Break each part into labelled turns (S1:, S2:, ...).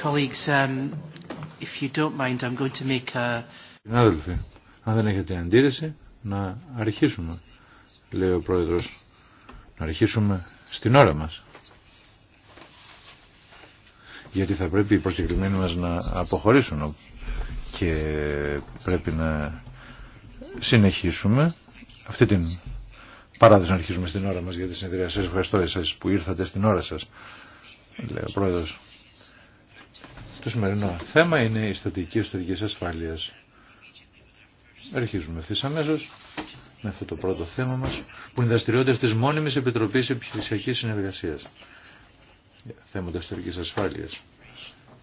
S1: Colleagues, um, if you don't mind, I'm going to make a...
S2: αν δεν έχετε αντίρρηση, να αρχίσουμε, λέει ο Πρόεδρος. Να αρχίσουμε στην ώρα μας. Γιατί θα πρέπει οι προσκεκλημένοι μας να αποχωρήσουν και πρέπει να συνεχίσουμε αυτή την παράδοση να αρχίσουμε στην ώρα μας για τη συνεδρία. Σας ευχαριστώ εσάς που ήρθατε στην ώρα σας, λέει ο Πρόεδρος. Το σημερινό θέμα είναι η στατική ιστορική ασφάλεια. Αρχίζουμε ευθύ αμέσω με αυτό το πρώτο θέμα μα, που είναι δραστηριότητε τη μόνιμη επιτροπή επιχειρησιακή συνεργασία. Θέματα ιστορική ασφάλεια.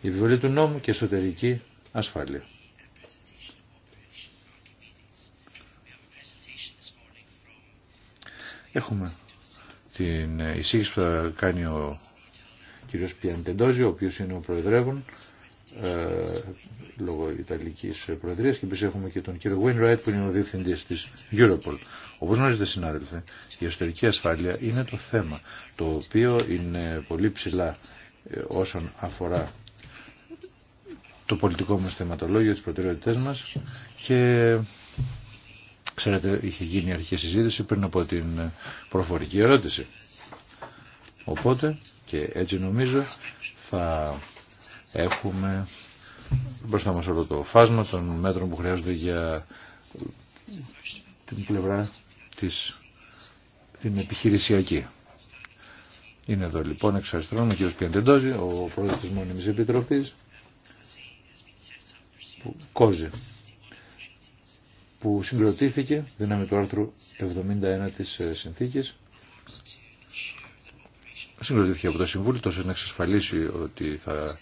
S2: Η επιβολή του νόμου και εσωτερική ασφάλεια. Έχουμε την εισήγηση που θα κάνει ο κύριος Πιαντεντόζη, ο οποίος είναι ο προεδρεύων ε, λόγω Ιταλικής Προεδρίας και επίσης έχουμε και τον κύριο Ράιτ που είναι ο διευθυντής της Europol. Όπως γνωρίζετε συνάδελφε, η εσωτερική ασφάλεια είναι το θέμα το οποίο είναι πολύ ψηλά ε, όσον αφορά το πολιτικό μας θεματολόγιο, τις προτεραιότητές μας και ξέρετε είχε γίνει αρχή συζήτηση πριν από την προφορική ερώτηση. Οπότε και έτσι νομίζω θα έχουμε μπροστά μας όλο το φάσμα των μέτρων που χρειάζονται για την πλευρά της την επιχειρησιακή. Είναι εδώ λοιπόν εξ ο κ. Πιαντεντόζη, ο πρόεδρος της Μόνιμης Επιτροπής, που, Κόζη, που συγκροτήθηκε δύναμη του άρθρου 71 της ε, συνθήκης συγκροτήθηκε από το Συμβούλιο τόσο να εξασφαλίσει ότι θα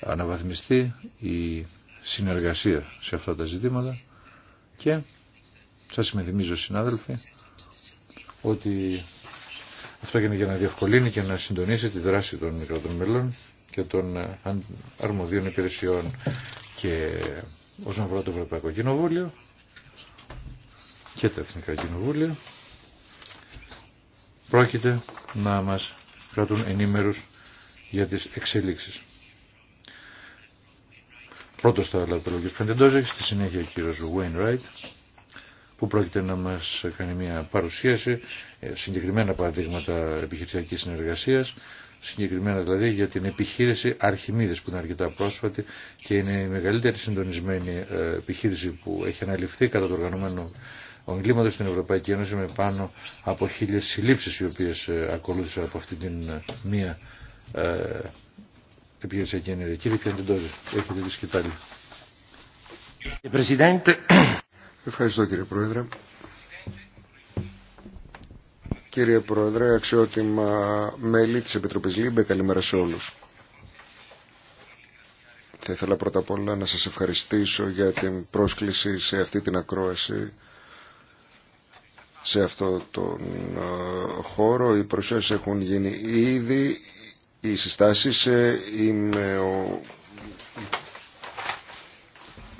S2: αναβαθμιστεί η συνεργασία σε αυτά τα ζητήματα και σας συμμεθυμίζω συνάδελφοι ότι αυτό έγινε για να διευκολύνει και να συντονίσει τη δράση των μικρών μελών και των αρμοδίων υπηρεσιών και όσον αφορά το Ευρωπαϊκό Κοινοβούλιο και τα Εθνικά Κοινοβούλια πρόκειται να μας κρατούν ενήμερους για τις εξελίξεις. Πρώτος θα λάβει το λόγιο στη συνέχεια ο κύριος Ράιτ, που πρόκειται να μας κάνει μια παρουσίαση, ε, συγκεκριμένα παραδείγματα επιχειρησιακής συνεργασίας, συγκεκριμένα δηλαδή για την επιχείρηση Αρχιμίδης που είναι αρκετά πρόσφατη και είναι η μεγαλύτερη συντονισμένη ε, επιχείρηση που έχει αναλυφθεί κατά το οργανωμένο εγκλήματος στην Ευρωπαϊκή Ένωση με πάνω από χίλιες συλλήψεις οι οποίες ε, ακολούθησαν από αυτή την ε, μία ε, επιχειρησιακή ενέργεια. Κύριε Πιαντιντόζη, έχετε τη σκητάλη.
S3: Ευχαριστώ κύριε Πρόεδρε. Κύριε Πρόεδρε, αξιότιμα μέλη της Επιτροπής ΛΥΜΠΕ, καλημέρα σε όλους. Θα ήθελα πρώτα απ' όλα να σας ευχαριστήσω για την πρόσκληση σε αυτή την ακρόαση σε αυτό τον ε, χώρο. Οι προσέσεις έχουν γίνει ήδη, οι συστάσεις ε, είναι ο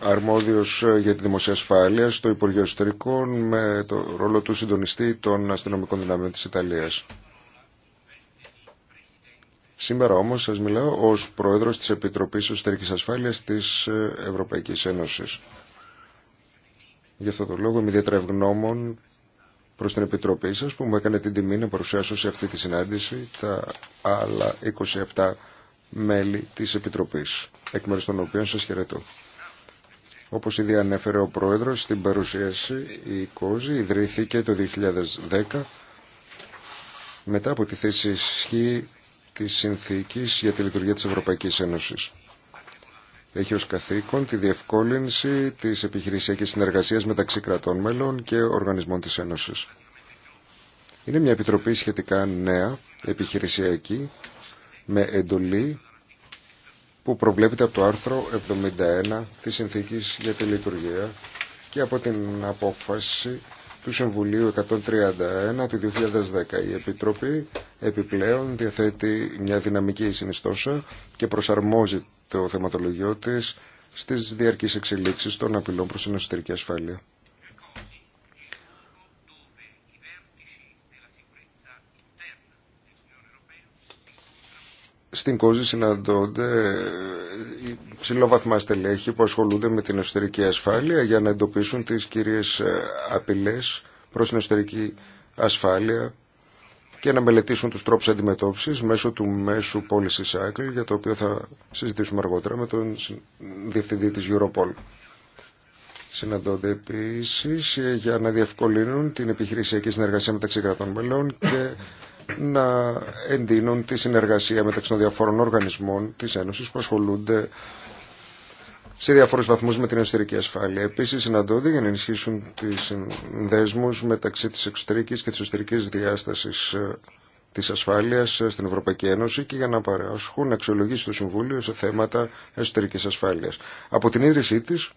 S3: αρμόδιος ε, για τη δημοσία ασφάλεια στο Υπουργείο Ιστορικών με το ρόλο του συντονιστή των αστυνομικών δυνάμεων της Ιταλίας. Σήμερα όμως σας μιλάω ως Πρόεδρος της Επιτροπής Εσωτερικής Ασφάλειας της Ευρωπαϊκής Ένωσης. Γι' αυτό το λόγο είμαι ιδιαίτερα ευγνώμων προς την Επιτροπή σας που μου έκανε την τιμή να παρουσιάσω σε αυτή τη συνάντηση τα άλλα 27 μέλη της Επιτροπής, εκ μέρους των οποίων σας χαιρετώ. Όπως ήδη ανέφερε ο Πρόεδρος στην παρουσίαση, η ΚΟΖΗ ιδρύθηκε το 2010 μετά από τη θέση ισχύ της Συνθήκης για τη Λειτουργία της Ευρωπαϊκής Ένωσης έχει ως καθήκον τη διευκόλυνση της επιχειρησιακής συνεργασίας μεταξύ κρατών μελών και οργανισμών της Ένωσης. Είναι μια επιτροπή σχετικά νέα, επιχειρησιακή, με εντολή που προβλέπεται από το άρθρο 71 της Συνθήκης για τη Λειτουργία και από την απόφαση του Συμβουλίου 131 του 2010. Η Επιτροπή επιπλέον διαθέτει μια δυναμική συνιστόσα και προσαρμόζει το θεματολογιό τη στις διαρκείς εξελίξεις των απειλών προς την εσωτερική ασφάλεια. Στην κόζη συναντώνται ε, ψηλόβαθμα στελέχη που ασχολούνται με την εσωτερική ασφάλεια για να εντοπίσουν τις κυρίες ε, απειλές προς την εσωτερική ασφάλεια και να μελετήσουν τους τρόπους αντιμετώπισης μέσω του μέσου πώληση cycle για το οποίο θα συζητήσουμε αργότερα με τον διευθυντή της Europol. Συναντώνται επίση ε, για να διευκολύνουν την επιχειρησιακή συνεργασία μεταξύ κρατών μελών και να εντείνουν τη συνεργασία μεταξύ των διαφόρων οργανισμών της Ένωσης που ασχολούνται σε διαφόρου βαθμού με την εσωτερική ασφάλεια. Επίση, συναντώνται για να ενισχύσουν τι συνδέσμου μεταξύ τη εξωτερική και τη εσωτερική διάσταση ε, τη ασφάλεια ε, στην Ευρωπαϊκή Ένωση και για να παράσχουν αξιολογήσει στο Συμβούλιο σε θέματα εσωτερική ασφάλεια. Από την ίδρυσή τη,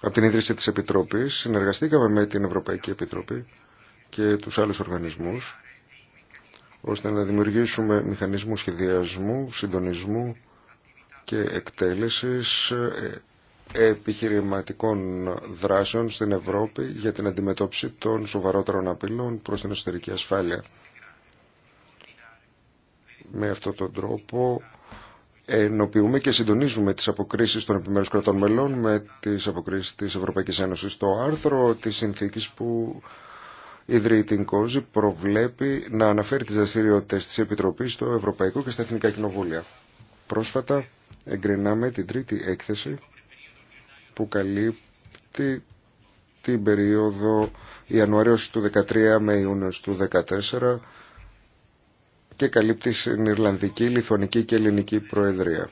S3: από την ίδρυση της Επιτροπής συνεργαστήκαμε με την Ευρωπαϊκή Επιτροπή και τους άλλους οργανισμούς ώστε να δημιουργήσουμε μηχανισμούς σχεδιασμού, συντονισμού και εκτέλεσης ε, επιχειρηματικών δράσεων στην Ευρώπη για την αντιμετώπιση των σοβαρότερων απειλών προς την εσωτερική ασφάλεια. Με αυτόν τον τρόπο ενοποιούμε και συντονίζουμε τις αποκρίσεις των επιμέρους κρατών μελών με τις αποκρίσεις της Ευρωπαϊκής Ένωσης. Το άρθρο της συνθήκης που ιδρύει την ΚΟΖΗ προβλέπει να αναφέρει τις δραστηριότητε της Επιτροπής στο Ευρωπαϊκό και στα Εθνικά Κοινοβούλια. Πρόσφατα εγκρινάμε την τρίτη έκθεση που καλύπτει την περίοδο Ιανουαρίου του 2013 με Ιούνιο του 2014 και καλύπτει στην Ιρλανδική, Λιθωνική και Ελληνική Προεδρία.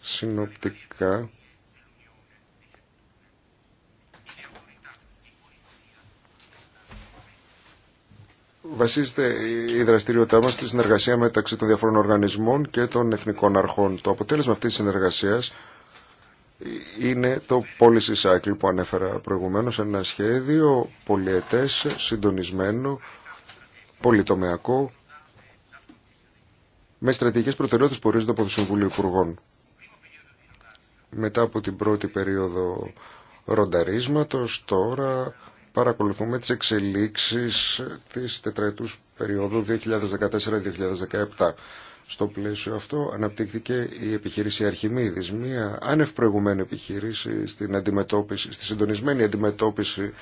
S3: Συνοπτικά Βασίζεται η δραστηριότητά μας στη συνεργασία μεταξύ των διαφορών οργανισμών και των εθνικών αρχών. Το αποτέλεσμα αυτής της συνεργασίας είναι το policy cycle που ανέφερα προηγουμένως, ένα σχέδιο πολιετές, συντονισμένο, πολυτομεακό, με στρατηγικές προτεραιότητες που ορίζονται από το Συμβούλιο Υπουργών. Μετά από την πρώτη περίοδο ρονταρίσματος, τώρα παρακολουθούμε τις εξελίξεις της τετραετούς περίοδου 2014-2017. Στο πλαίσιο αυτό αναπτύχθηκε η επιχείρηση Αρχιμίδης, μια άνευ προηγουμένη επιχείρηση στην αντιμετώπιση, στη συντονισμένη αντιμετώπιση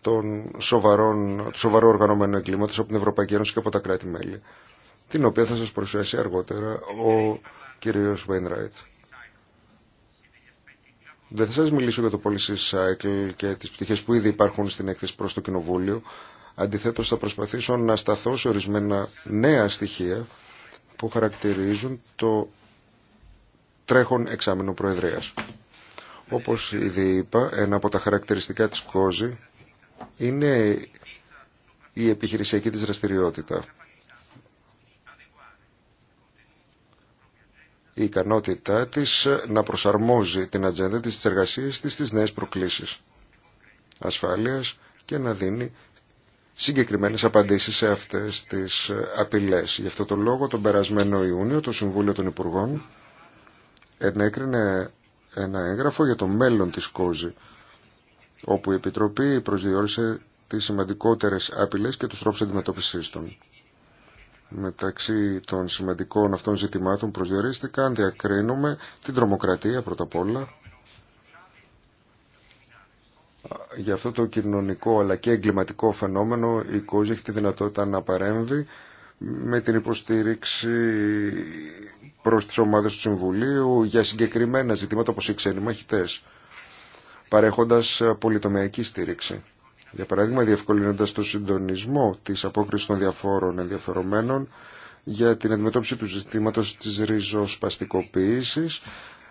S3: των σοβαρών, του σοβαρού οργανωμένου εγκλήματος από την Ευρωπαϊκή Ένωση και από τα κράτη-μέλη, την οποία θα σας προσφέρει αργότερα ο κύριος Βέινραιτ. Δεν θα σας μιλήσω για το policy cycle και τις πτυχές που ήδη υπάρχουν στην έκθεση προς το Κοινοβούλιο. Αντιθέτως θα προσπαθήσω να σταθώ σε ορισμένα νέα στοιχεία που χαρακτηρίζουν το τρέχον εξάμεινο Προεδρίας. Όπως ήδη είπα, ένα από τα χαρακτηριστικά της κόζη είναι η επιχειρησιακή της δραστηριότητα. η ικανότητά της ε, να προσαρμόζει την ατζέντα της της εργασίας της στις νέες προκλήσεις ασφάλειας και να δίνει συγκεκριμένες απαντήσεις σε αυτές τις ε, απειλές. Γι' αυτό το λόγο τον περασμένο Ιούνιο το Συμβούλιο των Υπουργών ενέκρινε ένα έγγραφο για το μέλλον της ΚΟΖΗ όπου η Επιτροπή προσδιορίσε τις σημαντικότερες απειλές και τους τρόπους αντιμετώπισης των μεταξύ των σημαντικών αυτών ζητημάτων προσδιορίστηκαν, διακρίνουμε την τρομοκρατία πρώτα απ' όλα, για αυτό το κοινωνικό αλλά και εγκληματικό φαινόμενο η ΚΟΖ έχει τη δυνατότητα να παρέμβει με την υποστήριξη προς τις ομάδες του Συμβουλίου για συγκεκριμένα ζητήματα όπως οι ξένοι μαχητές, παρέχοντας πολυτομιακή στήριξη. Για παράδειγμα, διευκολύνοντα το συντονισμό τη απόκριση των διαφόρων ενδιαφερομένων για την αντιμετώπιση του ζητήματο της ριζοσπαστικοποίηση,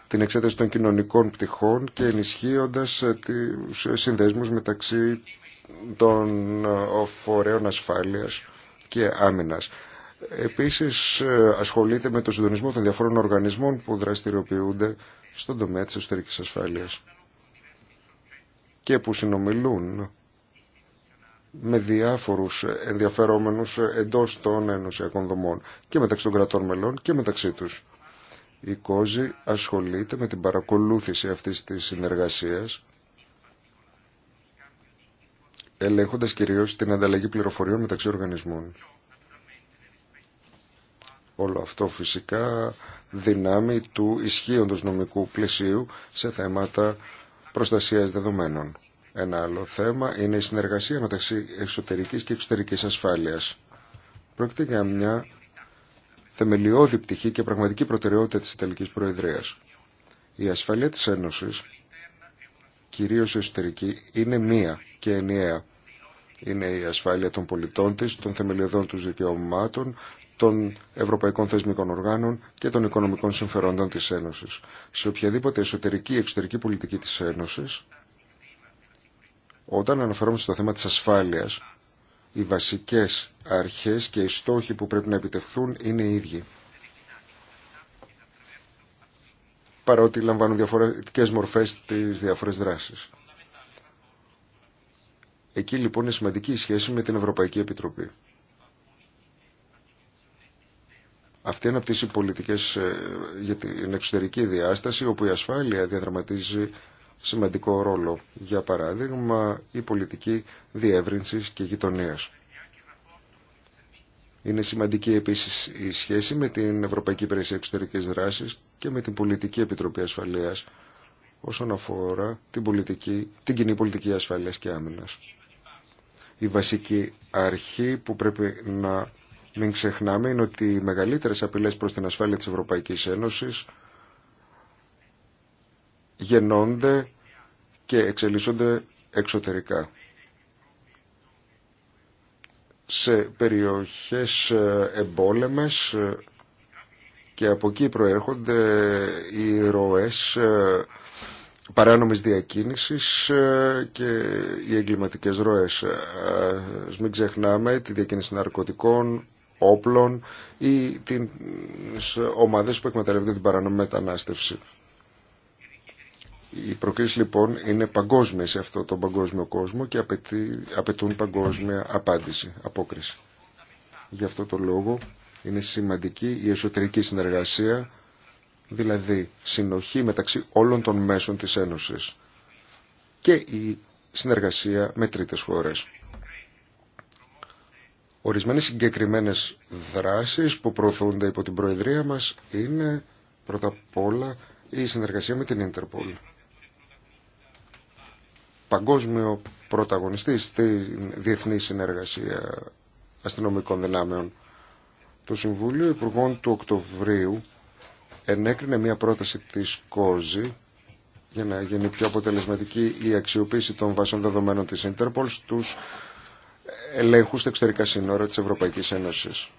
S3: την εξέταση των κοινωνικών πτυχών και ενισχύοντας ε, του συνδέσμους μεταξύ των ε, φορέων ασφάλειας και άμυνας. Επίσης ε, ασχολείται με το συντονισμό των διαφόρων οργανισμών που δραστηριοποιούνται στον τομέα τη εσωτερική ασφάλεια και που συνομιλούν με διάφορους ενδιαφερόμενους εντός των ενωσιακών δομών και μεταξύ των κρατών μελών και μεταξύ τους. Η ΚΟΖΗ ασχολείται με την παρακολούθηση αυτής της συνεργασίας ελέγχοντας κυρίως την ανταλλαγή πληροφοριών μεταξύ οργανισμών. Όλο αυτό φυσικά δυνάμει του ισχύοντος νομικού πλαισίου σε θέματα προστασίας δεδομένων. Ένα άλλο θέμα είναι η συνεργασία μεταξύ εσωτερικής και εξωτερικής ασφάλειας. Πρόκειται για μια θεμελιώδη πτυχή και πραγματική προτεραιότητα της Ιταλικής Προεδρίας. Η ασφαλεία της Ένωσης, κυρίως η εσωτερική, είναι μία και ενιαία. Είναι η ασφάλεια των πολιτών της, των θεμελιωδών τους δικαιωμάτων, των ευρωπαϊκών θεσμικών οργάνων και των οικονομικών συμφερόντων της Ένωσης. Σε οποιαδήποτε εσωτερική ή εξωτερική πολιτική της Ένωσης, όταν αναφερόμαστε στο θέμα της ασφάλειας, οι βασικές αρχές και οι στόχοι που πρέπει να επιτευχθούν είναι οι ίδιοι. Παρότι λαμβάνουν διαφορετικές μορφές τις διάφορες δράσεις. Εκεί λοιπόν είναι σημαντική η σχέση με την Ευρωπαϊκή Επιτροπή. Αυτή είναι αναπτύσσει πολιτικές ε, για την εξωτερική διάσταση, όπου η ασφάλεια διαδραματίζει σημαντικό ρόλο. Για παράδειγμα, η πολιτική διεύρυνσης και γειτονίας. Είναι σημαντική επίσης η σχέση με την Ευρωπαϊκή Υπηρεσία Εξωτερικής Δράσης και με την Πολιτική Επιτροπή Ασφαλείας όσον αφορά την, πολιτική, την κοινή πολιτική ασφαλείας και άμυνας. Η βασική αρχή που πρέπει να μην ξεχνάμε είναι ότι οι μεγαλύτερες απειλές προς την ασφάλεια της Ευρωπαϊκής Ένωσης γεννώνται και εξελίσσονται εξωτερικά σε περιοχές ε, εμπόλεμες ε, και από εκεί προέρχονται οι ροές ε, παράνομης διακίνησης και οι εγκληματικές ροές. Ας μην ξεχνάμε τη διακίνηση ναρκωτικών, όπλων ή τις ομάδες που εκμεταλλεύονται την παράνομη μετανάστευση. Οι προκρίσει λοιπόν είναι παγκόσμια σε αυτό τον παγκόσμιο κόσμο και απαιτούν παγκόσμια απάντηση, απόκριση. Γι' αυτό το λόγο είναι σημαντική η εσωτερική συνεργασία, δηλαδή συνοχή μεταξύ όλων των μέσων της Ένωσης και η συνεργασία με τρίτες χώρες. Ορισμένες συγκεκριμένες δράσεις που προωθούνται υπό την Προεδρία μας είναι πρώτα απ' όλα η συνεργασία με την Ιντερπολ παγκόσμιο πρωταγωνιστή στη διεθνή συνεργασία αστυνομικών δυνάμεων. Το Συμβούλιο Υπουργών του Οκτωβρίου ενέκρινε μια πρόταση της ΚΟΖΗ για να γίνει πιο αποτελεσματική η αξιοποίηση των βάσεων δεδομένων της Ίντερπολ στους ελέγχους στα εξωτερικά σύνορα της Ευρωπαϊκής Ένωσης.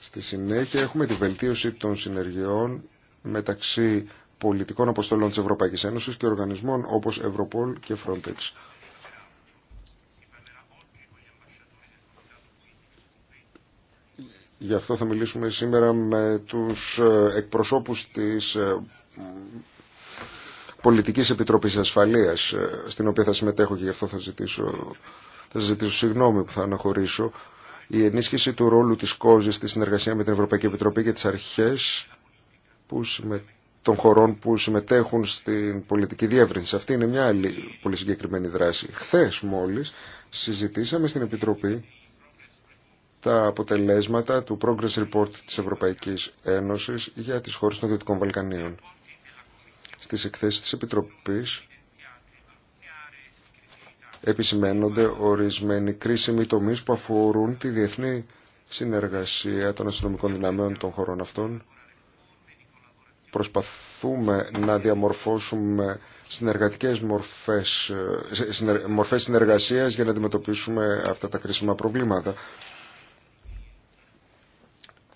S3: Στη συνέχεια έχουμε τη βελτίωση των συνεργειών μεταξύ πολιτικών αποστολών της Ευρωπαϊκής Ένωσης και οργανισμών όπως Ευρωπόλ και Frontex. Γι' αυτό θα μιλήσουμε σήμερα με τους ε, εκπροσώπους της ε, Πολιτικής Επιτροπής Ασφαλείας, ε, στην οποία θα συμμετέχω και γι' αυτό θα ζητήσω, θα ζητήσω συγγνώμη που θα αναχωρήσω. Η ενίσχυση του ρόλου της κόζης στη συνεργασία με την Ευρωπαϊκή Επιτροπή και τις αρχές που συμμετέχουν των χωρών που συμμετέχουν στην πολιτική διεύρυνση. Αυτή είναι μια άλλη πολύ συγκεκριμένη δράση. Χθες μόλις συζητήσαμε στην Επιτροπή τα αποτελέσματα του Progress Report της Ευρωπαϊκής Ένωσης για τις χώρες των Δυτικών Βαλκανίων. Στις εκθέσεις της Επιτροπής επισημαίνονται ορισμένοι κρίσιμοι τομείς που αφορούν τη διεθνή συνεργασία των αστυνομικών δυνάμεων των χωρών αυτών προσπαθούμε να διαμορφώσουμε συνεργατικές μορφές, ε, μορφές συνεργασίας για να αντιμετωπίσουμε αυτά τα κρίσιμα προβλήματα.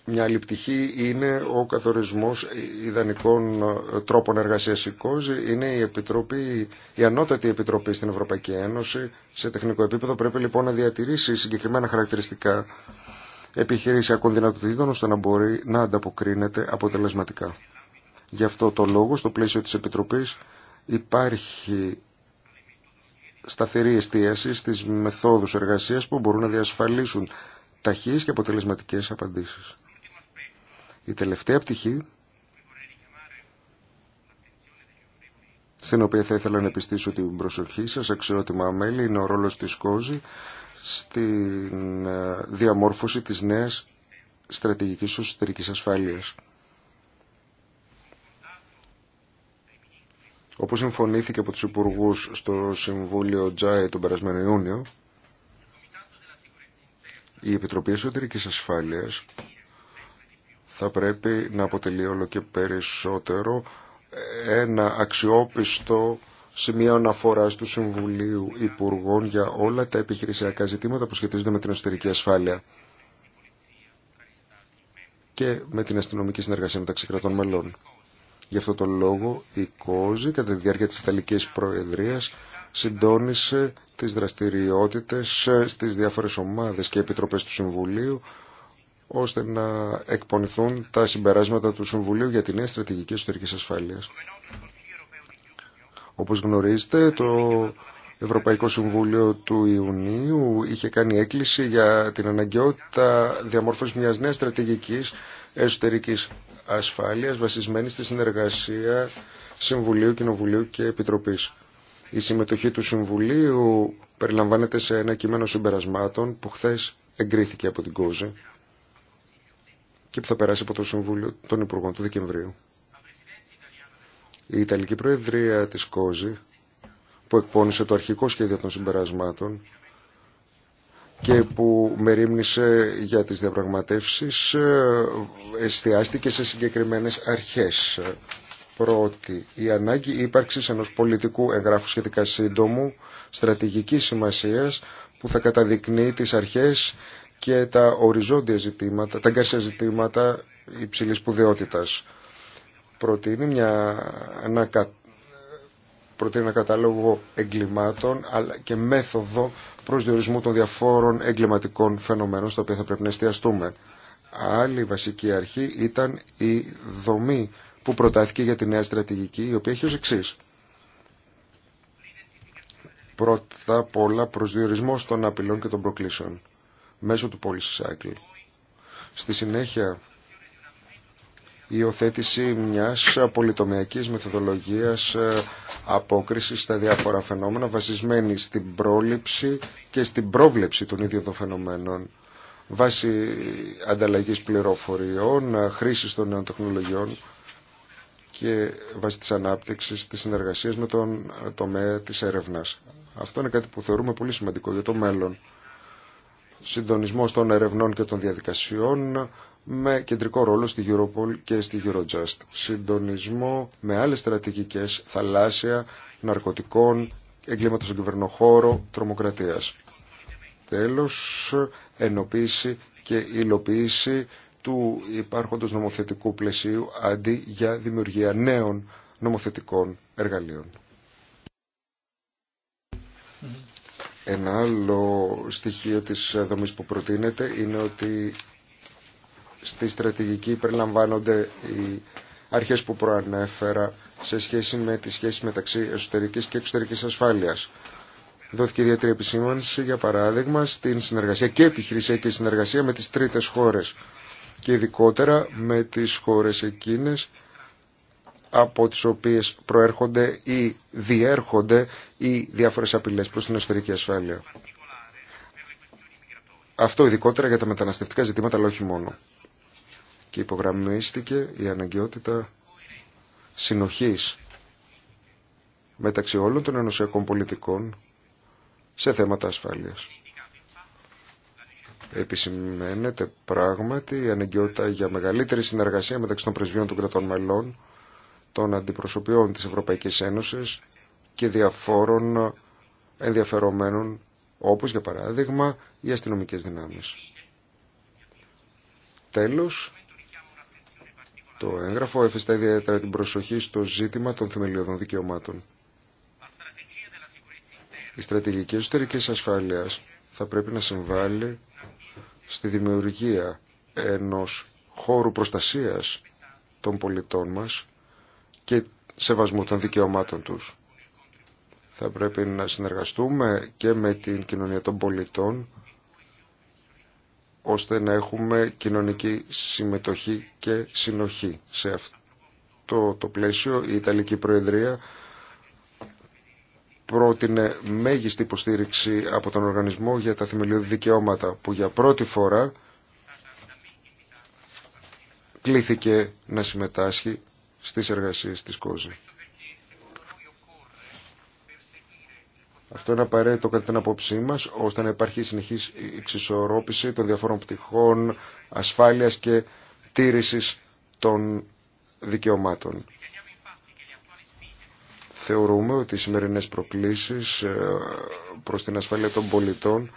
S3: Μια άλλη πτυχή είναι ο καθορισμός ιδανικών ε, τρόπων εργασίας η Είναι η, Επιτροπή, η ανώτατη Επιτροπή στην Ευρωπαϊκή Ένωση. Σε τεχνικό επίπεδο πρέπει λοιπόν να διατηρήσει συγκεκριμένα χαρακτηριστικά επιχειρησιακών δυνατοτήτων ώστε να μπορεί να ανταποκρίνεται αποτελεσματικά. Γι' αυτό το λόγο στο πλαίσιο της Επιτροπής υπάρχει σταθερή εστίαση στις μεθόδους εργασίας που μπορούν να διασφαλίσουν ταχύες και αποτελεσματικές απαντήσεις. Η τελευταία πτυχή στην οποία θα ήθελα να επιστήσω την προσοχή σας, αξιότιμα μέλη, είναι ο ρόλος της ΚΟΖΗ στην ε, διαμόρφωση της νέας στρατηγικής εσωτερικής ασφάλειας. Όπως συμφωνήθηκε από τους Υπουργούς στο Συμβούλιο Τζάι τον περασμένο Ιούνιο, η Επιτροπή Εσωτερικής Ασφάλειας θα πρέπει να αποτελεί όλο και περισσότερο ένα αξιόπιστο σημείο αναφορά του Συμβουλίου Υπουργών για όλα τα επιχειρησιακά ζητήματα που σχετίζονται με την εσωτερική ασφάλεια και με την αστυνομική συνεργασία μεταξύ κρατών μελών. Γι' αυτό τον λόγο η ΚΟΖΗ κατά τη διάρκεια της Ιταλικής Προεδρίας συντόνισε τις δραστηριότητες ε, στις διάφορες ομάδες και επιτροπές του Συμβουλίου ώστε να εκπονηθούν τα συμπεράσματα του Συμβουλίου για τη νέα στρατηγική εσωτερικής ασφάλειας. Όπως γνωρίζετε, το Ευρωπαϊκό Συμβούλιο του Ιουνίου είχε κάνει έκκληση για την αναγκαιότητα διαμόρφωσης μιας νέας στρατηγικής εσωτερικής ασφάλειας βασισμένη στη συνεργασία Συμβουλίου, Κοινοβουλίου και Επιτροπής. Η συμμετοχή του Συμβουλίου περιλαμβάνεται σε ένα κείμενο συμπερασμάτων που χθε εγκρίθηκε από την ΚΟΖΗ και που θα περάσει από το Συμβούλιο των Υπουργών του Δεκεμβρίου. Η Ιταλική Προεδρία της ΚΟΖΗ που εκπώνησε το αρχικό σχέδιο των συμπερασμάτων και που μερίμνησε για τις διαπραγματεύσεις ε, εστιάστηκε σε συγκεκριμένες αρχές. Πρώτη, η ανάγκη ύπαρξης ενός πολιτικού εγγράφου σχετικά σύντομου στρατηγικής σημασίας που θα καταδεικνύει τις αρχές και τα οριζόντια ζητήματα, τα εγκάρσια ζητήματα υψηλής σπουδαιότητας. Προτείνει μια, προτείνει ένα κατάλογο εγκλημάτων αλλά και μέθοδο προσδιορισμού των διαφόρων εγκληματικών φαινομένων στα οποία θα πρέπει να εστιαστούμε. Άλλη βασική αρχή ήταν η δομή που προτάθηκε για τη νέα στρατηγική, η οποία έχει ως εξή. Πρώτα απ' όλα προσδιορισμός των απειλών και των προκλήσεων μέσω του policy cycle. Στη συνέχεια η υιοθέτηση μιας πολυτομιακής μεθοδολογίας ε, απόκρισης στα διάφορα φαινόμενα βασισμένη στην πρόληψη και στην πρόβλεψη των ίδιων των φαινομένων βάσει ανταλλαγής πληροφοριών, ε, χρήσης των νέων τεχνολογιών και βάσει της ανάπτυξης της συνεργασίας με τον τομέα της έρευνας. Αυτό είναι κάτι που θεωρούμε πολύ σημαντικό για το μέλλον. Συντονισμός των ερευνών και των διαδικασιών, με κεντρικό ρόλο στη Europol και στη Eurojust. Συντονισμό με άλλες στρατηγικές θαλάσσια, ναρκωτικών, εγκλήματος στον κυβερνοχώρο, τρομοκρατίας. Τέλος, ενοποίηση και υλοποίηση του υπάρχοντος νομοθετικού πλαισίου αντί για δημιουργία νέων νομοθετικών εργαλείων. Ένα άλλο στοιχείο της δομής που προτείνεται είναι ότι στη στρατηγική περιλαμβάνονται οι αρχές που προανέφερα σε σχέση με τη σχέση μεταξύ εσωτερικής και εξωτερικής ασφάλειας. Δόθηκε ιδιαίτερη επισήμανση, για παράδειγμα, στην συνεργασία και επιχειρησιακή συνεργασία με τις τρίτες χώρες και ειδικότερα με τις χώρες εκείνες από τις οποίες προέρχονται ή διέρχονται οι διάφορες απειλές προς την εσωτερική ασφάλεια. Αυτό ειδικότερα για τα μεταναστευτικά ζητήματα, αλλά όχι μόνο και υπογραμμίστηκε η αναγκαιότητα συνοχής μεταξύ όλων των ενωσιακών πολιτικών σε θέματα ασφάλειας. Επισημαίνεται πράγματι η αναγκαιότητα για μεγαλύτερη συνεργασία μεταξύ των πρεσβείων των κρατών μελών, των αντιπροσωπιών της Ευρωπαϊκής Ένωσης και διαφόρων ενδιαφερομένων, όπως για παράδειγμα οι αστυνομικές δυνάμεις. Τέλος, το έγγραφο έφεστα ιδιαίτερα την προσοχή στο ζήτημα των θεμελιωδών δικαιωμάτων. Η στρατηγική εσωτερικής ασφάλειας θα πρέπει να συμβάλλει στη δημιουργία ενός χώρου προστασίας των πολιτών μας και σεβασμού των δικαιωμάτων τους. Θα πρέπει να συνεργαστούμε και με την κοινωνία των πολιτών ώστε να έχουμε κοινωνική συμμετοχή και συνοχή. Σε αυτό το πλαίσιο η Ιταλική Προεδρία πρότεινε μέγιστη υποστήριξη από τον οργανισμό για τα θεμελιώδη δικαιώματα που για πρώτη φορά κλήθηκε να συμμετάσχει στις εργασίες της ΚΟΖΗ. Αυτό είναι απαραίτητο κατά την απόψή μα, ώστε να υπάρχει συνεχή εξισορρόπηση των διαφόρων πτυχών ασφάλεια και τήρηση των δικαιωμάτων. Θεωρούμε ότι οι σημερινές προκλήσεις ε, προς την ασφάλεια των πολιτών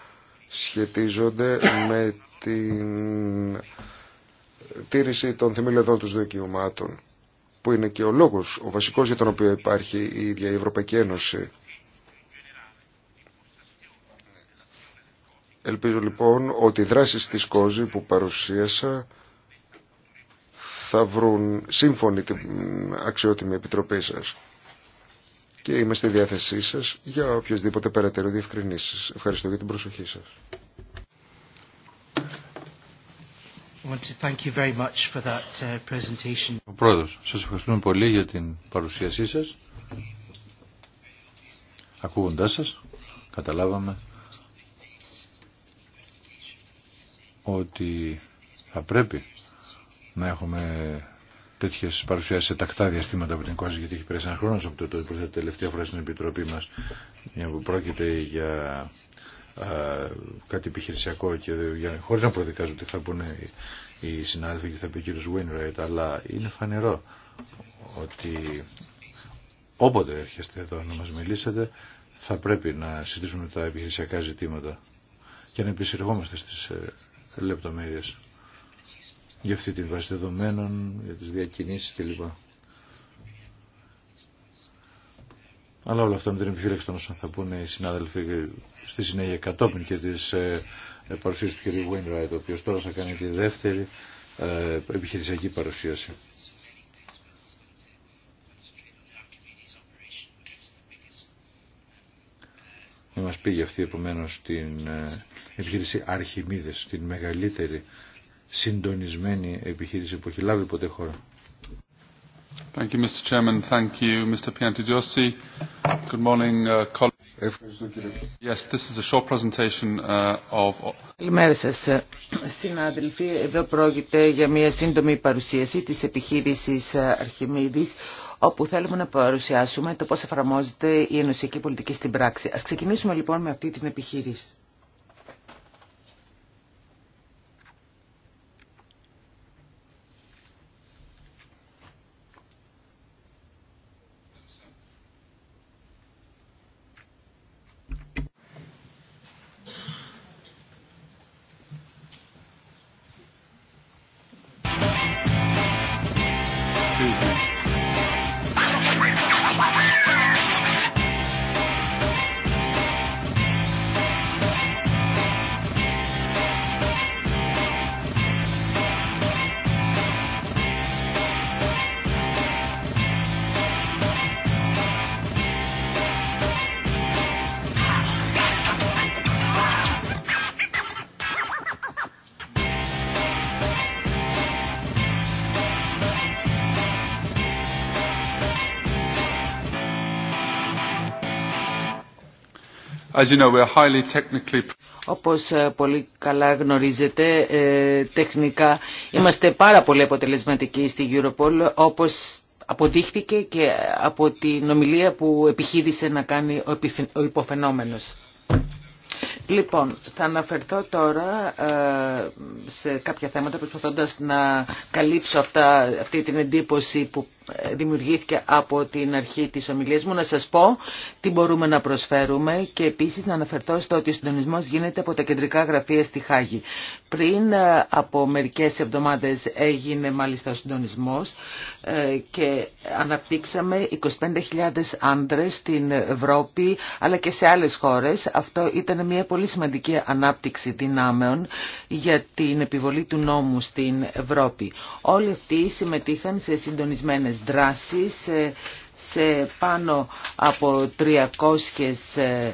S3: σχετίζονται με την τήρηση των θεμελιωδών τους δικαιωμάτων, που είναι και ο λόγος, ο βασικός για τον οποίο υπάρχει η ίδια η Ευρωπαϊκή Ένωση Ελπίζω λοιπόν ότι οι δράσεις της Κόζη που παρουσίασα θα βρουν σύμφωνη την αξιότιμη επιτροπή σας και είμαι στη διάθεσή σας για οποιασδήποτε περαιτέρω διευκρινήσεις. Ευχαριστώ για την προσοχή σας.
S1: Uh, Ο
S2: Πρόεδρος, σας ευχαριστούμε πολύ για την παρουσίασή σας. Ακούγοντάς σας, καταλάβαμε ότι θα πρέπει να έχουμε τέτοιε παρουσιάσει σε τακτά διαστήματα από την Κόζη, γιατί έχει περάσει ένα χρόνο από το τότε τελευταία φορά στην Επιτροπή μα, που πρόκειται για α, κάτι επιχειρησιακό και χωρί να προδικάζω ότι θα πούνε οι συνάδελφοι και θα πει ο κύριο Βουίνραϊτ, αλλά είναι φανερό ότι όποτε έρχεστε εδώ να μα μιλήσετε, θα πρέπει να συζητήσουμε τα επιχειρησιακά ζητήματα και να επισυργόμαστε στις ε, λεπτομέρειες για αυτή τη βάση δεδομένων, για τις διακινήσεις κλπ. Αλλά όλα αυτά με την επιφύλαξη των όσων θα πούνε οι συνάδελφοι στη συνέχεια κατόπιν και της ε, ε του κ. Wainwright, ο οποίος τώρα θα κάνει τη δεύτερη ε, επιχειρησιακή παρουσίαση. μας πήγε αυτή επομένως την ε, επιχείρηση Αρχιμίδες, την μεγαλύτερη συντονισμένη επιχείρηση που έχει λάβει ποτέ χώρα. Thank you, Mr. Chairman. Thank you, Mr. Good morning, uh, uh Καλημέρα σας
S4: συνάδελφοι. Εδώ πρόκειται για μια σύντομη παρουσίαση της επιχείρησης uh, Αρχιμίδης όπου θέλουμε να παρουσιάσουμε το πώς εφαρμόζεται η ενωσιακή πολιτική στην πράξη. Ας ξεκινήσουμε λοιπόν με αυτή την επιχείρηση. Όπως ε, πολύ καλά γνωρίζετε, ε, τεχνικά είμαστε πάρα πολύ αποτελεσματικοί στη Europol, όπως αποδείχθηκε και από την ομιλία που επιχείρησε να κάνει ο υποφαινόμενος. Λοιπόν, θα αναφερθώ τώρα ε, σε κάποια θέματα προσπαθώντας να καλύψω αυτή την εντύπωση που δημιουργήθηκε από την αρχή της ομιλίας μου να σας πω τι μπορούμε να προσφέρουμε και επίσης να αναφερθώ στο ότι ο συντονισμός γίνεται από τα κεντρικά γραφεία στη Χάγη. Πριν ε, από μερικές εβδομάδες έγινε μάλιστα ο συντονισμός ε, και αναπτύξαμε 25.000 άντρες στην Ευρώπη αλλά και σε άλλες χώρες. Αυτό ήταν μια πολύ σημαντική ανάπτυξη δυνάμεων για την επιβολή του νόμου στην Ευρώπη. Όλοι αυτοί συμμετείχαν σε συντονισμένες δράσεις ε, σε πάνω από 300 ε,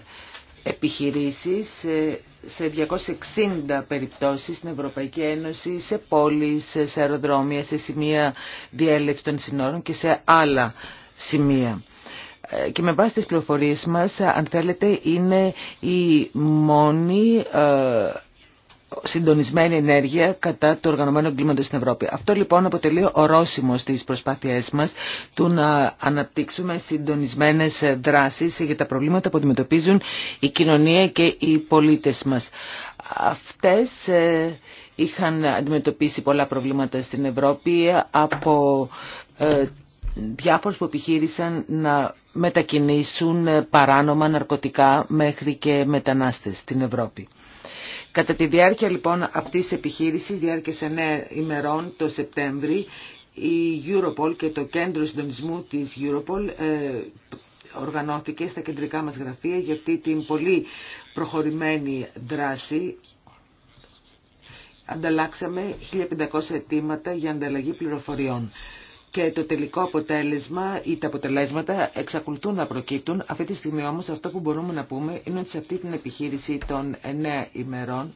S4: επιχειρήσεις ε, σε 260 περιπτώσεις στην Ευρωπαϊκή Ένωση, σε πόλεις, σε αεροδρόμια, σε σημεία διέλευση των συνόρων και σε άλλα σημεία. Και με βάση τις πληροφορίες μας, αν θέλετε, είναι η μόνη συντονισμένη ενέργεια κατά του οργανωμένου εγκλήματος στην Ευρώπη. Αυτό λοιπόν αποτελεί ορόσημο στις προσπάθειές μας του να αναπτύξουμε συντονισμένες δράσεις για τα προβλήματα που αντιμετωπίζουν η κοινωνία και οι πολίτες μας. Αυτές ε, είχαν αντιμετωπίσει πολλά προβλήματα στην Ευρώπη από ε, διάφορους που επιχείρησαν να μετακινήσουν παράνομα ναρκωτικά μέχρι και μετανάστες στην Ευρώπη. Κατά τη διάρκεια λοιπόν αυτής της επιχείρησης, διάρκεια 9 ημερών το Σεπτέμβρη, η Europol και το κέντρο συντονισμού της Europol ε, οργανώθηκε στα κεντρικά μας γραφεία για αυτή την πολύ προχωρημένη δράση. Ανταλλάξαμε 1500 αιτήματα για ανταλλαγή πληροφοριών και το τελικό αποτέλεσμα ή τα αποτελέσματα εξακολουθούν να προκύπτουν. Αυτή τη στιγμή όμως αυτό που μπορούμε να πούμε είναι ότι σε αυτή την επιχείρηση των 9 ημερών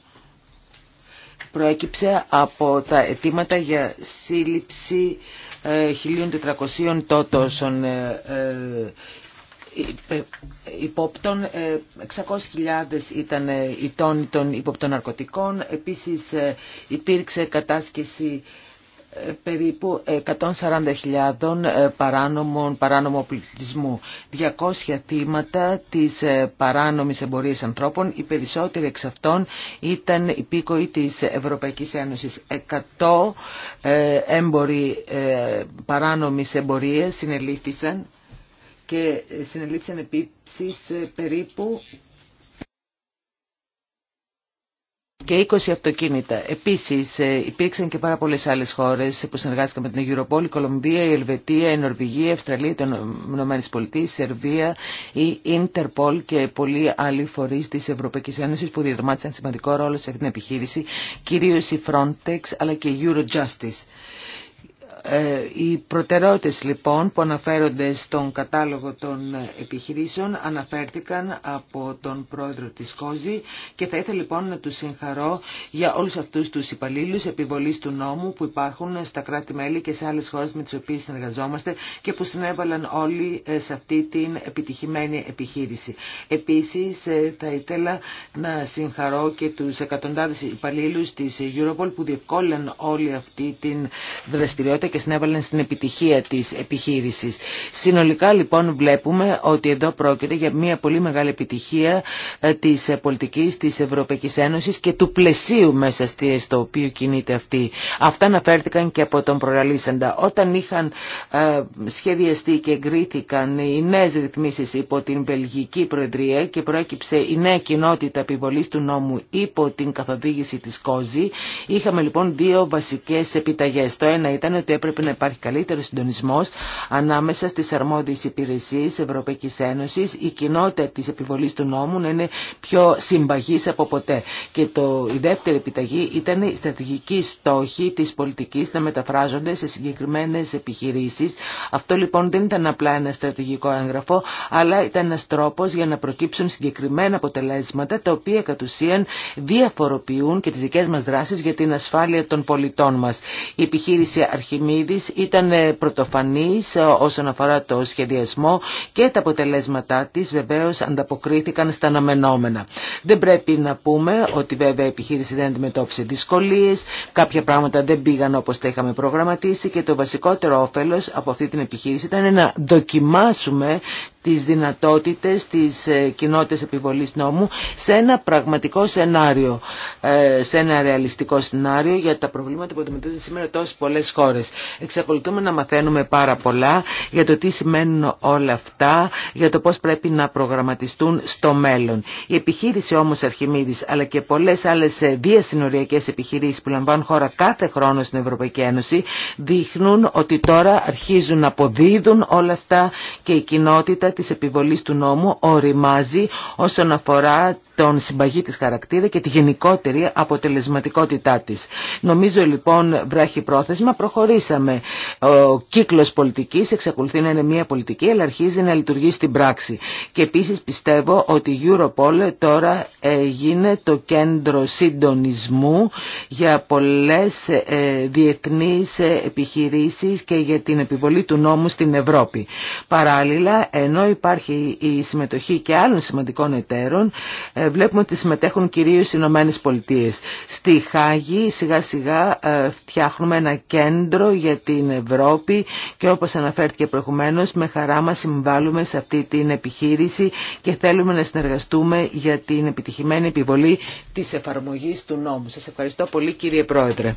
S4: προέκυψε από τα αιτήματα για σύλληψη 1.400 ε, τότωσων ε, ε, υπόπτων, 600.000 ήταν οι τόνοι των υπόπτων ναρκωτικών, επίσης υπήρξε κατάσκηση περίπου 140.000 ε, παράνομων, παράνομο πληθυσμού. 200 θύματα της ε, παράνομης εμπορίας ανθρώπων, οι περισσότεροι εξ αυτών ήταν υπήκοοι της Ευρωπαϊκής Ένωσης. 100 ε, έμποροι παράνομης εμπορίας συνελήφθησαν και συνελήφθησαν επίσης περίπου και 20 αυτοκίνητα. Επίσης ε, υπήρξαν και πάρα πολλές άλλες χώρες που συνεργάστηκαν με την Europol, η Κολομβία, η Ελβετία, η Νορβηγία, η Αυστραλία, το Ηνωμένε Πολιτή, η Σερβία, η Interpol και πολλοί άλλοι φορείς της Ευρωπαϊκής Ένωσης που διαδρομάτισαν σημαντικό ρόλο σε αυτή την επιχείρηση, κυρίως η Frontex αλλά και η Eurojustice. Ε, οι προτεραιότητες λοιπόν που αναφέρονται στον κατάλογο των επιχειρήσεων αναφέρθηκαν από τον πρόεδρο της Κόζη και θα ήθελα λοιπόν να τους συγχαρώ για όλους αυτούς τους υπαλλήλους επιβολής του νόμου που υπάρχουν στα κράτη-μέλη και σε άλλες χώρες με τις οποίες συνεργαζόμαστε και που συνέβαλαν όλοι ε, σε αυτή την επιτυχημένη επιχείρηση. Επίσης ε, θα ήθελα να συγχαρώ και τους εκατοντάδες υπαλλήλους της Europol που διευκόλυναν όλη αυτή την δραστηριότητα και συνέβαλαν στην επιτυχία της επιχείρησης. Συνολικά λοιπόν βλέπουμε ότι εδώ πρόκειται για μια πολύ μεγάλη επιτυχία ε, της πολιτικής της Ευρωπαϊκής Ένωσης και του πλαισίου μέσα στο οποίο κινείται αυτή. Αυτά αναφέρθηκαν και από τον προαλήσαντα. Όταν είχαν ε, σχεδιαστεί και εγκρίθηκαν οι νέες ρυθμίσεις υπό την Βελγική Προεδρία και προέκυψε η νέα κοινότητα επιβολή του νόμου υπό την καθοδήγηση της Κόζη, είχαμε λοιπόν δύο βασικές επιταγές. Το ένα ήταν ότι πρέπει να υπάρχει καλύτερο συντονισμό ανάμεσα στι αρμόδιε υπηρεσίε Ευρωπαϊκή Ένωση. η κοινότητα τη επιβολή του νόμου να είναι πιο συμπαγή από ποτέ. Και το, η δεύτερη επιταγή ήταν η στρατηγική στόχη τη πολιτική να μεταφράζονται σε συγκεκριμένε επιχειρήσει. Αυτό λοιπόν δεν ήταν απλά ένα στρατηγικό έγγραφο, αλλά ήταν ένα τρόπο για να προκύψουν συγκεκριμένα αποτελέσματα, τα οποία κατ' ουσίαν διαφοροποιούν και τι δικέ μα δράσει για την ασφάλεια των πολιτών μα. Η επιχείρηση Αρχιμή ήταν ε, πρωτοφανής ε, όσον αφορά το σχεδιασμό και τα αποτελέσματά της βεβαίως ανταποκρίθηκαν στα αναμενόμενα. Δεν πρέπει να πούμε ότι βέβαια η επιχείρηση δεν αντιμετώπισε δυσκολίες, κάποια πράγματα δεν πήγαν όπως τα είχαμε προγραμματίσει και το βασικότερο όφελος από αυτή την επιχείρηση ήταν να δοκιμάσουμε τις δυνατότητες της ε, κοινότητας επιβολής νόμου σε ένα πραγματικό σενάριο, ε, σε ένα ρεαλιστικό σενάριο για τα προβλήματα που αντιμετωπίζουν σήμερα τόσες πολλές χώρες. Εξακολουθούμε να μαθαίνουμε πάρα πολλά για το τι σημαίνουν όλα αυτά, για το πώς πρέπει να προγραμματιστούν στο μέλλον. Η επιχείρηση όμως Αρχιμίδης αλλά και πολλές άλλες ε, διασυνοριακές επιχειρήσεις που λαμβάνουν χώρα κάθε χρόνο στην Ευρωπαϊκή Ένωση δείχνουν ότι τώρα αρχίζουν να αποδίδουν όλα αυτά και η κοινότητα της επιβολής του νόμου οριμάζει όσον αφορά τον συμπαγή της χαρακτήρα και τη γενικότερη αποτελεσματικότητά της. Νομίζω λοιπόν βράχει πρόθεσμα, προχωρήσαμε. Ο κύκλος πολιτικής εξακολουθεί να είναι μια πολιτική αλλά αρχίζει να λειτουργεί στην πράξη. Και επίσης πιστεύω ότι η Europol τώρα ε, γίνεται το κέντρο συντονισμού για πολλές ε, διεθνείς ε, επιχειρήσεις και για την επιβολή του νόμου στην Ευρώπη. Παράλληλα, ενώ υπάρχει η συμμετοχή και άλλων σημαντικών εταίρων, ε, βλέπουμε ότι συμμετέχουν κυρίως οι Ηνωμένε Πολιτείε. Στη Χάγη σιγά σιγά ε, φτιάχνουμε ένα κέντρο για την Ευρώπη και όπως αναφέρθηκε προηγουμένως με χαρά μας συμβάλλουμε σε αυτή την επιχείρηση και θέλουμε να συνεργαστούμε για την επιτυχημένη επιβολή της εφαρμογής του νόμου. Σας ευχαριστώ πολύ κύριε Πρόεδρε.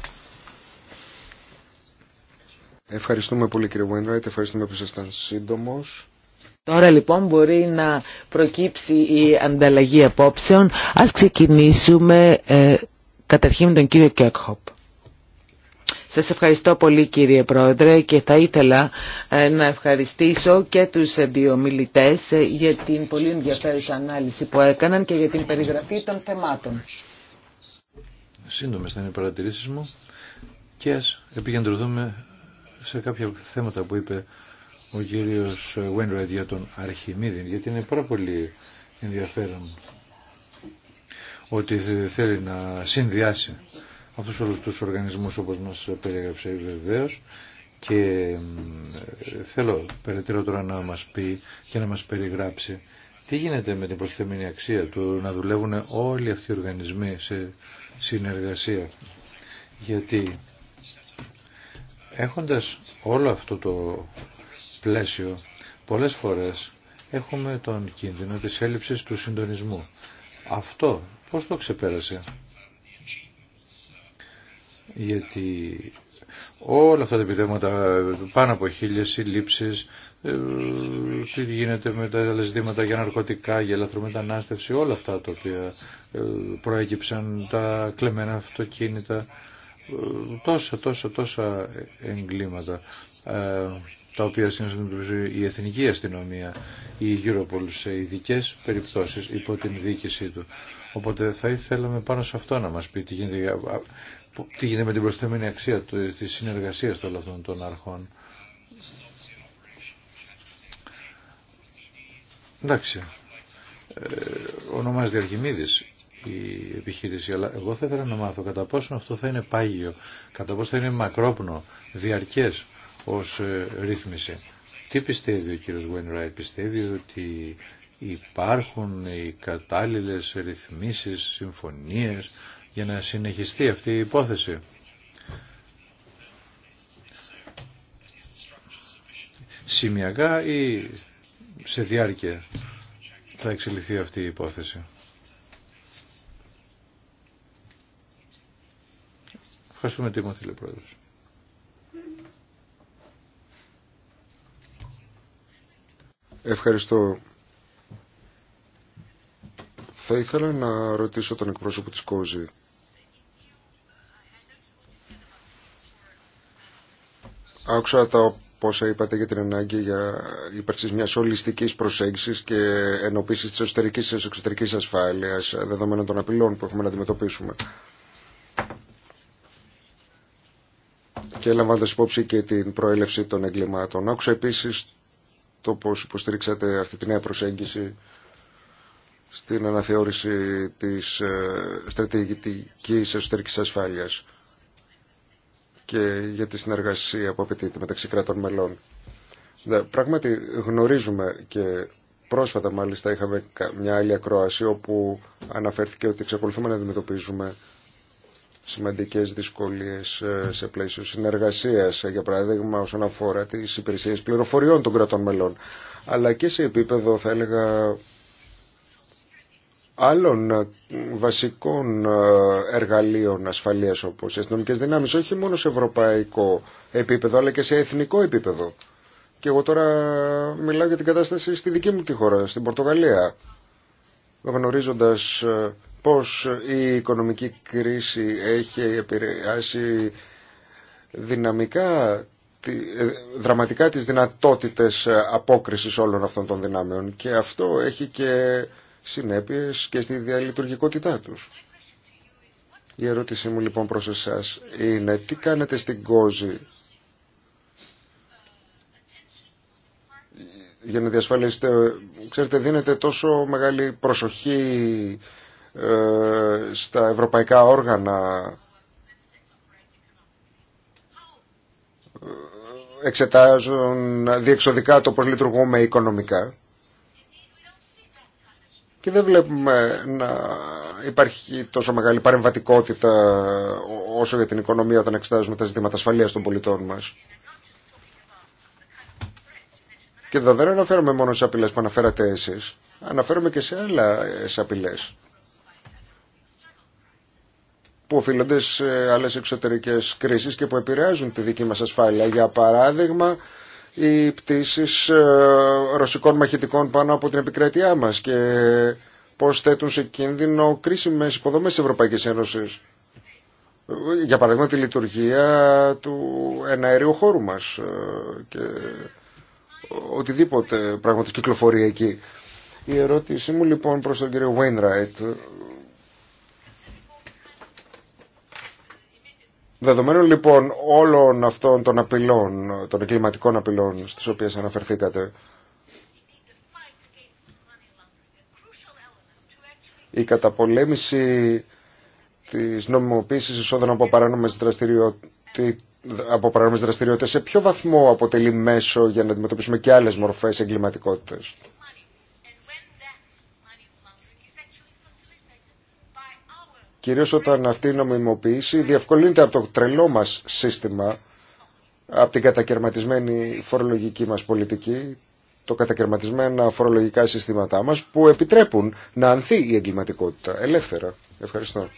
S3: Ευχαριστούμε πολύ κύριε Βουέντρα, ευχαριστούμε που ήσασταν σύντομος.
S4: Τώρα λοιπόν μπορεί να προκύψει η ανταλλαγή απόψεων. Ας ξεκινήσουμε ε, καταρχήν με τον κύριο Κέκχοπ. Σας ευχαριστώ πολύ κύριε Πρόεδρε και θα ήθελα ε, να ευχαριστήσω και τους δύο μιλητές ε, για την πολύ ενδιαφέρουσα ανάλυση που έκαναν και για την περιγραφή των θεμάτων.
S2: Σύντομες θα είναι οι παρατηρήσεις μου και ας επικεντρωθούμε σε κάποια θέματα που είπε ο κύριος Wainwright για τον Αρχιμίδη, γιατί είναι πάρα πολύ ενδιαφέρον ότι θέλει να συνδυάσει αυτούς όλους τους οργανισμούς όπως μας περιέγραψε βεβαίω και θέλω περαιτέρω τώρα να μας πει και να μας περιγράψει τι γίνεται με την προσθεμένη αξία του να δουλεύουν όλοι αυτοί οι οργανισμοί σε συνεργασία γιατί έχοντας όλο αυτό το πλαίσιο πολλές φορές έχουμε τον κίνδυνο της έλλειψης του συντονισμού. Αυτό πώς το ξεπέρασε. Γιατί όλα αυτά τα επιδέματα, πάνω από χίλιες συλλήψεις, ε, τι γίνεται με τα ζητήματα για ναρκωτικά, για ελαθρομετανάστευση, όλα αυτά τα οποία ε, προέκυψαν τα κλεμμένα αυτοκίνητα, ε, τόσα, τόσα, τόσα εγκλήματα τα οποία συνεχίζουν η Εθνική Αστυνομία ή η Europol σε ειδικέ περιπτώσει υπό την διοίκησή του. Οπότε θα ήθελαμε πάνω σε αυτό να μα πει τι γίνεται, γίνεται με την προσθέμενη αξία τη συνεργασία των αυτών των αρχών. Εντάξει, ε, ονομάζεται η επιχείρηση, αλλά εγώ θα ήθελα να μάθω κατά πόσο αυτό θα είναι πάγιο, κατά πόσο θα είναι μακρόπνο, διαρκές ως ε, ρύθμιση. Τι πιστεύει ο κύριος Γουένρα πιστεύει ότι υπάρχουν οι κατάλληλες ρυθμίσεις, συμφωνίες για να συνεχιστεί αυτή η υπόθεση. Σημειακά ή σε διάρκεια θα εξελιχθεί αυτή η υπόθεση. Ευχαριστούμε Τίμωθη Λεπρόεδρος.
S3: Ευχαριστώ. Θα ήθελα να ρωτήσω τον εκπρόσωπο της Κόζη. Άκουσα τα όσα είπατε για την ανάγκη για ύπαρξη μιας ολιστικής προσέγγισης και ενοποίησης της εσωτερικής και εξωτερικής ασφάλειας δεδομένων των απειλών που έχουμε να αντιμετωπίσουμε. Και λαμβάνοντας υπόψη και την προέλευση των εγκλημάτων. Άκουσα επίσης το πώς υποστηρίξατε αυτή τη νέα προσέγγιση στην αναθεώρηση της ε, στρατηγικής εσωτερικής ασφάλειας και για τη συνεργασία που απαιτείται μεταξύ κρατών μελών. Ναι, πράγματι γνωρίζουμε και πρόσφατα μάλιστα είχαμε μια άλλη ακρόαση όπου αναφέρθηκε ότι εξακολουθούμε να αντιμετωπίζουμε σημαντικές δυσκολίες ε, σε πλαίσιο συνεργασίας, ε, για παράδειγμα όσον αφορά τις υπηρεσίες πληροφοριών των κρατών μελών, αλλά και σε επίπεδο θα έλεγα άλλων ε, βασικών εργαλείων ασφαλείας όπως οι αστυνομικές δυνάμεις, όχι μόνο σε ευρωπαϊκό επίπεδο αλλά και σε εθνικό επίπεδο. Και εγώ τώρα μιλάω για την κατάσταση στη δική μου τη χώρα, στην Πορτογαλία, γνωρίζοντας πώς η οικονομική κρίση έχει επηρεάσει δυναμικά ε, δραματικά τις δυνατότητες απόκρισης όλων αυτών των δυνάμεων και αυτό έχει και συνέπειες και στη διαλειτουργικότητά τους. Η ερώτησή μου λοιπόν προς εσάς είναι τι κάνετε στην κόζη για να διασφαλίσετε, ξέρετε δίνετε τόσο μεγάλη προσοχή ε, στα ευρωπαϊκά όργανα ε, εξετάζουν διεξοδικά το πώς λειτουργούμε οικονομικά και δεν βλέπουμε να υπάρχει τόσο μεγάλη παρεμβατικότητα όσο για την οικονομία όταν εξετάζουμε τα ζητήματα ασφαλείας των πολιτών μας. Και εδώ δεν αναφέρομαι μόνο σε απειλές που αναφέρατε εσείς, αναφέρομαι και σε άλλες απειλές που οφείλονται σε άλλε εξωτερικές κρίσεις και που επηρεάζουν τη δική μας ασφάλεια. Για παράδειγμα, οι πτήσεις ε, ρωσικών μαχητικών πάνω από την επικράτειά μας και πώ θέτουν σε κίνδυνο κρίσιμε υποδομέ τη Ευρωπαϊκή Ένωση. Για παράδειγμα, τη λειτουργία του εναέριου χώρου μας ε, και οτιδήποτε πράγματος κυκλοφορεί εκεί. Η ερώτησή μου λοιπόν προς τον κύριο Βέινραιτ... Δεδομένων λοιπόν όλων αυτών των απειλών, των εγκληματικών απειλών στις οποίες αναφερθήκατε, η καταπολέμηση της νομιμοποίησης εισόδων από παράνομες δραστηριότητες από παράνομες δραστηριότητες, σε ποιο βαθμό αποτελεί μέσο για να αντιμετωπίσουμε και άλλες μορφές εγκληματικότητες. Κυρίως όταν αυτή η νομιμοποίηση διευκολύνεται από το τρελό μας σύστημα, από την κατακαιρματισμένη φορολογική μας πολιτική, το κατακαιρματισμένα φορολογικά συστήματά μας που επιτρέπουν να ανθεί η εγκληματικότητα ελεύθερα. Ευχαριστώ.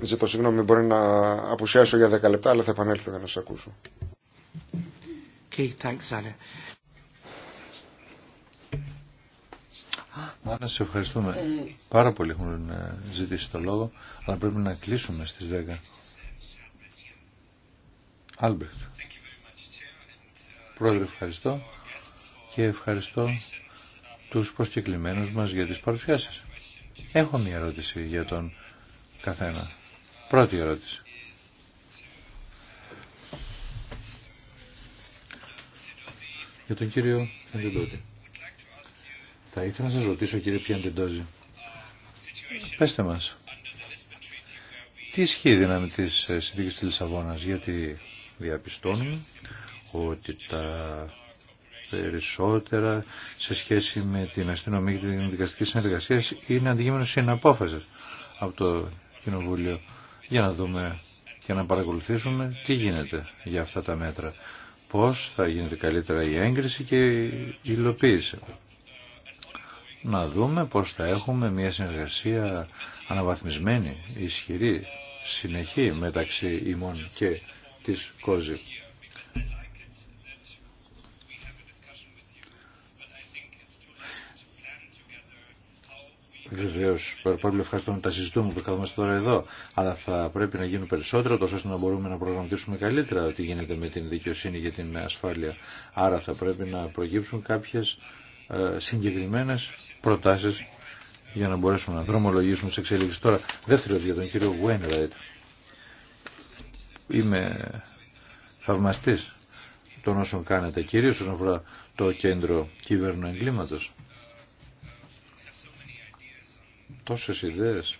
S3: Ζητώ συγγνώμη, μπορεί να απουσιάσω για 10 λεπτά, αλλά θα επανέλθω να σας ακούσω.
S1: Okay, thanks, Να
S3: σε
S2: ευχαριστούμε. Πάρα πολύ έχουν ε, ζητήσει το λόγο, αλλά πρέπει να κλείσουμε στις 10. Άλμπρεχτ. Πρόεδρε, ευχαριστώ και ευχαριστώ τους προσκεκλημένους μας για τις παρουσιάσεις. Έχω μία ερώτηση για τον καθένα. Πρώτη ερώτηση. Για τον κύριο Εντεντούτη. Θα ήθελα να σας ρωτήσω κύριε Πιαντεντόζη. Πέστε μας. Τι ισχύει δύναμη της ε, συνθήκης της Λισαβόνας, γιατί διαπιστώνουμε ότι τα περισσότερα σε σχέση με την αστυνομία και την δικαστική συνεργασία είναι αντικείμενο συναπόφαση από το Κοινοβούλιο. Για να δούμε και να παρακολουθήσουμε τι γίνεται για αυτά τα μέτρα. Πώς θα γίνεται καλύτερα η έγκριση και η υλοποίηση να δούμε πώς θα έχουμε μια συνεργασία αναβαθμισμένη, ισχυρή, συνεχή μεταξύ ημών και της κόζη. Βεβαίω, πολύ ευχαριστώ να τα συζητούμε που καθόμαστε τώρα εδώ. Αλλά θα πρέπει να γίνουν περισσότερο, τόσο ώστε να μπορούμε να προγραμματίσουμε καλύτερα τι γίνεται με την δικαιοσύνη και την ασφάλεια. Άρα θα πρέπει να προγύψουν κάποιε ε, Συγκεκριμένε προτάσεις για να μπορέσουμε να δρομολογήσουμε τι εξέλιξεις. Τώρα, δεύτερο για τον κύριο Γουένραϊτ. Είμαι θαυμαστή των όσων κάνετε, κυρίω όσον αφορά το κέντρο κύβερνο εγκλήματο. Τόσε ιδέες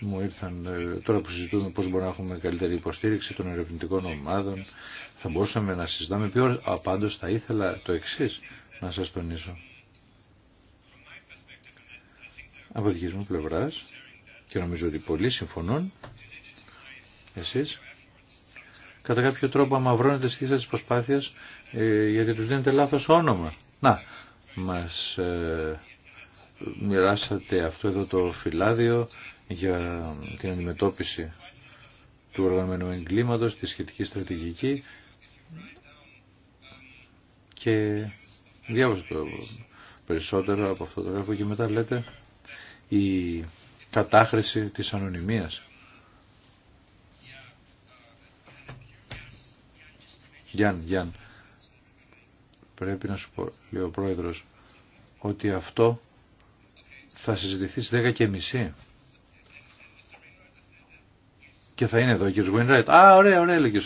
S2: μου ήρθαν ε, τώρα που συζητούμε πώς μπορούμε να έχουμε καλύτερη υποστήριξη των ερευνητικών ομάδων. Θα μπορούσαμε να συζητάμε πιο απάντως θα ήθελα το εξής, να σας τονίσω. Από δική μου πλευράς, και νομίζω ότι πολλοί συμφωνούν, εσείς, κατά κάποιο τρόπο αμαυρώνετε σχέση της προσπάθειας ε, γιατί τους δίνετε λάθος όνομα. Να, μας ε, μοιράσατε αυτό εδώ το φυλάδιο για την αντιμετώπιση του οργανωμένου εγκλήματος, τη σχετική στρατηγική και Διάβασα το περισσότερο από αυτό το έργο και μετά λέτε η κατάχρηση της ανωνυμίας. Γιάν, Γιάν, πρέπει να σου πω, λέει ο πρόεδρος, ότι αυτό θα συζητηθεί στις 10 και μισή. Και θα είναι εδώ ο κ. Γουίνραιτ. Α, ωραία, ωραία, λέει ο κ.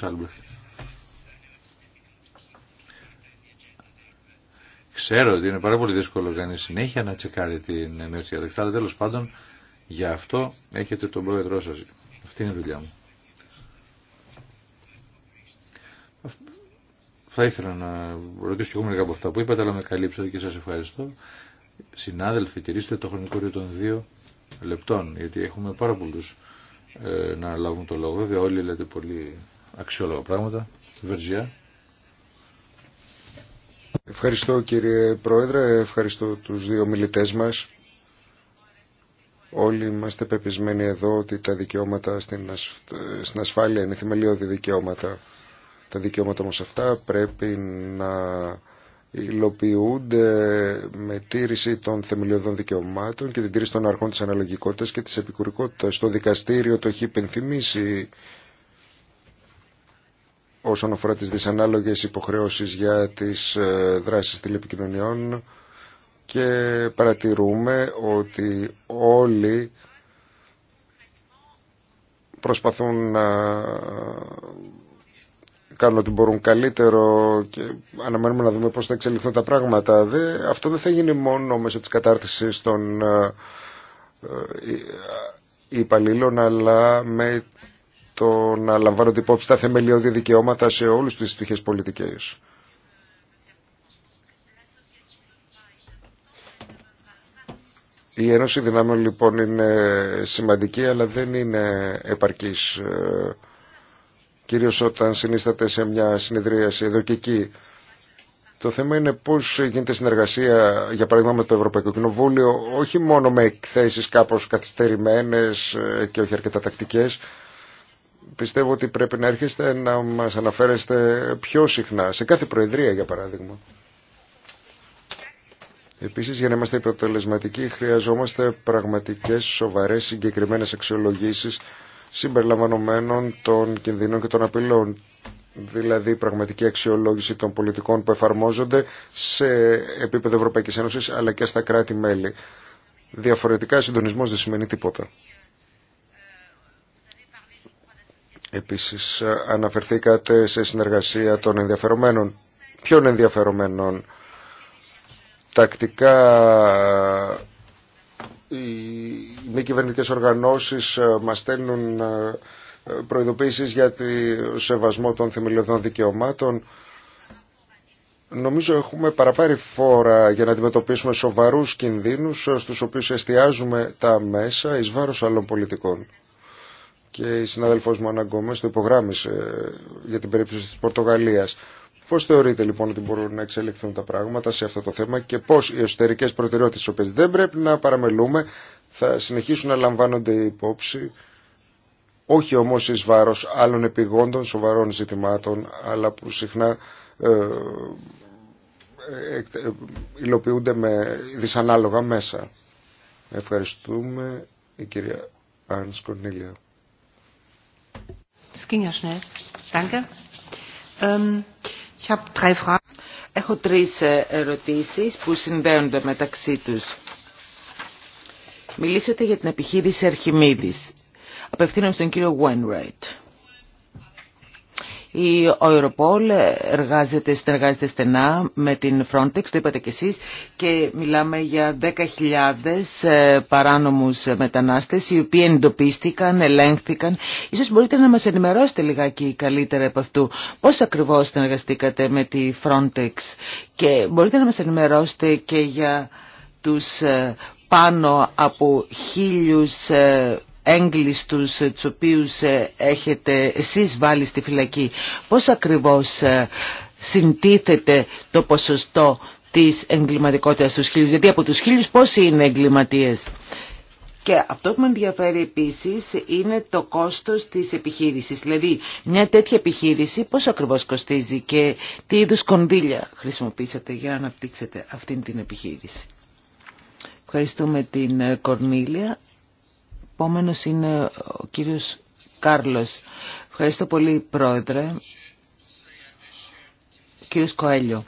S2: Ξέρω ότι είναι πάρα πολύ δύσκολο κανεί συνέχεια να τσεκάρει την ενέργεια. διαδεκτά, αλλά τέλο πάντων για αυτό έχετε τον πρόεδρό σα. Αυτή είναι η δουλειά μου. Θα ήθελα να ρωτήσω και εγώ μερικά από αυτά που είπατε, αλλά με καλύψατε και σα ευχαριστώ. Συνάδελφοι, τηρήστε το χρονικό όριο των δύο λεπτών, γιατί έχουμε πάρα πολλού ε, να λάβουν το λόγο. Βέβαια, όλοι λέτε πολύ αξιόλογα πράγματα. Βερζιά.
S3: Ευχαριστώ κύριε Πρόεδρε, ευχαριστώ τους δύο μιλητές μας. Όλοι είμαστε πεπισμένοι εδώ ότι τα δικαιώματα στην, στην ασφάλεια είναι θεμελιώδη δικαιώματα. Τα δικαιώματα όμως αυτά πρέπει να υλοποιούνται με τήρηση των θεμελιωδών δικαιωμάτων και την τήρηση των αρχών της αναλογικότητας και της επικουρικότητας. Το δικαστήριο το έχει υπενθυμίσει όσον αφορά τις δυσανάλογες υποχρεώσεις για τις ε, δράσεις τηλεπικοινωνιών και παρατηρούμε ότι όλοι προσπαθούν να κάνουν ότι μπορούν καλύτερο και αναμένουμε να δούμε πώς θα εξελιχθούν τα πράγματα. αυτό δεν θα γίνει μόνο μέσω της κατάρτισης των ε, ε, υπαλλήλων αλλά με το να λαμβάνονται υπόψη τα θεμελιώδη δικαιώματα σε όλους τις πτυχές πολιτικές. Η Ένωση Δυνάμεων λοιπόν είναι σημαντική αλλά δεν είναι επαρκής κυρίως όταν συνίσταται σε μια συνεδρίαση εδώ και εκεί. Το θέμα είναι πώς γίνεται συνεργασία για παράδειγμα με το Ευρωπαϊκό Κοινοβούλιο όχι μόνο με εκθέσεις κάπως καθυστερημένες και όχι αρκετά τακτικές πιστεύω ότι πρέπει να έρχεστε να μας αναφέρεστε πιο συχνά, σε κάθε προεδρία για παράδειγμα. Επίσης για να είμαστε υποτελεσματικοί χρειαζόμαστε πραγματικές, σοβαρές, συγκεκριμένες αξιολογήσεις συμπεριλαμβανομένων των κινδύνων και των απειλών. Δηλαδή πραγματική αξιολόγηση των πολιτικών που εφαρμόζονται σε επίπεδο Ευρωπαϊκής Ένωσης αλλά και στα κράτη-μέλη. Διαφορετικά συντονισμός δεν σημαίνει τίποτα. Επίσης ε, αναφερθήκατε σε συνεργασία των ενδιαφερομένων. Ποιων ενδιαφερομένων τακτικά ε, οι μη κυβερνητικές οργανώσεις ε, μας στέλνουν προειδοποίησεις για το σεβασμό των θεμελιωδών δικαιωμάτων. Νομίζω έχουμε παραπάρει φόρα για να αντιμετωπίσουμε σοβαρούς κινδύνους στους οποίους εστιάζουμε τα μέσα εις βάρος άλλων πολιτικών και η συνάδελφός μου Αναγκόμες το υπογράμμισε για την περίπτωση της Πορτογαλίας. Πώς θεωρείτε λοιπόν ότι μπορούν να εξελιχθούν τα πράγματα σε αυτό το θέμα και πώς οι εσωτερικές προτεραιότητες, τις οποίες δεν πρέπει να παραμελούμε, θα συνεχίσουν να λαμβάνονται υπόψη, όχι όμως εις βάρος άλλων επιγόντων σοβαρών ζητημάτων, αλλά που συχνά ε, ε υλοποιούνται με δυσανάλογα μέσα. Ευχαριστούμε η κυρία Άνς Κορνίλια.
S4: Έχω τρεις ε, ερωτήσεις που συνδέονται μεταξύ τους. Μιλήσατε για την επιχείρηση Αρχιμίδης. Απευθύνομαι στον κύριο Wainwright. Η Europol εργάζεται, συνεργάζεται στενά με την Frontex, το είπατε κι εσείς, και μιλάμε για 10.000 ε, παράνομους μετανάστες, οι οποίοι εντοπίστηκαν, ελέγχθηκαν. Ίσως μπορείτε να μας ενημερώσετε λιγάκι καλύτερα από αυτού. Πώς ακριβώς συνεργαστήκατε με τη Frontex και μπορείτε να μας ενημερώσετε και για τους ε, πάνω από χίλιους ε, έγκλειστους ε, τους οποίους ε, έχετε εσείς βάλει στη φυλακή. Πώς ακριβώς ε, συντίθεται το ποσοστό της εγκληματικότητας στους χίλιους, γιατί από τους χίλιους πόσοι είναι εγκληματίες. Και αυτό που με ενδιαφέρει επίσης είναι το κόστος της επιχείρησης. Δηλαδή μια τέτοια επιχείρηση πόσο ακριβώς κοστίζει και τι είδους κονδύλια χρησιμοποίησατε για να αναπτύξετε αυτή την επιχείρηση. Ευχαριστούμε την Κορνίλια επόμενος είναι ο κύριος Κάρλος. Ευχαριστώ πολύ πρόεδρε. Κύριος Κοέλιο.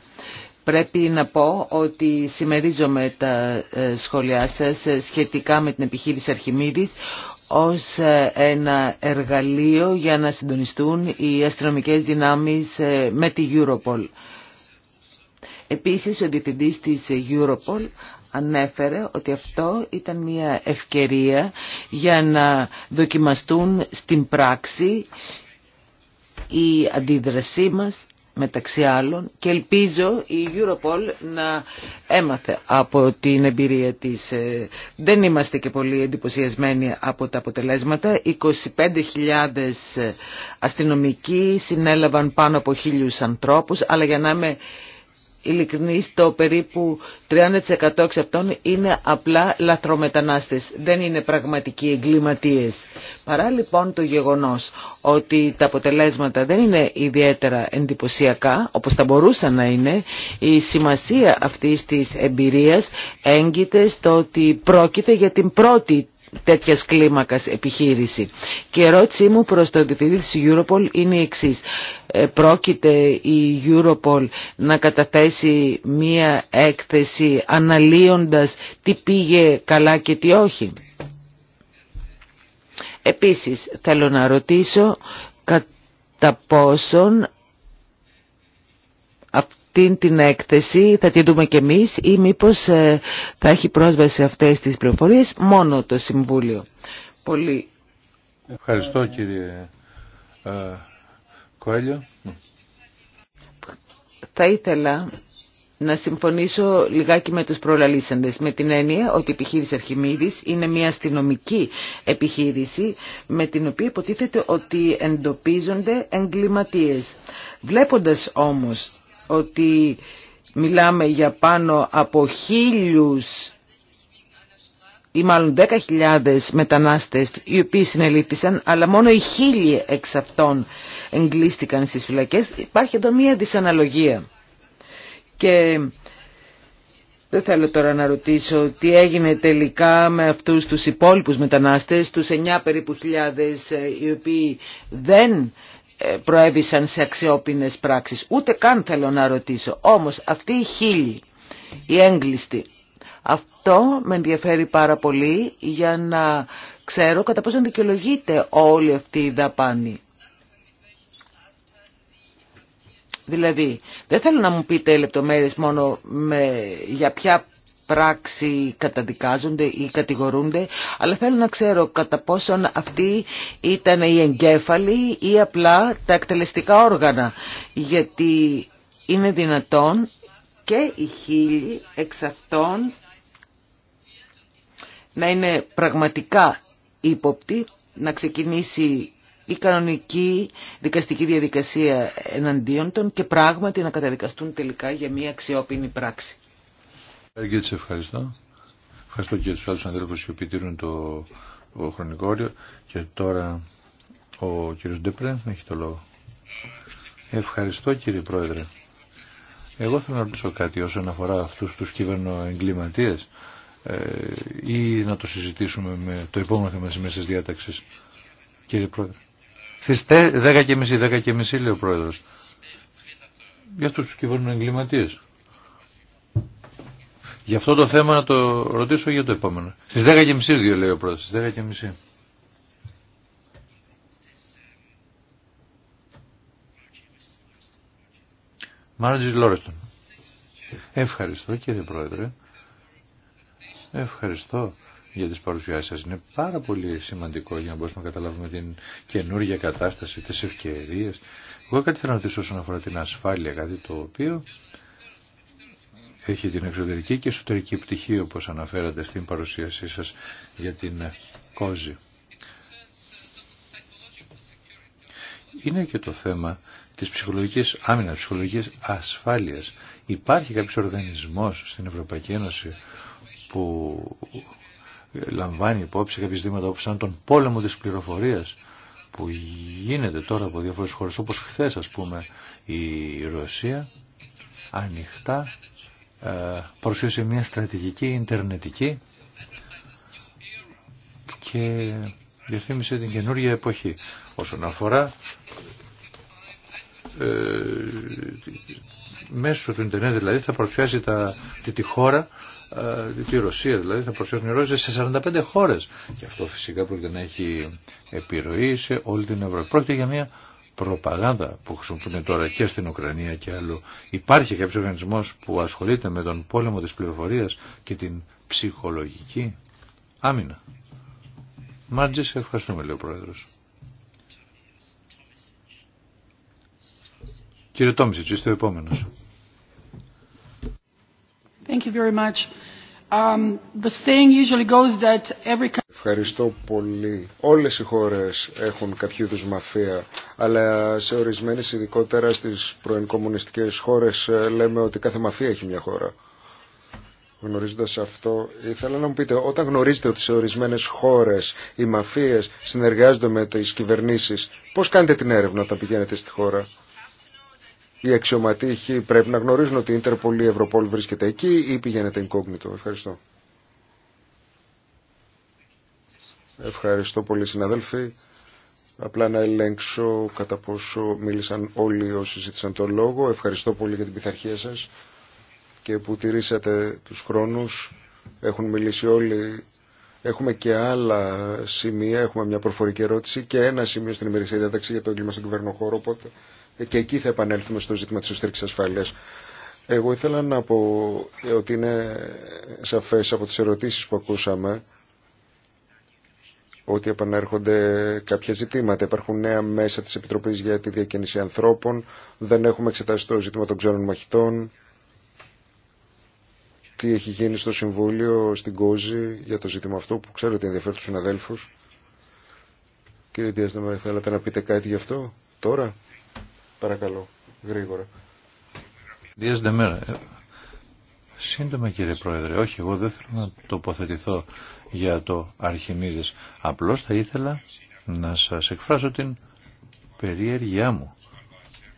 S4: Πρέπει να πω ότι συμμερίζομαι τα ε, σχόλιά σας ε, σχετικά με την επιχείρηση Αρχιμίδης ως ε, ένα εργαλείο για να συντονιστούν οι αστυνομικές δυνάμεις με τη Europol. Επίσης, ο διευθυντής της Europol ανέφερε ότι αυτό ήταν μια ευκαιρία για να δοκιμαστούν στην πράξη η αντίδρασή μας μεταξύ άλλων και ελπίζω η Europol να έμαθε από την εμπειρία της. Ε, δεν είμαστε και πολύ εντυπωσιασμένοι από τα αποτελέσματα. 25.000 αστυνομικοί συνέλαβαν πάνω από χίλιους ανθρώπους, αλλά για να είμαι ειλικρινής, το περίπου 30% εξ αυτών είναι απλά λαθρομετανάστες, δεν είναι πραγματικοί εγκληματίες. Παρά λοιπόν το γεγονός ότι τα αποτελέσματα δεν είναι ιδιαίτερα εντυπωσιακά, όπως θα μπορούσαν να είναι, η σημασία αυτής της εμπειρίας έγκυται στο ότι πρόκειται για την πρώτη τέτοια κλίμακα επιχείρηση. Και η ερώτησή μου προς τον διευθυντή της Europol είναι η εξής. Ε, πρόκειται η Europol να καταθέσει μία έκθεση αναλύοντας τι πήγε καλά και τι όχι. Επίσης θέλω να ρωτήσω κατά πόσον την την έκθεση, θα τη δούμε και εμείς ή μήπως ε, θα έχει πρόσβαση αυτές τις πληροφορίες μόνο το Συμβούλιο.
S2: Πολύ. Ευχαριστώ
S4: κύριε ε, Κοέλιο. Θα ήθελα να συμφωνήσω λιγάκι με τους προλαλήσαντες με την έννοια ότι η επιχείρηση Αρχιμίδης είναι μια αστυνομική επιχείρηση με την οποία υποτίθεται ότι εντοπίζονται εγκληματίες. Βλέποντας όμως ότι μιλάμε για πάνω από χίλιους ή μάλλον χιλιάδες μετανάστες οι οποίοι συνελήφθησαν, αλλά μόνο οι χίλιοι εξ αυτών εγκλίστηκαν στις φυλακές, υπάρχει εδώ μία δυσαναλογία. Και δεν θέλω τώρα να ρωτήσω τι έγινε τελικά με αυτούς τους υπόλοιπους μετανάστες, τους 9 περίπου χιλιάδες ε, οι οποίοι δεν προέβησαν σε αξιόπινες πράξεις. Ούτε καν θέλω να ρωτήσω. Όμως αυτή η χίλιοι, οι έγκλειστοι, αυτό με ενδιαφέρει πάρα πολύ για να ξέρω κατά πόσο δικαιολογείται όλη αυτή η δαπάνη. Δηλαδή, δεν θέλω να μου πείτε λεπτομέρειες μόνο για ποια πράξη καταδικάζονται ή κατηγορούνται, αλλά θέλω να ξέρω κατά πόσον αυτοί ήταν οι εγκέφαλοι ή απλά τα εκτελεστικά όργανα, γιατί είναι δυνατόν και οι χίλιοι εξ αυτών να είναι πραγματικά ύποπτοι, να ξεκινήσει η κανονική δικαστική διαδικασία εναντίον των και πράγματι να καταδικαστούν τελικά για μια αξιόπινη πράξη.
S2: Ε, ευχαριστώ. Ευχαριστώ και του άλλους ανθρώπους που επιτήρουν το, χρονικό όριο. Και τώρα ο κύριος Ντεπρέ έχει το λόγο. Ευχαριστώ κύριε Πρόεδρε. Εγώ θέλω να ρωτήσω κάτι όσον αφορά αυτούς τους κυβερνοεγκληματίες ε, ή να το συζητήσουμε με το επόμενο θέμα της μέσης διάταξης. Κύριε Πρόεδρε. Στις 10.30, 10.30 λέει ο Πρόεδρος. Για αυτούς τους κυβερνοεγκληματίες. Γι' αυτό το θέμα να το ρωτήσω για το επόμενο. Στις 10.30 δύο λέει ο πρόεδρος, στις 10.30. Μάρτζι Λόρεστον. Ευχαριστώ κύριε Πρόεδρε. Ευχαριστώ για τις παρουσιάσεις σας. Είναι πάρα πολύ σημαντικό για να μπορέσουμε να καταλάβουμε την καινούργια κατάσταση, τις ευκαιρίες. Εγώ κάτι θέλω να ρωτήσω όσον αφορά την ασφάλεια, κάτι το οποίο έχει την εξωτερική και εσωτερική πτυχή όπως αναφέρατε στην παρουσίασή σας για την κόζη. Είναι και το θέμα της ψυχολογικής άμυνας, ψυχολογικής ασφάλειας. Υπάρχει κάποιος οργανισμός στην Ευρωπαϊκή Ένωση που λαμβάνει υπόψη κάποια ζητήματα όπως σαν τον πόλεμο της πληροφορίας που γίνεται τώρα από διάφορες χώρες όπως χθες ας πούμε η Ρωσία ανοιχτά παρουσίασε μια στρατηγική ιντερνετική και διαφήμισε την καινούργια εποχή όσον αφορά ε, μέσω του Ιντερνετ δηλαδή θα παρουσιάσει τη, χώρα, ε, τη Ρωσία δηλαδή θα παρουσιάσουν οι Ρώσοι σε 45 χώρες και αυτό φυσικά πρόκειται να έχει επιρροή σε όλη την Ευρώπη. Πρόκειται για μια προπαγάνδα που χρησιμοποιούν τώρα και στην Ουκρανία και άλλο. Υπάρχει κάποιος οργανισμός που ασχολείται με τον πόλεμο της πληροφορίας και την ψυχολογική άμυνα. Μάρτζη, σε ευχαριστούμε, λέει ο Πρόεδρος. Κύριε Τόμισιτς, είστε ο επόμενος.
S3: Um, Ευχαριστώ πολύ. Όλες οι χώρες έχουν κάποιο είδου μαφία, αλλά σε ορισμένες ειδικότερα στις πρώην χώρες ε, λέμε ότι κάθε μαφία έχει μια χώρα. Γνωρίζοντας αυτό, ήθελα να μου πείτε, όταν γνωρίζετε ότι σε ορισμένες χώρες οι μαφίες συνεργάζονται με τις κυβερνήσεις, πώς κάνετε την έρευνα όταν πηγαίνετε στη χώρα. Οι αξιωματήχοι πρέπει να γνωρίζουν ότι η Ιντερπολ ή η Ευρωπόλ βρίσκεται εκεί ή πηγαίνετε incognito. Ευχαριστώ. Ευχαριστώ πολύ συναδέλφοι. Απλά να ελέγξω κατά πόσο μίλησαν όλοι όσοι ζήτησαν τον λόγο. Ευχαριστώ πολύ για την πειθαρχία σας και που τηρήσατε τους χρόνους. Έχουν μιλήσει όλοι. Έχουμε και άλλα σημεία. Έχουμε μια προφορική ερώτηση και ένα σημείο στην ημερησία διάταξη για το έγκλημα στον χώρο. Οπότε και εκεί θα επανέλθουμε στο ζήτημα της εσωτερικής ασφάλειας. Εγώ ήθελα να πω ότι είναι σαφές από τις ερωτήσεις που ακούσαμε ότι επανέρχονται κάποια ζητήματα. Υπάρχουν νέα μέσα της Επιτροπής για τη διακίνηση ανθρώπων, δεν έχουμε εξετάσει το ζήτημα των ξένων μαχητών, τι έχει γίνει στο Συμβούλιο, στην Κόζη, για το ζήτημα αυτό που ξέρω ότι ενδιαφέρει τους συναδέλφους. Κύριε Διάσταμαρη, θέλατε να πείτε κάτι γι' αυτό τώρα. Παρακαλώ, γρήγορα.
S2: Δίας ε, Σύντομα κύριε Πρόεδρε, όχι εγώ δεν θέλω να τοποθετηθώ για το Αρχιμίδης. Απλώς θα ήθελα να σας εκφράσω την περίεργειά μου.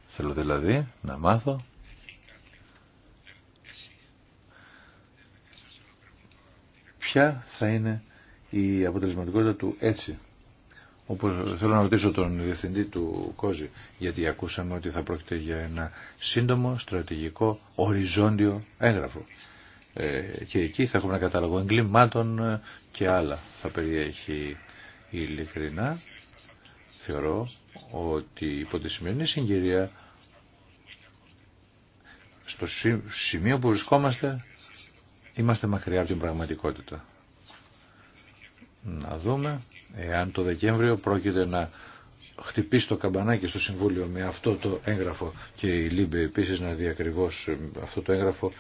S2: Θέλω δηλαδή να μάθω ποια θα είναι η αποτελεσματικότητα του έτσι Όπου θέλω να ρωτήσω τον διευθυντή του Κόζη, γιατί ακούσαμε ότι θα πρόκειται για ένα σύντομο, στρατηγικό, οριζόντιο έγγραφο. Ε, και εκεί θα έχουμε ένα κατάλογο εγκλημάτων ε, και άλλα. Θα περιέχει ειλικρινά. Θεωρώ ότι υπό τη σημερινή συγκυρία, στο σημείο που βρισκόμαστε, είμαστε μακριά από την πραγματικότητα. Να δούμε Εάν το Δεκέμβριο πρόκειται να χτυπήσει το καμπανάκι στο Συμβούλιο με αυτό το έγγραφο και η ΛΥΜΠΕ επίσης να δει ακριβώς ε, αυτό το έγγραφο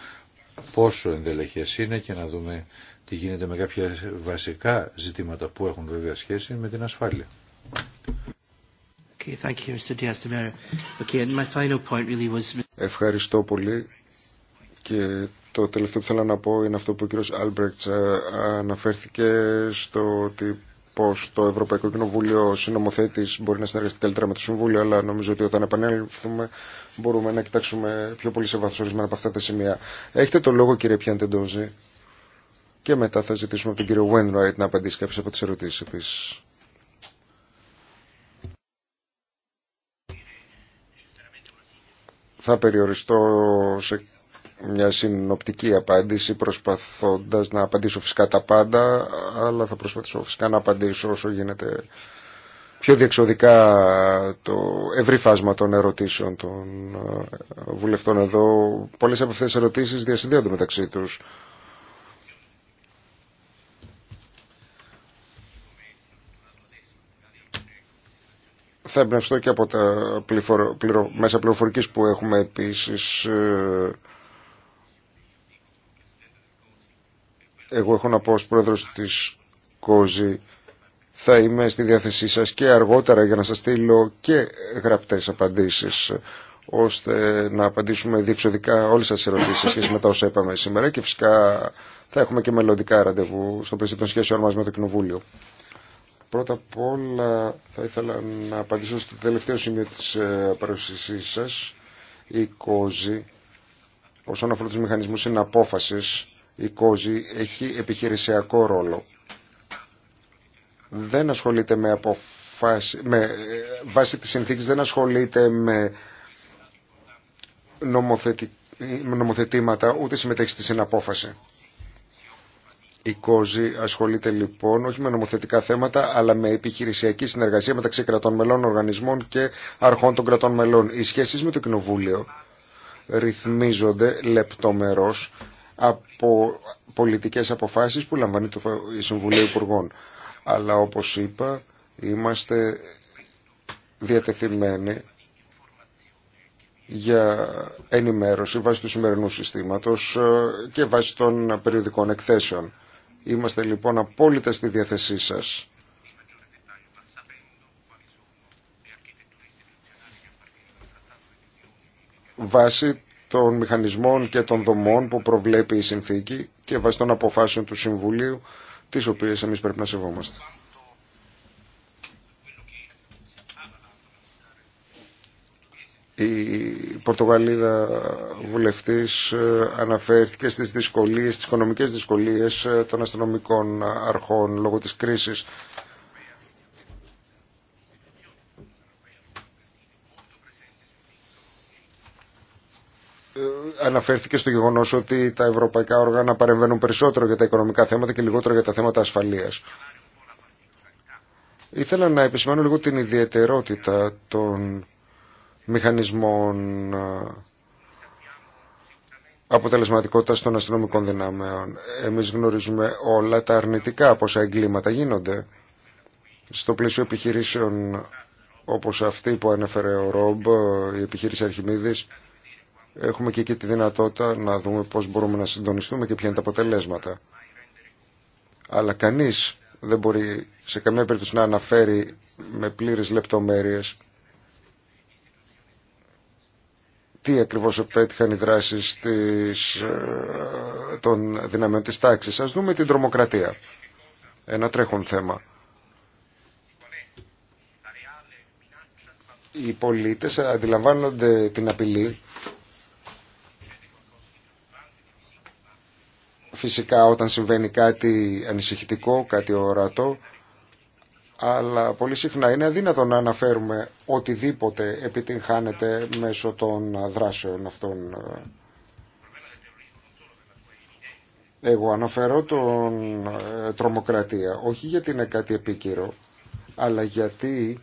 S2: πόσο ενδελεχές είναι και να δούμε τι γίνεται με κάποια βασικά ζητήματα που έχουν βέβαια σχέση με την ασφάλεια.
S3: Ευχαριστώ πολύ και το τελευταίο που θέλω να πω είναι αυτό που ο κύριος Άλμπρεκτς ε, αναφέρθηκε στο ότι Πώ το Ευρωπαϊκό Κοινοβούλιο συνομοθέτη μπορεί να συνεργαστεί καλύτερα με το Συμβούλιο, αλλά νομίζω ότι όταν επανέλθουμε μπορούμε να κοιτάξουμε πιο πολύ σε βάθος ορισμένα από αυτά τα σημεία. Έχετε το λόγο κύριε Πιάντεντόζη και μετά θα ζητήσουμε από τον κύριο Wainwright να απαντήσει κάποιε από τι ερωτήσει. επίση. Θα περιοριστώ σε μια συνοπτική απάντηση προσπαθώντας να απαντήσω φυσικά τα πάντα αλλά θα προσπαθήσω φυσικά να απαντήσω όσο γίνεται πιο διεξοδικά το ευρύ φάσμα των ερωτήσεων των ε, βουλευτών εδώ. Πολλές από αυτές τις ερωτήσεις διασυνδέονται μεταξύ τους. Θα εμπνευστώ και από τα μέσα πληροφορικής που έχουμε επίσης ε, εγώ έχω να πω ως πρόεδρος της ΚΟΖΗ θα είμαι στη διάθεσή σας και αργότερα για να σας στείλω και γραπτές απαντήσεις ώστε να απαντήσουμε διεξοδικά όλες τις ερωτήσεις σχέση με τα όσα είπαμε σήμερα και φυσικά θα έχουμε και μελλοντικά ραντεβού στο πλαίσιο των σχέσεων μας με το Κοινοβούλιο. Πρώτα απ' όλα θα ήθελα να απαντήσω στο τελευταίο σημείο της ε, παρουσίασής σας, η κόζη, όσον αφορά τους μηχανισμούς συναπόφασης η ΚΟΖΗ έχει επιχειρησιακό ρόλο. Δεν ασχολείται με με ε, βάση της συνθήκης δεν ασχολείται με νομοθετήματα ούτε συμμετέχει στη συναπόφαση. Η ΚΟΖΗ ασχολείται λοιπόν όχι με νομοθετικά θέματα αλλά με επιχειρησιακή συνεργασία μεταξύ κρατών μελών, οργανισμών και αρχών των κρατών μελών. Οι σχέσεις με το Κοινοβούλιο ρυθμίζονται λεπτομερώς από πολιτικές αποφάσεις που λαμβάνει το Συμβουλίο Υπουργών. Αλλά όπως είπα είμαστε διατεθειμένοι για ενημέρωση βάσει του σημερινού συστήματος ε, και βάσει των περιοδικών εκθέσεων. Είμαστε λοιπόν απόλυτα στη διαθεσή σας. Βάσει των μηχανισμών και των δομών που προβλέπει η συνθήκη και βάσει των αποφάσεων του Συμβουλίου, τις οποίες εμείς πρέπει να σεβόμαστε. Η Πορτογαλίδα βουλευτής ε, αναφέρθηκε στις δυσκολίες, τις οικονομικές δυσκολίες ε, των αστυνομικών αρχών λόγω της κρίσης αναφέρθηκε στο γεγονό ότι τα ευρωπαϊκά όργανα παρεμβαίνουν περισσότερο για τα οικονομικά θέματα και λιγότερο για τα θέματα ασφαλεία. Ήθελα να επισημάνω λίγο την ιδιαιτερότητα των μηχανισμών ε, αποτελεσματικότητας των αστυνομικών δυνάμεων. Εμείς γνωρίζουμε όλα τα αρνητικά πόσα εγκλήματα γίνονται στο πλαίσιο επιχειρήσεων όπως αυτή που ανέφερε ο Ρόμπ, η επιχείρηση Αρχιμίδης έχουμε και εκεί τη δυνατότητα να δούμε πώς μπορούμε να συντονιστούμε και ποια είναι τα αποτελέσματα. Αλλά κανείς δεν μπορεί σε καμία περίπτωση να αναφέρει με πλήρες λεπτομέρειες τι ακριβώς επέτυχαν οι δράσεις της, ε, των δυναμιών της τάξης. Ας δούμε την τρομοκρατία. Ένα τρέχον θέμα. Οι πολίτες αντιλαμβάνονται την απειλή Φυσικά όταν συμβαίνει κάτι ανησυχητικό, κάτι ορατό, αλλά πολύ συχνά είναι αδύνατο να αναφέρουμε οτιδήποτε επιτυγχάνεται μέσω των δράσεων αυτών. Εγώ αναφέρω τον ε, τρομοκρατία, όχι γιατί είναι κάτι επίκυρο, αλλά γιατί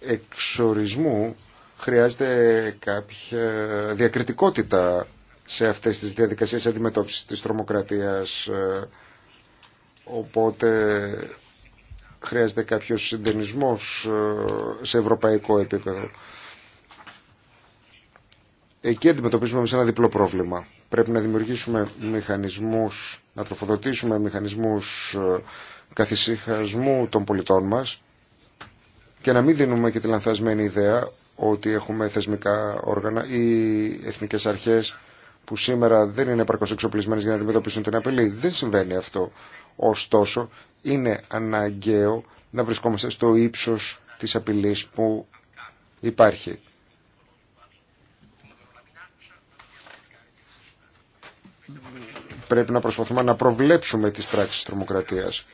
S3: εξορισμού χρειάζεται κάποια διακριτικότητα σε αυτές τις διαδικασίες αντιμετώπισης της τρομοκρατίας. Ε, οπότε χρειάζεται κάποιος συντενισμός ε, σε ευρωπαϊκό επίπεδο. Εκεί αντιμετωπίζουμε εμείς ένα διπλό πρόβλημα. Πρέπει να δημιουργήσουμε μηχανισμούς, να τροφοδοτήσουμε μηχανισμούς ε, καθησυχασμού των πολιτών μας και να μην δίνουμε και τη λανθασμένη ιδέα ότι έχουμε θεσμικά όργανα ή εθνικές αρχές που σήμερα δεν είναι επαρκώς εξοπλισμένες για να αντιμετωπίσουν την απειλή. Δεν συμβαίνει αυτό. Ωστόσο, είναι αναγκαίο να βρισκόμαστε στο ύψος της απειλής που υπάρχει. Πρέπει να προσπαθούμε να προβλέψουμε τις πράξεις τρομοκρατίας.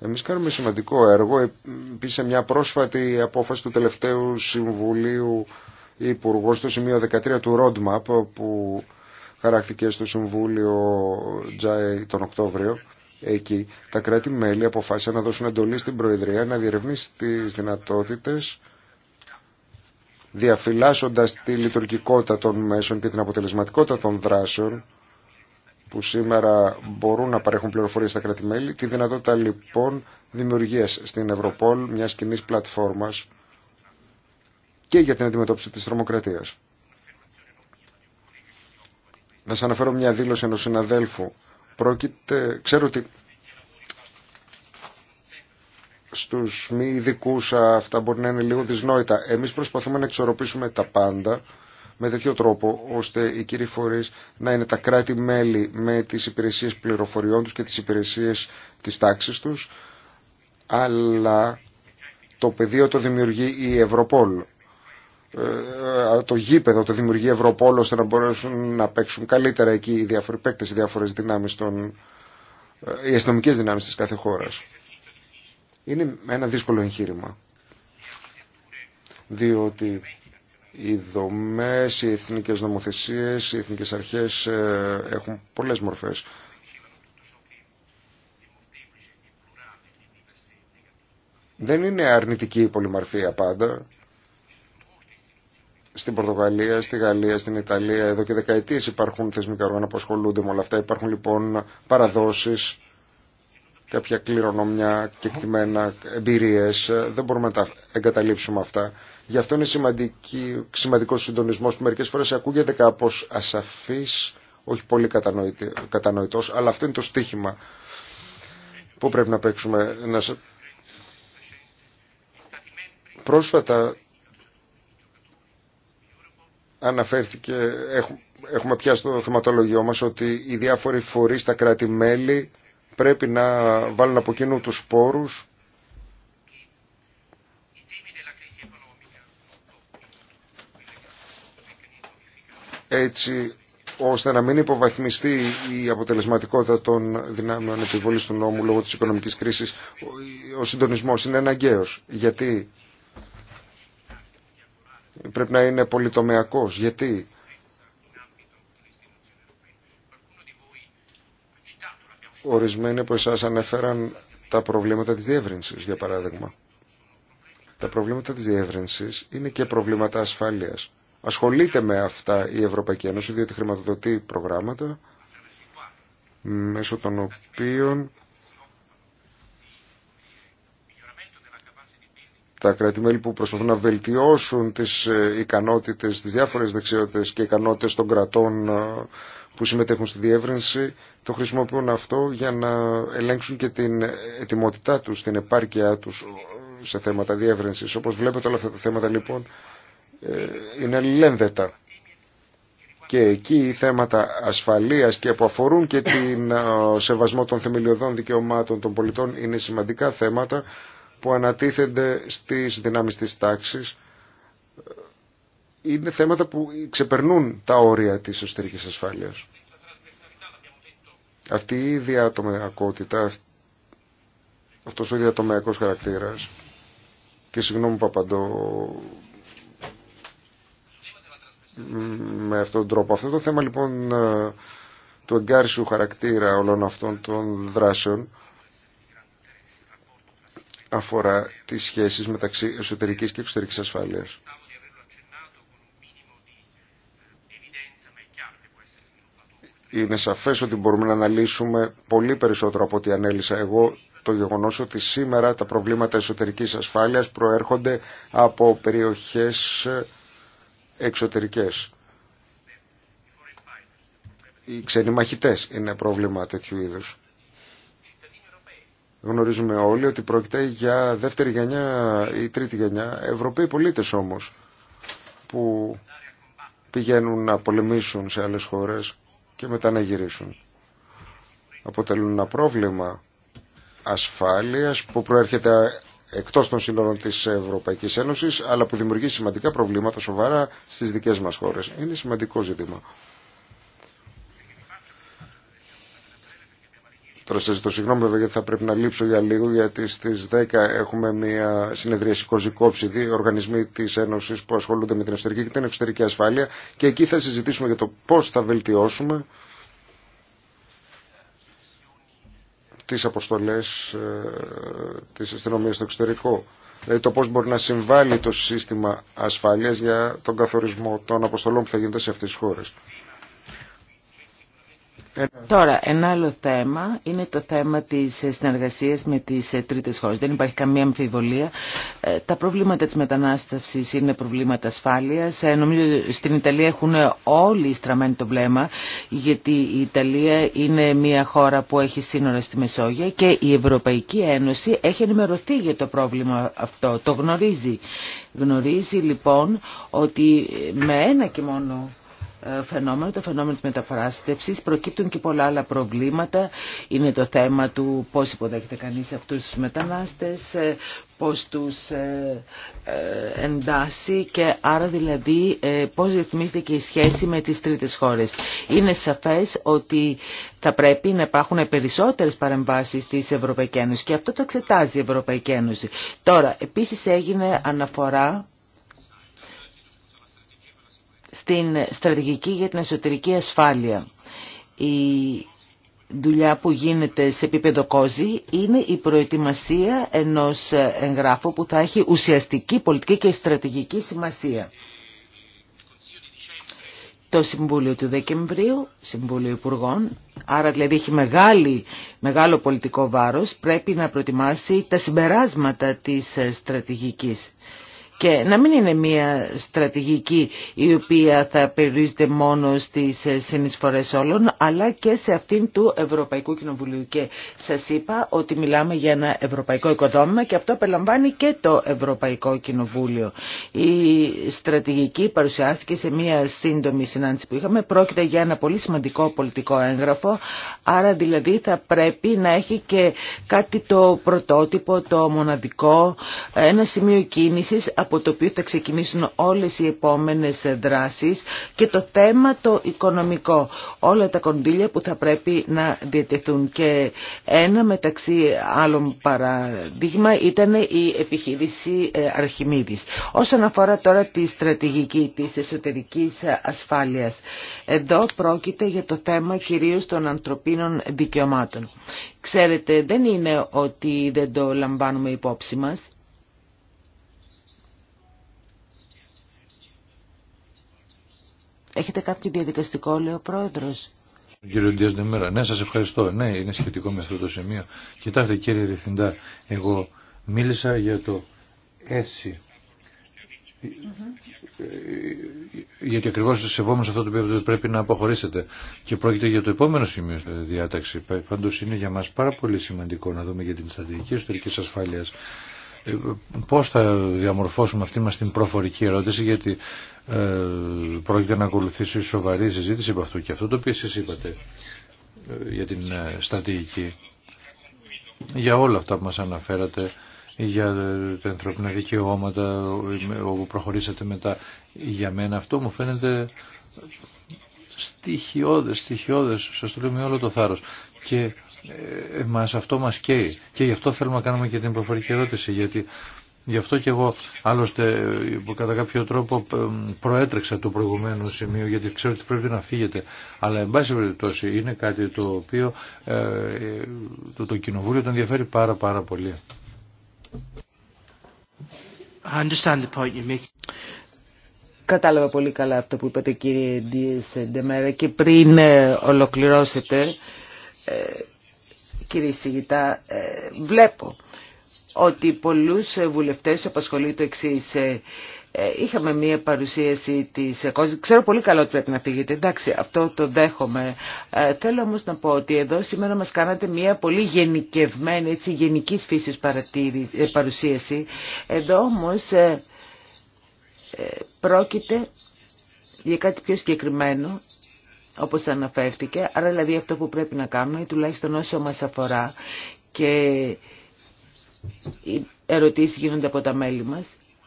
S3: Εμείς κάνουμε σημαντικό έργο, επίσης σε μια πρόσφατη απόφαση του τελευταίου Συμβουλίου Υπουργό στο σημείο 13 του Roadmap που χαράχθηκε στο Συμβούλιο Τζάι τον Οκτώβριο. Εκεί τα κράτη-μέλη αποφάσισαν να δώσουν εντολή στην Προεδρία να διερευνήσει τις δυνατότητες διαφυλάσσοντας τη λειτουργικότητα των μέσων και την αποτελεσματικότητα των δράσεων που σήμερα μπορούν να παρέχουν πληροφορίες στα κράτη-μέλη, τη δυνατότητα λοιπόν δημιουργίας στην Ευρωπόλ μιας κοινή πλατφόρμας και για την αντιμετώπιση της τρομοκρατίας. Να σας αναφέρω μια δήλωση ενός συναδέλφου. ξέρω ότι στους μη ειδικού αυτά μπορεί να είναι λίγο δυσνόητα. Εμείς προσπαθούμε να εξορροπήσουμε τα πάντα με τέτοιο τρόπο ώστε οι κύριοι φορεί να είναι τα κράτη-μέλη με τις υπηρεσίες πληροφοριών τους και τις υπηρεσίες της τάξης τους αλλά το πεδίο το δημιουργεί η Ευρωπόλ ε, το γήπεδο το δημιουργεί Ευρωπόλο ώστε να μπορέσουν να παίξουν καλύτερα εκεί οι διάφοροι παίκτες, οι διάφορες δυνάμεις ε, οι αστυνομικέ δυνάμεις της κάθε χώρας. Είναι ένα δύσκολο εγχείρημα. Διότι οι δομές, οι εθνικές νομοθεσίες, οι εθνικές αρχές ε, έχουν πολλές μορφές. Δεν είναι αρνητική η πολυμορφία πάντα στην Πορτογαλία, στη Γαλλία, στην Ιταλία, εδώ και δεκαετίες υπάρχουν θεσμικά όργανα που ασχολούνται με όλα αυτά. Υπάρχουν λοιπόν παραδόσεις, κάποια κληρονομιά και εμπειρίε. Δεν μπορούμε να τα εγκαταλείψουμε αυτά. Γι' αυτό είναι σημαντικό συντονισμό που μερικέ φορέ ακούγεται κάπω ασαφή, όχι πολύ κατανοητό, αλλά αυτό είναι το στίχημα που πρέπει να παίξουμε. Πρόσφατα αναφέρθηκε, έχουμε, έχουμε πια στο θεματολογιό μας ότι οι διάφοροι φορείς, τα κράτη-μέλη πρέπει να βάλουν από κοινού τους σπόρους έτσι ώστε να μην υποβαθμιστεί η αποτελεσματικότητα των δυνάμεων επιβολής του νόμου λόγω της οικονομικής κρίσης. Ο συντονισμός είναι αναγκαίος γιατί πρέπει να είναι πολυτομεακός. Γιατί ορισμένοι από εσάς ανέφεραν τα προβλήματα της διεύρυνσης, για παράδειγμα. Τα προβλήματα της διεύρυνσης είναι και προβλήματα ασφάλειας. Ασχολείται με αυτά η Ευρωπαϊκή Ένωση, διότι χρηματοδοτεί προγράμματα μέσω των οποίων τα κράτη-μέλη που προσπαθούν να βελτιώσουν τις ε, ικανότητες, τις διάφορες δεξιότητες και ικανότητες των κρατών ε, που συμμετέχουν στη διεύρυνση, το χρησιμοποιούν αυτό για να ελέγξουν και την ετοιμότητά τους, την επάρκειά τους ε, σε θέματα διεύρυνσης. Όπως βλέπετε όλα αυτά τα θέματα λοιπόν είναι αλληλένδετα. Και εκεί οι θέματα ασφαλείας και που αφορούν και την σεβασμό των θεμελιωδών δικαιωμάτων των πολιτών είναι σημαντικά θέματα που ανατίθενται στις δυνάμεις της τάξης είναι θέματα που ξεπερνούν τα όρια της εσωτερικής ασφάλειας. Αυτή η διατομεακότητα, αυτός ο διατομεακός χαρακτήρας και συγγνώμη που απαντώ με αυτόν τον τρόπο. Αυτό το θέμα λοιπόν ε, του εγκάρισου χαρακτήρα όλων αυτών των δράσεων αφορά τις σχέσεις μεταξύ εσωτερικής και εξωτερικής ασφάλειας. Είναι σαφές ότι μπορούμε να αναλύσουμε πολύ περισσότερο από ό,τι ανέλησα εγώ το γεγονός ότι σήμερα τα προβλήματα εσωτερικής ασφάλειας προέρχονται από περιοχές εξωτερικές. Οι ξένοι μαχητές είναι πρόβλημα τέτοιου είδους. Γνωρίζουμε όλοι ότι πρόκειται για δεύτερη γενιά ή τρίτη γενιά Ευρωπαίοι πολίτες όμως που πηγαίνουν να πολεμήσουν σε άλλες χώρες και μετά να γυρίσουν. Αποτελούν ένα πρόβλημα ασφάλειας που προέρχεται εκτός των σύνορων της Ευρωπαϊκής Ένωσης αλλά που δημιουργεί σημαντικά προβλήματα σοβαρά στις δικές μας χώρες. Είναι σημαντικό ζήτημα. Τώρα σας ζητώ συγγνώμη βέβαια γιατί θα πρέπει να λείψω για λίγο γιατί στις 10 έχουμε μια συνεδρίαση κοζικόψη δύο οργανισμοί της Ένωσης που ασχολούνται με την εσωτερική και την εξωτερική ασφάλεια και εκεί θα συζητήσουμε για το πώς θα βελτιώσουμε τις αποστολές ε, της αστυνομίας στο εξωτερικό. Δηλαδή το πώς μπορεί να συμβάλλει το σύστημα ασφάλειας για τον καθορισμό των αποστολών που θα γίνονται σε αυτές τις χώρες.
S4: Τώρα, ένα άλλο θέμα είναι το θέμα της συνεργασίας με τις ε, τρίτες χώρες. Δεν υπάρχει καμία αμφιβολία. Ε, τα προβλήματα της μετανάστευσης είναι προβλήματα ασφάλειας. Ε, νομίζω στην Ιταλία έχουν όλοι στραμμένοι το βλέμμα, γιατί η Ιταλία είναι μια χώρα που έχει σύνορα στη Μεσόγεια και η Ευρωπαϊκή Ένωση έχει ενημερωθεί για το πρόβλημα αυτό. Το γνωρίζει. Γνωρίζει λοιπόν ότι με ένα και μόνο ε, φαινόμενο, το φαινόμενο της μεταφράστευσης. Προκύπτουν και πολλά άλλα προβλήματα. Είναι το θέμα του πώς υποδέχεται κανείς αυτούς τους μετανάστες, ε, πώς τους ε, εντάσσει και άρα δηλαδή πώς ρυθμίζεται και η σχέση με τις τρίτες χώρες. Είναι σαφές ότι θα πρέπει να υπάρχουν περισσότερες παρεμβάσεις της Ευρωπαϊκή Ένωση και αυτό το εξετάζει η Ευρωπαϊκή Ένωση. Τώρα, επίσης έγινε αναφορά στην στρατηγική για την εσωτερική ασφάλεια. Η δουλειά που γίνεται σε επίπεδο κόζη είναι η προετοιμασία ενός εγγράφου που θα έχει ουσιαστική πολιτική και στρατηγική σημασία. Το Συμβούλιο του Δεκεμβρίου, Συμβούλιο Υπουργών, άρα δηλαδή έχει μεγάλη, μεγάλο πολιτικό βάρος, πρέπει να προετοιμάσει τα συμπεράσματα της στρατηγικής και να μην είναι μια στρατηγική η οποία θα περιορίζεται μόνο στις ε, συνεισφορές όλων αλλά και σε αυτήν του Ευρωπαϊκού Κοινοβουλίου και σας είπα ότι μιλάμε για ένα ευρωπαϊκό οικοδόμημα και αυτό απελαμβάνει και το Ευρωπαϊκό Κοινοβούλιο. Η στρατηγική παρουσιάστηκε σε μια σύντομη συνάντηση που είχαμε. Πρόκειται για ένα πολύ σημαντικό πολιτικό έγγραφο άρα δηλαδή θα πρέπει να έχει και κάτι το πρωτότυπο, το μοναδικό, ένα σημείο κίνησης από το οποίο θα ξεκινήσουν όλες οι επόμενες δράσεις και το θέμα το οικονομικό. Όλα τα κονδύλια που θα πρέπει να διατεθούν και ένα μεταξύ άλλων παραδείγμα ήταν η επιχείρηση ε, Αρχιμίδης. Όσον αφορά τώρα τη στρατηγική της εσωτερικής ασφάλειας, εδώ πρόκειται για το θέμα κυρίως των ανθρωπίνων δικαιωμάτων. Ξέρετε, δεν είναι ότι δεν το λαμβάνουμε υπόψη μας. Έχετε κάποιο διαδικαστικό, λέει ο πρόεδρο.
S2: Κύριε Ντία Ντεμέρα, ναι σας ευχαριστώ. Ναι, είναι σχετικό με αυτό το σημείο. Κοιτάξτε κύριε Διευθυντά, εγώ μίλησα για το ΕΣΥ. Mm -hmm. Γιατί ακριβώ σεβόμαστε αυτό το οποίο πρέπει να αποχωρήσετε. Και πρόκειται για το επόμενο σημείο στη διάταξη. Πάντω είναι για μα πάρα πολύ σημαντικό να δούμε για την στρατηγική ιστορική ασφάλεια πώς θα διαμορφώσουμε αυτή μας την προφορική ερώτηση γιατί ε, πρόκειται να ακολουθήσει σοβαρή συζήτηση από αυτού και αυτό το οποίο εσείς είπατε ε, για την ε, στατική για όλα αυτά που μας αναφέρατε για ε, τα ανθρώπινα δικαιώματα όπου προχωρήσατε μετά για μένα αυτό μου φαίνεται στοιχειώδες, στοιχειώδες σας το λέω με όλο το θάρρος και ε, μας, αυτό μας καίει. Και γι' αυτό θέλουμε να κάνουμε και την προφορική ερώτηση, γιατί γι' αυτό και εγώ άλλωστε ε, κατά κάποιο τρόπο ε, προέτρεξα το προηγούμενο σημείο γιατί ξέρω ότι πρέπει να φύγετε. Αλλά εν πάση περιπτώσει είναι κάτι το οποίο το, το κοινοβούλιο τον ενδιαφέρει πάρα πάρα πολύ.
S4: Κατάλαβα πολύ καλά αυτό που είπατε κύριε Ντίες και πριν ολοκληρώσετε ε, κύριε Σιγητά, ε, βλέπω ότι πολλούς βουλευτές απασχολεί το εξής. Ε, είχαμε μία παρουσίαση της Ξέρω πολύ καλό ότι πρέπει να φύγετε. Εντάξει, αυτό το δέχομαι. θέλω όμως να πω ότι εδώ σήμερα μας κάνατε μία πολύ γενικευμένη, έτσι, γενικής φύσης παρουσίαση. Εδώ όμως πρόκειται για κάτι πιο συγκεκριμένο όπως αναφέρθηκε. Άρα δηλαδή αυτό που πρέπει να κάνουμε, τουλάχιστον όσο μας αφορά και οι ερωτήσεις γίνονται από τα μέλη μας,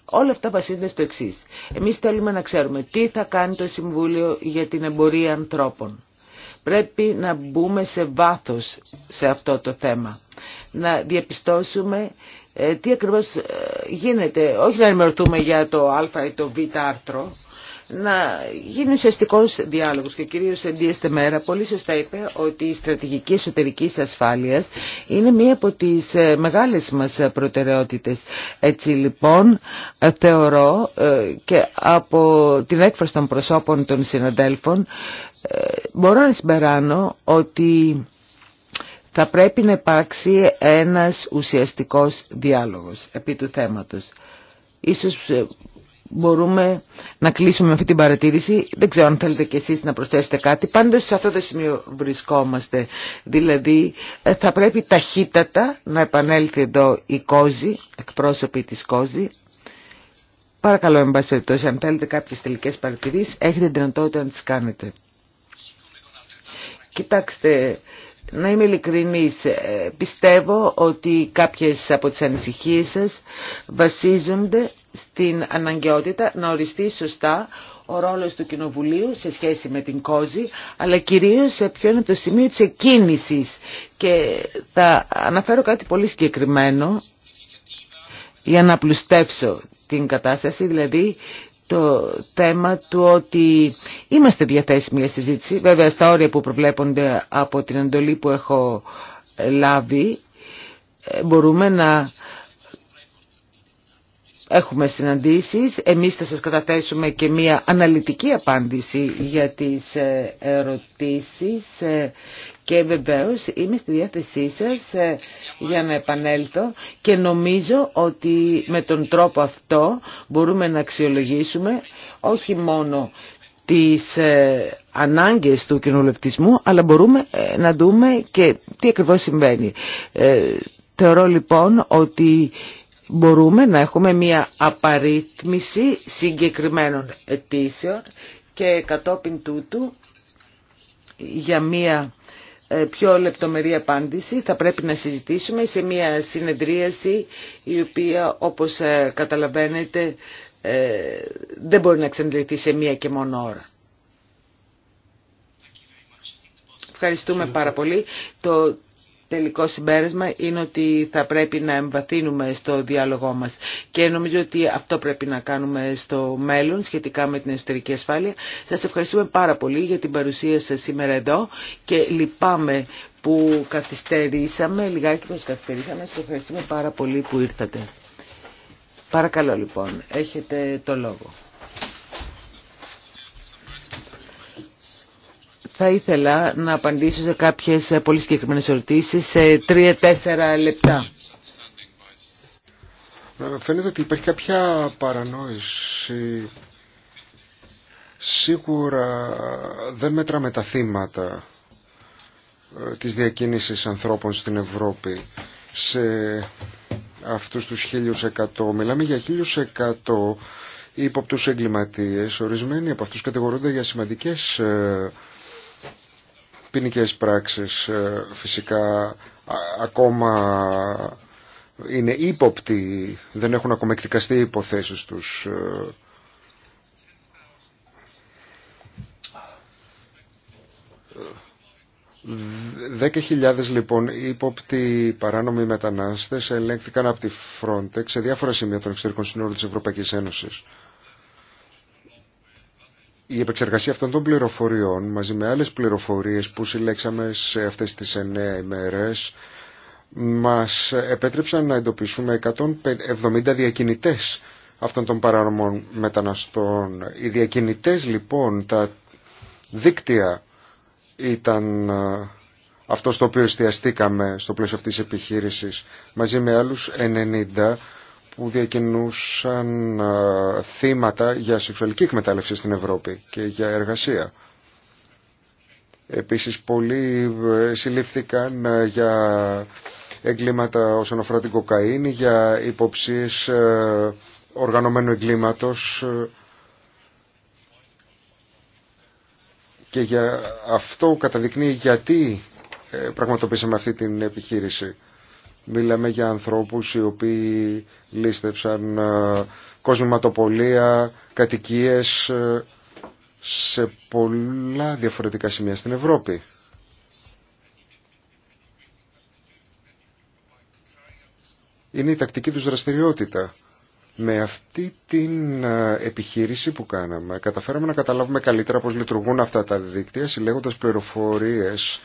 S4: Όλα αυτά βασίζονται στο εξή. Εμεί θέλουμε να ξέρουμε τι θα κάνει το Συμβούλιο για την εμπορία ανθρώπων. Πρέπει να μπούμε σε βάθος σε αυτό το θέμα. Να διαπιστώσουμε ε, τι ακριβώς ε, γίνεται. Όχι να ενημερωθούμε για το α ή το β άρθρο να γίνει ουσιαστικό διάλογο. και ο κύριο Τεμέρα πολύ σωστά είπε ότι η στρατηγική εσωτερική ασφάλεια είναι μία από τι ε, μεγάλες μας προτεραιότητες. Έτσι λοιπόν ε, θεωρώ ε, και από την έκφραση των προσώπων των συναντέλφων μπορώ να συμπεράνω ότι θα πρέπει να υπάρξει ένας ουσιαστικός διάλογος επί του θέματος. Ίσως μπορούμε να κλείσουμε αυτή την παρατήρηση. Δεν ξέρω αν θέλετε κι εσείς να προσθέσετε κάτι. Πάντως σε αυτό το σημείο βρισκόμαστε. Δηλαδή ε, θα πρέπει ταχύτατα να επανέλθει εδώ η Κόζη, εκπρόσωποι της Κόζη. Παρακαλώ, εν πάση αν θέλετε κάποιες τελικές παρατηρήσεις, έχετε δυνατότητα να τις κάνετε. Κοιτάξτε, να είμαι ειλικρινής, ε, πιστεύω ότι κάποιες από τις ανησυχίες σας βασίζονται στην αναγκαιότητα να οριστεί σωστά ο ρόλος του Κοινοβουλίου σε σχέση με την κόζη, αλλά κυρίως σε ποιο είναι το σημείο της εκκίνησης. Και θα αναφέρω κάτι πολύ συγκεκριμένο για να πλουστεύσω την κατάσταση, δηλαδή το θέμα του ότι είμαστε διαθέσιμοι για συζήτηση, βέβαια στα όρια που προβλέπονται από την εντολή που έχω λάβει, ε, μπορούμε να Έχουμε συναντήσεις, εμείς θα σας καταθέσουμε και μία αναλυτική απάντηση για τις ε, ερωτήσεις ε, και βεβαίω είμαι στη διάθεσή σας ε, για να επανέλθω και νομίζω ότι με τον τρόπο αυτό μπορούμε να αξιολογήσουμε όχι μόνο τις ανάγκες του κοινοβουλευτισμού αλλά μπορούμε να δούμε και τι ακριβώς συμβαίνει. Θεωρώ λοιπόν ότι μπορούμε να έχουμε μια απαρίθμηση συγκεκριμένων αιτήσεων και κατόπιν τούτου για μια ε, πιο λεπτομερή απάντηση θα πρέπει να συζητήσουμε σε μια συνεδρίαση η οποία όπως ε, καταλαβαίνετε ε, δεν μπορεί να εξαντληθεί σε μία και μόνο ώρα. Ευχαριστούμε πάρα πολύ τελικό συμπέρασμα είναι ότι θα πρέπει να εμβαθύνουμε στο διάλογό μας και νομίζω ότι αυτό πρέπει να κάνουμε στο μέλλον σχετικά με την εσωτερική ασφάλεια. Σας ευχαριστούμε πάρα πολύ για την παρουσία σας σήμερα εδώ και λυπάμαι που καθυστερήσαμε, λιγάκι που καθυστερήσαμε, σας ευχαριστούμε πάρα πολύ που ήρθατε. Παρακαλώ λοιπόν, έχετε το λόγο. Θα ήθελα να απαντήσω σε κάποιες πολύ συγκεκριμένες ερωτήσεις σε τρία-τέσσερα λεπτά. Φαίνεται ότι υπάρχει κάποια
S3: παρανόηση. Σίγουρα δεν μέτραμε τα θύματα ε, της διακίνησης ανθρώπων στην Ευρώπη σε αυτούς τους 1.100. Μιλάμε για 1.100 ύποπτους εγκληματίες. Ορισμένοι από αυτούς κατηγορούνται για σημαντικές ε, ποινικέ πράξεις ε, φυσικά ακόμα είναι ύποπτοι, δεν έχουν ακόμα εκδικαστεί οι υποθέσεις τους. Ε. Δέκα χιλιάδες λοιπόν ύποπτοι παράνομοι μετανάστες ελέγχθηκαν από τη Frontex σε διάφορα σημεία των εξωτερικών συνόρων της Ευρωπαϊκής Ένωσης η επεξεργασία αυτών των πληροφοριών μαζί με άλλες πληροφορίες που συλλέξαμε σε αυτές τις εννέα ημέρες μας επέτρεψαν να εντοπίσουμε 170 διακινητές αυτών των παράνομων μεταναστών. Οι διακινητές λοιπόν, τα δίκτυα ήταν ε, αυτό το οποίο εστιαστήκαμε στο πλαίσιο αυτής της επιχείρησης μαζί με άλλους 90 που διακινούσαν θύματα για σεξουαλική εκμετάλλευση στην Ευρώπη και για εργασία. Επίσης πολλοί ε, συλλήφθηκαν ε, για εγκλήματα όσον αφορά την κοκαίνη, για υποψίες ε, οργανωμένου εγκλήματος και για αυτό καταδεικνύει γιατί πραγματοποιήσαμε αυτή την επιχείρηση. Μιλάμε για ανθρώπους οι οποίοι λίστεψαν ε, κοσμηματοπολία, κατοικίες ε, σε πολλά διαφορετικά σημεία στην Ευρώπη. Είναι η τακτική τους δραστηριότητα. Με αυτή την ε, επιχείρηση που κάναμε καταφέραμε να καταλάβουμε καλύτερα πώς λειτουργούν αυτά τα δίκτυα συλλέγοντας πληροφορίες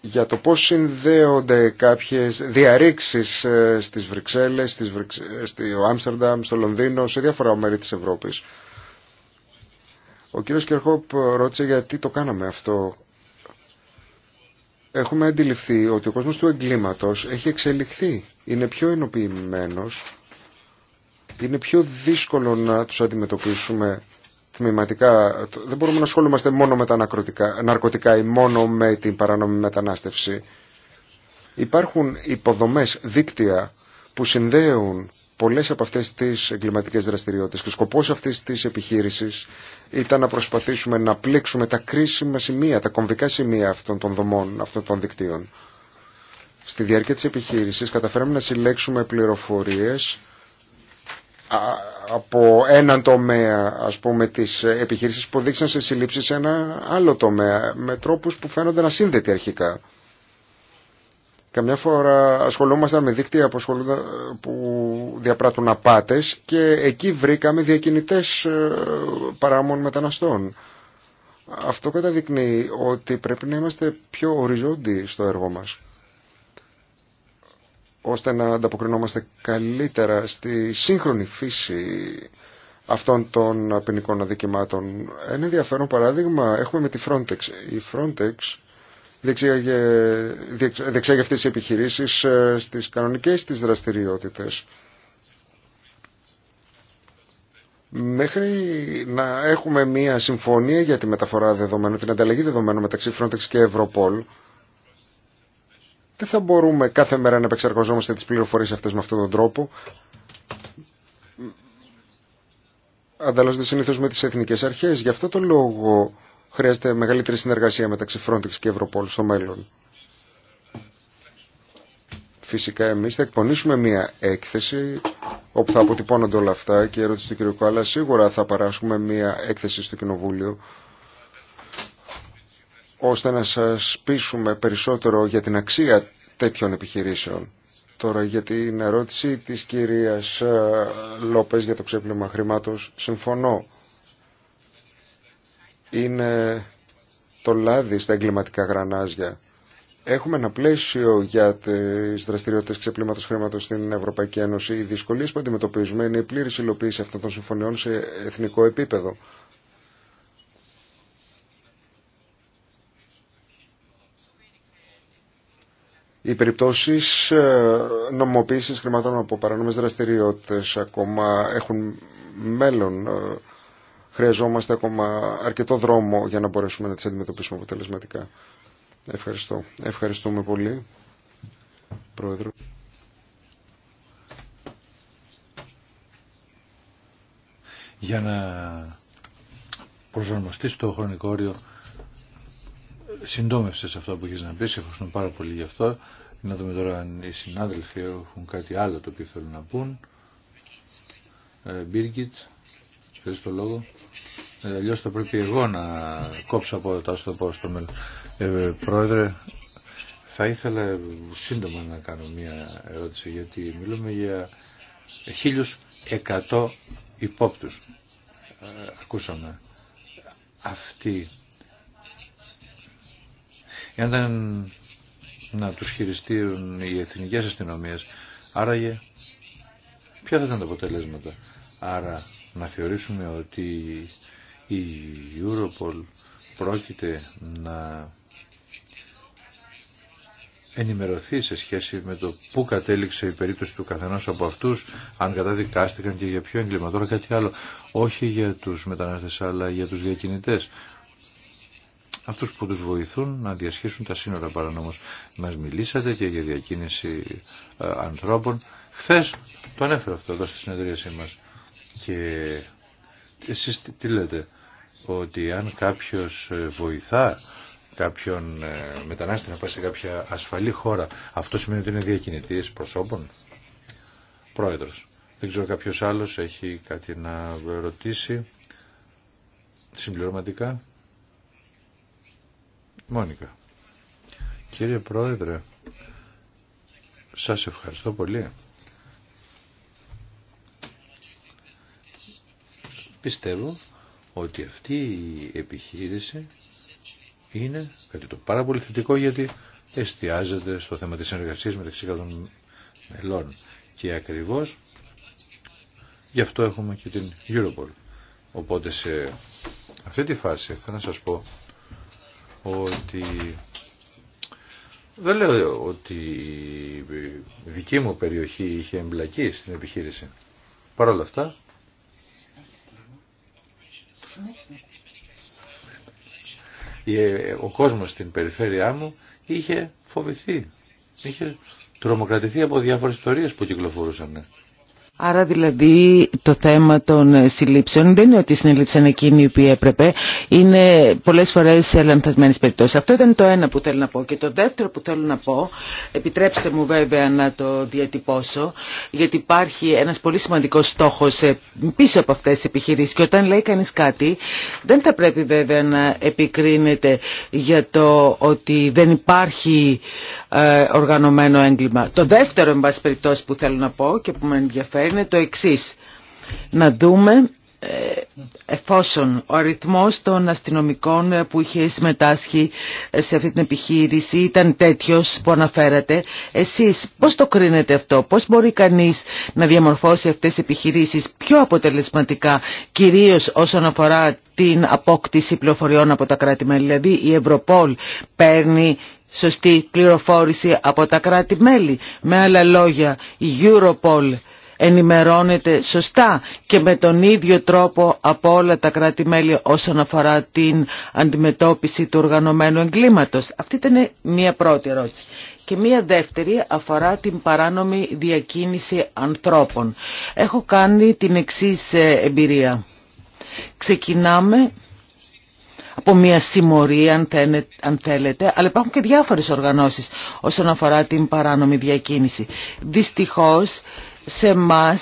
S3: για το πώς συνδέονται κάποιες διαρρήξεις ε, στις Βρυξέλλες, στις ε, στο Άμστερνταμ, στο Λονδίνο, σε διάφορα μέρη της Ευρώπης. Ο κύριος Κερχόπ ρώτησε γιατί το κάναμε αυτό. Έχουμε αντιληφθεί ότι ο κόσμος του εγκλήματος έχει εξελιχθεί. Είναι πιο ενοποιημένος. Είναι πιο δύσκολο να τους αντιμετωπίσουμε τμηματικά. Δεν μπορούμε να ασχολούμαστε μόνο με τα ναρκωτικά ή μόνο με την παράνομη μετανάστευση. Υπάρχουν υποδομές, δίκτυα που συνδέουν πολλές από αυτές τις εγκληματικές δραστηριότητες και ο σκοπός αυτής της επιχείρησης ήταν να προσπαθήσουμε να πλήξουμε τα κρίσιμα σημεία, τα κομβικά σημεία αυτών των δομών, αυτών των δικτύων. Στη διάρκεια της επιχείρησης καταφέραμε να συλλέξουμε πληροφορίες από έναν τομέα ας πούμε τις επιχειρήσεις που δείξαν σε συλλήψεις σε ένα άλλο τομέα με τρόπους που φαίνονται να σύνδετοι αρχικά. Καμιά φορά ασχολούμασταν με δίκτυα που, που διαπράττουν απάτες και εκεί βρήκαμε διακινητές ε, παράμων μεταναστών. Αυτό καταδεικνύει ότι πρέπει να είμαστε πιο οριζόντιοι στο έργο μας ώστε να ανταποκρινόμαστε καλύτερα στη σύγχρονη φύση αυτών των ποινικών αδικημάτων. Ένα ενδιαφέρον παράδειγμα έχουμε με τη Frontex. Η Frontex διεξάγει αυτές τις επιχειρήσεις ε, στις κανονικές της δραστηριότητες. Μέχρι να έχουμε μία συμφωνία για τη μεταφορά δεδομένων, την ανταλλαγή δεδομένων μεταξύ Frontex και Europol, δεν θα μπορούμε κάθε μέρα να επεξεργαζόμαστε τις πληροφορίες αυτές με αυτόν τον τρόπο. Ανταλλάσσονται συνήθως με τις εθνικές αρχές. Γι' αυτό το λόγο χρειάζεται μεγαλύτερη συνεργασία μεταξύ Frontex και Europol στο μέλλον. Φυσικά εμείς θα εκπονήσουμε μια έκθεση όπου θα αποτυπώνονται όλα αυτά και η ερώτηση του κ. Κουάλα σίγουρα θα παράσχουμε μια έκθεση στο Κοινοβούλιο ώστε να σας πείσουμε περισσότερο για την αξία τέτοιων επιχειρήσεων. Τώρα για την ερώτηση της κυρίας ε, Λόπες για το ξέπλυμα χρημάτος, συμφωνώ. Είναι το λάδι στα εγκληματικά γρανάζια. Έχουμε ένα πλαίσιο για τις δραστηριότητες ξεπλήματος χρήματος στην Ευρωπαϊκή Ένωση. Οι δυσκολίες που αντιμετωπίζουμε είναι η πλήρης υλοποίηση αυτών των συμφωνιών σε εθνικό επίπεδο. οι περιπτώσεις ε, νομοποίησης χρηματών από παρανόμες δραστηριότητες ακόμα έχουν μέλλον. Ε, χρειαζόμαστε ακόμα αρκετό δρόμο για να μπορέσουμε να τις αντιμετωπίσουμε αποτελεσματικά. Ευχαριστώ. Ευχαριστούμε πολύ, Πρόεδρο.
S2: Για να προσαρμοστεί στο χρονικό συντόμευσε αυτό που έχει να πεις. Ευχαριστούμε πάρα πολύ γι' αυτό. Να δούμε τώρα αν οι συνάδελφοι έχουν κάτι άλλο το οποίο θέλουν να πούν. Ε, Μπίργκιτ, θες το λόγο. Ε, Αλλιώ θα πρέπει εγώ να κόψω από τα το πω στο μέλλον. Ε, πρόεδρε, θα ήθελα σύντομα να κάνω μια ερώτηση γιατί μιλούμε για 1100 υπόπτους. Ε, ακούσαμε. Αυτοί Εάν ήταν να τους χειριστούν οι εθνικές αστυνομίες, άραγε ποια θα ήταν τα αποτελέσματα. Άρα να θεωρήσουμε ότι η Europol πρόκειται να ενημερωθεί σε σχέση με το πού κατέληξε η περίπτωση του καθενός από αυτούς, αν καταδικάστηκαν και για ποιο έγκλημα. Τώρα κάτι άλλο, όχι για τους μετανάστες αλλά για τους διακινητές αυτούς που τους βοηθούν να διασχίσουν τα σύνορα παρανόμως. Μας μιλήσατε και για διακίνηση ε, ανθρώπων. Χθες το ανέφερα αυτό εδώ στη συνεδρίασή μας. Και εσείς τι λέτε, ότι αν κάποιος ε, βοηθά κάποιον ε, μετανάστη να πάει σε κάποια ασφαλή χώρα, αυτό σημαίνει ότι είναι διακινητής προσώπων. Πρόεδρος. Δεν ξέρω κάποιος άλλος έχει κάτι να ρωτήσει συμπληρωματικά. Μόνικα. Κύριε Πρόεδρε, σας ευχαριστώ πολύ. Πιστεύω ότι αυτή η επιχείρηση είναι κάτι το πάρα πολύ θετικό γιατί εστιάζεται στο θέμα της συνεργασίας μεταξύ των μελών και ακριβώς γι' αυτό έχουμε και την Europol. Οπότε σε αυτή τη φάση θα να σας πω ότι δεν λέω ότι η δική μου περιοχή είχε εμπλακεί στην επιχείρηση. Παρ' όλα αυτά, ο κόσμος στην περιφέρειά μου είχε φοβηθεί, είχε τρομοκρατηθεί από διάφορες ιστορίες που κυκλοφορούσαν.
S4: Άρα δηλαδή το θέμα των συλλήψεων δεν είναι ότι συνελήψαν εκείνοι οι οποίοι έπρεπε. Είναι πολλές φορές σε λανθασμένες περιπτώσεις. Αυτό ήταν το ένα που θέλω να πω. Και το δεύτερο που θέλω να πω, επιτρέψτε μου βέβαια να το διατυπώσω, γιατί υπάρχει ένας πολύ σημαντικός στόχος πίσω από αυτές τις επιχειρήσεις. Και όταν λέει κανείς κάτι, δεν θα πρέπει βέβαια να επικρίνεται για το ότι δεν υπάρχει ε, οργανωμένο έγκλημα. Το δεύτερο, εν πάση περιπτώσει, που θέλω να πω και που με ενδιαφέρει, είναι το εξής. Να δούμε ε, εφόσον ο αριθμός των αστυνομικών που είχε συμμετάσχει σε αυτή την επιχείρηση ήταν τέτοιος που αναφέρατε εσείς πώς το κρίνετε αυτό πώς μπορεί κανείς να διαμορφώσει αυτές τις επιχειρήσεις πιο αποτελεσματικά κυρίως όσον αφορά την απόκτηση πληροφοριών από τα κράτη-μέλη δηλαδή η Ευρωπόλ παίρνει σωστή πληροφόρηση από τα κράτη-μέλη με άλλα λόγια η Europol ενημερώνεται σωστά και με τον ίδιο τρόπο από όλα τα κράτη-μέλη όσον αφορά την αντιμετώπιση του οργανωμένου εγκλήματος. Αυτή ήταν μία πρώτη ερώτηση. Και μία δεύτερη αφορά την παράνομη διακίνηση ανθρώπων. Έχω κάνει την εξής ε, εμπειρία. Ξεκινάμε από μια συμμορία αν θέλετε, αλλά υπάρχουν και διάφορες οργανώσεις όσον αφορά την παράνομη διακίνηση. Δυστυχώς σε εμά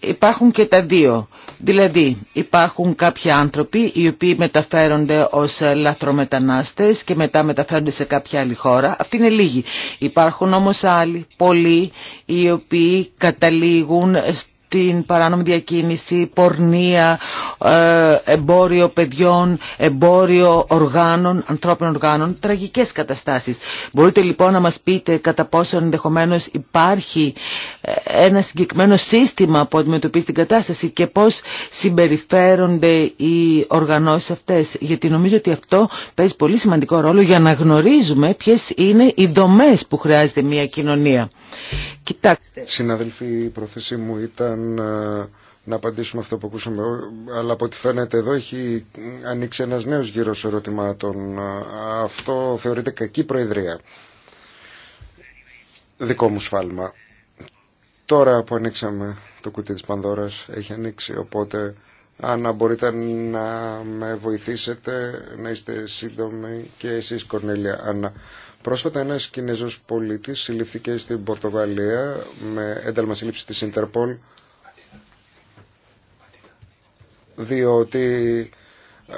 S4: υπάρχουν και τα δύο. Δηλαδή υπάρχουν κάποιοι άνθρωποι οι οποίοι μεταφέρονται ως λαθρομετανάστες και μετά μεταφέρονται σε κάποια άλλη χώρα. Αυτή είναι λίγοι. Υπάρχουν όμως άλλοι, πολλοί, οι οποίοι καταλήγουν την παράνομη διακίνηση, πορνεία, ε, εμπόριο παιδιών, εμπόριο οργάνων, ανθρώπινων οργάνων, τραγικές καταστάσεις. Μπορείτε λοιπόν να μας πείτε κατά πόσο ενδεχομένω υπάρχει ε, ένα συγκεκριμένο σύστημα που αντιμετωπίζει την κατάσταση και πώς συμπεριφέρονται οι οργανώσεις αυτές. Γιατί νομίζω ότι αυτό παίζει πολύ σημαντικό ρόλο για να γνωρίζουμε ποιες είναι οι δομές που χρειάζεται μια κοινωνία. Κοιτάξτε. Συναδελφοί, η πρόθεσή μου ήταν ε, να απαντήσουμε αυτό που
S3: ακούσαμε. Αλλά από ό,τι φαίνεται εδώ έχει ανοίξει ένας νέος γύρος ερωτημάτων. Ε, αυτό θεωρείται κακή προεδρία. Δικό μου σφάλμα. Τώρα που ανοίξαμε το κουτί της Πανδώρας έχει ανοίξει, οπότε αν μπορείτε να με βοηθήσετε να είστε σύντομοι και εσείς Κορνέλια Άννα Πρόσφατα ένας Κινέζος πολίτης συλλήφθηκε στην Πορτογαλία με ένταλμα σύλληψη της Ιντερπολ διότι ε,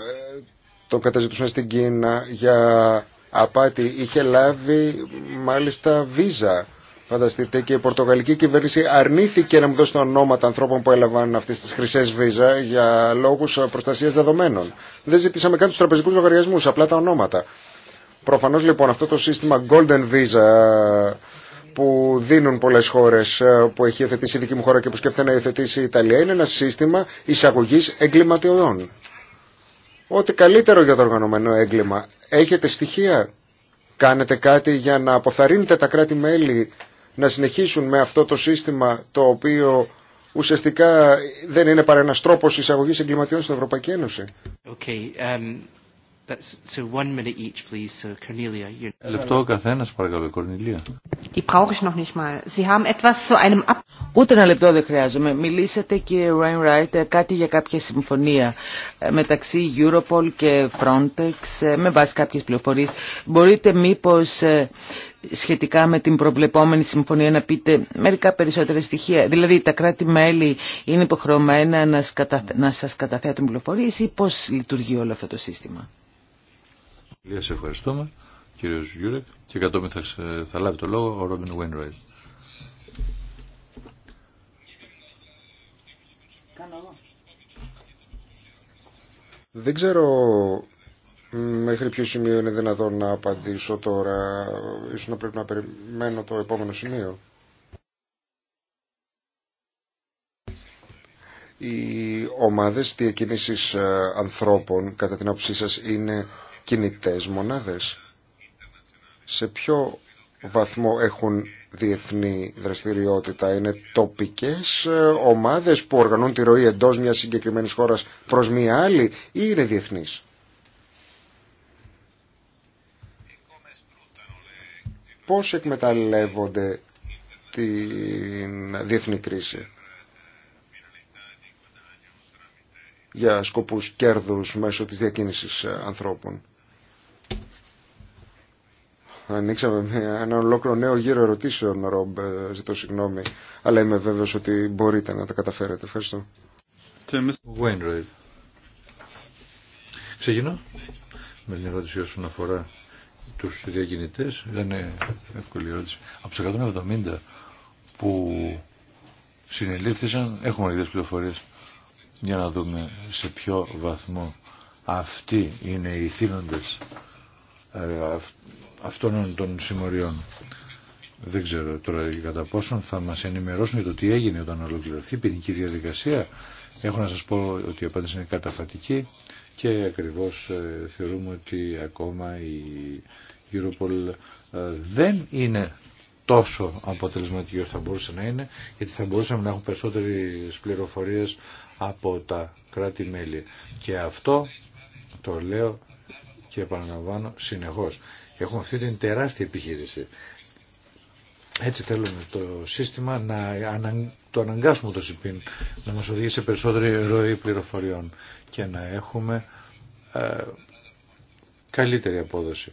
S3: το καταζητούσαν στην Κίνα για απάτη. Είχε λάβει μάλιστα βίζα. Φανταστείτε και η πορτογαλική κυβέρνηση αρνήθηκε να μου δώσει τα ονόματα ανθρώπων που έλαβαν αυτέ τι χρυσέ βίζα για λόγου προστασία δεδομένων. Δεν ζητήσαμε καν του τραπεζικού λογαριασμού, απλά τα ονόματα. Προφανώς λοιπόν αυτό το σύστημα Golden Visa που δίνουν πολλές χώρες ε, που έχει υιοθετήσει η δική μου χώρα και που σκέφτεται να υιοθετήσει η Ιταλία είναι ένα σύστημα εισαγωγής εγκληματιών. Ό,τι καλύτερο για το οργανωμένο έγκλημα. Έχετε στοιχεία. Κάνετε κάτι για να αποθαρρύνετε τα κράτη-μέλη να συνεχίσουν με αυτό το σύστημα το οποίο ουσιαστικά δεν είναι παρά ένας τρόπος εισαγωγής εγκληματιών στην Ευρωπαϊκή Ένωση.
S1: Okay, um, ο
S3: παρακαλώ, Κορνιλία.
S4: Ούτε ένα λεπτό δεν χρειάζομαι. Μιλήσατε, κύριε Ράινράιτ, κάτι για κάποια συμφωνία ε, μεταξύ Europol και Frontex, ε, με βάση κάποιες πληροφορίες. Μπορείτε μήπως ε, σχετικά με την προβλεπόμενη συμφωνία να πείτε μερικά περισσότερα στοιχεία. Δηλαδή τα κράτη-μέλη είναι υποχρεωμένα να σας καταθέτουν πληροφορίες ή πώς λειτουργεί όλο αυτό το σύστημα.
S2: Σε ευχαριστούμε, κύριος Γιούρεκ, και κατόπιν θα, θα λάβει το λόγο ο Ρόμπιν Βουέινραϊτ.
S3: Δεν ξέρω μέχρι ποιο σημείο είναι δυνατόν να απαντήσω τώρα. Ίσως να πρέπει να περιμένω το επόμενο σημείο. Οι ομάδες διακίνησης ε, ανθρώπων, κατά την άποψή σας, είναι κινητές μονάδες. Σε ποιο βαθμό έχουν διεθνή δραστηριότητα. Είναι τοπικές ε, ομάδες που οργανώνουν τη ροή εντός μιας συγκεκριμένης χώρας προς μια άλλη ή είναι διεθνής. Πώς εκμεταλλεύονται την διεθνή κρίση για σκοπούς κέρδους μέσω της διακίνησης ανθρώπων ανοίξαμε με ένα ολόκληρο νέο γύρο ερωτήσεων, Ρομπ, ε, ζητώ συγγνώμη, αλλά είμαι βέβαιο ότι μπορείτε να τα καταφέρετε. Ευχαριστώ.
S2: Wainwright. Ξεκινώ με την ερώτηση όσον αφορά του διακινητέ. Ήταν εύκολη ερώτηση. Από του 170 που συνελήφθησαν, έχουμε αρκετέ πληροφορίε για να δούμε σε ποιο βαθμό αυτοί είναι οι θύνοντες ε, αυτών των συμμοριών. Δεν ξέρω τώρα κατά πόσον θα μας ενημερώσουν για το τι έγινε όταν ολοκληρωθεί η ποινική διαδικασία. Έχω να σας πω ότι η απάντηση είναι καταφατική και ακριβώς ε, θεωρούμε ότι ακόμα η Europol ε, δεν είναι τόσο αποτελεσματική όσο θα μπορούσε να είναι, γιατί θα μπορούσαμε να έχουμε περισσότερες πληροφορίες από τα κράτη-μέλη. Και αυτό το λέω και επαναλαμβάνω συνεχώς. Έχουμε αυτή την τεράστια επιχείρηση. Έτσι θέλουμε το σύστημα να το αναγκάσουμε το ΣΥΠΗΝ να μας οδηγεί σε περισσότερη ροή πληροφοριών και να έχουμε ε, καλύτερη απόδοση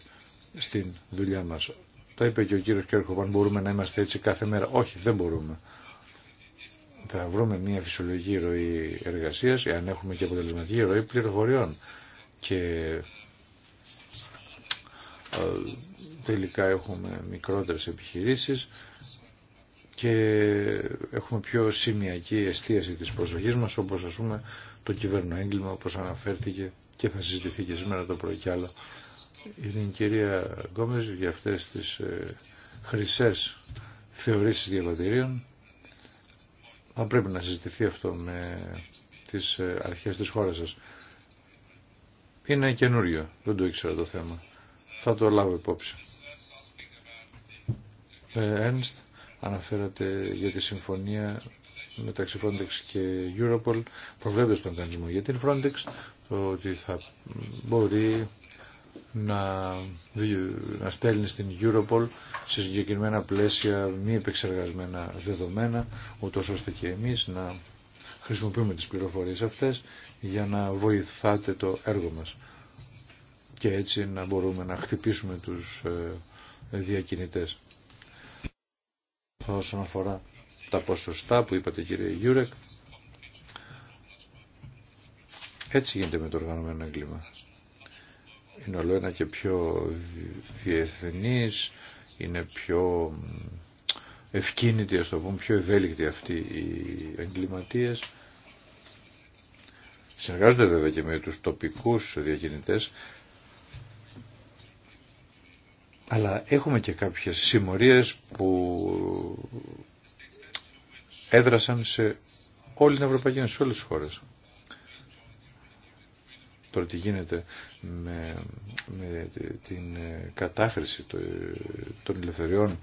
S2: στην δουλειά μας. Το είπε και ο κύριος Κέρκο, αν μπορούμε να είμαστε έτσι κάθε μέρα. Όχι, δεν μπορούμε. Θα βρούμε μια φυσιολογική ροή εργασίας, αν έχουμε και αποτελεσματική ροή πληροφοριών. Και ε, τελικά έχουμε μικρότερες επιχειρήσεις και έχουμε πιο σημειακή εστίαση της προσοχής μας όπως ας πούμε το κυβέρνο έγκλημα όπως αναφέρθηκε και θα συζητηθεί και σήμερα το πρωί κι άλλο είναι η κυρία Γκόμες για αυτές τις ε, χρυσές θεωρήσεις διαβατηρίων θα πρέπει να συζητηθεί αυτό με τις ε, αρχές της χώρας σας είναι καινούριο, δεν το ήξερα το θέμα θα το λάβω υπόψη. Ένστ, ε, αναφέρατε για τη συμφωνία μεταξύ Frontex και Europol προβλέπεται στον κανονισμό για την Frontex το ότι θα μπορεί να, να στέλνει στην Europol σε συγκεκριμένα πλαίσια μη επεξεργασμένα δεδομένα ούτω ώστε και εμείς να χρησιμοποιούμε τις πληροφορίες αυτές για να βοηθάτε το έργο μας και έτσι να μπορούμε να χτυπήσουμε τους ε, διακινητές. Όσον αφορά τα ποσοστά που είπατε κύριε Γιούρεκ, έτσι γίνεται με το οργανωμένο έγκλημα. Είναι όλο ένα και πιο διεθνής, είναι πιο ευκίνητη ας το πούμε, πιο ευέλικτη αυτή οι εγκληματίε. Συνεργάζονται βέβαια και με τους τοπικούς διακινητές, αλλά έχουμε και κάποιες συμμορίες που έδρασαν σε όλη την Ευρωπαϊκή Ένωση, σε όλες τις χώρες. Τώρα τι γίνεται με, με την κατάχρηση των ελευθεριών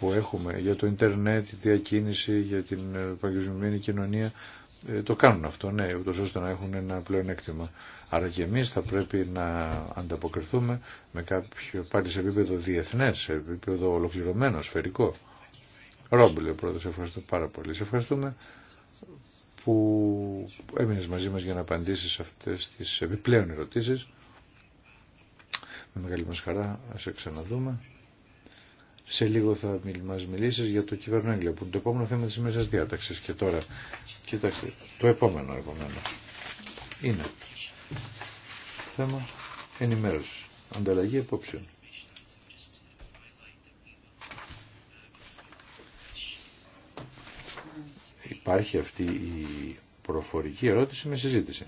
S2: που έχουμε για το ίντερνετ, τη διακίνηση, για την ε, παγκοσμιωμένη κοινωνία, ε, το κάνουν αυτό, ναι, ούτως ώστε να έχουν ένα πλεονέκτημα. Άρα και εμείς θα πρέπει να ανταποκριθούμε με κάποιο, πάλι σε επίπεδο διεθνές, σε επίπεδο ολοκληρωμένο, σφαιρικό. Ρόμπλε, πρώτα, σε ευχαριστώ πάρα πολύ. Σε ευχαριστούμε που έμεινες μαζί μας για να απαντήσεις σε αυτές τις επιπλέον ερωτήσεις. Με μεγάλη μας χαρά, ας ξαναδούμε. Σε λίγο θα μας μιλήσεις για το κυβερνό που είναι το επόμενο θέμα της μέσα διάταξης. Και τώρα, κοιτάξτε, το επόμενο επόμενο, είναι θέμα ενημέρωση, ανταλλαγή απόψεων. Υπάρχει αυτή η προφορική ερώτηση με συζήτηση.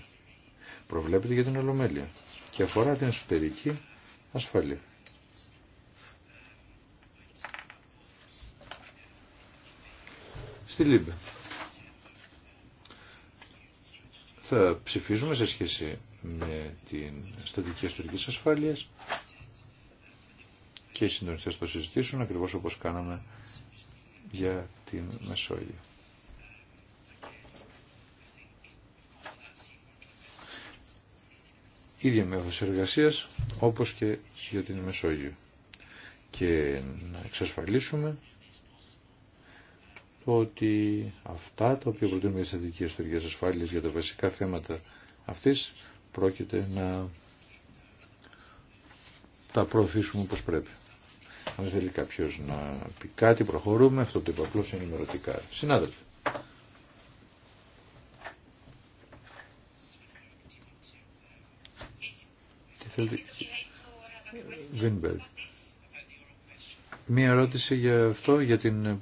S2: Προβλέπεται για την Ολομέλεια και αφορά την εσωτερική ασφάλεια. στη ΛΥΜΠΕ. Θα ψηφίζουμε σε σχέση με την στατική ιστορική ασφάλεια και οι συντονιστέ το συζητήσουν ακριβώ όπω κάναμε για την Μεσόγειο. ίδια μέθοδος εργασίας όπως και για την Μεσόγειο και να εξασφαλίσουμε ότι αυτά τα οποία προτείνουμε για στρατηγική ιστορία ασφάλειας για τα βασικά θέματα αυτής πρόκειται να τα προωθήσουμε όπως πρέπει. Αν θέλει κάποιο να πει κάτι, προχωρούμε. Αυτό το είπα απλώς ενημερωτικά. Συνάδελφοι. Μία ερώτηση για αυτό, για την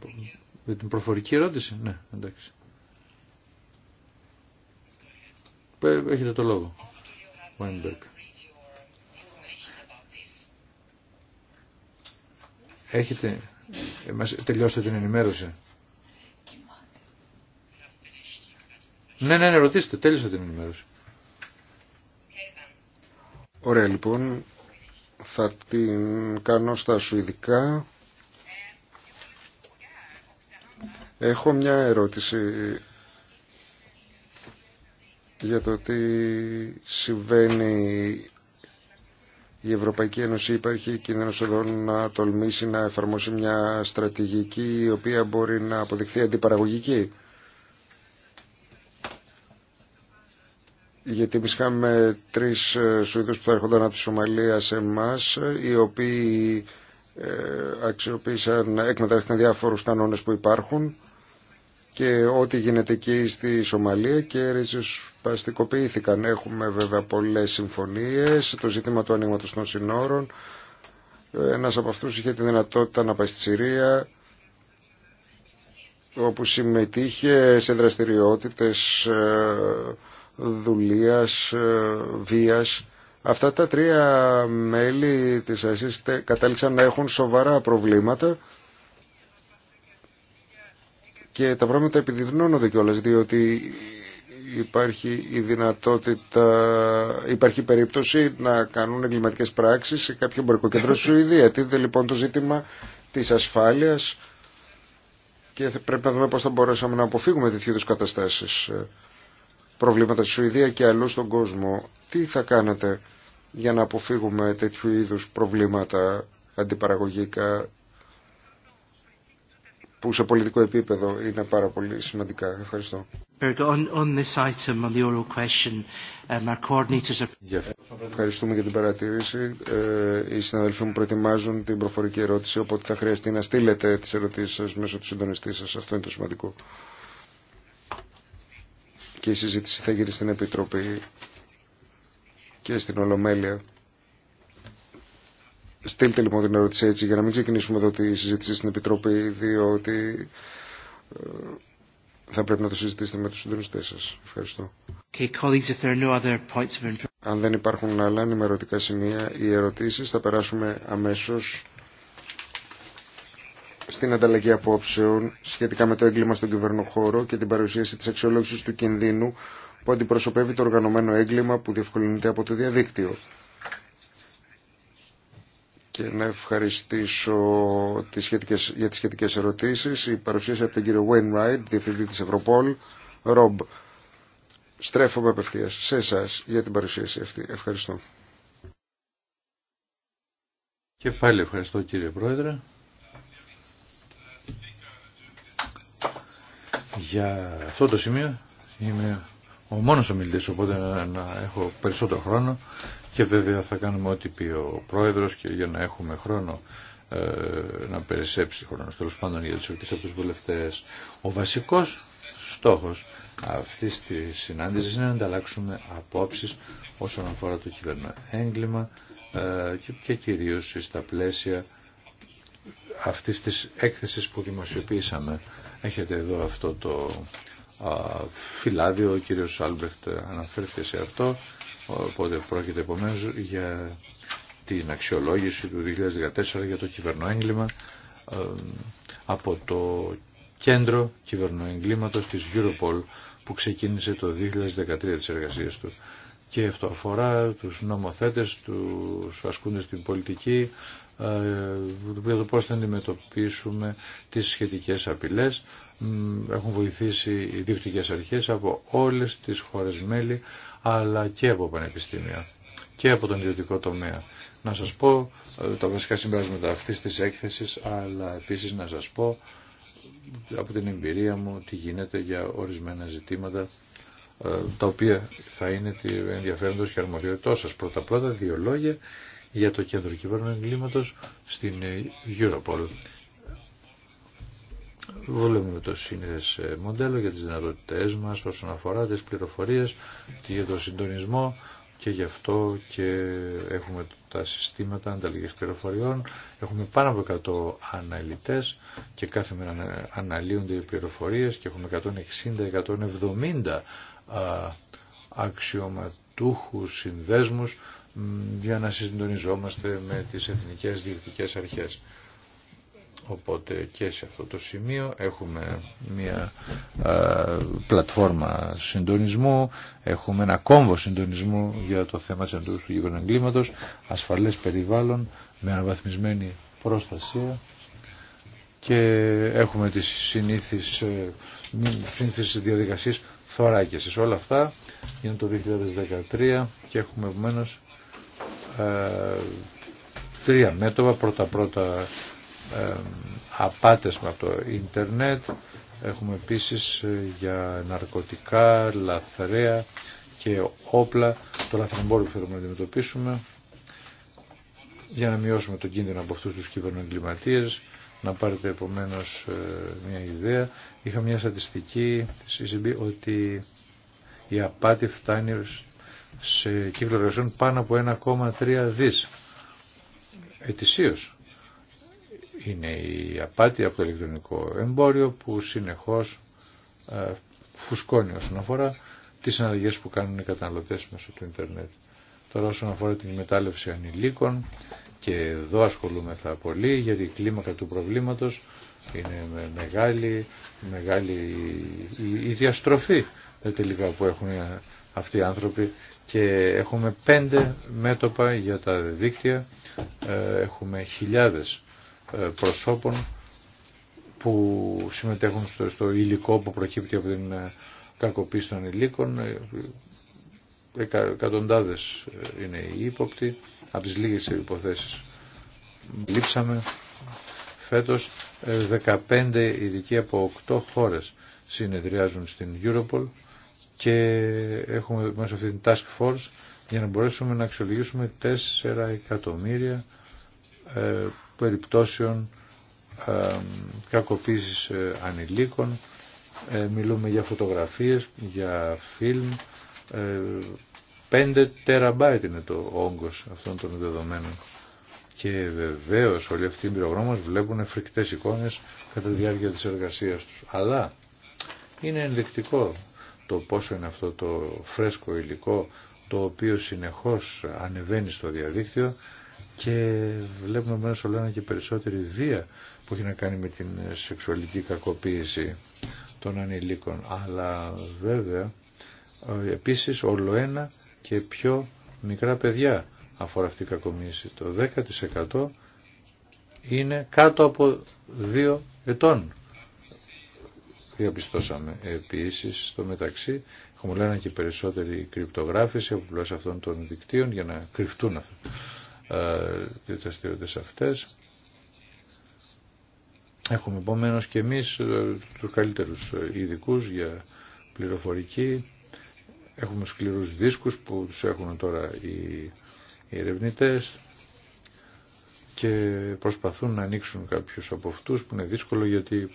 S2: με την προφορική ερώτηση. Ναι, εντάξει. Ε, έχετε το λόγο. Weinberg. Έχετε, ε, μας τελειώσετε την ενημέρωση. Ναι, ναι, ναι, ρωτήστε, τέλειωσα την
S3: ενημέρωση. Ωραία, λοιπόν, θα την κάνω στα σουηδικά. Έχω μια ερώτηση για το τι συμβαίνει η Ευρωπαϊκή Ένωση υπάρχει κίνδυνος εδώ να τολμήσει να εφαρμόσει μια στρατηγική η οποία μπορεί να αποδειχθεί αντιπαραγωγική. Γιατί εμεί είχαμε τρεις ε, Σουηδούς που έρχονταν από τη Σομαλία σε εμά, οι οποίοι ε, αξιοποίησαν, εκμεταλλεύτηκαν διάφορους κανόνες που υπάρχουν και ό,τι γίνεται εκεί στη Σομαλία και ριζοσπαστικοποιήθηκαν. Έχουμε βέβαια πολλές συμφωνίες, το ζήτημα του ανοίγματο των συνόρων. Ένας από αυτούς είχε τη δυνατότητα να πάει στη Συρία όπου συμμετείχε σε δραστηριότητες ε, δουλείας, ε, βίας. Αυτά τα τρία μέλη της ΑΣΥΣ κατάληξαν να έχουν σοβαρά προβλήματα και τα πράγματα επιδεινώνονται κιόλας διότι υπάρχει η δυνατότητα, υπάρχει περίπτωση να κάνουν εγκληματικές πράξεις σε κάποιο εμπορικό κέντρο στη Σουηδία. Τίθεται λοιπόν το ζήτημα της ασφάλειας και πρέπει να δούμε πώς θα μπορέσαμε να αποφύγουμε τέτοιου είδου καταστάσεις ε, προβλήματα στη Σουηδία και αλλού στον κόσμο. Τι θα κάνετε για να αποφύγουμε τέτοιου είδους προβλήματα αντιπαραγωγικά που σε πολιτικό επίπεδο είναι πάρα πολύ σημαντικά. Ευχαριστώ. Ευχαριστούμε για την παρατήρηση. Ε, οι συναδελφοί μου προετοιμάζουν την προφορική ερώτηση, οπότε θα χρειαστεί να στείλετε τις ερωτήσεις σας μέσω του συντονιστή σας. Αυτό είναι το σημαντικό. Και η συζήτηση θα γίνει στην Επιτροπή και στην Ολομέλεια Στείλτε λοιπόν την ερώτηση έτσι για να μην ξεκινήσουμε εδώ τη συζήτηση στην Επιτροπή διότι ε, θα πρέπει να το συζητήσετε με του συντονιστέ σα. Ευχαριστώ. Okay, colleagues, if
S1: there are no other points of...
S3: Αν δεν υπάρχουν άλλα ενημερωτικά σημεία ή ερωτήσει, θα περάσουμε αμέσω στην ανταλλαγή απόψεων σχετικά με το έγκλημα στον κυβερνοχώρο και την παρουσίαση τη αξιολόγηση του κινδύνου που αντιπροσωπεύει το οργανωμένο έγκλημα που διευκολυνείται από το διαδίκτυο και να ευχαριστήσω τις για τις σχετικές ερωτήσεις. Η παρουσίαση από τον κύριο Wright, διευθυντή της Ευρωπόλ, Ρομπ. Στρέφομαι απευθείας σε εσά για την παρουσίαση αυτή. Ευχαριστώ. Και πάλι ευχαριστώ κύριε Πρόεδρε.
S2: Για αυτό το σημείο είμαι ο μόνος ομιλητής, οπότε να έχω περισσότερο χρόνο και βέβαια θα κάνουμε ό,τι πει ο Πρόεδρος και για να έχουμε χρόνο ε, να περισσέψει χρόνο τέλο πάντων για τις ορκές από τους βουλευτές. Ο βασικός στόχος αυτής της συνάντηση είναι να ανταλλάξουμε απόψεις όσον αφορά το κυβερνό έγκλημα ε, και, και κυρίως στα πλαίσια αυτής της έκθεσης που δημοσιοποιήσαμε. Έχετε εδώ αυτό το φυλάδιο, ο κύριος Άλμπεχτ αναφέρθηκε σε αυτό Οπότε πρόκειται επομένω για την αξιολόγηση του 2014 για το κυβερνοέγκλημα ε, από το κέντρο κυβερνοεγκλήματος της Europol που ξεκίνησε το 2013 τις εργασίες του. Και αυτό αφορά τους νομοθέτες, τους ασκούντες στην πολιτική, ε, για το πώς θα αντιμετωπίσουμε τις σχετικές απειλές. Έχουν βοηθήσει οι διευθυντικές αρχές από όλες τις χώρες μέλη, αλλά και από πανεπιστήμια και από τον ιδιωτικό τομέα. Να σας πω ε, τα βασικά συμπεράσματα αυτής της έκθεσης, αλλά επίσης να σας πω από την εμπειρία μου τι γίνεται για ορισμένα ζητήματα ε, τα οποία θα είναι ενδιαφέροντος και αρμοδιότητό σας. Πρώτα-πρώτα δύο λόγια για το κέντρο κυβέρνου εγκλήματος στην ε, Europol. Βολεύουμε το σύνδεσμο ε, μοντέλο για τις δυνατότητές μας όσον αφορά τις πληροφορίες για το συντονισμό και γι' αυτό και έχουμε τα συστήματα ανταλλαγής πληροφοριών, έχουμε πάνω από 100 αναλυτές και κάθε μέρα αναλύονται οι πληροφορίες και έχουμε 160-170 αξιωματούχους συνδέσμους για να συντονιζόμαστε με τις εθνικές διοικητικές αρχές. Οπότε και σε αυτό το σημείο έχουμε μια πλατφόρμα συντονισμού, έχουμε ένα κόμβο συντονισμού για το θέμα της αντιμετωπίσης του γεγονέγκληματος, ασφαλές περιβάλλον με αναβαθμισμένη προστασία και έχουμε τις συνήθεις, ε, συνήθεις διαδικασίες Όλα αυτά γίνονται το 2013 και έχουμε επομένως ε, τρία μέτωπα. Πρώτα πρώτα ε, απάτες από το ίντερνετ. Έχουμε επίσης ε, για ναρκωτικά, λαθρέα και όπλα. Το λαθρεμπόριο που θέλουμε να αντιμετωπίσουμε για να μειώσουμε τον κίνδυνο από αυτούς τους κυβερνοεγκληματίες. Να πάρετε επομένως μια ιδέα. Είχα μια στατιστική της ECB ότι η απάτη φτάνει σε κύκλο εργασιών πάνω από 1,3 δις ετησίως. Είναι η απάτη από το ηλεκτρονικό εμπόριο που συνεχώς ε, φουσκώνει όσον αφορά τις συναλλαγές που κάνουν οι καταναλωτές μέσω του ίντερνετ. Τώρα όσον αφορά την μετάλλευση ανηλίκων και εδώ ασχολούμεθα πολύ γιατί η κλίμακα του προβλήματος είναι μεγάλη, μεγάλη η διαστροφή τελικά που έχουν αυτοί οι άνθρωποι και έχουμε πέντε μέτωπα για τα δίκτυα, ε, έχουμε χιλιάδες ε, προσώπων που συμμετέχουν στο, στο υλικό που προκύπτει από την ε, κακοποίηση των υλίκων, εκατοντάδες είναι οι ύποπτοι, από τις λίγες υποθέσεις λείψαμε φέτος 15 ειδικοί από 8 χώρες συνεδριάζουν στην Europol και έχουμε μέσα αυτή την task force για να μπορέσουμε να αξιολογήσουμε 4 εκατομμύρια ε, περιπτώσεων ε, κακοποίησης ε, ανηλίκων. Ε, μιλούμε για φωτογραφίες, για φιλμ. 5 ε, τεραμπάιτ είναι το όγκος αυτών των δεδομένων. Και βεβαίως όλοι αυτοί οι μας βλέπουν φρικτές εικόνες κατά τη διάρκεια της εργασίας τους. Αλλά είναι ενδεικτικό το πόσο είναι αυτό το φρέσκο υλικό το οποίο συνεχώς ανεβαίνει στο διαδίκτυο και βλέπουμε μέσα ένα και περισσότερη βία που έχει να κάνει με την σεξουαλική κακοποίηση των ανηλίκων. Αλλά βέβαια επίσης όλο ένα και πιο μικρά παιδιά αφορά αυτή η κακοποίηση. Το 10% είναι κάτω από 2 ετών. Διαπιστώσαμε επίσης στο μεταξύ Έχουμε λένε και περισσότερη κρυπτογράφηση από πλευρά αυτών των δικτύων για να κρυφτούν τι οι ε, δραστηριότητε αυτές. Έχουμε επομένω και εμείς ε, του καλύτερους ε, ειδικού για πληροφορική. Έχουμε σκληρούς δίσκους που τους έχουν τώρα οι, οι ερευνητές και προσπαθούν να ανοίξουν κάποιους από αυτούς που είναι δύσκολο γιατί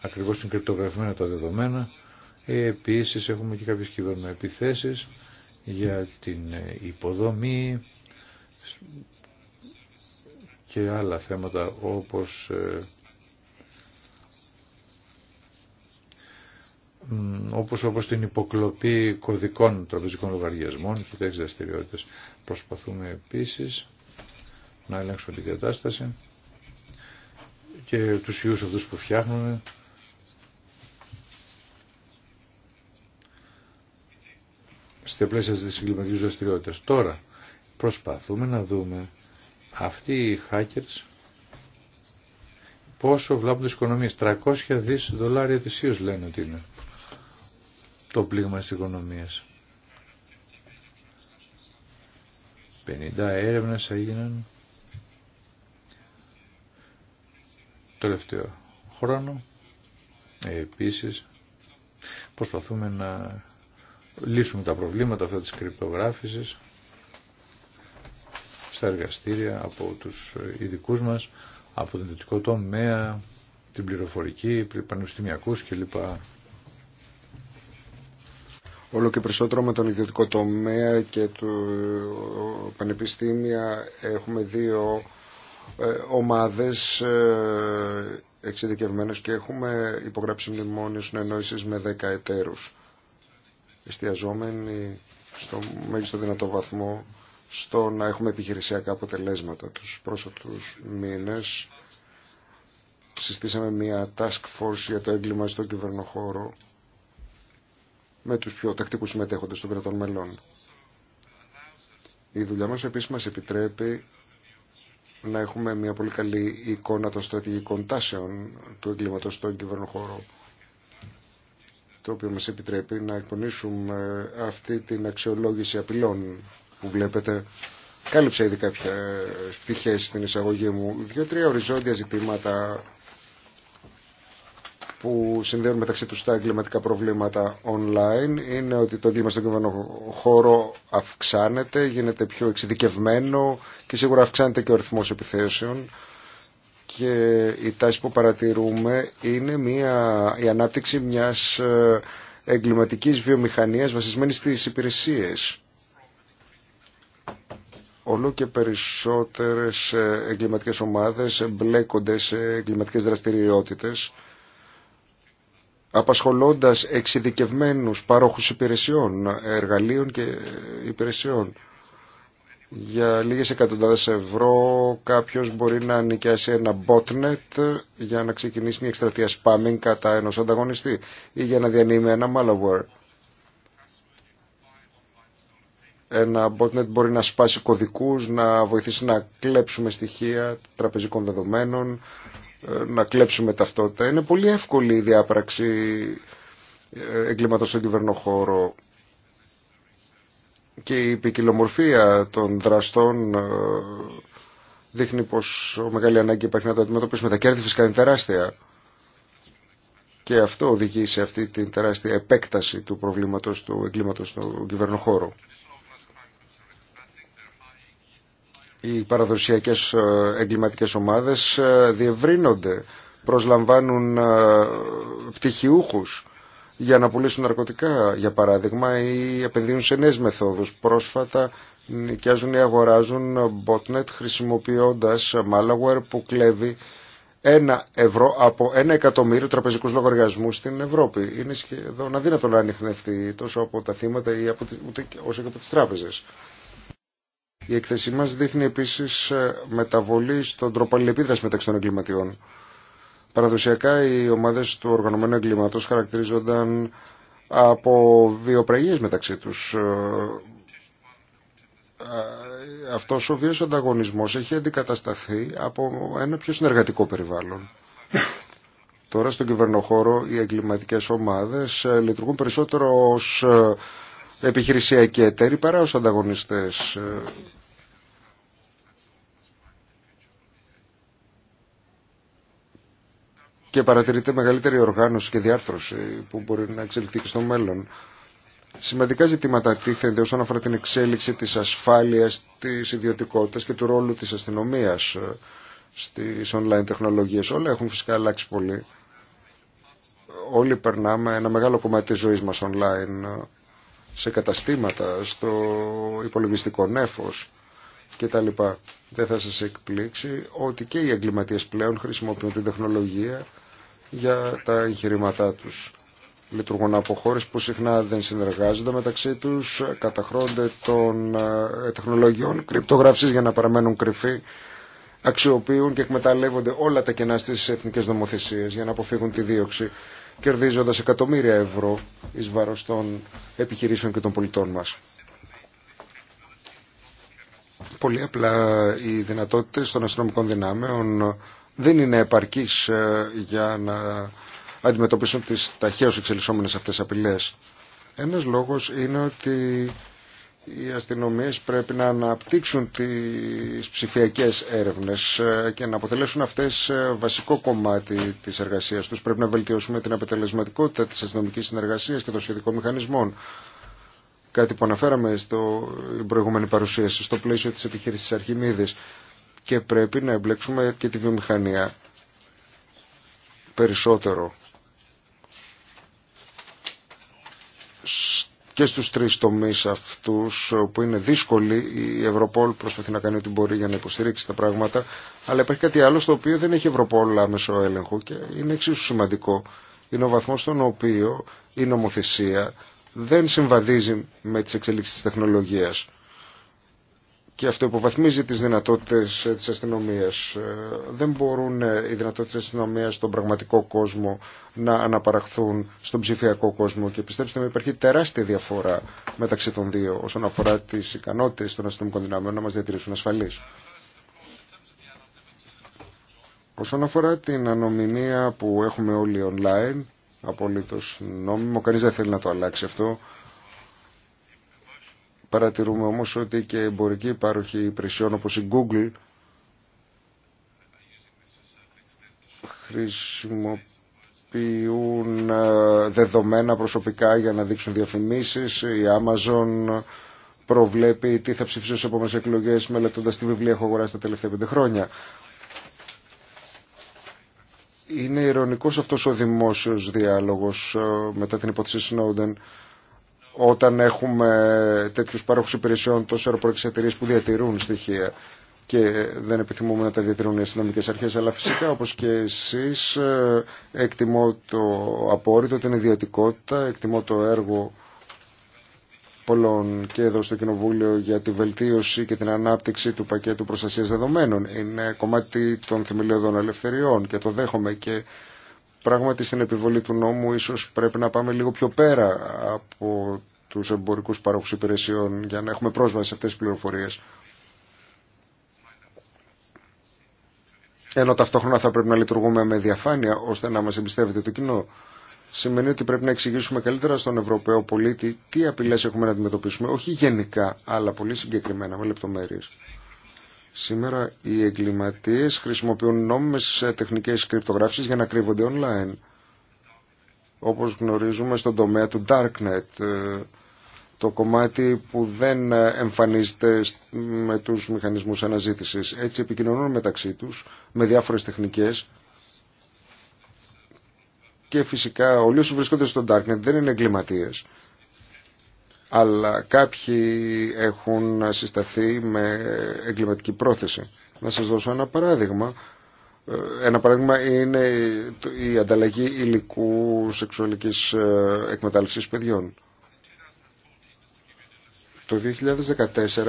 S2: ακριβώς την κρυπτογραφημένα τα δεδομένα. Ε, επίσης έχουμε και κάποιες κυβερνοεπιθέσεις για την ε, υποδομή και άλλα θέματα ε, όπως όπως, την υποκλοπή κωδικών τραπεζικών λογαριασμών και τέτοιες δραστηριότητε. Προσπαθούμε επίσης να ελέγξουμε την κατάσταση και τους ιούς αυτούς που φτιάχνουν στα πλαίσια της εγκληματικής δραστηριότητα. Τώρα προσπαθούμε να δούμε αυτοί οι hackers πόσο βλάπτουν τις οικονομίες. 300 δις δολάρια ετησίω λένε ότι είναι το πλήγμα της οικονομίας. 50 έρευνες έγιναν τελευταίο χρόνο. επίσης προσπαθούμε να λύσουμε τα προβλήματα αυτά της κρυπτογράφησης στα εργαστήρια από τους ειδικού μας, από τον δυτικό τομέα, την πληροφορική, πανεπιστημιακούς
S3: κλπ. Όλο και περισσότερο με τον ιδιωτικό τομέα και το πανεπιστήμια έχουμε δύο ε, ομάδες ε, εξειδικευμένες και έχουμε υπογράψει μνημόνιους συνεννόησης με δέκα εταίρους εστιαζόμενοι στο μέγιστο δυνατό βαθμό στο να έχουμε επιχειρησιακά αποτελέσματα. Τους πρόσωπους μήνες συστήσαμε μια task force για το έγκλημα στον κυβερνοχώρο με τους πιο τακτικούς συμμετέχοντες των κρατών μελών. Η δουλειά μας επίσης μας επιτρέπει να έχουμε μια πολύ καλή εικόνα των στρατηγικών τάσεων του εγκλήματος στον κυβερνοχώρο το οποίο μας επιτρέπει να εκπονήσουμε αυτή την αξιολόγηση απειλών που βλέπετε. Κάλυψα ήδη κάποια πτυχές στην εισαγωγή μου. Δύο-τρία οριζόντια ζητήματα που συνδέουν μεταξύ τους τα εγκληματικά προβλήματα online είναι ότι το δήμα στον κυβερνό χώρο αυξάνεται, γίνεται πιο εξειδικευμένο και σίγουρα αυξάνεται και ο αριθμό επιθέσεων και η τάση που παρατηρούμε είναι μια, η ανάπτυξη μιας ε, εγκληματικής βιομηχανίας βασισμένης στις υπηρεσίες. Όλο και περισσότερες ε, εγκληματικές ομάδες μπλέκονται σε εγκληματικές δραστηριότητες απασχολώντας εξειδικευμένους παρόχους υπηρεσιών, εργαλείων και ε, υπηρεσιών. Για λίγες εκατοντάδες ευρώ κάποιος μπορεί να νοικιάσει ένα botnet για να ξεκινήσει μια εκστρατεία spamming κατά ενός ανταγωνιστή ή για να διανύμει ένα malware. Ένα botnet μπορεί να σπάσει κωδικούς, να βοηθήσει να κλέψουμε στοιχεία τραπεζικών δεδομένων, ε, να κλέψουμε ταυτότητα. Είναι πολύ εύκολη η διάπραξη ε, εγκλήματος στον κυβερνοχώρο και η ποικιλομορφία των δραστών ε, δείχνει πως μεγάλη ανάγκη υπάρχει να το αντιμετωπίσουμε. Τα κέρδη φυσικά είναι τεράστια και αυτό οδηγεί σε αυτή την τεράστια επέκταση του προβλήματος του εγκλήματος στον κυβερνοχώρο. Οι παραδοσιακές ε, εγκληματικές ομάδες ε, διευρύνονται, προσλαμβάνουν πτυχιούχους για να πουλήσουν ναρκωτικά, για παράδειγμα, ή επενδύουν σε νέες μεθόδους. Πρόσφατα νοικιάζουν ή αγοράζουν botnet χρησιμοποιώντας malware που κλέβει ένα ευρώ από ένα εκατομμύριο τραπεζικούς λογαριασμούς στην Ευρώπη. Είναι σχεδόν αδύνατο να ανοιχνευτεί τόσο από τα θύματα ή από, ούτε, όσο και από τις τράπεζες. Η απο οσο και απο τις τραπεζες η εκθεση μας δείχνει επίσης μεταβολή στον τρόπο αλληλεπίδραση μεταξύ των εγκληματιών. Παραδοσιακά οι ομάδες του οργανωμένου εγκλήματος χαρακτηρίζονταν από βιοπραγίες μεταξύ τους. Ε, ε, αυτός ο βίος ανταγωνισμός έχει αντικατασταθεί από ένα πιο συνεργατικό περιβάλλον. Τώρα στον κυβερνοχώρο οι εγκληματικές ομάδες ε, λειτουργούν περισσότερο ως επιχειρησιακοί εταίροι παρά ως ανταγωνιστές. και παρατηρείται μεγαλύτερη οργάνωση και διάρθρωση που μπορεί να εξελιχθεί και στο μέλλον. Σημαντικά ζητήματα τίθενται όσον αφορά την εξέλιξη της ασφάλειας, της ιδιωτικότητας και του ρόλου της αστυνομίας ε, στις online τεχνολογίες. Όλα έχουν φυσικά αλλάξει πολύ. Όλοι περνάμε ένα μεγάλο κομμάτι της ζωής μας online ε, σε καταστήματα, στο υπολογιστικό νέφος και τα λοιπά. Δεν θα σας εκπλήξει ότι και οι εγκληματίες πλέον χρησιμοποιούν την τεχνολογία για τα εγχειρήματά τους. Λειτουργούν από χώρε που συχνά δεν συνεργάζονται μεταξύ τους, καταχρώνται των ε, τεχνολογιών κρυπτογραφής για να παραμένουν κρυφοί, αξιοποιούν και εκμεταλλεύονται όλα τα κενά στις εθνικές νομοθεσίες για να αποφύγουν τη δίωξη, κερδίζοντας εκατομμύρια ευρώ εις βάρος των επιχειρήσεων και των πολιτών μας. Πολύ απλά οι δυνατότητες των αστυνομικών δυνάμεων δεν είναι επαρκής ε, για να αντιμετωπίσουν τις ταχαίως εξελισσόμενες αυτές απειλές. Ένας λόγος είναι ότι οι αστυνομίες πρέπει να αναπτύξουν τις ψηφιακές έρευνες ε, και να αποτελέσουν αυτές ε, βασικό κομμάτι της εργασίας τους. Πρέπει να βελτιώσουμε την αποτελεσματικότητα της αστυνομικής συνεργασίας και των σχετικών μηχανισμών. Κάτι που αναφέραμε στην προηγούμενη παρουσίαση στο πλαίσιο της επιχείρησης Αρχιμίδης και πρέπει να εμπλέξουμε και τη βιομηχανία περισσότερο και στους τρεις τομείς αυτούς που είναι δύσκολοι η Ευρωπόλ προσπαθεί να κάνει ό,τι μπορεί για να υποστηρίξει τα πράγματα αλλά υπάρχει κάτι άλλο στο οποίο δεν έχει Ευρωπόλ άμεσο έλεγχο και είναι εξίσου σημαντικό είναι ο βαθμός στον οποίο η νομοθεσία δεν συμβαδίζει με τις εξελίξεις της τεχνολογίας και αυτό υποβαθμίζει τις δυνατότητες ε, της αστυνομίας. Ε, δεν μπορούν ε, οι δυνατότητες της αστυνομίας στον πραγματικό κόσμο να αναπαραχθούν στον ψηφιακό κόσμο και πιστέψτε με υπάρχει τεράστια διαφορά μεταξύ των δύο όσον αφορά τις ικανότητες των αστυνομικών δυνάμεων να μας διατηρήσουν ασφαλείς. Όσον αφορά την ανομιμία που έχουμε όλοι online, απολύτως νόμιμο, κανείς δεν θέλει να το αλλάξει αυτό, Παρατηρούμε όμως ότι και εμπορική παροχή υπηρεσιών όπως η Google χρησιμοποιούν ε, δεδομένα προσωπικά για να δείξουν διαφημίσεις. Η Amazon προβλέπει τι θα ψηφίσει στις επόμενες εκλογές μελετώντας τη βιβλία έχω αγοράσει τα τελευταία πέντε χρόνια. Είναι ειρωνικός αυτός ο δημόσιος διάλογος ε, μετά την υπόθεση Snowden όταν έχουμε τέτοιους παρόχους υπηρεσιών τόσο αεροπορικές εταιρείε που διατηρούν στοιχεία και δεν επιθυμούμε να τα διατηρούν οι αστυνομικέ αρχέ, αλλά φυσικά όπω και εσεί ε, εκτιμώ το απόρριτο, την ιδιωτικότητα, εκτιμώ το έργο πολλών και εδώ στο Κοινοβούλιο για τη βελτίωση και την ανάπτυξη του πακέτου προστασία δεδομένων. Είναι κομμάτι των θεμελιωδών ελευθεριών και το δέχομαι και Πράγματι στην επιβολή του νόμου ίσως πρέπει να πάμε λίγο πιο πέρα από τους εμπορικούς παρόχους υπηρεσιών για να έχουμε πρόσβαση σε αυτές τις πληροφορίες. Ενώ ταυτόχρονα θα πρέπει να λειτουργούμε με διαφάνεια ώστε να μας εμπιστεύεται το κοινό. Σημαίνει ότι πρέπει να εξηγήσουμε καλύτερα στον Ευρωπαίο πολίτη τι απειλές έχουμε να αντιμετωπίσουμε, όχι γενικά, αλλά πολύ συγκεκριμένα, με λεπτομέρειες. Σήμερα οι εγκληματίες χρησιμοποιούν νόμιμες ε, τεχνικές κρυπτογράφησης για να κρύβονται online. Όπως γνωρίζουμε στον τομέα του Darknet, ε, το κομμάτι που δεν ε, εμφανίζεται με τους μηχανισμούς αναζήτησης. Έτσι επικοινωνούν μεταξύ τους με διάφορες τεχνικές και φυσικά όλοι όσοι βρίσκονται στο Darknet δεν είναι εγκληματίες αλλά κάποιοι έχουν συσταθεί με εγκληματική πρόθεση. Να σας δώσω ένα παράδειγμα. Ε, ένα παράδειγμα είναι η ανταλλαγή υλικού σεξουαλικής ε, εκμετάλλευσης παιδιών. Το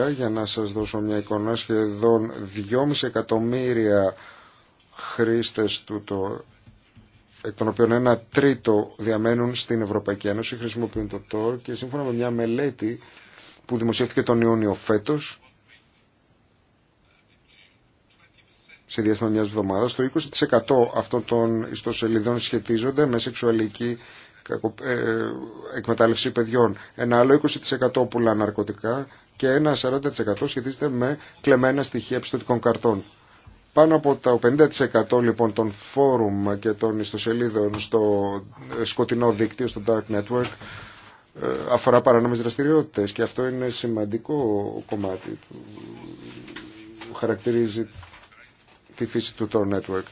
S3: 2014, για να σας δώσω μια εικόνα, σχεδόν 2,5 εκατομμύρια χρήστες του το εκ των οποίων ένα τρίτο διαμένουν στην Ευρωπαϊκή Ένωση, χρησιμοποιούν το ΤΟΡ και σύμφωνα με μια μελέτη που δημοσιεύτηκε τον Ιούνιο φέτος, σε διάστημα μιας εβδομάδα, το 20% αυτών των ιστοσελιδών σχετίζονται με σεξουαλική ε, εκμετάλλευση παιδιών. Ένα άλλο 20% πουλά ναρκωτικά και ένα 40% σχετίζεται με κλεμμένα στοιχεία πιστοτικών καρτών. Πάνω από το 50% λοιπόν των φόρουμ και των ιστοσελίδων στο ε, σκοτεινό δίκτυο, στο Dark Network, ε, αφορά παράνομες δραστηριότητες και αυτό είναι σημαντικό κομμάτι που χαρακτηρίζει τη φύση του Tor Network.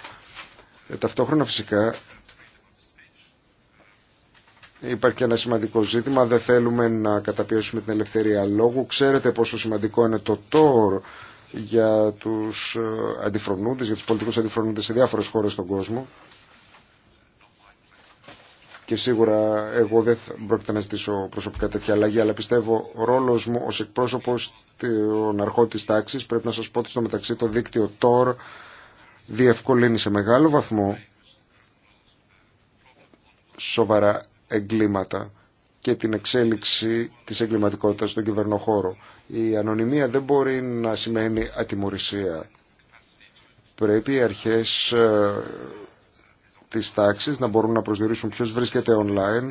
S3: Ε, ταυτόχρονα φυσικά Υπάρχει και ένα σημαντικό ζήτημα. Δεν θέλουμε να καταπιέσουμε την ελευθερία λόγου. Ξέρετε πόσο σημαντικό είναι το TOR για τους ε, αντιφρονούντες, για τους πολιτικούς αντιφρονούντες σε διάφορες χώρες στον κόσμο. Και σίγουρα εγώ δεν πρόκειται να ζητήσω προσωπικά τέτοια αλλαγή, αλλά πιστεύω ο ρόλος μου ως εκπρόσωπος των αρχών τη τάξης, πρέπει να σας πω ότι στο μεταξύ το δίκτυο TOR διευκολύνει σε μεγάλο βαθμό σοβαρά εγκλήματα και την εξέλιξη της εγκληματικότητας στον κυβερνοχώρο. Η ανωνυμία δεν μπορεί να σημαίνει ατιμορρησία. Πρέπει οι αρχές ε, της τάξης να μπορούν να προσδιορίσουν ποιος βρίσκεται online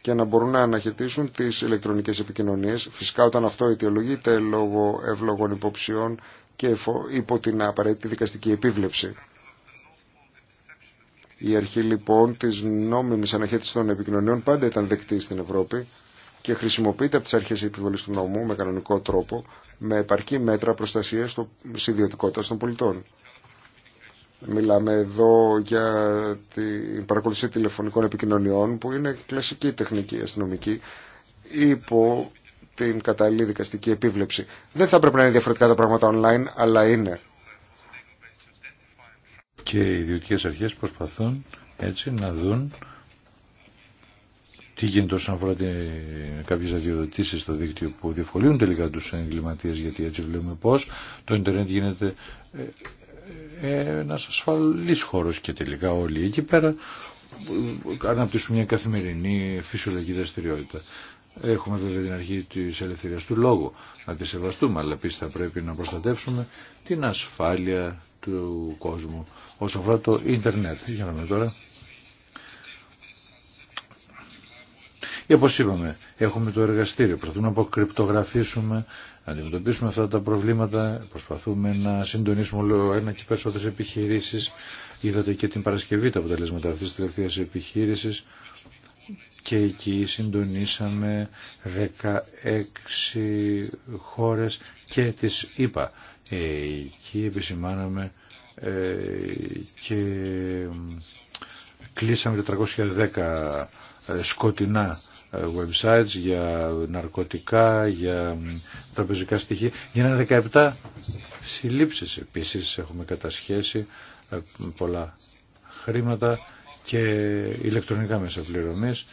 S3: και να μπορούν να αναχαιτήσουν τις ηλεκτρονικές επικοινωνίες, φυσικά όταν αυτό αιτιολογείται λόγω ευλογών υποψιών και υπό την απαραίτητη δικαστική επίβλεψη. Η αρχή λοιπόν της νόμιμης αναχέτησης των επικοινωνιών πάντα ήταν δεκτή στην Ευρώπη και χρησιμοποιείται από τις αρχές επιβολής του νόμου με κανονικό τρόπο με επαρκή μέτρα προστασίας της ιδιωτικότητας των πολιτών. Μιλάμε εδώ για την παρακολουθή τηλεφωνικών επικοινωνιών που είναι κλασική τεχνική αστυνομική υπό την κατάλληλη δικαστική επίβλεψη. Δεν θα πρέπει να είναι διαφορετικά τα πράγματα online, αλλά είναι
S2: και οι ιδιωτικέ αρχέ προσπαθούν έτσι να δουν τι γίνεται όσον αφορά κάποιε κάποιες στο δίκτυο που διευκολύνουν τελικά του εγκληματίες γιατί έτσι βλέπουμε πως το ίντερνετ γίνεται ε, ε, ένας ασφαλής χώρος και τελικά όλοι εκεί πέρα αναπτύσσουν μια καθημερινή φυσιολογική δραστηριότητα. Έχουμε βέβαια την αρχή της ελευθερίας του λόγου να τη σεβαστούμε αλλά επίση θα πρέπει να προστατεύσουμε την ασφάλεια του κόσμου Όσο αφορά το ίντερνετ. Για να δούμε τώρα. Και όπως είπαμε, έχουμε το εργαστήριο, προσπαθούμε να αποκρυπτογραφήσουμε, να αντιμετωπίσουμε αυτά τα προβλήματα, προσπαθούμε να συντονίσουμε όλο ένα και περισσότερες επιχειρήσεις. Είδατε και την Παρασκευή τα αποτελέσματα αυτής της τελευταίας επιχείρησης και εκεί συντονίσαμε 16 χώρες και τις είπα. Εκεί επισημάναμε ε, και κλείσαμε 410 ε, σκοτεινά ε, websites για ναρκωτικά, για τραπεζικά στοιχεία. Γίνανε 17 συλλήψεις επίσης, έχουμε κατασχέσει πολλά χρήματα και ηλεκτρονικά μέσα πληρωμής.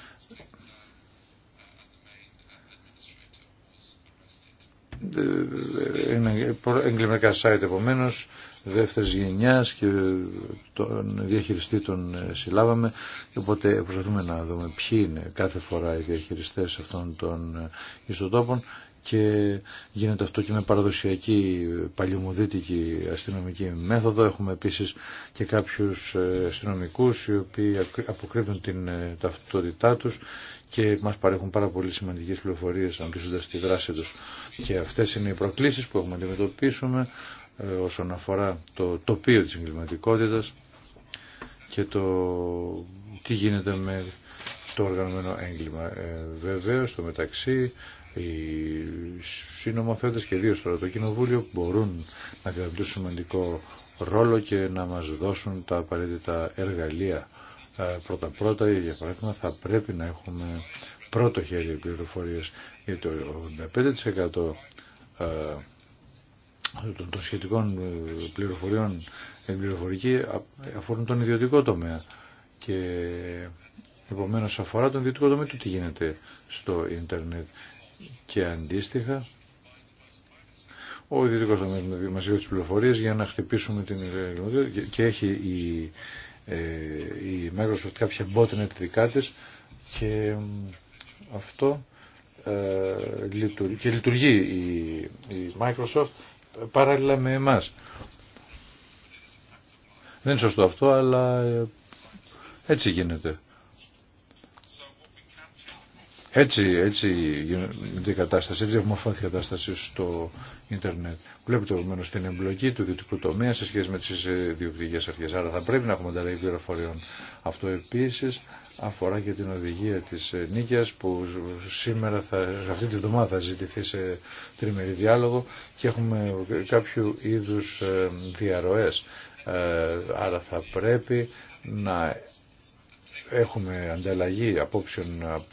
S2: Είναι εγκληματικά site επομένως δεύτερης γενιάς και τον διαχειριστή τον ε, συλλάβαμε οπότε προσπαθούμε να δούμε ποιοι είναι κάθε φορά οι διαχειριστές αυτών των ε, ιστοτόπων και γίνεται αυτό και με παραδοσιακή παλιωμοδίτικη αστυνομική μέθοδο. Έχουμε επίσης και κάποιους ε, αστυνομικού οι οποίοι αποκρύπτουν την ταυτότητά τους και μας παρέχουν πάρα πολύ σημαντικές πληροφορίες αντίστοιχα τη δράση του Και αυτές είναι οι προκλήσεις που έχουμε αντιμετωπίσουμε ε, όσον αφορά το τοπίο της εγκληματικότητα και το τι γίνεται με το οργανωμένο έγκλημα. Ε, Βεβαίω, στο μεταξύ, οι συνομοθέτες και δύο τώρα το Κοινοβούλιο μπορούν να διαδραματίσουν σημαντικό ρόλο και να μας δώσουν τα απαραίτητα εργαλεία. Ε, πρώτα-πρώτα, για παράδειγμα, θα πρέπει να έχουμε πρώτο χέρι πληροφορίες, για το 85% των σχετικών ε, πληροφοριών την ε, πληροφορική αφορούν τον ιδιωτικό τομέα και επομένως αφορά τον ιδιωτικό τομέα του τι γίνεται στο ίντερνετ και αντίστοιχα ο ιδιωτικό τομέα μας δίνει τι πληροφορίε για να χτυπήσουμε την και έχει η, ε, η Microsoft κάποια botnet δικά τη και αυτό και λειτουργεί η Microsoft παράλληλα με εμάς. Δεν είναι σωστό αυτό, αλλά ε, έτσι γίνεται. Έτσι, έτσι γίνεται η κατάσταση, έτσι διαμορφώθηκε η κατάσταση στο ίντερνετ. Βλέπετε επομένω την εμπλοκή του ιδιωτικού τομέα σε σχέση με τι διοικητικέ αρχέ. Άρα θα πρέπει να έχουμε ανταλλαγή πληροφοριών. Αυτό επίση αφορά και την οδηγία τη νίκαια που σήμερα, θα, αυτή τη βδομάδα, θα ζητηθεί σε τριμερή διάλογο και έχουμε κάποιο είδου ε, διαρροέ. Ε, άρα θα πρέπει να έχουμε ανταλλαγή απόψεων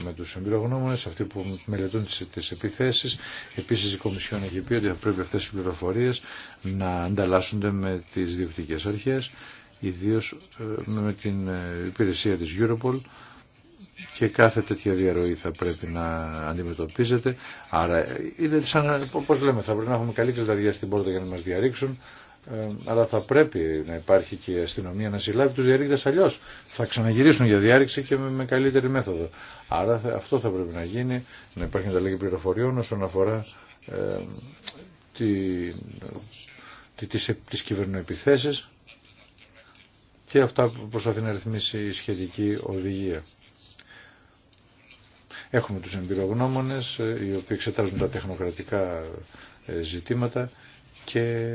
S2: με τους εμπειρογνώμονες, αυτοί που μελετούν τις, τις επιθέσεις. Επίσης η Κομισιόν έχει πει ότι πρέπει αυτές οι πληροφορίες να ανταλλάσσονται με τις διοικητικές αρχές, ιδίως ε, με την ε, υπηρεσία της Europol και κάθε τέτοια διαρροή θα πρέπει να αντιμετωπίζεται. Άρα είναι σαν, όπως λέμε, θα πρέπει να έχουμε καλή κλειδαριά στην πόρτα για να μας διαρρήξουν, ε, αλλά θα πρέπει να υπάρχει και η αστυνομία να συλλάβει τους διαρρήκτες αλλιώς θα ξαναγυρίσουν για διάρρηξη και με, καλύτερη μέθοδο. Άρα αυτό θα πρέπει να γίνει, να υπάρχει ανταλλαγή πληροφοριών όσον αφορά ε, τη, τις, και αυτά που προσπαθεί να ρυθμίσει η σχετική οδηγία. Έχουμε τους εμπειρογνώμονες ε, οι οποίοι εξετάζουν τα τεχνοκρατικά ε, ζητήματα και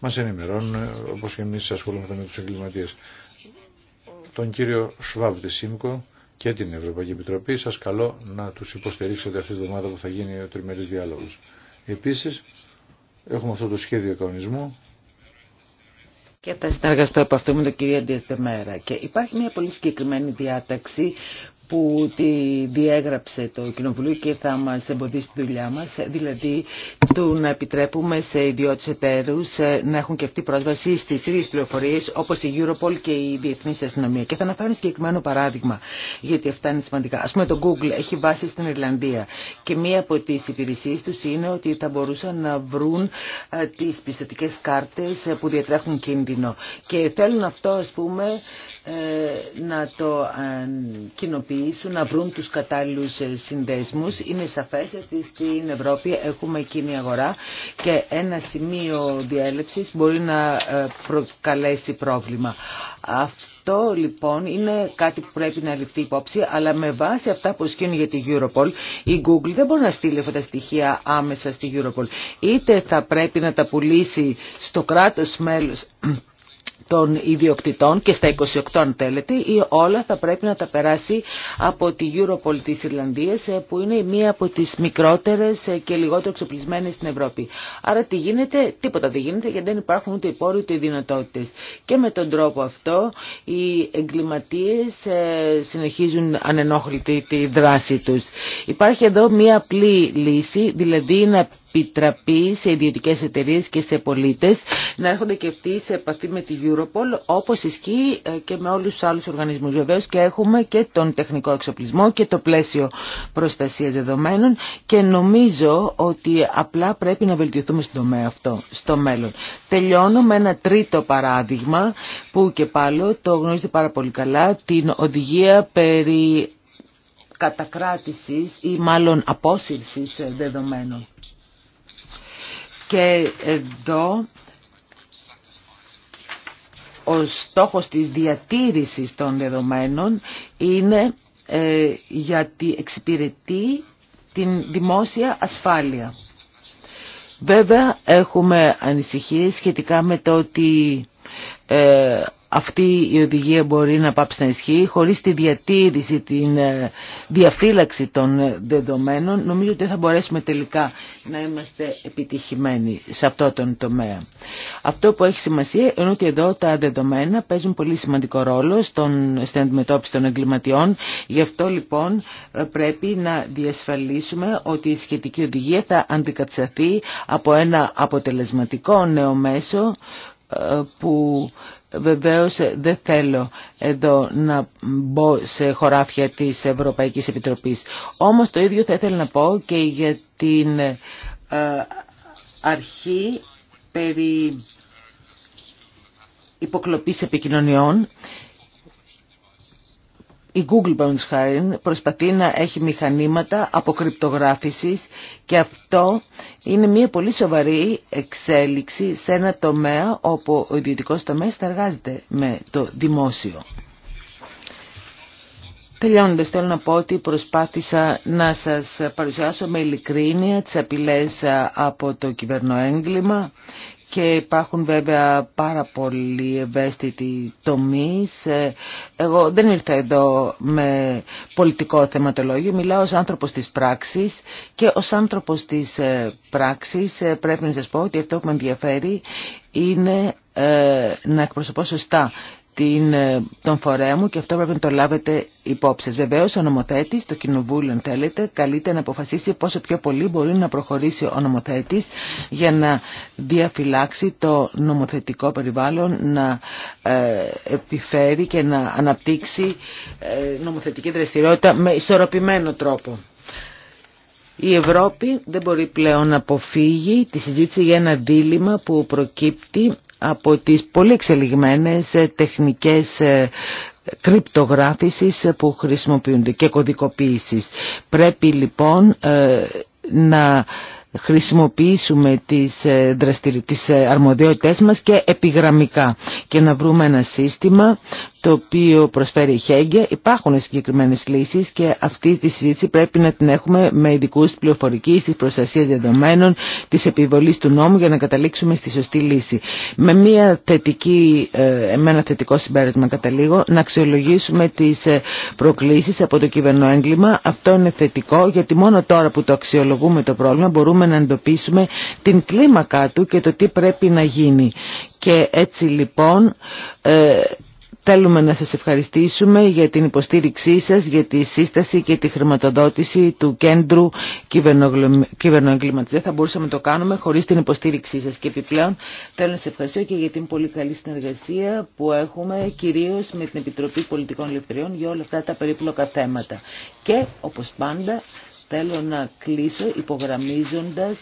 S2: μας ενημερώνουν ε, όπως και εμείς ασχολούμαστε με τους εγκληματίες. Τον κύριο Σουβάβ τη και την Ευρωπαϊκή Επιτροπή σας καλώ να τους υποστηρίξετε αυτή τη βδομάδα που θα γίνει ο τριμερής διάλογος. Επίσης έχουμε αυτό το σχέδιο κανονισμού
S4: και θα συνεργαστώ από αυτό με τον κύριο μέρα Και υπάρχει μια πολύ συγκεκριμένη διάταξη που τη διέγραψε το Κοινοβουλίο και θα μας εμποδίσει τη δουλειά μας, δηλαδή του να επιτρέπουμε σε ιδιώτες εταίρους ε, να έχουν και αυτή πρόσβαση στις ίδιες πληροφορίες όπως η Europol και η διεθνή Αστυνομία. Και θα αναφέρω συγκεκριμένο παράδειγμα, γιατί αυτά είναι σημαντικά. Ας πούμε το Google έχει βάση στην Ιρλανδία και μία από τις υπηρεσίες τους είναι ότι θα μπορούσαν να βρουν ε, τις πιστατικές κάρτες ε, που διατρέχουν κίνδυνο. Και θέλουν αυτό, ας πούμε, να το κοινοποιήσουν να βρουν τους κατάλληλους ε, συνδέσμους. Είναι σαφές ότι στην Ευρώπη έχουμε κοινή αγορά και ένα σημείο διέλευσης μπορεί να ε, προκαλέσει πρόβλημα. Αυτό λοιπόν είναι κάτι που πρέπει να ληφθεί υπόψη, αλλά με βάση αυτά που σκύνει για τη Europol, η Google δεν μπορεί να στείλει αυτά τα στοιχεία άμεσα στη Europol. Είτε θα πρέπει να τα πουλήσει στο κράτος μέλος των ιδιοκτητών και στα 28 αν θέλετε ή όλα θα πρέπει να τα περάσει από τη Europol της Ιρλανδίας ε, που είναι μία από τις μικρότερες ε, και λιγότερο εξοπλισμένες στην Ευρώπη. Άρα τι γίνεται, τίποτα δεν γίνεται γιατί δεν υπάρχουν ούτε οι πόροι ούτε οι δυνατότητες. Και με τον τρόπο αυτό οι εγκληματίες ε, συνεχίζουν ανενόχλητη τη δράση τους. Υπάρχει εδώ μία απλή λύση, δηλαδή να επιτραπεί σε ιδιωτικές εταιρείες και σε πολίτες να έρχονται και αυτοί σε επαφή με τη Europol όπως ισχύει ε, και με όλους τους άλλους οργανισμούς. Βεβαίω, και έχουμε και τον τεχνικό εξοπλισμό και το πλαίσιο προστασίας δεδομένων και νομίζω ότι απλά πρέπει να βελτιωθούμε στον τομέα αυτό, στο μέλλον. Τελειώνω με ένα τρίτο παράδειγμα που και πάλι το γνωρίζετε πάρα πολύ καλά, την οδηγία περί κατακράτησης ή μάλλον απόσυρσης δεδομένων. Και εδώ ο στόχος της διατήρησης των δεδομένων είναι ε, γιατί εξυπηρετεί την δημόσια ασφάλεια. Βέβαια έχουμε ανησυχίες σχετικά με το ότι ε, αυτή η οδηγία μπορεί να πάψει να ισχύει χωρίς τη διατήρηση, την ε, διαφύλαξη των ε, δεδομένων νομίζω ότι δεν θα μπορέσουμε τελικά να είμαστε επιτυχημένοι σε αυτό τον τομέα. Αυτό που έχει σημασία είναι ότι εδώ τα δεδομένα παίζουν πολύ σημαντικό ρόλο στον, στην αντιμετώπιση των εγκληματιών γι' αυτό λοιπόν ε, πρέπει να διασφαλίσουμε ότι η σχετική οδηγία θα αντικατσαθεί από ένα αποτελεσματικό νέο μέσο που Βεβαίως ε, δεν θέλω εδώ να μπω σε χωράφια της Ευρωπαϊκής Επιτροπής. Όμως το ίδιο θα ήθελα να πω και για την ε, αρχή περί υποκλοπής επικοινωνιών η Google, παραδείγματος προσπαθεί να έχει μηχανήματα αποκρυπτογράφησης και αυτό είναι μια πολύ σοβαρή εξέλιξη σε ένα τομέα όπου ο ιδιωτικός τομέας εργάζεται με το δημόσιο. Τελειώνοντας, θέλω να πω ότι προσπάθησα να σας παρουσιάσω με ειλικρίνεια τις απειλές από το κυβερνοέγκλημα και υπάρχουν βέβαια πάρα πολλοί ευαίσθητοι τομείς. Ε, εγώ δεν ήρθα εδώ με πολιτικό θεματολόγιο, μιλάω ως άνθρωπος της πράξης και ως άνθρωπος της ε, πράξης ε, πρέπει να σας πω ότι αυτό που με ενδιαφέρει είναι να εκπροσωπώ σωστά την, ε, τον φορέα μου και αυτό πρέπει να το λάβετε υπόψη. Βεβαίως ο νομοθέτης, το κοινοβούλιο αν θέλετε, καλείται να αποφασίσει πόσο πιο πολύ μπορεί να προχωρήσει ο νομοθέτης για να διαφυλάξει το νομοθετικό περιβάλλον, να ε, επιφέρει και να αναπτύξει ε, νομοθετική δραστηριότητα με ισορροπημένο τρόπο. Η Ευρώπη δεν μπορεί πλέον να αποφύγει τη συζήτηση για ένα δίλημα που προκύπτει από τις πολύ εξελιγμένες ε, τεχνικές ε, κρυπτογράφησης ε, που χρησιμοποιούνται και κωδικοποίησης. Πρέπει λοιπόν να χρησιμοποιήσουμε τις, δραστηρι... τις αρμοδιότητές μας και επιγραμμικά και να βρούμε ένα σύστημα το οποίο προσφέρει η Χέγγε. Υπάρχουν συγκεκριμένες λύσεις και αυτή τη συζήτηση πρέπει να την έχουμε με ειδικού της πληροφορικής, της προστασίας δεδομένων, της επιβολής του νόμου για να καταλήξουμε στη σωστή λύση. Με, μια θετική, ε, με ένα θετικό συμπέρασμα καταλήγω, να αξιολογήσουμε τις ε, προκλήσεις από το κυβερνό έγκλημα. Αυτό είναι θετικό γιατί μόνο τώρα που το αξιολογούμε το πρόβλημα μπορούμε να εντοπίσουμε την κλίμακά του και το τι πρέπει να γίνει. Και έτσι λοιπόν ε, Θέλουμε να σας ευχαριστήσουμε για την υποστήριξή σας, για τη σύσταση και τη χρηματοδότηση του Κέντρου Κυβερνοεγκλήματος. Δεν θα μπορούσαμε να το κάνουμε χωρίς την υποστήριξή σας. Και επιπλέον θέλω να σας ευχαριστώ και για την πολύ καλή συνεργασία που έχουμε κυρίως με την Επιτροπή Πολιτικών Ελευθεριών για όλα αυτά τα περίπλοκα θέματα. Και όπως πάντα θέλω να κλείσω υπογραμμίζοντας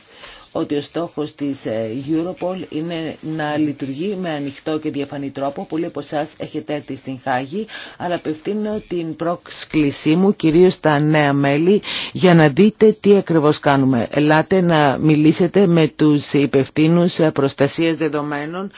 S4: ότι ο στόχος της ε, Europol είναι να λειτουργεί με ανοιχτό και διαφανή τρόπο. Πολλοί από εσά έχετε έρθει στην Χάγη, αλλά απευθύνω την πρόσκλησή μου κυρίως στα νέα μέλη για να δείτε τι ακριβώς κάνουμε. Ελάτε να μιλήσετε με τους υπευθύνου ε, προστασίας δεδομένων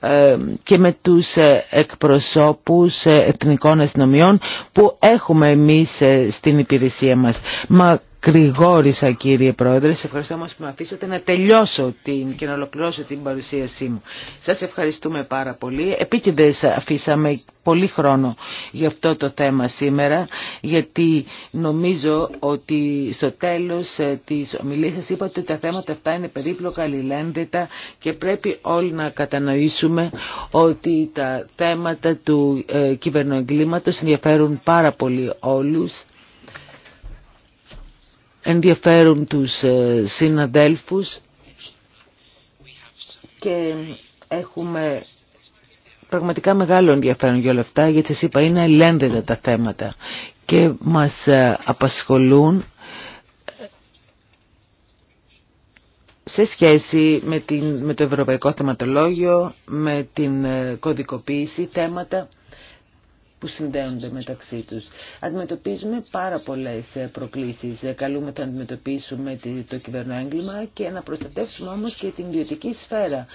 S4: ε, και με τους εκπροσώπους εθνικών αστυνομιών που έχουμε εμείς στην υπηρεσία μας. Μα Κρηγόρησα κύριε Πρόεδρε, σε ευχαριστώ όμως που με αφήσατε να τελειώσω την, και να ολοκληρώσω την παρουσίασή μου. Σας ευχαριστούμε πάρα πολύ. Επίτηδες αφήσαμε πολύ χρόνο για αυτό το θέμα σήμερα, γιατί νομίζω ότι στο τέλος ε, της ομιλίας σας είπατε ότι τα θέματα αυτά είναι περίπλοκα, αλληλένδετα και πρέπει όλοι να κατανοήσουμε ότι τα θέματα του ε, κυβερνοεγκλήματος ενδιαφέρουν πάρα πολύ όλους ενδιαφέρουν τους ε, συναδέλφους και έχουμε πραγματικά μεγάλο ενδιαφέρον για όλα αυτά γιατί σας είπα είναι ελένδετα τα θέματα και μας ε, απασχολούν ε, σε σχέση με, την, με το ευρωπαϊκό θεματολόγιο, με την κωδικοποίηση θέματα που συνδέονται μεταξύ τους. Αντιμετωπίζουμε πάρα πολλές ε, προκλήσεις. Ε, καλούμε να αντιμετωπίσουμε το κυβερνοέγκλημα και να προστατεύσουμε όμως και την ιδιωτική σφαίρα.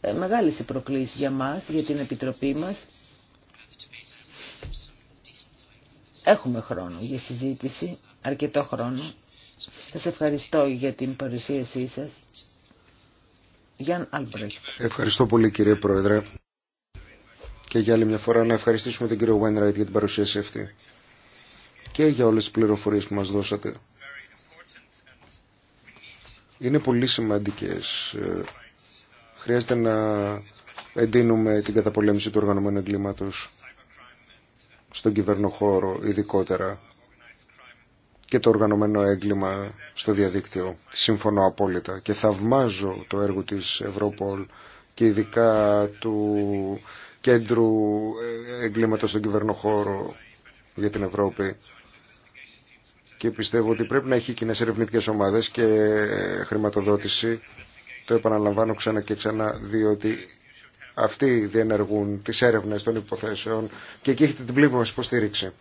S4: Ε, μεγάλες οι προκλήσεις για μας, για την Επιτροπή μας. Έχουμε χρόνο για συζήτηση, αρκετό χρόνο. Σα ευχαριστώ για την παρουσίασή σας.
S3: Ευχαριστώ πολύ κύριε Πρόεδρε και για άλλη μια φορά να ευχαριστήσουμε τον κύριο Wainwright για την παρουσίαση αυτή και για όλες τις πληροφορίες που μας δώσατε. Είναι πολύ σημαντικές. Ε, χρειάζεται να εντείνουμε την καταπολέμηση του οργανωμένου εγκλήματος στον κυβερνοχώρο ειδικότερα και το οργανωμένο έγκλημα στο διαδίκτυο. Συμφωνώ απόλυτα και θαυμάζω το έργο της Ευρωπόλ και ειδικά του κέντρου εγκλήματος στον κυβερνοχώρο για την Ευρώπη και πιστεύω ότι πρέπει να έχει κοινέ ερευνητικέ ομάδες και χρηματοδότηση. Το επαναλαμβάνω ξανά και ξανά διότι αυτοί διενεργούν τις έρευνες των υποθέσεων και εκεί έχετε την πλήρη μας υποστήριξη.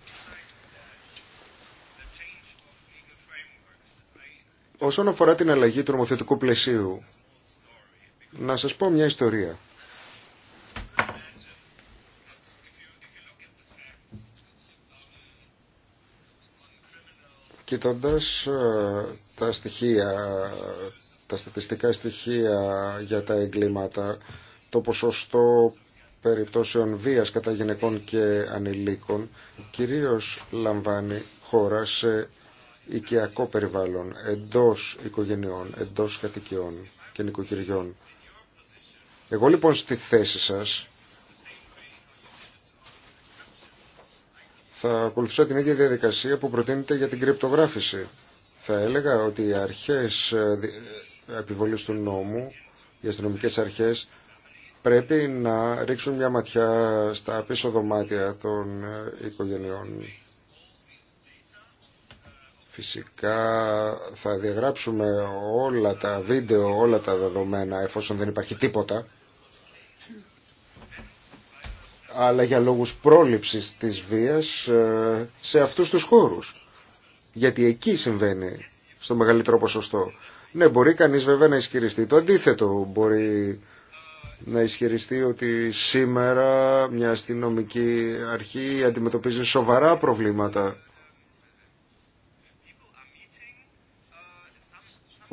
S3: Όσον αφορά την αλλαγή του νομοθετικού πλαισίου, να σας πω μια ιστορία. Κοιτώντας ε, τα στοιχεία, τα στατιστικά στοιχεία για τα εγκλήματα, το ποσοστό περιπτώσεων βίας κατά γυναικών και ανηλίκων κυρίως λαμβάνει χώρα σε οικιακό περιβάλλον, εντός οικογενειών, εντός κατοικιών και νοικοκυριών. Εγώ λοιπόν στη θέση σας θα ακολουθήσω την ίδια διαδικασία που προτείνεται για την κρυπτογράφηση. Θα έλεγα ότι οι αρχές ε, ε, επιβολής του νόμου, οι αστυνομικέ αρχές, πρέπει να ρίξουν μια ματιά στα πίσω δωμάτια των ε, οικογενειών. Φυσικά θα διαγράψουμε όλα τα βίντεο, όλα τα δεδομένα, εφόσον δεν υπάρχει τίποτα αλλά για λόγους πρόληψης της βίας ε, σε αυτούς τους χώρους. Γιατί εκεί συμβαίνει στο μεγαλύτερο ποσοστό. Ναι, μπορεί κανείς βέβαια να ισχυριστεί το αντίθετο. Μπορεί να ισχυριστεί ότι σήμερα μια αστυνομική αρχή αντιμετωπίζει σοβαρά προβλήματα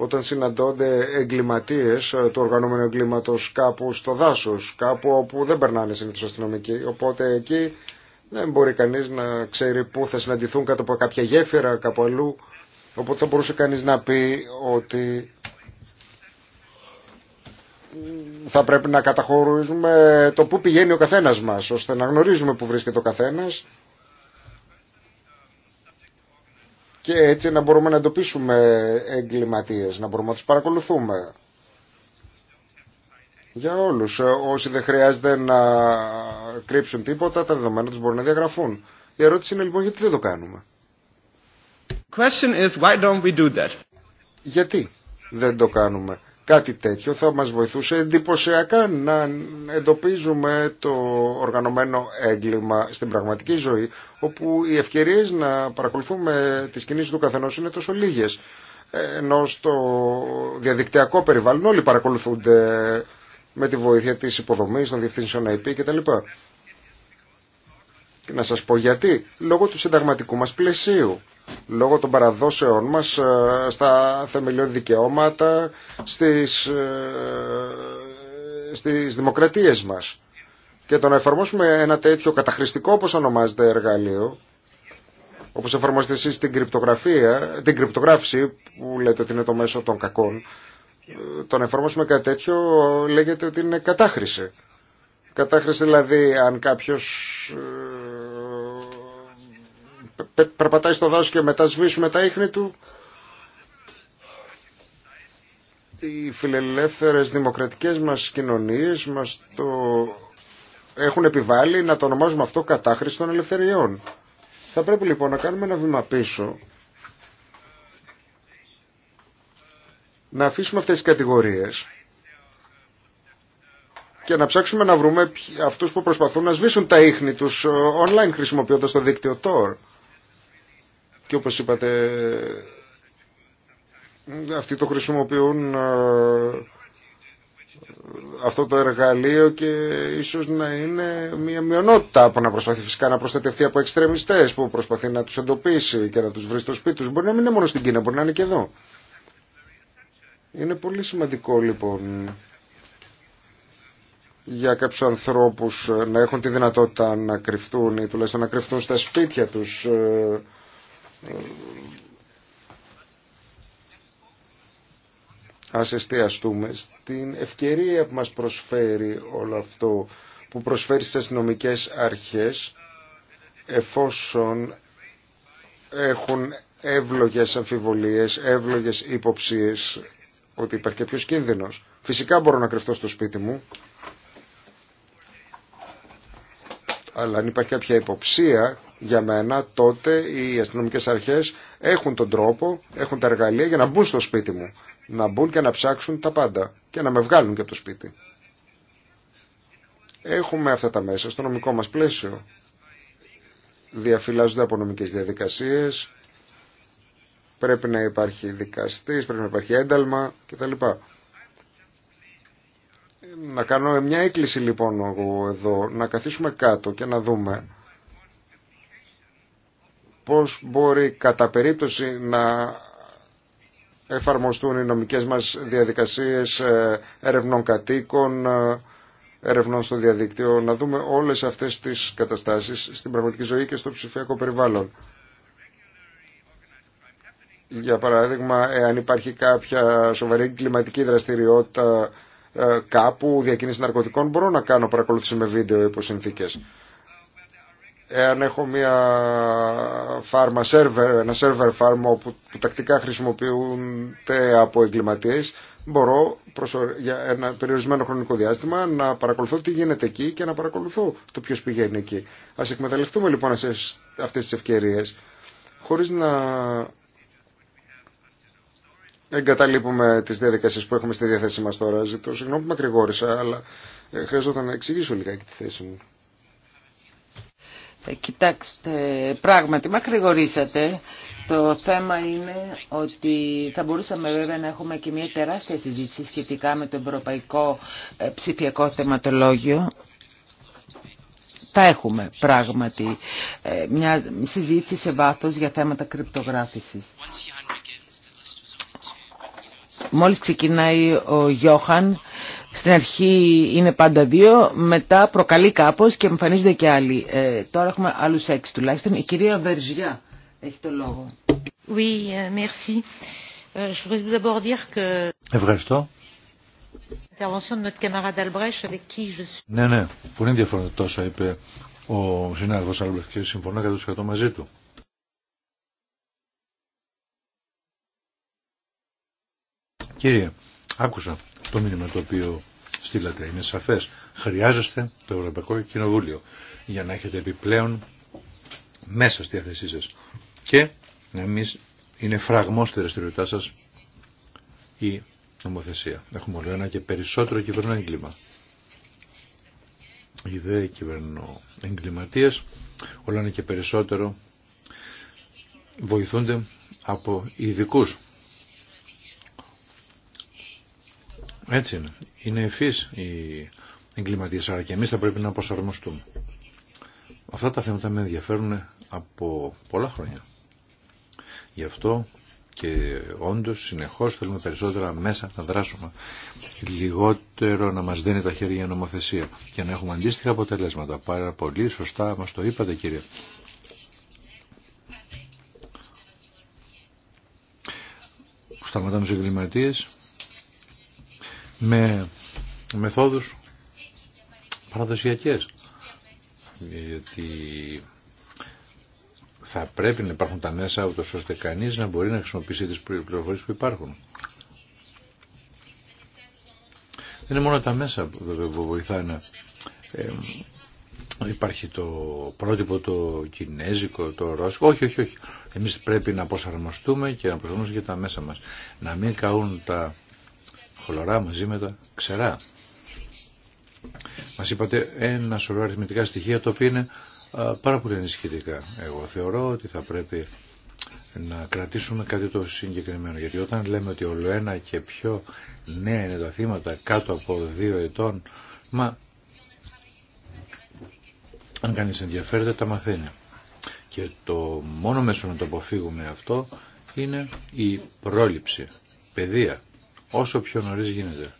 S3: όταν συναντώνται εγκληματίες ε, του οργανωμένου εγκλήματος κάπου στο δάσος, κάπου όπου δεν περνάνε συνήθως αστυνομικοί. Οπότε εκεί δεν μπορεί κανείς να ξέρει πού θα συναντηθούν κάτω από κάποια γέφυρα, κάπου αλλού. Οπότε θα μπορούσε κανείς να πει ότι θα πρέπει να καταχωρούμε το πού πηγαίνει ο καθένας μας, ώστε να γνωρίζουμε πού βρίσκεται ο καθένας και έτσι να μπορούμε να εντοπίσουμε εγκληματίες, να μπορούμε να τους παρακολουθούμε. Για όλους. Ε, όσοι δεν χρειάζεται να κρύψουν τίποτα, τα δεδομένα τους μπορούν να διαγραφούν. Η ερώτηση είναι λοιπόν γιατί δεν το κάνουμε. Question is, why don't we do that? Γιατί δεν το κάνουμε. Κάτι τέτοιο θα μας βοηθούσε εντυπωσιακά να εντοπίζουμε το οργανωμένο έγκλημα στην πραγματική ζωή, όπου οι ευκαιρίες να παρακολουθούμε τις κινήσεις του καθενός είναι τόσο λίγες. Ενώ στο διαδικτυακό περιβάλλον όλοι παρακολουθούνται με τη βοήθεια της υποδομής, των διευθύνσεων IP κτλ. Να σας πω γιατί. Λόγω του συνταγματικού μας πλαισίου λόγω των παραδόσεών μας ε, στα θεμελιώδη δικαιώματα, στις, ε, στις δημοκρατίες μας. Και το να εφαρμόσουμε ένα τέτοιο καταχρηστικό, όπως ονομάζεται, εργαλείο, όπως εφαρμόζετε εσείς στην κρυπτογραφία, την κρυπτογράφηση που λέτε ότι είναι το μέσο των κακών, ε, το να εφαρμόσουμε κάτι τέτοιο λέγεται ότι είναι κατάχρηση. Κατάχρηση δηλαδή αν κάποιος περπατάει στο δάσο και μετά σβήσουμε τα ίχνη του. Οι φιλελεύθερες δημοκρατικές μας κοινωνίες μας το έχουν επιβάλει να το ονομάζουμε αυτό κατάχρηση των ελευθεριών. Θα πρέπει λοιπόν να κάνουμε ένα βήμα πίσω, να αφήσουμε αυτές τις κατηγορίες και να ψάξουμε να βρούμε αυτούς που προσπαθούν να σβήσουν τα ίχνη τους ε, online χρησιμοποιώντας το δίκτυο Tor και όπως είπατε αυτοί το χρησιμοποιούν ε, αυτό το εργαλείο και ίσως να είναι μια μειονότητα από να προσπαθεί φυσικά να προστατευτεί από εξτρεμιστές που προσπαθεί να τους εντοπίσει και να τους βρει στο σπίτι τους. Μπορεί να μην είναι μόνο στην Κίνα, μπορεί να είναι και εδώ. Είναι πολύ σημαντικό λοιπόν για κάποιους ανθρώπους να έχουν τη δυνατότητα να κρυφτούν ή τουλάχιστον να κρυφτούν στα σπίτια τους ε, ας εστιαστούμε στην ευκαιρία που μας προσφέρει όλο αυτό που προσφέρει στις αστυνομικέ αρχές εφόσον έχουν εύλογες αμφιβολίες, εύλογες υποψίες ότι υπάρχει κάποιος κίνδυνος. Φυσικά μπορώ να κρυφτώ στο σπίτι μου αλλά αν υπάρχει κάποια υποψία για μένα, τότε οι αστυνομικές αρχές έχουν τον τρόπο, έχουν τα εργαλεία για να μπουν στο σπίτι μου. Να μπουν και να ψάξουν τα πάντα και να με βγάλουν και από το σπίτι. Έχουμε αυτά τα μέσα στο νομικό μας πλαίσιο. Διαφυλάζονται από νομικές διαδικασίες, πρέπει να υπάρχει δικαστής, πρέπει να υπάρχει ένταλμα κτλ. Να κάνω μια έκκληση λοιπόν εδώ, να καθίσουμε κάτω και να δούμε πώς μπορεί κατά περίπτωση να εφαρμοστούν οι νομικές μας διαδικασίες ε, ερευνών κατοίκων, ε, ερευνών στο διαδίκτυο, να δούμε όλες αυτές τις καταστάσεις στην πραγματική ζωή και στο ψηφιακό περιβάλλον. Για παράδειγμα, εάν υπάρχει κάποια σοβαρή κλιματική δραστηριότητα ε, κάπου διακίνηση ναρκωτικών μπορώ να κάνω παρακολούθηση με βίντεο υπό συνθήκε. Εάν έχω μια φάρμα σερβερ, ένα σερβερ φάρμα που, τακτικά χρησιμοποιούνται από εγκληματίες, μπορώ για ένα περιορισμένο χρονικό διάστημα να παρακολουθώ τι γίνεται εκεί και να παρακολουθώ το ποιο πηγαίνει εκεί. Α εκμεταλλευτούμε λοιπόν αυτέ τι ευκαιρίε χωρίς να εγκαταλείπουμε τις διαδικασίε που έχουμε στη διαθέση μα τώρα. Ζητώ συγγνώμη που μακρηγόρησα, αλλά
S4: ε, χρειαζόταν να εξηγήσω λιγάκι τη θέση μου. Ε, κοιτάξτε, πράγματι, μακρηγορήσατε. Το θέμα είναι ότι θα μπορούσαμε βέβαια να έχουμε και μια τεράστια συζήτηση σχετικά με το ευρωπαϊκό ε, ψηφιακό θεματολόγιο. Θα έχουμε πράγματι μια συζήτηση σε βάθος για θέματα κρυπτογράφησης. Μόλις ξεκινάει ο Γιώχαν, στην αρχή είναι πάντα δύο, μετά προκαλεί κάπως και εμφανίζονται και άλλοι. Ε, τώρα έχουμε άλλους έξι τουλάχιστον. Η κυρία Βερζιά έχει το λόγο. Oui, euh, merci. Euh,
S2: Ευχαριστώ. Ναι, ναι, πολύ ενδιαφέρον τόσο είπε ο συνάδελφος Άλμπρεχτ και συμφωνώ 100% μαζί του. Κύριε, άκουσα το μήνυμα το οποίο στείλατε. Είναι σαφές. Χρειάζεστε το Ευρωπαϊκό Κοινοβούλιο για να έχετε επιπλέον μέσα στη διάθεσή σας. Και να μην είναι φραγμός στη δραστηριότητά σας η νομοθεσία. Έχουμε όλο ένα και περισσότερο κυβερνό έγκλημα. Οι δε κυβερνό όλο ένα και περισσότερο βοηθούνται από ειδικού Έτσι είναι. Είναι ευφύ οι εγκληματίε, άρα και εμείς θα πρέπει να αποσαρμοστούμε. Αυτά τα θέματα με ενδιαφέρουν από πολλά χρόνια. Γι' αυτό και όντω συνεχώς θέλουμε περισσότερα μέσα να δράσουμε. Λιγότερο να μας δίνει τα χέρια η νομοθεσία και να έχουμε αντίστοιχα αποτελέσματα. Πάρα πολύ σωστά μας το είπατε κύριε. Σταματάμε του εγκληματίες με μεθόδους παραδοσιακές. Γιατί θα πρέπει να υπάρχουν τα μέσα ούτως ώστε κανείς να μπορεί να χρησιμοποιήσει τις πληροφορίες που υπάρχουν. Δεν είναι μόνο τα μέσα που βοηθάνε. Ε, υπάρχει το πρότυπο το κινέζικο, το ρώσικο. Όχι, όχι, όχι. Εμείς πρέπει να προσαρμοστούμε και να προσαρμοστούμε για τα μέσα μας. Να μην καούν τα χολορά μαζί με τα ξερά. Μας είπατε ένα σωρό αριθμητικά στοιχεία το οποίο είναι πάρα πολύ ενισχυτικά. Εγώ θεωρώ ότι θα πρέπει να κρατήσουμε κάτι το συγκεκριμένο. Γιατί όταν λέμε ότι όλο ένα και πιο νέα είναι τα θύματα κάτω από δύο ετών, μα αν κανείς ενδιαφέρεται τα μαθαίνει. Και το μόνο μέσο να το αποφύγουμε αυτό είναι η πρόληψη, παιδεία όσο πιο νωρίς γίνεται.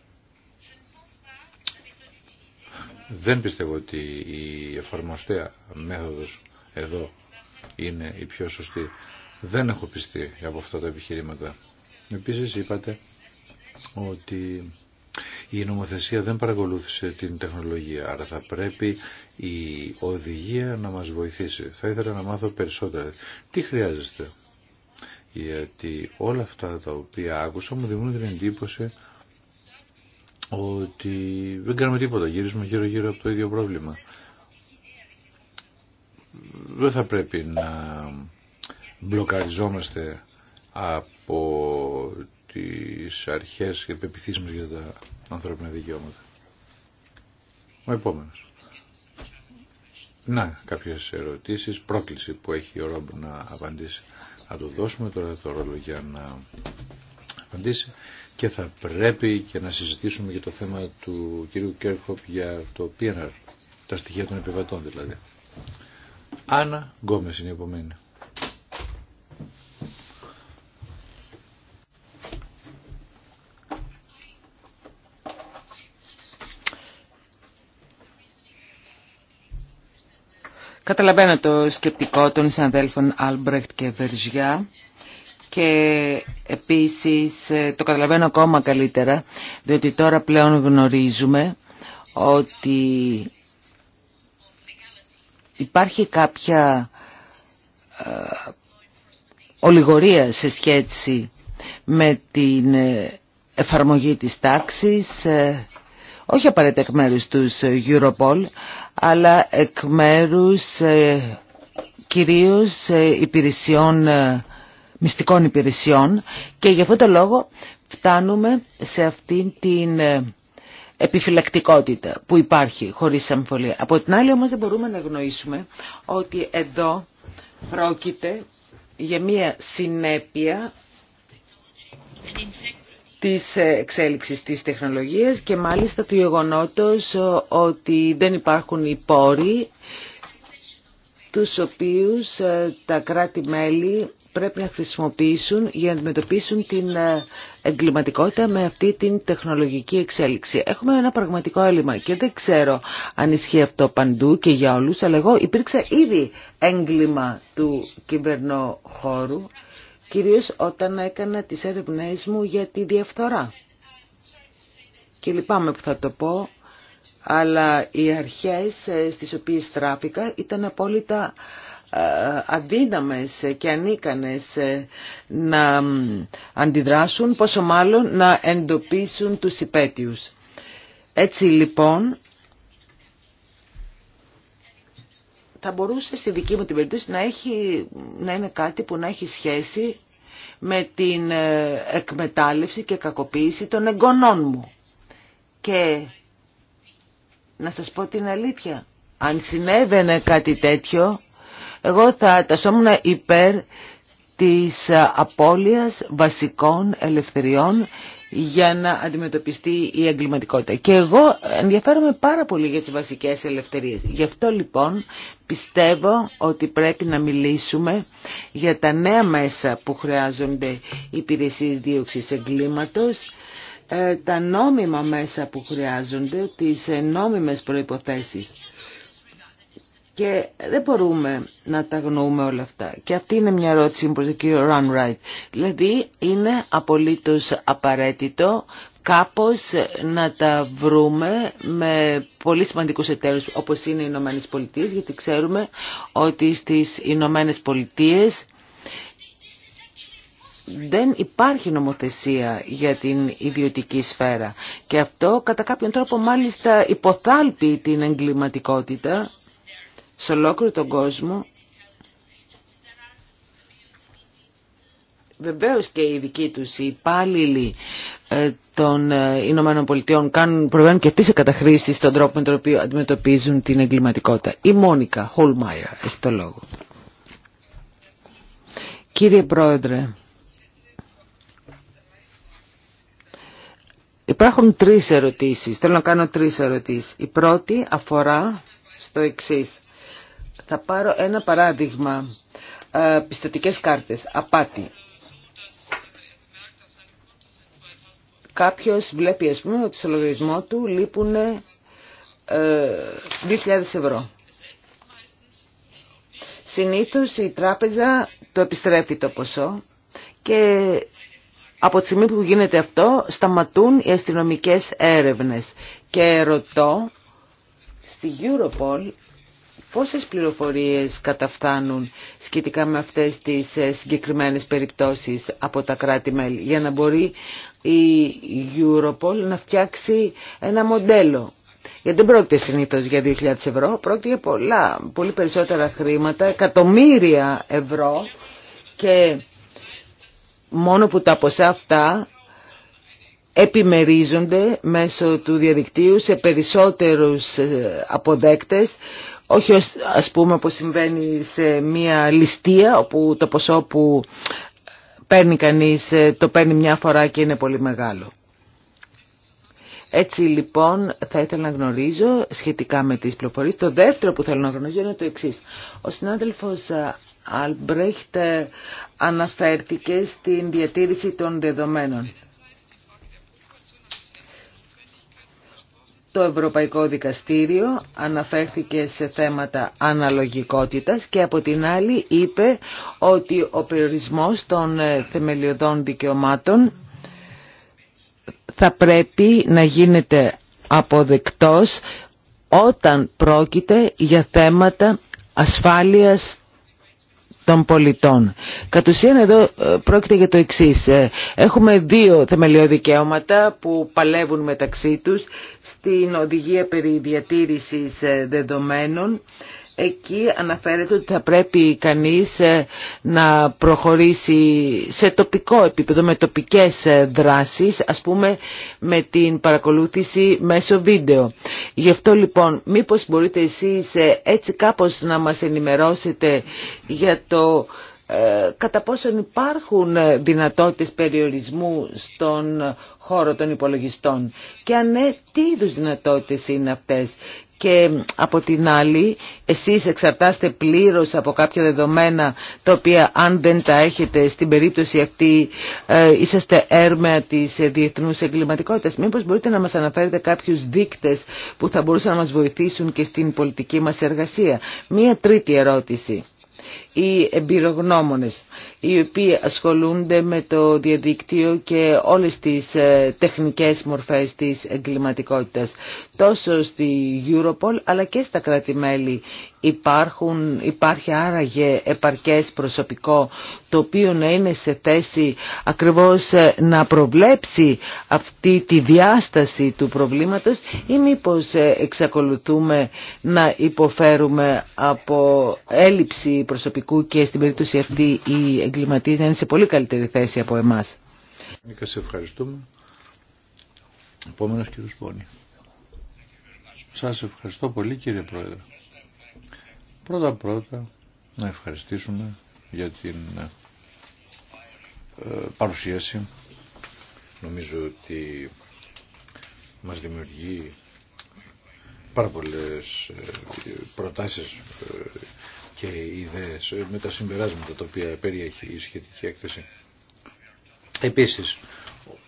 S2: Δεν πιστεύω ότι η εφαρμοστέα μέθοδος εδώ είναι η πιο σωστή. Δεν έχω πιστεί από αυτά τα επιχειρήματα. Επίσης είπατε ότι η νομοθεσία δεν παρακολούθησε την τεχνολογία, άρα θα πρέπει η οδηγία να μας βοηθήσει. Θα ήθελα να μάθω περισσότερα. Τι χρειάζεστε γιατί όλα αυτά τα οποία άκουσα μου δημιουργούν την εντύπωση ότι δεν κάνουμε τίποτα, γυρίζουμε γύρω γύρω από το ίδιο πρόβλημα. Δεν θα πρέπει να μπλοκαριζόμαστε από τις αρχές και πεπιθήσεις μας για τα ανθρώπινα δικαιώματα. Ο επόμενος. Να, κάποιες ερωτήσεις, πρόκληση που έχει ο Ρόμπ να απαντήσει. Θα του δώσουμε τώρα το ρόλο για να απαντήσει και θα πρέπει και να συζητήσουμε για το θέμα του κύριου Κέρκοπ για το PNR, τα στοιχεία των επιβατών δηλαδή. Άννα Γκόμες είναι η επομένη.
S4: Καταλαβαίνω το σκεπτικό των συναδέλφων Άλμπρεχτ και Βερζιά και επίσης ε, το καταλαβαίνω ακόμα καλύτερα διότι τώρα πλέον γνωρίζουμε ότι υπάρχει κάποια ε, ολιγορία σε σχέση με την ε, εφαρμογή της τάξης όχι απαραίτητα εκ μέρους τους ε, Europol, αλλά εκ μέρους ε, κυρίως ε, υπηρεσιών, ε, μυστικών υπηρεσιών και γι' αυτό τον λόγο φτάνουμε σε αυτήν την επιφυλακτικότητα που υπάρχει χωρίς αμφιβολία. Από την άλλη όμως δεν μπορούμε να γνωρίσουμε ότι εδώ πρόκειται για μία συνέπεια της εξέλιξης της τεχνολογίας και μάλιστα του γεγονότος ε, ότι δεν υπάρχουν οι πόροι τους οποίους ε, τα κράτη-μέλη πρέπει να χρησιμοποιήσουν για να αντιμετωπίσουν την ε, εγκληματικότητα με αυτή την τεχνολογική εξέλιξη. Έχουμε ένα πραγματικό έλλειμμα και δεν ξέρω αν ισχύει αυτό παντού και για όλους, αλλά εγώ υπήρξα ήδη έγκλημα του κυβερνό χώρου κυρίως όταν έκανα τις έρευνές μου για τη διαφθορά. Και λυπάμαι που θα το πω, αλλά οι αρχές ε, στις οποίες τράφηκα ήταν απόλυτα ε, αδύναμες και ανίκανες ε, να αντιδράσουν, πόσο μάλλον να εντοπίσουν τους υπέτειους. Έτσι λοιπόν θα μπορούσε στη δική μου την περίπτωση να, έχει, να είναι κάτι που να έχει σχέση με την ε, εκμετάλλευση και κακοποίηση των εγγονών μου. Και να σας πω την αλήθεια, αν συνέβαινε κάτι τέτοιο, εγώ θα τασόμουν υπέρ της ε, απώλειας βασικών ελευθεριών για να αντιμετωπιστεί η εγκληματικότητα. Και εγώ ενδιαφέρομαι πάρα πολύ για τις βασικές ελευθερίες. Γι' αυτό λοιπόν πιστεύω ότι πρέπει να μιλήσουμε για τα νέα μέσα που χρειάζονται οι υπηρεσίες δίωξης εγκλήματος, ε, τα νόμιμα μέσα που χρειάζονται, τις ε, νόμιμες προϋποθέσεις. Και δεν μπορούμε να τα γνωρούμε όλα αυτά. Και αυτή είναι μια ερώτηση προς τον κύριο Ράιτ. Δηλαδή είναι απολύτως απαραίτητο κάπως να τα βρούμε με πολύ σημαντικούς εταίρους όπως είναι οι Ηνωμένες Πολιτείες γιατί ξέρουμε ότι στις Ηνωμένε Πολιτείες δεν υπάρχει νομοθεσία για την ιδιωτική σφαίρα και αυτό κατά κάποιον τρόπο μάλιστα υποθάλπει την εγκληματικότητα σε ολόκληρο τον κόσμο Βεβαίως και οι δικοί τους οι υπάλληλοι ε, των ε, Ηνωμένων Πολιτειών κάνουν, προβαίνουν και αυτοί σε καταχρήσεις στον τρόπο με τον οποίο αντιμετωπίζουν την εγκληματικότητα. Η Μόνικα Χολμάια έχει το λόγο. Κύριε Πρόεδρε, υπάρχουν τρεις ερωτήσεις. Θέλω να κάνω τρεις ερωτήσεις. Η πρώτη αφορά στο εξής. Θα πάρω ένα παράδειγμα. Ε, πιστοτικές κάρτες, απάτη. Κάποιος βλέπει, ας πούμε, ότι στο λογαριασμό του λείπουν 2.000 ε, ευρώ. Συνήθως η τράπεζα το επιστρέφει το ποσό και από τη στιγμή που γίνεται αυτό σταματούν οι αστυνομικές έρευνες. Και ρωτώ στη Europol Πόσες πληροφορίες καταφτάνουν σχετικά με αυτές τις ε, συγκεκριμένες περιπτώσεις από τα κράτη-μέλη για να μπορεί η Europol να φτιάξει ένα μοντέλο. Γιατί δεν πρόκειται συνήθως για 2.000 ευρώ, πρόκειται για πολλά, πολύ περισσότερα χρήματα, εκατομμύρια ευρώ και μόνο που τα ποσά αυτά επιμερίζονται μέσω του διαδικτύου σε περισσότερους ε, αποδέκτες όχι ας πούμε που συμβαίνει σε μια ληστεία όπου το ποσό που ε, παίρνει κανείς ε, το παίρνει μια φορά και είναι πολύ μεγάλο. Έτσι λοιπόν θα ήθελα να γνωρίζω σχετικά με τις πληροφορίες. Το δεύτερο που θέλω να γνωρίζω είναι το εξής. Ο συνάδελφος Αλμπρέχτ ε, αναφέρθηκε στην διατήρηση των δεδομένων. το Ευρωπαϊκό Δικαστήριο αναφέρθηκε σε θέματα αναλογικότητας και από την άλλη είπε ότι ο περιορισμός των ε, θεμελιωδών δικαιωμάτων θα πρέπει να γίνεται αποδεκτός όταν πρόκειται για θέματα ασφάλειας των πολιτών. Κατ' ουσίαν εδώ ε, πρόκειται για το εξή. Ε, έχουμε δύο θεμελιώδη δικαιώματα που παλεύουν μεταξύ τους στην οδηγία περί διατήρησης ε, δεδομένων Εκεί αναφέρεται ότι θα πρέπει κανείς ε, να προχωρήσει σε τοπικό επίπεδο, με τοπικές ε, δράσεις, ας πούμε με την παρακολούθηση μέσω βίντεο. Γι' αυτό λοιπόν, μήπως μπορείτε εσείς ε, έτσι κάπως να μας ενημερώσετε για το κατά πόσον υπάρχουν δυνατότητες περιορισμού στον χώρο των υπολογιστών και αν ναι, τι είδους δυνατότητες είναι αυτές και από την άλλη εσείς εξαρτάστε πλήρως από κάποια δεδομένα τα οποία αν δεν τα έχετε στην περίπτωση αυτή ε, είσαστε έρμεα της διεθνούς εγκληματικότητας. Μήπως μπορείτε να μας αναφέρετε κάποιους δείκτες που θα μπορούσαν να μας βοηθήσουν και στην πολιτική μας εργασία. Μία τρίτη ερώτηση. Οι εμπειρογνώμονες οι οποίοι ασχολούνται με το διαδίκτυο και όλες τις ε, τεχνικές μορφές της εγκληματικότητας. Τόσο στη Europol αλλά και στα κράτη-μέλη υπάρχουν, υπάρχει άραγε επαρκές προσωπικό το οποίο να είναι σε θέση ακριβώς ε, να προβλέψει αυτή τη διάσταση του προβλήματος ή μήπως ε, εξακολουθούμε να υποφέρουμε από έλλειψη προσωπικού και στην περίπτωση αυτή η εγκληματίες να είναι σε πολύ καλύτερη θέση από εμάς.
S2: Νίκα, σε ευχαριστούμε. Επόμενος κύριος Πόνη. Σας ευχαριστώ πολύ κύριε Πρόεδρε. Πρώτα πρώτα να ευχαριστήσουμε για την ε, παρουσίαση. Νομίζω ότι μας δημιουργεί πάρα πολλές ε, προτάσεις ε, και ιδέες ε, με τα συμπεράσματα τα οποία περιέχει η σχετική έκθεση. Επίσης,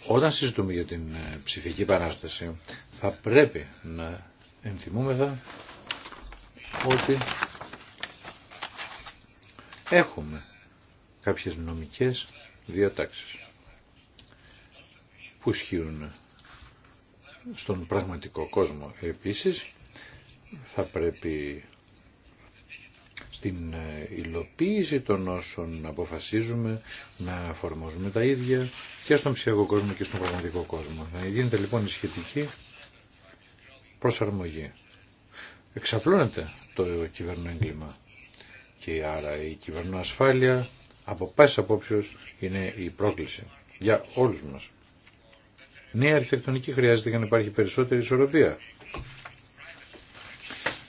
S2: όταν συζητούμε για την ε, ψηφική παράσταση θα πρέπει να ενθυμούμεθα ότι έχουμε κάποιες νομικές διατάξεις που ισχύουν στον πραγματικό κόσμο. Επίσης θα πρέπει την ε, υλοποίηση των όσων αποφασίζουμε να εφαρμόζουμε τα ίδια και στον ψηφιακό κόσμο και στον πραγματικό κόσμο. Να ε, γίνεται λοιπόν η σχετική προσαρμογή. Εξαπλώνεται το κυβερνό έγκλημα και άρα η κυβερνό ασφάλεια από πάση απόψεω είναι η πρόκληση για όλους μας. Νέα αρχιτεκτονική χρειάζεται για να υπάρχει περισσότερη ισορροπία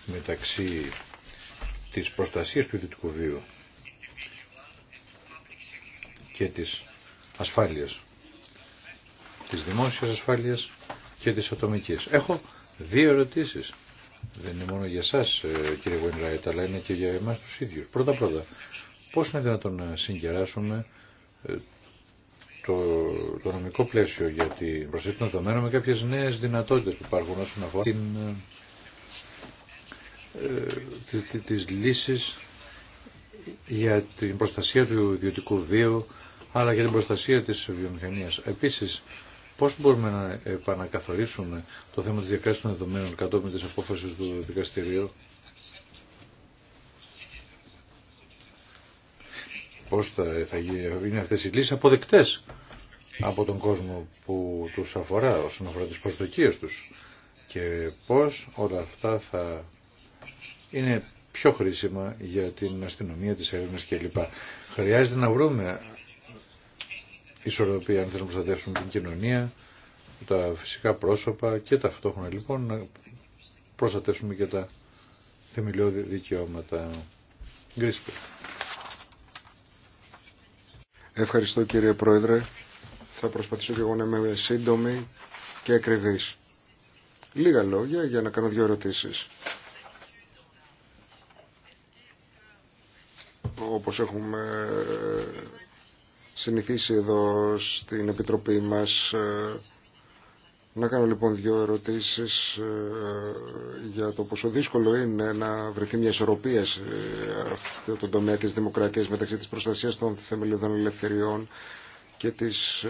S2: μεταξύ της προστασίας του ιδιωτικού βίου και της ασφάλειας, της δημόσιας ασφάλειας και της ατομικής. Έχω δύο ερωτήσεις. Δεν είναι μόνο για εσάς ε, κύριε Γουενράιτ, αλλά είναι και για εμάς τους ίδιους. Πρώτα πρώτα, πώς είναι δυνατόν να συγκεράσουμε ε, το, το νομικό πλαίσιο για την προσθέτηση των δεδομένων με κάποιες νέες δυνατότητες που υπάρχουν όσον αφορά την ε, ε, τις λύσεις για την προστασία του ιδιωτικού βίου αλλά και την προστασία της βιομηχανίας. Επίσης, πώς μπορούμε να επανακαθορίσουμε το θέμα της διακράσης των δεδομένων κατόπιν της απόφασης του δικαστηρίου. Πώς θα, θα είναι αυτές οι λύσεις αποδεκτές από τον κόσμο που τους αφορά όσον αφορά τις προσδοκίες τους και πώς όλα αυτά θα είναι πιο χρήσιμα για την αστυνομία της έρευνας κλπ. Χρειάζεται να βρούμε ισορροπία αν θέλουμε να προστατεύσουμε την κοινωνία, τα φυσικά πρόσωπα και ταυτόχρονα λοιπόν να προστατεύσουμε και τα θεμελιώδη δικαιώματα. Γκρίσπερ.
S3: Ευχαριστώ κύριε Πρόεδρε. Θα προσπαθήσω και εγώ να είμαι σύντομη και ακριβής. Λίγα λόγια για να κάνω δύο ερωτήσεις. όπως έχουμε ε, συνηθίσει εδώ στην Επιτροπή μας. Ε, να κάνω λοιπόν δύο ερωτήσεις ε, για το πόσο δύσκολο είναι να βρεθεί μια ισορροπία σε αυτό το τομέα της δημοκρατίας μεταξύ της προστασίας των θεμελιωδών ελευθεριών και της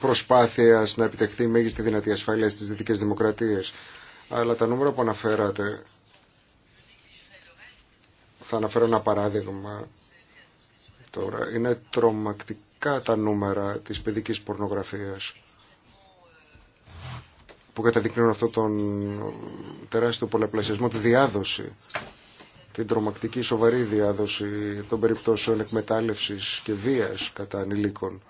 S3: προσπάθειας να επιτευχθεί η μέγιστη δυνατή ασφάλεια στις δυτικές δημοκρατίες. Αλλά τα νούμερα που αναφέρατε θα αναφέρω ένα παράδειγμα τώρα. Είναι τρομακτικά τα νούμερα της παιδικής πορνογραφίας που καταδεικνύουν αυτόν τον τεράστιο πολλαπλασιασμό, τη διάδοση, την τρομακτική σοβαρή διάδοση των περιπτώσεων εκμετάλλευσης και βίας κατά ανηλίκων.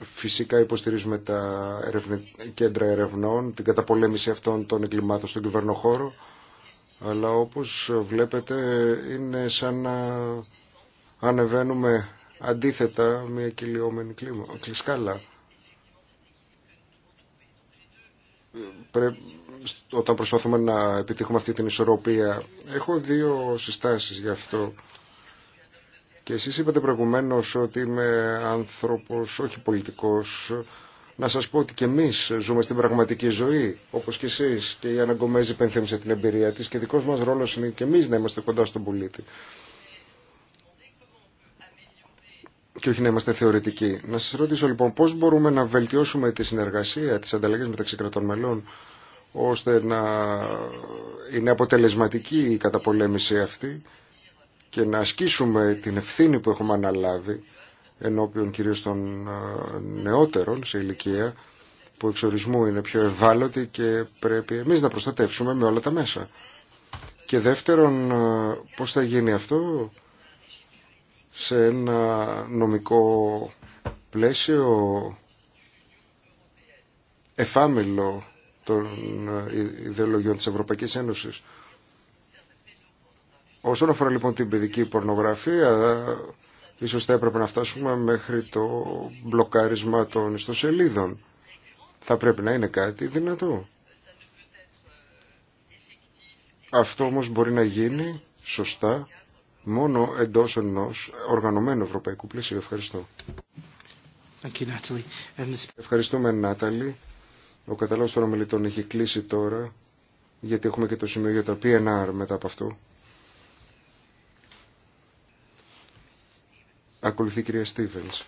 S3: Φυσικά υποστηρίζουμε τα κέντρα ερευνών, την καταπολέμηση αυτών των εγκλημάτων στον κυβερνοχώρο, αλλά όπως βλέπετε είναι σαν να ανεβαίνουμε αντίθετα μια κυλιόμενη κλίμα, κλισκάλα. Όταν προσπαθούμε να επιτύχουμε αυτή την ισορροπία, έχω δύο συστάσεις γι' αυτό. Και εσείς είπατε προηγουμένως ότι είμαι άνθρωπος, όχι πολιτικός. Να σας πω ότι και εμείς ζούμε στην πραγματική ζωή, όπως και εσείς. Και η Αναγκομέζη πένθεμισε την εμπειρία της και δικός μας ρόλος είναι και εμείς να είμαστε κοντά στον πολίτη. και όχι να είμαστε θεωρητικοί. Να σας ρωτήσω λοιπόν πώς μπορούμε να βελτιώσουμε τη συνεργασία, τις ανταλλαγές μεταξύ κρατών μελών, ώστε να είναι αποτελεσματική η καταπολέμηση αυτή και να ασκήσουμε την ευθύνη που έχουμε αναλάβει ενώπιον κυρίως των ε, νεότερων σε ηλικία που εξορισμού είναι πιο ευάλωτοι και πρέπει εμείς να προστατεύσουμε με όλα τα μέσα. Και δεύτερον, ε, πώς θα γίνει αυτό σε ένα νομικό πλαίσιο εφάμιλο των ε, ιδεολογιών της Ευρωπαϊκής Ένωσης. Όσον αφορά λοιπόν την παιδική πορνογραφία, ίσως θα έπρεπε να φτάσουμε μέχρι το μπλοκάρισμα των ιστοσελίδων. Θα πρέπει να είναι κάτι δυνατό. Αυτό όμως μπορεί να γίνει σωστά μόνο εντός ενός οργανωμένου ευρωπαϊκού πλαισίου. Ευχαριστώ. Ευχαριστούμε Νάταλη. Ο καταλόγος των ομιλητών έχει κλείσει τώρα γιατί έχουμε και το σημείο για το PNR μετά από αυτό. Ακολουθεί η κυρία Στίβενς.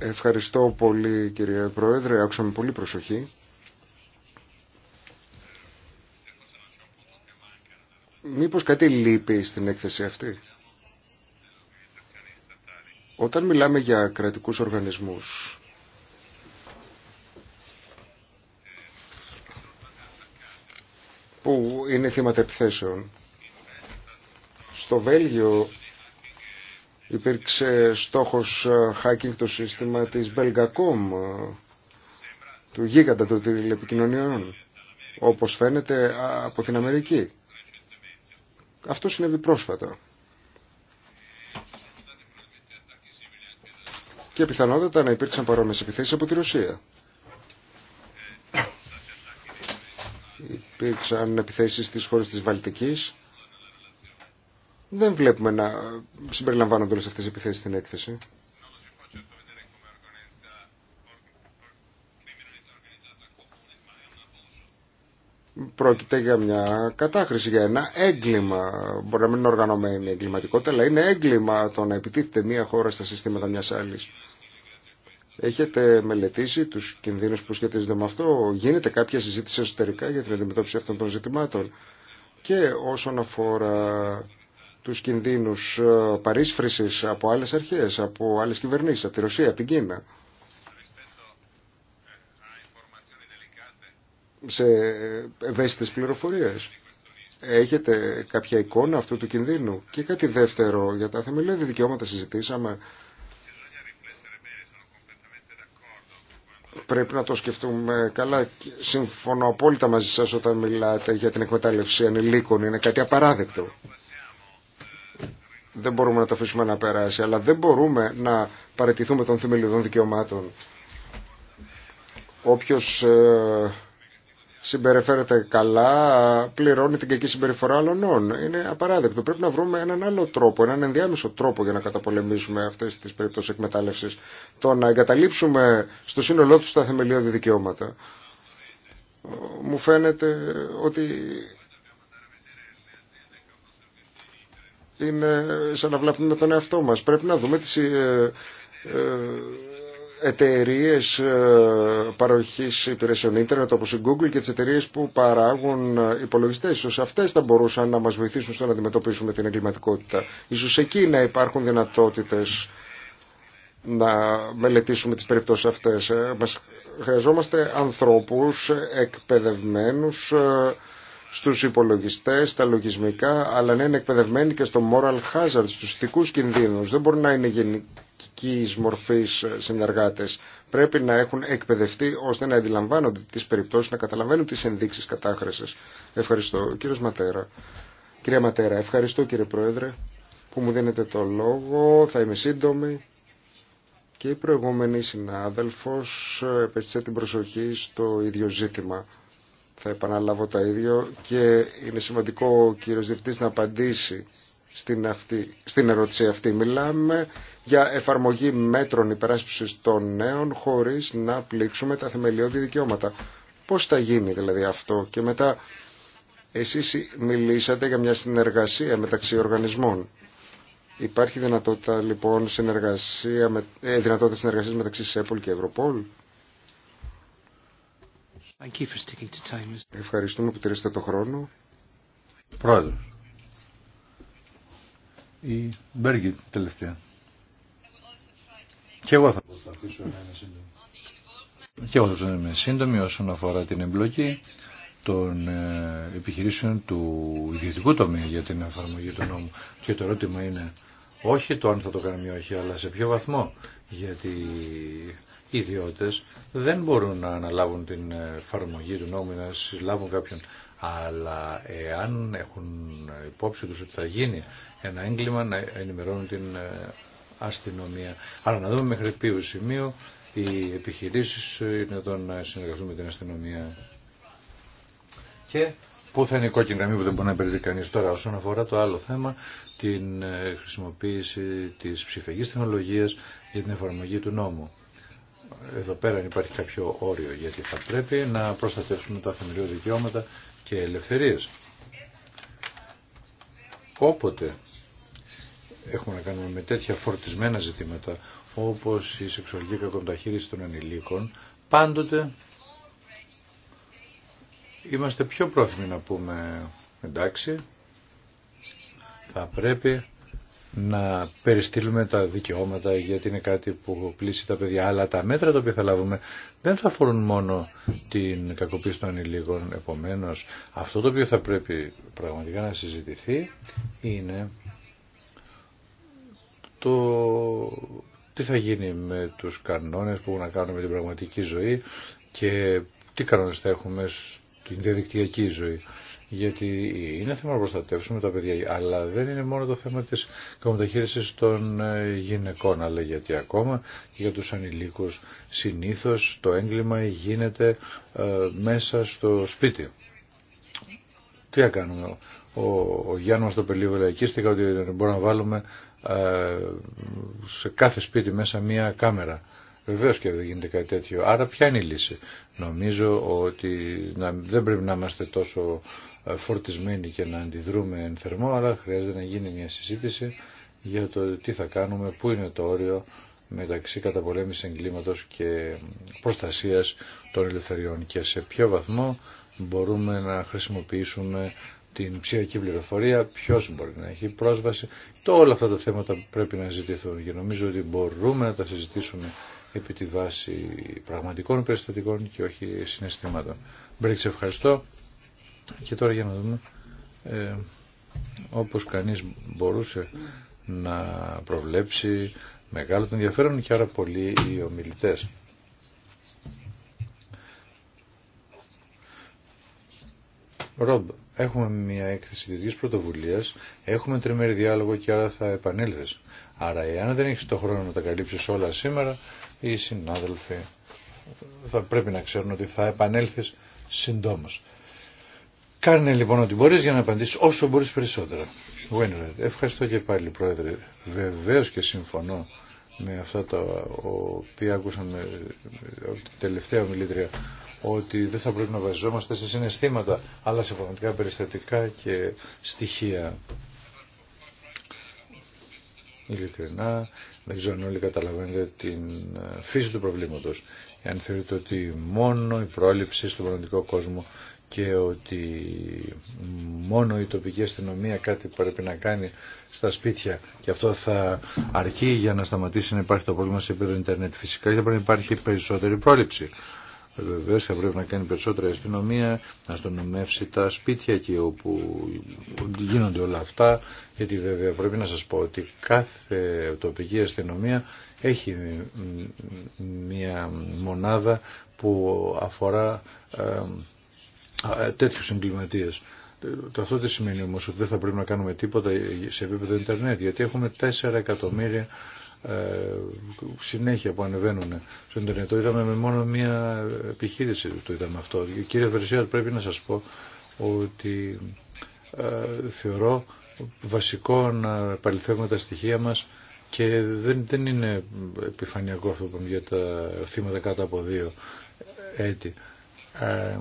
S3: Ευχαριστώ πολύ κυρία Πρόεδρε, άκουσα με πολύ προσοχή. Μήπως κάτι λείπει στην έκθεση αυτή. Όταν μιλάμε για κρατικούς οργανισμούς, που είναι θύματα επιθέσεων. Στο Βέλγιο υπήρξε στόχος ε, hacking το σύστημα της Belgacom, ε, του γίγαντα των τηλεπικοινωνιών, όπως φαίνεται από την Αμερική. Αυτό συνέβη πρόσφατα. Και πιθανότατα να υπήρξαν παρόμοιες επιθέσεις από τη Ρωσία. υπήρξαν επιθέσεις στις χώρες της Βαλτικής. Δεν βλέπουμε να συμπεριλαμβάνονται όλες αυτές τις επιθέσεις στην έκθεση. Πρόκειται για μια κατάχρηση, για ένα έγκλημα. Μπορεί να μην είναι οργανωμένη η εγκληματικότητα, αλλά είναι έγκλημα το να επιτίθεται μια χώρα στα συστήματα μιας άλλης. Έχετε μελετήσει τους κινδύνους που σχετίζονται με αυτό. Γίνεται κάποια συζήτηση εσωτερικά για την αντιμετώπιση αυτών των ζητημάτων. Και όσον αφορά τους κινδύνους ε, παρίσφρησης από άλλες αρχές, από άλλες κυβερνήσεις, από τη Ρωσία, από την Κίνα. σε ευαίσθητες πληροφορίες. Έχετε κάποια εικόνα αυτού του κινδύνου. Και κάτι δεύτερο για τα θεμελιώδη δικαιώματα συζητήσαμε πρέπει να το σκεφτούμε καλά. Συμφωνώ απόλυτα μαζί σας όταν μιλάτε για την εκμετάλλευση ανηλίκων. Είναι κάτι απαράδεκτο. Δεν μπορούμε να το αφήσουμε να περάσει, αλλά δεν μπορούμε να παραιτηθούμε των θεμελιωδών δικαιωμάτων. Όποιος ε, συμπεριφέρεται καλά, πληρώνει την κακή συμπεριφορά άλλων. Είναι απαράδεκτο. Πρέπει να βρούμε έναν άλλο τρόπο, έναν ενδιάμεσο τρόπο για να καταπολεμήσουμε αυτέ τι περιπτώσει εκμετάλλευση. Το να εγκαταλείψουμε στο σύνολό του τα θεμελιώδη δικαιώματα. Μου φαίνεται ότι είναι σαν να βλάπτουμε τον εαυτό μας. Πρέπει να δούμε τις, ε, ε, εταιρείε ε, παροχή υπηρεσιών ίντερνετ όπω η Google και τι εταιρείε που παράγουν ε, υπολογιστέ. σω αυτέ θα μπορούσαν να μα βοηθήσουν στο να αντιμετωπίσουμε την εγκληματικότητα. Ίσως εκεί να υπάρχουν δυνατότητε να μελετήσουμε τι περιπτώσει αυτέ. Ε, χρειαζόμαστε ανθρώπου εκπαιδευμένου στους υπολογιστές, στα λογισμικά, αλλά να είναι εκπαιδευμένοι και στο moral hazard, στους ηθικούς κινδύνους. Δεν μπορεί να είναι κλασικής μορφής ε, συνεργάτες Πρέπει να έχουν εκπαιδευτεί ώστε να αντιλαμβάνονται τις περιπτώσεις να καταλαβαίνουν τις ενδείξεις κατάχρησης. Ευχαριστώ. κύριος Ματέρα. Κυρία Ματέρα, ευχαριστώ κύριε Πρόεδρε που μου δίνετε το λόγο. Θα είμαι σύντομη. Και η προηγούμενη συνάδελφος ε, επέστησε την προσοχή στο ίδιο ζήτημα. Θα επαναλάβω τα ίδιο και είναι σημαντικό ο κύριος Διευθυντής να απαντήσει στην, αυτή, στην ερώτηση αυτή. Μιλάμε για εφαρμογή μέτρων υπεράσπισης των νέων χωρίς να πλήξουμε τα θεμελιώδη δικαιώματα. Πώς θα γίνει δηλαδή αυτό και μετά εσείς μιλήσατε για μια συνεργασία μεταξύ οργανισμών. Υπάρχει δυνατότητα λοιπόν συνεργασία, με, ε, δυνατότητα συνεργασίας μεταξύ ΣΕΠΟΛ και Ευρωπόλ. Ευχαριστούμε που τηρήσατε το χρόνο. Πρόεδρος
S2: η Μπέργκη τελευταία. Και εγώ θα προσπαθήσω να είμαι σύντομη. Και εγώ θα είμαι σύντομη όσον αφορά την εμπλοκή των ε, επιχειρήσεων του ιδιωτικού τομέα για την εφαρμογή του νόμου. Και το ερώτημα είναι όχι το αν θα το κάνουμε ή όχι, αλλά σε ποιο βαθμό. Γιατί οι ιδιώτες δεν μπορούν να αναλάβουν την εφαρμογή του νόμου να συλλάβουν κάποιον αλλά εάν έχουν υπόψη τους ότι θα γίνει ένα έγκλημα να ενημερώνουν την ε, αστυνομία. Άρα να δούμε μέχρι ποιο σημείο οι επιχειρήσεις ε, είναι εδώ να συνεργαστούν με την αστυνομία. Και πού θα είναι η κόκκινη γραμμή που δεν μπορεί να περιβεί κανείς τώρα όσον αφορά το άλλο θέμα, την ε, χρησιμοποίηση της ψηφιακής τεχνολογίας για την εφαρμογή του νόμου. Εδώ πέρα υπάρχει κάποιο όριο γιατί θα πρέπει να προστατεύσουμε τα θεμελιώδη δικαιώματα και ελευθερίες. Όποτε έχουμε να κάνουμε με τέτοια φορτισμένα ζητήματα όπως η σεξουαλική κακομεταχείριση των ανηλίκων, πάντοτε είμαστε πιο πρόθυμοι να πούμε εντάξει, θα πρέπει να περιστύλουμε τα δικαιώματα γιατί είναι κάτι που πλήσει τα παιδιά. Αλλά τα μέτρα τα οποία θα λάβουμε δεν θα αφορούν μόνο την κακοποίηση των ανηλίκων. Επομένως, αυτό το οποίο θα πρέπει πραγματικά να συζητηθεί είναι το τι θα γίνει με τους κανόνες που έχουν να κάνουν με την πραγματική ζωή και τι κανόνες θα έχουμε στην διαδικτυακή ζωή γιατί είναι θέμα να προστατεύσουμε τα παιδιά, αλλά δεν είναι μόνο το θέμα της κομμεταχείριση των ε, γυναικών, αλλά γιατί ακόμα και για τους ανηλίκους συνήθως το έγκλημα γίνεται ε, μέσα στο σπίτι. Τι να κάνουμε, ο, ο Γιάννη μας το πελίγο λαϊκίστηκα ότι μπορούμε να βάλουμε ε, σε κάθε σπίτι μέσα μία κάμερα. Βεβαίω και δεν γίνεται κάτι τέτοιο. Άρα ποια είναι η λύση. Νομίζω ότι δεν πρέπει να είμαστε τόσο φορτισμένοι και να αντιδρούμε εν θερμό, αλλά χρειάζεται να γίνει μια συζήτηση για το τι θα κάνουμε, πού είναι το όριο μεταξύ καταπολέμησης εγκλήματος και προστασίας των ελευθεριών και σε ποιο βαθμό μπορούμε να χρησιμοποιήσουμε την ψηφιακή πληροφορία, ποιο μπορεί να έχει πρόσβαση. Το όλα αυτά τα θέματα πρέπει να ζητηθούν και νομίζω ότι μπορούμε να τα συζητήσουμε επί τη βάση πραγματικών περιστατικών και όχι συναισθημάτων. Μπρίξ, ευχαριστώ. Και τώρα για να δούμε, ε, όπως κανείς μπορούσε να προβλέψει μεγάλο τον ενδιαφέρον και άρα πολλοί οι ομιλητές. Ρομπ, έχουμε μια έκθεση της πρωτοβουλίας, έχουμε τριμερή διάλογο και άρα θα επανέλθεις. Άρα εάν δεν έχεις το χρόνο να τα καλύψεις όλα σήμερα, οι συνάδελφοι θα πρέπει να ξέρουν ότι θα επανέλθεις συντόμως. Κάνε λοιπόν ό,τι μπορεί για να απαντήσει όσο μπορεί περισσότερα. Ευχαριστώ και πάλι Πρόεδρε. Βεβαίω και συμφωνώ με αυτά τα οποία ακούσαμε τελευταία ομιλήτρια ότι δεν θα πρέπει να βασιζόμαστε σε συναισθήματα αλλά σε πραγματικά περιστατικά και στοιχεία. Ειλικρινά, δεν ξέρω αν όλοι καταλαβαίνετε την φύση του προβλήματος. Εάν θεωρείτε ότι μόνο η πρόληψη στον πραγματικό κόσμο και ότι μόνο η τοπική αστυνομία κάτι πρέπει να κάνει στα σπίτια και αυτό θα αρκεί για να σταματήσει να υπάρχει το πρόβλημα σε επίπεδο Ιντερνετ. Φυσικά θα πρέπει να υπάρχει περισσότερη πρόληψη. Βεβαίω θα πρέπει να κάνει περισσότερη αστυνομία, να αστυνομεύσει τα σπίτια εκεί όπου γίνονται όλα αυτά. Γιατί βέβαια πρέπει να σα πω ότι κάθε τοπική αστυνομία έχει μια μονάδα που αφορά ε, ε, Τέτοιου εγκληματίε. Ε, το αυτό τι σημαίνει όμω ότι δεν θα πρέπει να κάνουμε τίποτα σε επίπεδο ίντερνετ γιατί έχουμε 4 εκατομμύρια ε, συνέχεια που ανεβαίνουν στο ίντερνετ. Το είδαμε με μόνο μία επιχείρηση το είδαμε αυτό. Κύριε Βερσιάρ πρέπει να σα πω ότι ε, θεωρώ βασικό να παληθεύουμε τα στοιχεία μας και δεν, δεν είναι επιφανειακό αυτό που για τα θύματα κάτω από δύο έτη. Ε,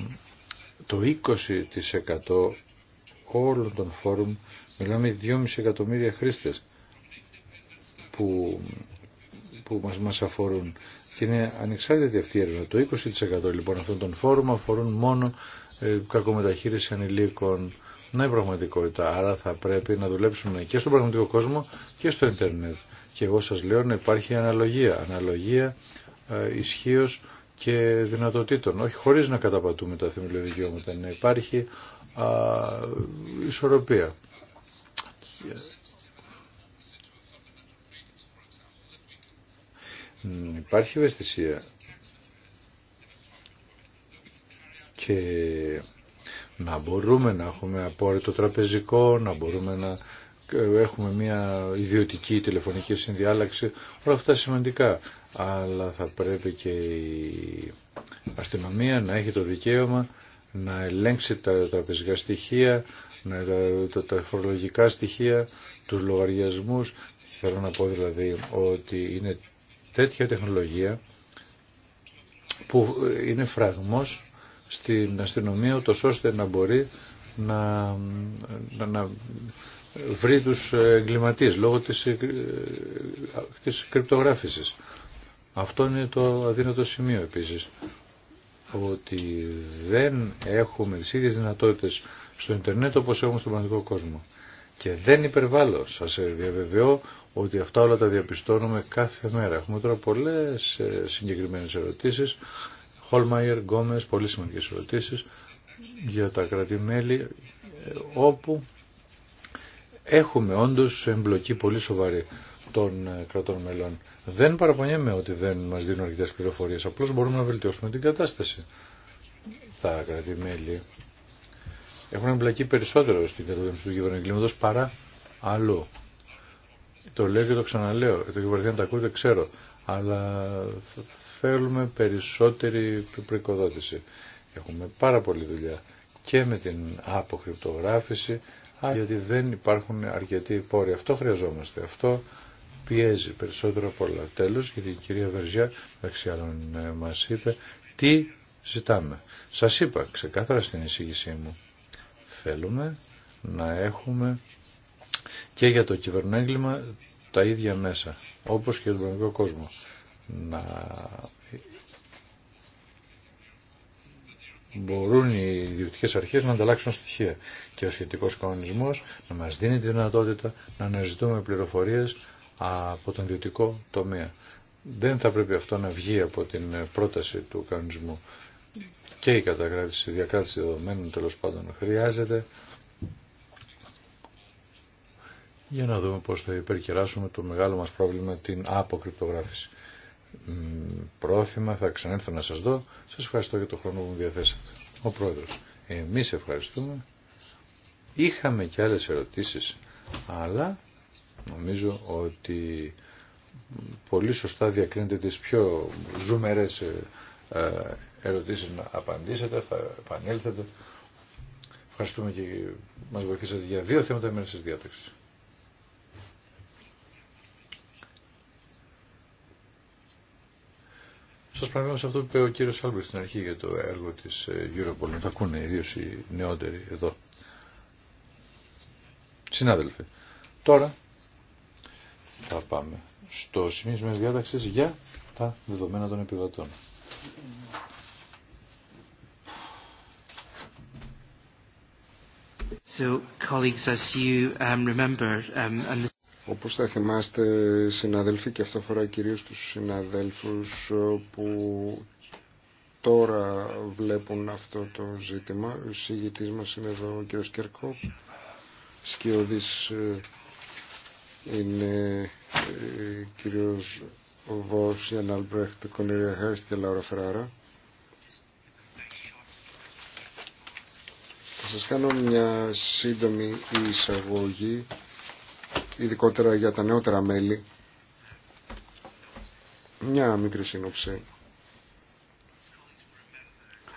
S2: το 20% όλων των φόρουμ, μιλάμε 2,5 εκατομμύρια χρήστες που, που μας, μας αφορούν. Και είναι ανεξάρτητη αυτή η έρευνα. Το 20% λοιπόν αυτών των φόρουμ αφορούν μόνο ε, κακομεταχείριση ανηλίκων. Να η πραγματικότητα. Άρα θα πρέπει να δουλέψουμε και στον πραγματικό κόσμο και στο ίντερνετ. Και εγώ σας λέω να υπάρχει αναλογία. Αναλογία ε, ισχύω και δυνατοτήτων, όχι χωρίς να καταπατούμε τα θεμελιώδη δικαιώματα, να υπάρχει ισορροπία. Υπάρχει ευαισθησία και να μπορούμε να έχουμε απόρριτο τραπεζικό, να μπορούμε να έχουμε μια ιδιωτική τηλεφωνική συνδιάλαξη, όλα αυτά σημαντικά. Αλλά θα πρέπει και η αστυνομία να έχει το δικαίωμα να ελέγξει τα τραπεζικά στοιχεία, να, τα, τα, φορολογικά στοιχεία, τους λογαριασμούς. Θέλω να πω δηλαδή ότι είναι τέτοια τεχνολογία που είναι φραγμός στην αστυνομία ούτως ώστε να μπορεί να, να, να βρει τους εγκληματίες λόγω της, ε, της κρυπτογράφησης. Αυτό είναι το αδύνατο σημείο επίσης. Ότι δεν έχουμε τις ίδιες δυνατότητες στο Ιντερνετ όπως έχουμε στον πραγματικό κόσμο. Και δεν υπερβάλλω. Σας διαβεβαιώ ότι αυτά όλα τα διαπιστώνουμε κάθε μέρα. Έχουμε τώρα πολλές ε, συγκεκριμένες ερωτήσεις. Χολμάιερ, Γκόμες, πολύ σημαντικές ερωτήσεις για τα κρατημέλη ε, όπου έχουμε όντως εμπλοκή πολύ σοβαρή των ε, κρατών μελών. Δεν παραπονιέμαι ότι δεν μας δίνουν αρκετές πληροφορίες, απλώς μπορούμε να βελτιώσουμε την κατάσταση. Τα κρατημέλη έχουν εμπλακεί περισσότερο στην κατάσταση του κυβερνοεγκλήματος παρά αλλού. Το λέω και το ξαναλέω, το κυβερνητικό τα ακούτε, ξέρω, αλλά θέλουμε περισσότερη προοικοδότηση. Έχουμε πάρα πολλή δουλειά και με την αποκρυπτογράφηση, γιατί δεν υπάρχουν αρκετοί πόροι. Αυτό χρειαζόμαστε. Αυτό πιέζει περισσότερο από όλα. Τέλος, γιατί η κυρία Βερζιά, μεταξύ άλλων, ε, μας είπε τι ζητάμε. Σας είπα ξεκάθαρα στην εισήγησή μου. Θέλουμε να έχουμε και για το κυβερνέγκλημα τα ίδια μέσα, όπως και τον πραγματικό κόσμο. Να μπορούν οι ιδιωτικέ αρχέ να ανταλλάξουν στοιχεία. Και ο σχετικό κανονισμό να μα δίνει τη δυνατότητα να αναζητούμε πληροφορίε από τον ιδιωτικό τομέα. Δεν θα πρέπει αυτό να βγει από την πρόταση του κανονισμού. Και η καταγράφηση, η διακράτηση δεδομένων τέλο πάντων χρειάζεται για να δούμε πώς θα υπερκεράσουμε το μεγάλο μας πρόβλημα την αποκρυπτογράφηση πρόθυμα θα ξανέλθω να σας δω. Σας ευχαριστώ για το χρόνο που μου διαθέσατε. Ο Πρόεδρος, εμείς ευχαριστούμε. Είχαμε και άλλες ερωτήσεις, αλλά νομίζω ότι πολύ σωστά διακρίνεται τις πιο ζουμερές ε, ε, ερωτήσεις να απαντήσετε, θα επανέλθετε. Ευχαριστούμε και μας βοηθήσατε για δύο θέματα μέσα στις διάταξεις Σας παρακαλώ σε αυτό που είπε ο κύριος Άλμπερτ στην αρχή για το έργο της ε, Europol. Να τα ακούνε ιδίως οι νεότεροι εδώ. Συνάδελφοι, τώρα θα πάμε στο σημείο της διάταξης για τα δεδομένα των επιβατών.
S1: Um,
S3: um, όπως θα θυμάστε συναδελφοί και αυτό φορά κυρίως τους συναδέλφους που τώρα βλέπουν αυτό το ζήτημα. Ο συγητής μας είναι εδώ ο κ. Κέρκο. Σκιώδης ε, είναι ε, κύριος Βος, Ιαν Αλμπρέχτ, Κονίρια Χέρστ και Λάουρα Φεράρα. Θα σας κάνω μια σύντομη εισαγωγή ειδικότερα για τα νεότερα μέλη. Μια μικρή σύνοψη.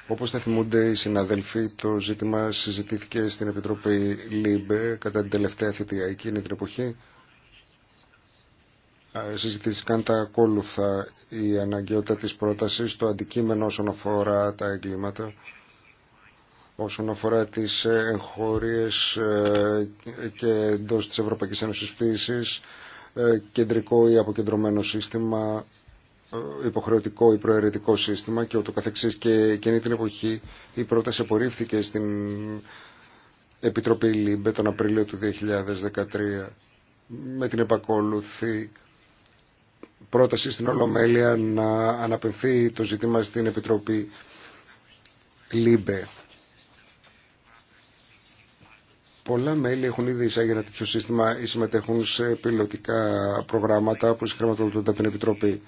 S3: Όπως θα θυμούνται οι συναδελφοί, το ζήτημα συζητήθηκε στην Επιτροπή ΛΥΜΠΕ κατά την τελευταία θητεία εκείνη την εποχή. Συζητήθηκαν τα ακόλουθα η αναγκαιότητα της πρότασης, το αντικείμενο όσον αφορά τα εγκλήματα όσον αφορά τις ε, εγχώριες ε, και εντό της Ευρωπαϊκής Ένωσης πτήσης, ε, κεντρικό ή αποκεντρωμένο σύστημα, υποχρεωτικό ή καθεξής. Και εκείνη την εποχή η πρόταση απορρίφθηκε στην Επιτροπή ΛΥΜΠΕ τον Απρίλιο του 2013 με την επακόλουθη πρόταση στην Ολομέλεια να αναπαινθεί το ζήτημα στην Επιτροπή ΛΥΜΠΕ Πολλά μέλη έχουν ήδη εισάγει ένα τέτοιο σύστημα ή συμμετέχουν σε πιλωτικά προγράμματα που συγχρηματοδοτούνται από την Επιτροπή.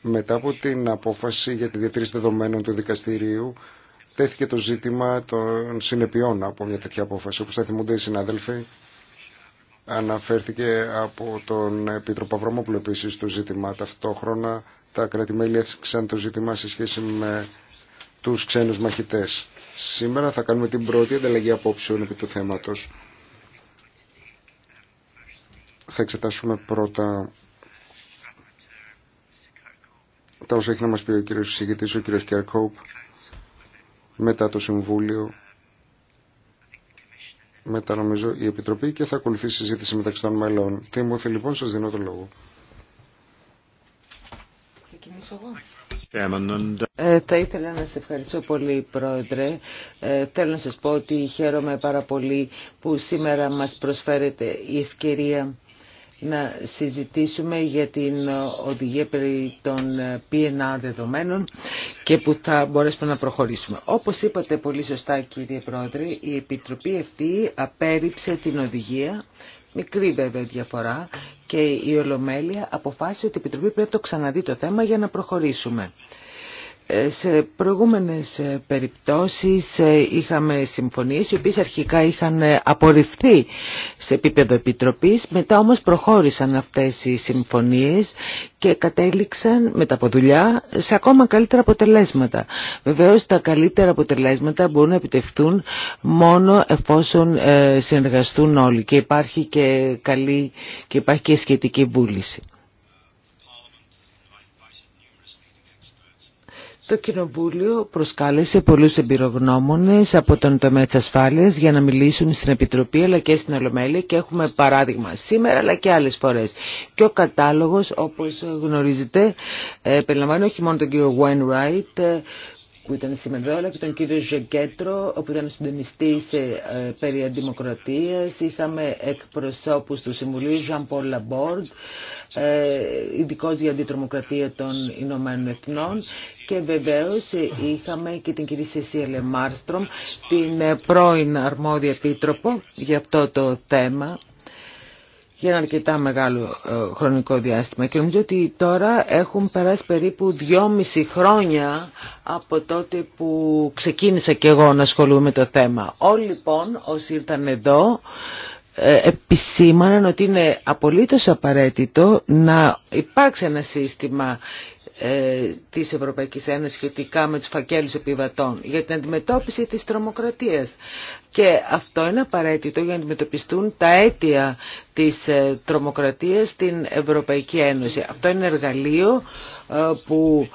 S3: Μετά από την απόφαση για τη διατήρηση δεδομένων του δικαστηρίου, τέθηκε το ζήτημα των συνεπειών από μια τέτοια απόφαση. Όπως θα θυμούνται οι συνάδελφοι, αναφέρθηκε από τον Επίτροπο Αβραμόπουλο επίση το ζήτημα. Ταυτόχρονα τα κράτη-μέλη έθιξαν το ζήτημα σε σχέση με τους ξένους μαχητές. Σήμερα θα κάνουμε την πρώτη ανταλλαγή απόψεων επί του θέματος. Θα εξετάσουμε πρώτα τα όσα έχει να μας πει ο κύριος Συγητής, ο κύριος Κέρκοπ, μετά το Συμβούλιο, μετά νομίζω η Επιτροπή και θα ακολουθήσει συζήτηση μεταξύ των μελών. Τίμωθη λοιπόν σας δίνω το λόγο.
S4: Ξεκινήσω εγώ.
S3: Uh,
S4: ε, θα ήθελα να σε ευχαριστώ πολύ Πρόεδρε. Ε, θέλω να σας πω ότι χαίρομαι πάρα πολύ που σήμερα μας προσφέρεται η ευκαιρία να συζητήσουμε για την οδηγία περί των PNR δεδομένων και που θα μπορέσουμε να προχωρήσουμε. Όπως είπατε πολύ σωστά κύριε Πρόεδρε, η Επιτροπή αυτή απέριψε την οδηγία Μικρή βέβαια διαφορά και η Ολομέλεια αποφάσισε ότι η Επιτροπή πρέπει να το ξαναδεί το θέμα για να προχωρήσουμε. Σε προηγούμενες ε, περιπτώσεις ε, είχαμε συμφωνίες οι οποίες αρχικά είχαν ε, απορριφθεί σε επίπεδο επιτροπής μετά όμως προχώρησαν αυτές οι συμφωνίες και κατέληξαν μετά από δουλειά σε ακόμα καλύτερα αποτελέσματα. Βεβαίως τα καλύτερα αποτελέσματα μπορούν να επιτευχθούν μόνο εφόσον συνεργαστούν όλοι και υπάρχει και καλή και υπάρχει και σχετική βούληση. Το Κοινοβούλιο προσκάλεσε πολλούς εμπειρογνώμονες από τον τομέα της ασφάλειας για να μιλήσουν στην Επιτροπή αλλά και στην Ολομέλεια και έχουμε παράδειγμα σήμερα αλλά και άλλες φορές. Και ο κατάλογος όπως γνωρίζετε ε, περιλαμβάνει όχι μόνο τον κύριο Wainwright που ήταν σήμερα και τον κύριο Ζεκέτρο που ήταν συντονιστή ε, περί αντιμοκρατία. Είχαμε εκπροσώπους του Συμβουλίου Ζαν Πολ Λαμπόρντ, ε, ειδικό για αντιτρομοκρατία των Ηνωμένων Εθνών και βεβαίω ε, είχαμε και την κυρία Σεσίλε Μάρστρομ, την ε, πρώην αρμόδια επίτροπο για αυτό το θέμα για ένα αρκετά μεγάλο ε, χρονικό διάστημα και νομίζω ότι τώρα έχουν περάσει περίπου δυόμιση χρόνια από τότε που ξεκίνησα και εγώ να ασχολούμαι με το θέμα. Όλοι λοιπόν όσοι ήρθαν εδώ ε, επισήμαναν ότι είναι απολύτως απαραίτητο να υπάρξει ένα σύστημα ε, της Ευρωπαϊκής Ένωσης σχετικά με τους φακέλους επιβατών για την αντιμετώπιση της τρομοκρατίας. Και αυτό είναι απαραίτητο για να αντιμετωπιστούν τα αίτια της ε, τρομοκρατίας στην Ευρωπαϊκή Ένωση. Αυτό είναι εργαλείο ε, που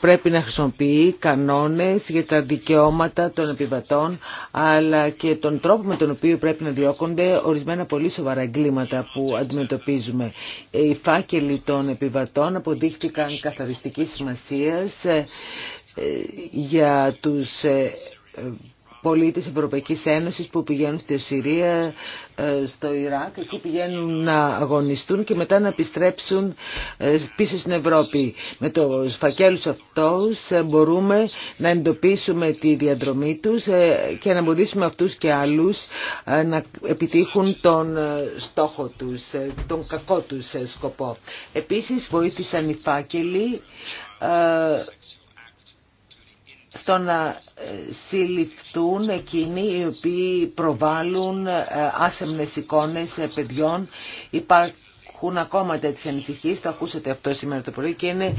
S4: πρέπει να χρησιμοποιεί κανόνες για τα δικαιώματα των επιβατών αλλά και τον τρόπο με τον οποίο πρέπει να διώκονται ορισμένα πολύ σοβαρά εγκλήματα που αντιμετωπίζουμε. Οι φάκελοι των επιβατών αποδείχτηκαν καθοριστικής σημασίας ε, ε, για τους ε, πολίτες Ευρωπαϊκής Ένωσης που πηγαίνουν στη Συρία, ε, στο Ιράκ, εκεί πηγαίνουν να αγωνιστούν και μετά να επιστρέψουν ε, πίσω στην Ευρώπη. Με το φακέλους αυτούς ε, μπορούμε να εντοπίσουμε τη διαδρομή τους και να εμποδίσουμε αυτούς και άλλους να επιτύχουν τον στόχο τους, τον κακό τους σκοπό. Επίσης βοήθησαν οι φάκελοι στο να ε, συλληφθούν εκείνοι οι οποίοι προβάλλουν ε, άσεμνες εικόνες ε, παιδιών. Υπάρχουν ακόμα τέτοιες ανησυχίες, το ακούσατε αυτό σήμερα το πρωί και είναι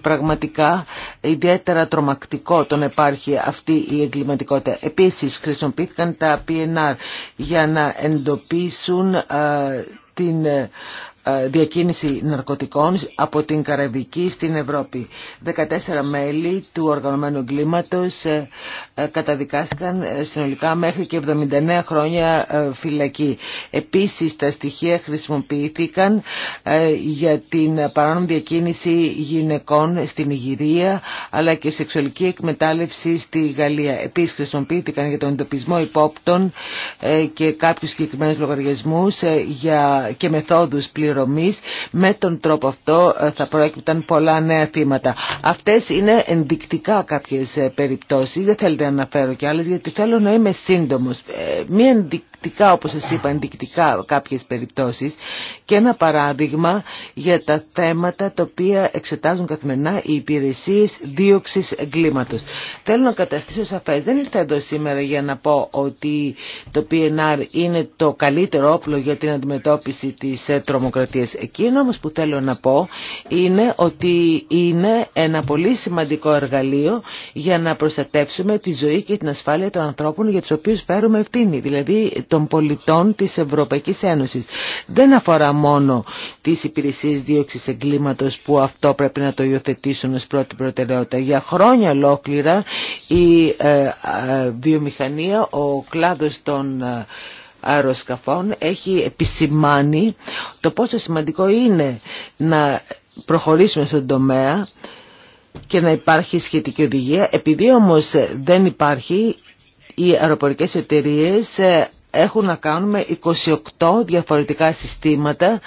S4: πραγματικά ιδιαίτερα τρομακτικό το να υπάρχει αυτή η εγκληματικότητα. Επίσης χρησιμοποιήθηκαν τα PNR για να εντοπίσουν την ε, διακίνηση ναρκωτικών από την Καραβική στην Ευρώπη. 14 μέλη του οργανωμένου εγκλήματος ε, ε, καταδικάστηκαν συνολικά μέχρι και 79 χρόνια φυλακή. Επίσης τα στοιχεία χρησιμοποιήθηκαν για την παράνομη διακίνηση γυναικών στην Ιγυρία αλλά και σεξουαλική εκμετάλλευση στη Γαλλία. Επίσης χρησιμοποιήθηκαν για τον εντοπισμό υπόπτων και κάποιους συγκεκριμένους λογαριασμούς και μεθόδους πληρωμής. Με τον τρόπο αυτό ε, θα προέκυπταν πολλά νέα θύματα. Αυτές είναι ενδεικτικά κάποιες ε, περιπτώσεις. Δεν θέλετε να αναφέρω κι άλλες γιατί θέλω να είμαι σύντομος. Ε, Μη ενδεικτική ενδεικτικά, όπως σας είπα, ενδεικτικά κάποιες περιπτώσεις και ένα παράδειγμα για τα θέματα τα οποία εξετάζουν καθημερινά οι υπηρεσίες δίωξη εγκλήματος. Θέλω να καταστήσω σαφές, δεν ήρθα εδώ σήμερα για να πω ότι το PNR είναι το καλύτερο όπλο για την αντιμετώπιση της ε, τρομοκρατίας. Εκείνο όμως που θέλω να πω είναι ότι είναι ένα πολύ σημαντικό εργαλείο για να προστατεύσουμε τη ζωή και την ασφάλεια των ανθρώπων για τους οποίους φέρουμε ευθύνη, δηλαδή των πολιτών της Ευρωπαϊκής Ένωσης. Δεν αφορά μόνο τις υπηρεσίες δίωξης εγκλήματος που αυτό πρέπει να το υιοθετήσουν ως πρώτη προτεραιότητα. Για χρόνια ολόκληρα η ε, ε, βιομηχανία, ο κλάδος των ε, αεροσκαφών έχει επισημάνει το πόσο σημαντικό είναι να προχωρήσουμε στον τομέα και να υπάρχει σχετική οδηγία. Επειδή όμως δεν υπάρχει, οι αεροπορικές εταιρείες έχουν να κάνουν με 28 διαφορετικά συστήματα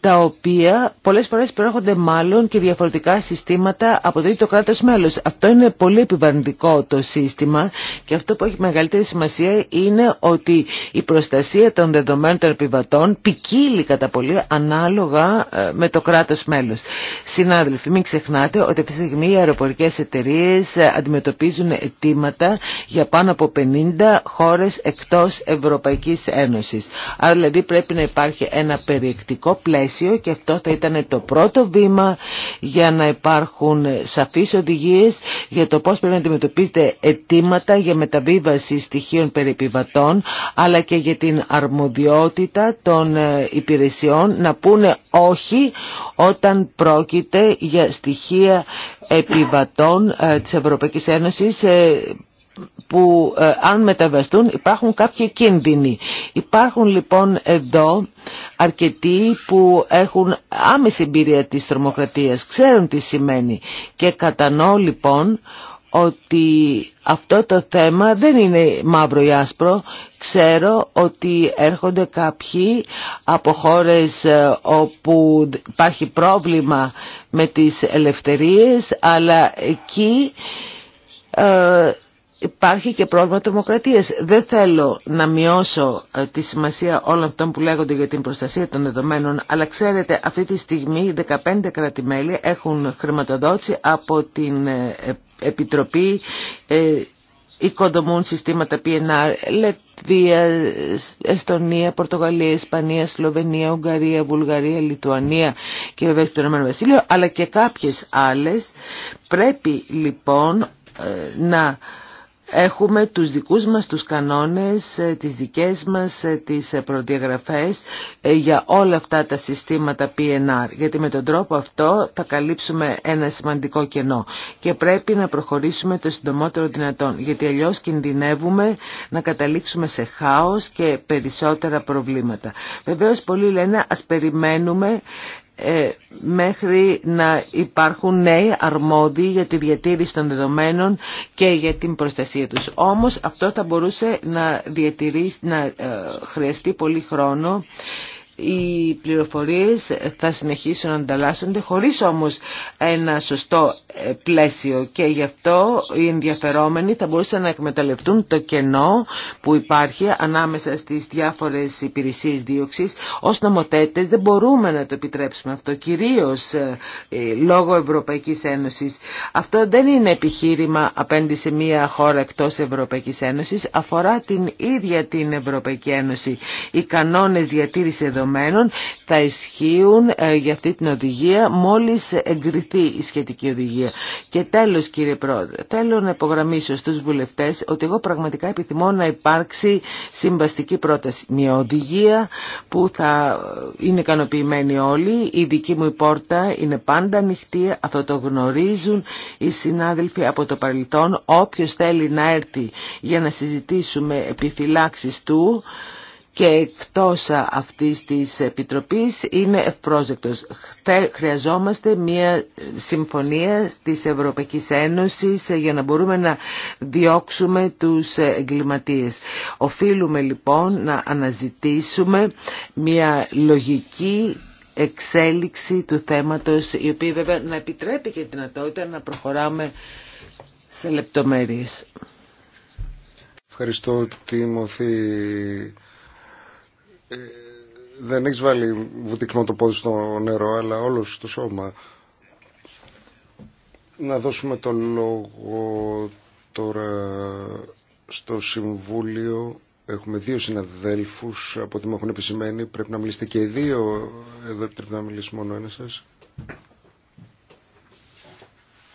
S4: τα οποία πολλές φορές προέρχονται μάλλον και διαφορετικά συστήματα από το ίδιο κράτος μέλος. Αυτό είναι πολύ επιβαρυντικό το σύστημα και αυτό που έχει μεγαλύτερη σημασία είναι ότι η προστασία των δεδομένων των επιβατών ποικίλει κατά πολύ ανάλογα ε, με το κράτος μέλος. Συνάδελφοι, μην ξεχνάτε ότι αυτή τη στιγμή οι αεροπορικές εταιρείες ε, αντιμετωπίζουν αιτήματα για πάνω από 50 χώρες εκτός Ευρωπαϊκής Ένωσης. Άρα δηλαδή πρέπει να υπάρχει ένα περιεκτικό πλαίσιο και αυτό θα ήταν το πρώτο βήμα για να υπάρχουν σαφείς οδηγίες για το πώς πρέπει να αντιμετωπίζετε αιτήματα για μεταβίβαση στοιχείων επιβατών αλλά και για την αρμοδιότητα των ε, υπηρεσιών να πούνε όχι όταν πρόκειται για στοιχεία επιβατών ε, της Ευρωπαϊκής Ένωσης ε, που ε, αν μεταβαστούν υπάρχουν κάποιοι κίνδυνοι. Υπάρχουν λοιπόν εδώ αρκετοί που έχουν άμεση εμπειρία της τρομοκρατίας, ξέρουν τι σημαίνει και κατανοώ λοιπόν ότι αυτό το θέμα δεν είναι μαύρο ή άσπρο. Ξέρω ότι έρχονται κάποιοι από χώρες ε, όπου υπάρχει πρόβλημα με τις ελευθερίες, αλλά εκεί ε, υπάρχει και πρόβλημα τρομοκρατίας. Δεν θέλω να μειώσω ε, τη σημασία όλων αυτών που λέγονται για την προστασία των δεδομένων, αλλά ξέρετε αυτή τη στιγμή 15 κρατημέλη έχουν χρηματοδότηση από την ε, Επιτροπή ε, οικοδομούν συστήματα PNR, Λετβία, Εστονία, Πορτογαλία, Ισπανία, Σλοβενία, Ουγγαρία, Βουλγαρία, Λιτουανία και βέβαια το Ηνωμένο Βασίλειο, αλλά και κάποιες άλλες. Πρέπει λοιπόν να έχουμε τους δικούς μας τους κανόνες, ε, τις δικές μας ε, τις ε, προδιαγραφές για όλα αυτά τα συστήματα PNR, γιατί με τον τρόπο αυτό θα καλύψουμε ένα σημαντικό κενό και πρέπει να προχωρήσουμε το συντομότερο δυνατόν, γιατί αλλιώς κινδυνεύουμε να καταλήξουμε σε χάος και περισσότερα προβλήματα. Βεβαίως πολλοί λένε ας περιμένουμε ε, μέχρι να υπάρχουν νέοι αρμόδιοι για τη διατήρηση των δεδομένων και για την προστασία τους. Όμως αυτό θα μπορούσε να, να ε, χρειαστεί πολύ χρόνο οι πληροφορίες θα συνεχίσουν να ανταλλάσσονται χωρίς όμως ένα σωστό ε, πλαίσιο και γι' αυτό οι ενδιαφερόμενοι θα μπορούσαν να εκμεταλλευτούν το κενό που υπάρχει ανάμεσα στις διάφορες υπηρεσίες δίωξης. Ως νομοθέτες δεν μπορούμε να το επιτρέψουμε αυτό, κυρίως ε, ε, λόγω Ευρωπαϊκής Ένωσης. Αυτό δεν είναι επιχείρημα απέναντι σε μια χώρα εκτός Ευρωπαϊκής Ένωσης, αφορά την ίδια την Ευρωπαϊκή Ένωση. Οι κανόνες διατήρηση δεδομένων θα ισχύουν ε, για αυτή την οδηγία μόλις εγκριθεί η σχετική οδηγία. Και τέλος κύριε Πρόεδρε, θέλω να υπογραμμίσω στους βουλευτές ότι εγώ πραγματικά επιθυμώ να υπάρξει συμβαστική πρόταση. Μια οδηγία που θα ε, είναι ικανοποιημένη όλοι, η δική μου πόρτα είναι πάντα ανοιχτή, αυτό το γνωρίζουν οι συνάδελφοι από το παρελθόν, Όποιο θέλει να έρθει για να συζητήσουμε επιφυλάξεις του, και εκτός αυτής της Επιτροπής είναι ευπρόζεκτος. Χρειαζόμαστε μια συμφωνία της Ευρωπαϊκής Ένωσης για να μπορούμε να διώξουμε τους εγκληματίες. Οφείλουμε λοιπόν να αναζητήσουμε μια λογική εξέλιξη του θέματος η οποία βέβαια να επιτρέπει και τη δυνατότητα να προχωράμε σε λεπτομέρειες.
S3: Ευχαριστώ Τίμωθη ε, δεν έχει βάλει βουτυκνό το πόδι στο νερό, αλλά όλο στο σώμα. Να δώσουμε το λόγο τώρα στο Συμβούλιο. Έχουμε δύο συναδέλφους από ό,τι μου έχουν επισημαίνει. Πρέπει να μιλήσετε και οι δύο. Εδώ πρέπει να μιλήσει μόνο ένα σας.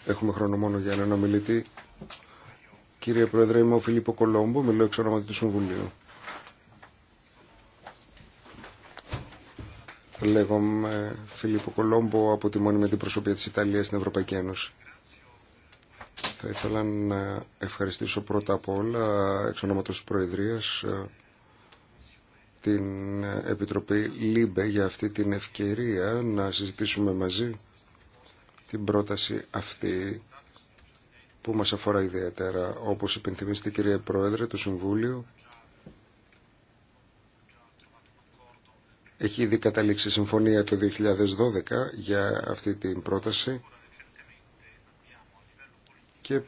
S3: Έχουμε χρόνο μόνο για έναν ομιλητή. Κύριε Πρόεδρε, είμαι ο Φιλίππο Κολόμπο, μιλώ εξ ονόματι του Συμβουλίου. Λέγομαι Φιλίππο Κολόμπο από τη μόνιμη αντιπροσωπεία της Ιταλίας στην Ευρωπαϊκή Ένωση. Θα ήθελα να ευχαριστήσω πρώτα απ' όλα εξ ονόματος της Προεδρίας την Επιτροπή ΛΥΜΠΕ για αυτή την ευκαιρία να συζητήσουμε μαζί την πρόταση αυτή που μας αφορά ιδιαίτερα. Όπως η κυρία Πρόεδρε, το Συμβούλιο Έχει ήδη καταλήξει συμφωνία το 2012 για αυτή την πρόταση και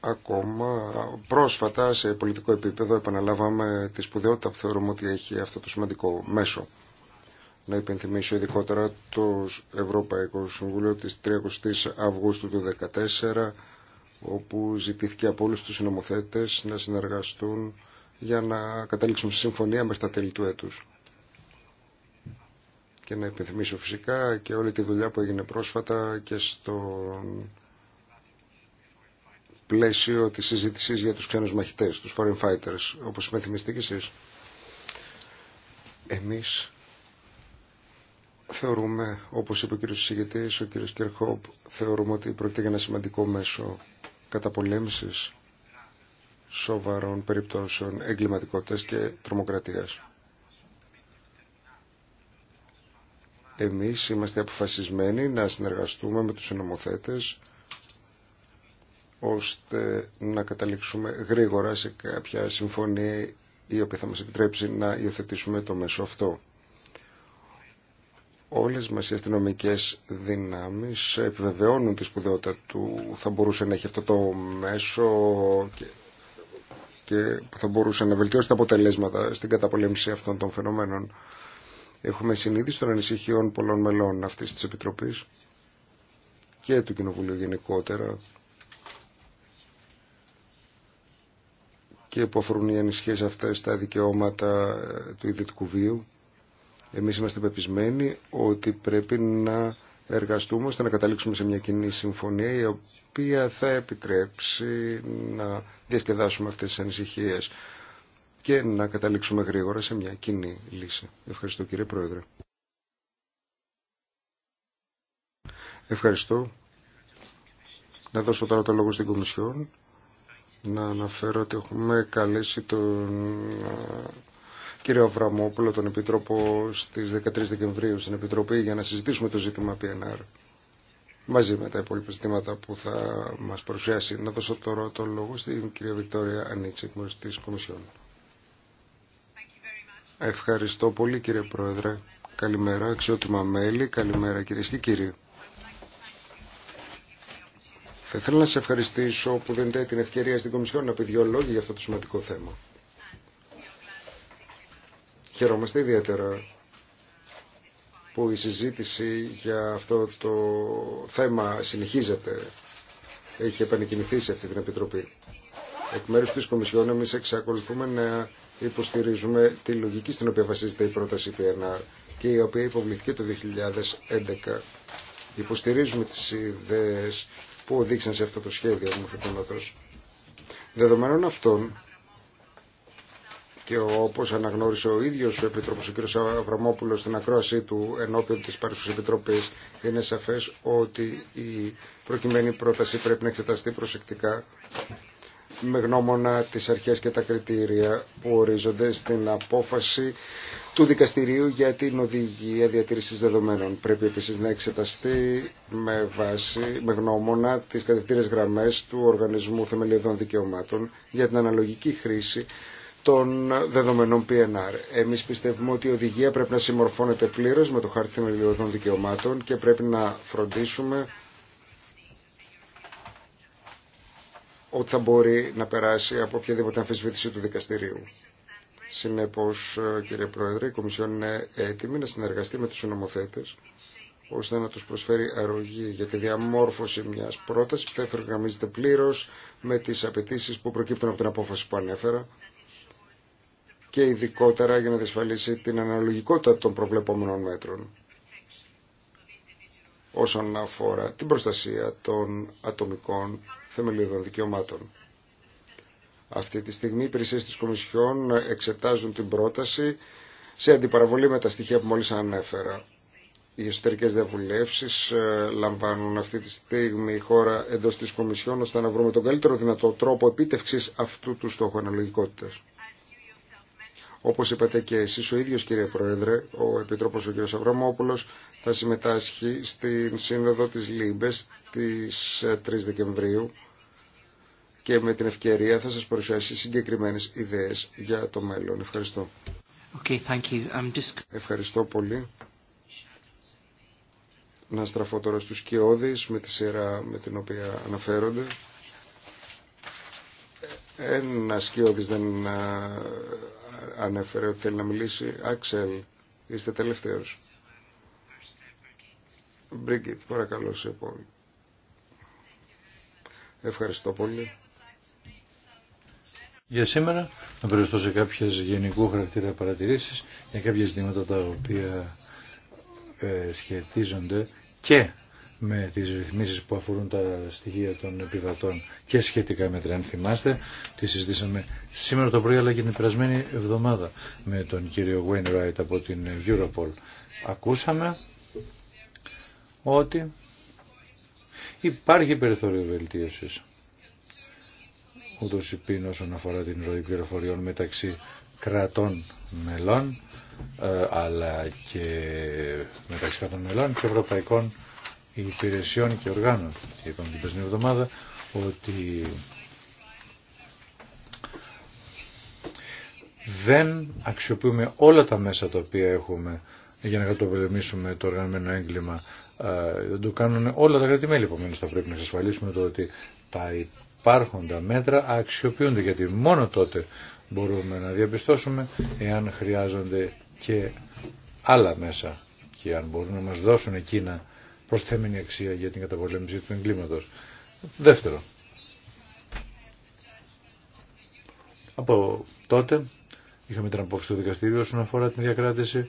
S3: ακόμα πρόσφατα σε πολιτικό επίπεδο επαναλάβαμε τη σπουδαιότητα που θεωρούμε ότι έχει αυτό το σημαντικό μέσο. Να υπενθυμίσω ειδικότερα το Ευρωπαϊκό Συμβούλιο της 30ης Αυγούστου του 2014 όπου ζητήθηκε από όλους τους συνομοθέτες να συνεργαστούν για να καταλήξουν συμφωνία μέχρι τα τέλη του έτους και να επιθυμήσω φυσικά και όλη τη δουλειά που έγινε πρόσφατα και στο πλαίσιο της συζήτησης για τους ξένους μαχητές, τους foreign fighters, όπως υπενθυμιστεί και εσείς. Εμείς θεωρούμε, όπως είπε ο κύριος συζητητής, ο κύριος Κερχόπ, θεωρούμε ότι πρόκειται για ένα σημαντικό μέσο καταπολέμησης σοβαρών περιπτώσεων εγκληματικότητας και τρομοκρατίας. Εμείς είμαστε αποφασισμένοι να συνεργαστούμε με τους νομοθέτες ώστε να καταλήξουμε γρήγορα σε κάποια συμφωνία η οποία θα μας επιτρέψει να υιοθετήσουμε το μέσο αυτό. Όλες μας οι αστυνομικέ δυνάμεις επιβεβαιώνουν τη σπουδαιότητα του θα μπορούσε να έχει αυτό το μέσο και, και θα μπορούσε να βελτιώσει τα αποτελέσματα στην καταπολέμηση αυτών των φαινομένων. Έχουμε συνείδηση των ανησυχιών πολλών μελών αυτής της Επιτροπής και του Κοινοβουλίου γενικότερα και που αφορούν οι ανησυχίες αυτές τα δικαιώματα ε, του ιδιωτικού βίου. Εμείς είμαστε πεπισμένοι ότι πρέπει να εργαστούμε ώστε να καταλήξουμε σε μια κοινή συμφωνία η οποία θα επιτρέψει να διασκεδάσουμε αυτές τις ανησυχίες και να καταλήξουμε γρήγορα σε μια κοινή λύση. Ευχαριστώ κύριε Πρόεδρε. Ευχαριστώ. Να δώσω τώρα το λόγο στην Κομισιόν. Να αναφέρω ότι έχουμε καλέσει τον ε, κύριο Αβραμόπουλο, τον Επίτροπο, στις 13 Δεκεμβρίου στην Επιτροπή για να συζητήσουμε το ζήτημα PNR μαζί με τα υπόλοιπα ζητήματα που θα μας παρουσιάσει. Να δώσω τώρα το λόγο στην κυρία Βικτόρια Ανίτση, Κομισιόν. Ευχαριστώ πολύ κύριε Πρόεδρε. Καλημέρα αξιότιμα μέλη, καλημέρα κύριε και κύριοι. Θα ήθελα να σε ευχαριστήσω που δίνετε την ευκαιρία στην Κομισιόν να πει δύο λόγια για αυτό το σημαντικό θέμα. Χαιρόμαστε ιδιαίτερα που η συζήτηση για αυτό το θέμα συνεχίζεται. Έχει επανεκκινηθεί σε αυτή την Επιτροπή. Εκ μέρους της Κομισιόν εμείς εξακολουθούμε να υποστηρίζουμε τη λογική στην οποία βασίζεται η πρόταση PNR και η οποία υποβληθήκε το 2011. Υποστηρίζουμε τις ιδέες που οδήγησαν σε αυτό το σχέδιο νομοθετήματος. Δεδομένων αυτών και όπως αναγνώρισε ο ίδιος ο Επιτρόπος ο κ. Αβραμόπουλος στην ακρόασή του ενώπιον της παρουσίας Επιτροπής είναι σαφές ότι η προκειμένη πρόταση πρέπει να εξεταστεί προσεκτικά με γνώμονα τις αρχές και τα κριτήρια που ορίζονται στην απόφαση του δικαστηρίου για την οδηγία διατήρησης δεδομένων. Πρέπει επίσης να εξεταστεί με, βάση, με γνώμονα τις κατευθύνες γραμμές του Οργανισμού Θεμελιωδών Δικαιωμάτων για την αναλογική χρήση των δεδομένων PNR. Εμείς πιστεύουμε ότι η οδηγία πρέπει να συμμορφώνεται πλήρως με το χάρτη θεμελιωδών δικαιωμάτων και πρέπει να φροντίσουμε ότι θα μπορεί να περάσει από οποιαδήποτε αμφισβήτηση του δικαστηρίου. Συνέπω, κύριε Πρόεδρε, η Κομισιόν είναι έτοιμη να συνεργαστεί με του νομοθέτες ώστε να τους προσφέρει αρρωγή για τη διαμόρφωση μιας πρότασης που θα εφεργαμίζεται πλήρως με τις απαιτήσει που προκύπτουν από την απόφαση που ανέφερα και ειδικότερα για να διασφαλίσει την αναλογικότητα των προβλεπόμενων μέτρων όσον αφορά την προστασία των ατομικών θεμελιωδών δικαιωμάτων. Αυτή τη στιγμή οι υπηρεσίε της Κομισιόν εξετάζουν την πρόταση σε αντιπαραβολή με τα στοιχεία που μόλις ανέφερα. Οι εσωτερικές διαβουλεύσεις ε, λαμβάνουν αυτή τη στιγμή η χώρα εντός της Κομισιόν ώστε να βρούμε τον καλύτερο δυνατό τρόπο επιτεύξης αυτού του στόχου αναλογικότητας. Όπως είπατε και εσείς ο ίδιος κύριε Πρόεδρε, ο Επιτρόπος ο κ θα συμμετάσχει στην σύνοδο της Λίμπες της 3 ε, Δεκεμβρίου και με την ευκαιρία θα σας παρουσιάσει συγκεκριμένες ιδέες για το μέλλον. Ευχαριστώ. Okay, thank you. I'm um, Ευχαριστώ πολύ. Να στραφώ τώρα στους Κιώδης με τη σειρά με την οποία αναφέρονται. Ένα Κιώδης δεν ε, ανέφερε ότι θέλει να μιλήσει. Άξελ, είστε τελευταίος. Μπρίγκιτ, παρακαλώ σε επόμενη. Ευχαριστώ πολύ.
S2: Για σήμερα να περιοριστώ σε κάποιες γενικού χαρακτήρα παρατηρήσεις για κάποια ζητήματα τα οποία ε, σχετίζονται και με τις ρυθμίσεις που αφορούν τα στοιχεία των επιβατών και σχετικά με αν θυμάστε, τη συζητήσαμε σήμερα το πρωί αλλά και την περασμένη εβδομάδα με τον κύριο Wainwright από την Europol. Ακούσαμε ότι υπάρχει περιθώριο βελτίωσης ούτως υπήν όσον αφορά την ροή πληροφοριών μεταξύ κρατών μελών ε, αλλά και μεταξύ κρατών μελών και ευρωπαϊκών υπηρεσιών και οργάνων. Είπαμε την πρώτη εβδομάδα ότι δεν αξιοποιούμε όλα τα μέσα τα οποία έχουμε για να κατοπολεμήσουμε το οργανωμένο έγκλημα ε, δεν το κάνουν όλα τα κρατημέλη μελη Επομένως θα πρέπει να εξασφαλίσουμε το ότι τα υπάρχοντα μέτρα αξιοποιούνται γιατί μόνο τότε μπορούμε να διαπιστώσουμε εάν χρειάζονται και άλλα μέσα και αν μπορούν να μας δώσουν εκείνα προσθέμενη αξία για την καταπολέμηση του εγκλήματος. Δεύτερο, από τότε είχαμε την απόφαση του δικαστηρίου όσον αφορά την διακράτηση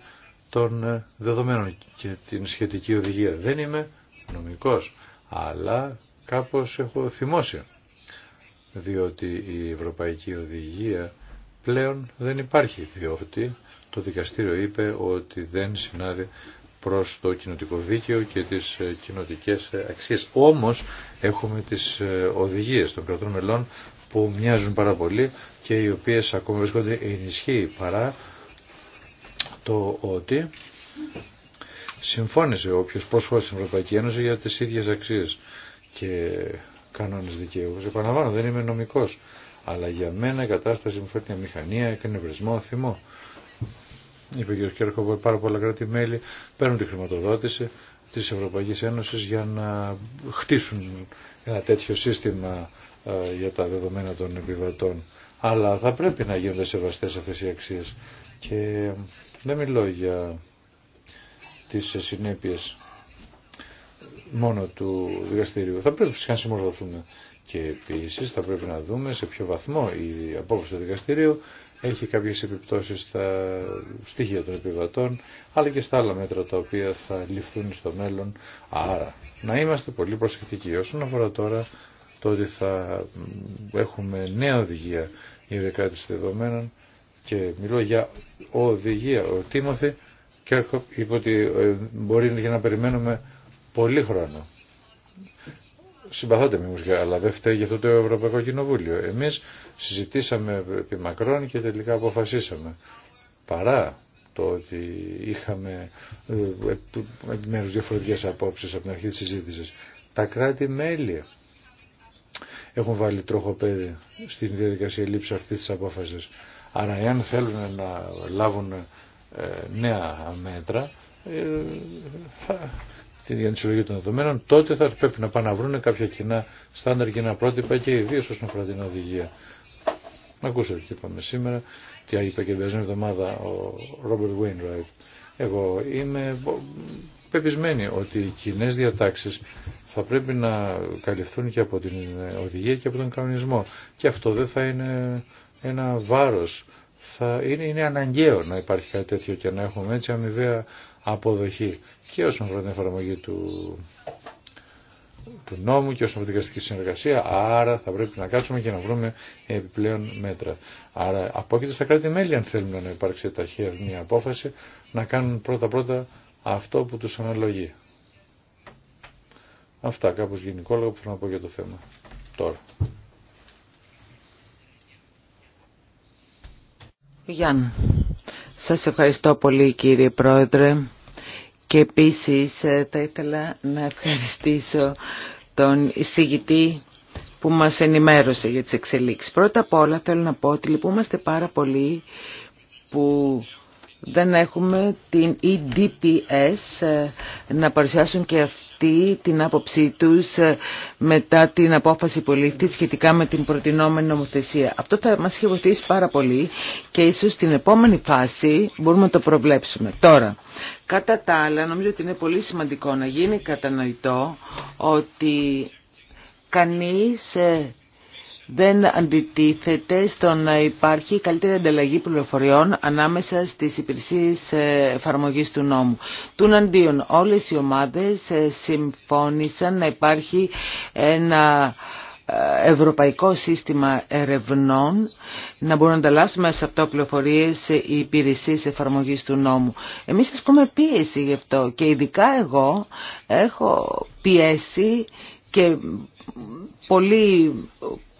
S2: των ε, δεδομένων και την σχετική οδηγία. Δεν είμαι νομικός, αλλά κάπως έχω θυμώσει, διότι η Ευρωπαϊκή Οδηγία πλέον δεν υπάρχει, διότι το δικαστήριο είπε ότι δεν συνάδει προς το κοινοτικό δίκαιο και τις ε, κοινοτικές ε, αξίες. Όμως έχουμε τις οδηγίες των κρατών μελών που μοιάζουν πάρα πολύ και οι οποίες ακόμα βρίσκονται ενισχύει παρά το ότι συμφώνησε όποιος προσχώρησε στην Ευρωπαϊκή Ένωση για τις ίδιες αξίες και κανόνες δικαίου. Επαναλαμβάνω, δεν είμαι νομικός. Αλλά για μένα η κατάσταση μου φέρνει μηχανία, έκανε βρισμό, θυμό. Είπε ο κ. Κέρκο, πάρα πολλά κράτη-μέλη παίρνουν τη χρηματοδότηση της Ευρωπαϊκής Ένωσης για να χτίσουν ένα τέτοιο σύστημα ε, για τα δεδομένα των επιβατών. Αλλά θα πρέπει να γίνονται σεβαστές αυτές οι αξίες. Και δεν μιλώ για τις συνέπειες μόνο του δικαστηρίου. Θα πρέπει φυσικά να συμμορφωθούμε. Και επίσης θα πρέπει να δούμε σε ποιο βαθμό η απόφαση του δικαστηρίου έχει κάποιες επιπτώσεις στα στοιχεία των επιβατών, αλλά και στα άλλα μέτρα τα οποία θα ληφθούν στο μέλλον. Άρα, να είμαστε πολύ προσεκτικοί όσον αφορά τώρα το ότι θα έχουμε νέα οδηγία για δεκάτηση δεδομένων και μιλώ για οδηγία. Ο Τίμωθη και είπε ότι ε, μπορεί να περιμένουμε πολύ χρόνο. Συμπαθάτε με αλλά δεν φταίει για αυτό το Ευρωπαϊκό Κοινοβούλιο. Εμείς συζητήσαμε επί μακρόν και τελικά αποφασίσαμε. Παρά το ότι είχαμε ε, επιμέρους διαφορετικές απόψεις από την αρχή της συζήτησης. Τα κράτη-μέλη έχουν βάλει τροχοπέδι στην διαδικασία λήψη αυτής της απόφασης. Άρα εάν θέλουν να λάβουν ε, νέα μέτρα ε, θα, για τη συλλογή των δεδομένων, τότε θα πρέπει να πάνε να βρουν κάποια κοινά στάνταρ, κοινά πρότυπα και ιδίω όσον αφορά την οδηγία. Να ακούσατε τι είπαμε σήμερα, τι είπε και την εβδομάδα ο Ρόμπερτ Βέινράιτ. Εγώ είμαι πεπισμένη ότι οι κοινέ διατάξει θα πρέπει να καλυφθούν και από την οδηγία και από τον κανονισμό. Και αυτό δεν θα είναι ένα βάρος. Θα είναι, είναι αναγκαίο να υπάρχει κάτι τέτοιο και να έχουμε έτσι αμοιβαία αποδοχή και όσον αφορά την εφαρμογή του, του νόμου και όσον αφορά την δικαστική συνεργασία. Άρα θα πρέπει να κάτσουμε και να βρούμε επιπλέον μέτρα. Άρα απόκειται στα κράτη-μέλη αν θέλουν να υπάρξει ταχεία μια απόφαση να κάνουν πρώτα-πρώτα αυτό που τους αναλογεί. Αυτά κάπως γενικόλογα που θέλω να πω για το θέμα τώρα.
S4: Γιάννη, σας ευχαριστώ πολύ κύριε Πρόεδρε και επίσης ε, θα ήθελα να ευχαριστήσω τον εισηγητή που μας ενημέρωσε για τις εξελίξεις. Πρώτα απ' όλα θέλω να πω ότι λυπούμαστε πάρα πολύ που δεν έχουμε την EDPS ε, να παρουσιάσουν και αυτή την άποψή τους ε, μετά την απόφαση που λήφθη σχετικά με την προτινόμενη νομοθεσία. Αυτό θα μας έχει βοηθήσει πάρα πολύ και ίσως στην επόμενη φάση μπορούμε να το προβλέψουμε. Τώρα, κατά τα άλλα νομίζω ότι είναι πολύ σημαντικό να γίνει κατανοητό ότι κανείς ε, δεν αντιτίθεται στο να υπάρχει καλύτερη ανταλλαγή πληροφοριών ανάμεσα στις υπηρεσίες ε, εφαρμογής του νόμου. Τούν αντίον όλες οι ομάδες ε, συμφώνησαν να υπάρχει ένα ε, ευρωπαϊκό σύστημα ερευνών να μπορούν να ανταλλάσσουμε σε αυτό πληροφορίες οι υπηρεσίες εφαρμογής του νόμου. Εμείς ασκούμε πίεση γι' αυτό και ειδικά εγώ έχω πιέσει και πολύ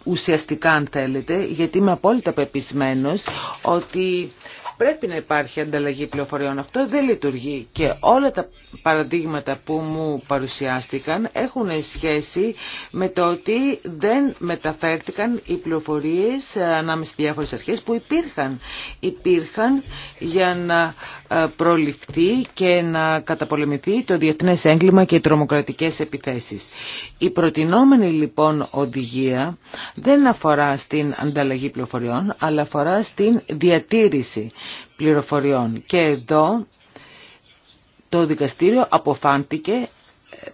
S4: ουσιαστικά αν θέλετε, γιατί είμαι απόλυτα πεπισμένος ότι Πρέπει να υπάρχει ανταλλαγή πληροφοριών. Αυτό δεν λειτουργεί και όλα τα παραδείγματα που μου παρουσιάστηκαν έχουν σχέση με το ότι δεν μεταφέρθηκαν οι πληροφορίες ε, ανάμεσα στις διάφορες αρχές που υπήρχαν. Υπήρχαν για να ε, προληφθεί και να καταπολεμηθεί το διεθνές έγκλημα και οι τρομοκρατικές επιθέσεις. Η προτινόμενη λοιπόν οδηγία δεν αφορά στην ανταλλαγή πληροφοριών αλλά αφορά στην διατήρηση πληροφοριών. Και εδώ το δικαστήριο αποφάντηκε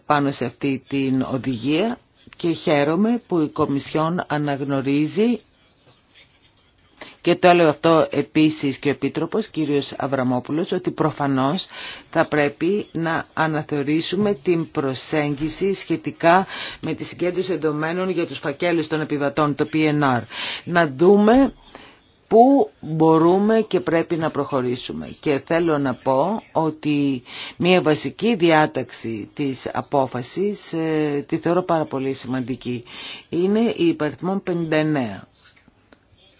S4: πάνω σε αυτή την οδηγία και χαίρομαι που η Κομισιόν αναγνωρίζει και το έλεγε αυτό επίσης και ο Επίτροπος, κύριος Αβραμόπουλος, ότι προφανώς θα πρέπει να αναθεωρήσουμε την προσέγγιση σχετικά με τη συγκέντρωση ενδομένων για τους φακέλους των επιβατών, το PNR. Να δούμε πού μπορούμε και πρέπει να προχωρήσουμε. Και θέλω να πω ότι μια βασική διάταξη της απόφασης ε, τη θεωρώ πάρα πολύ σημαντική. Είναι η υπαριθμόν 59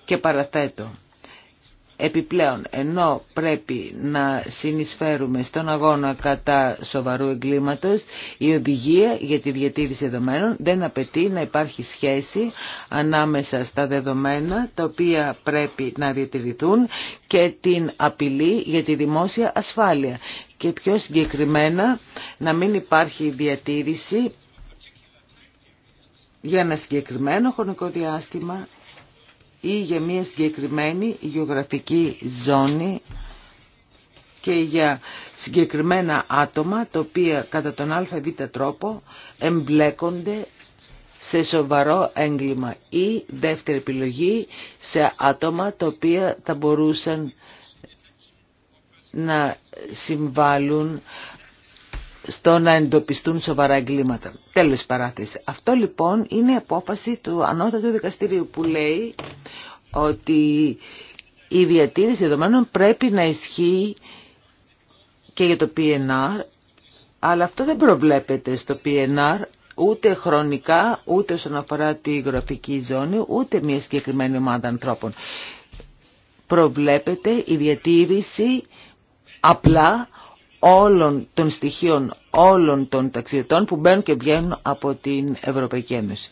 S4: και παραθέτω Επιπλέον, ενώ πρέπει να συνεισφέρουμε στον αγώνα κατά σοβαρού εγκλήματος, η οδηγία για τη διατήρηση δεδομένων δεν απαιτεί να υπάρχει σχέση ανάμεσα στα δεδομένα τα οποία πρέπει να διατηρηθούν και την απειλή για τη δημόσια ασφάλεια. Και πιο συγκεκριμένα να μην υπάρχει διατήρηση για ένα συγκεκριμένο χρονικό διάστημα ή για μια συγκεκριμένη γεωγραφική ζώνη και για συγκεκριμένα άτομα τα οποία κατά τον ΑΒ τρόπο εμπλέκονται σε σοβαρό έγκλημα ή δεύτερη επιλογή σε άτομα τα οποία θα μπορούσαν να συμβάλλουν στο να εντοπιστούν σοβαρά εγκλήματα. Τέλος παράθεση. Αυτό λοιπόν είναι η απόφαση του ανώτατου δικαστηρίου που λέει ότι η διατήρηση δεδομένων πρέπει να ισχύει και για το PNR, αλλά αυτό δεν προβλέπεται στο PNR ούτε χρονικά, ούτε όσον αφορά τη γραφική ζώνη, ούτε μια συγκεκριμένη ομάδα ανθρώπων. Προβλέπεται η διατήρηση απλά όλων των στοιχείων όλων των ταξιδιωτών που μπαίνουν και βγαίνουν από την Ευρωπαϊκή Ένωση.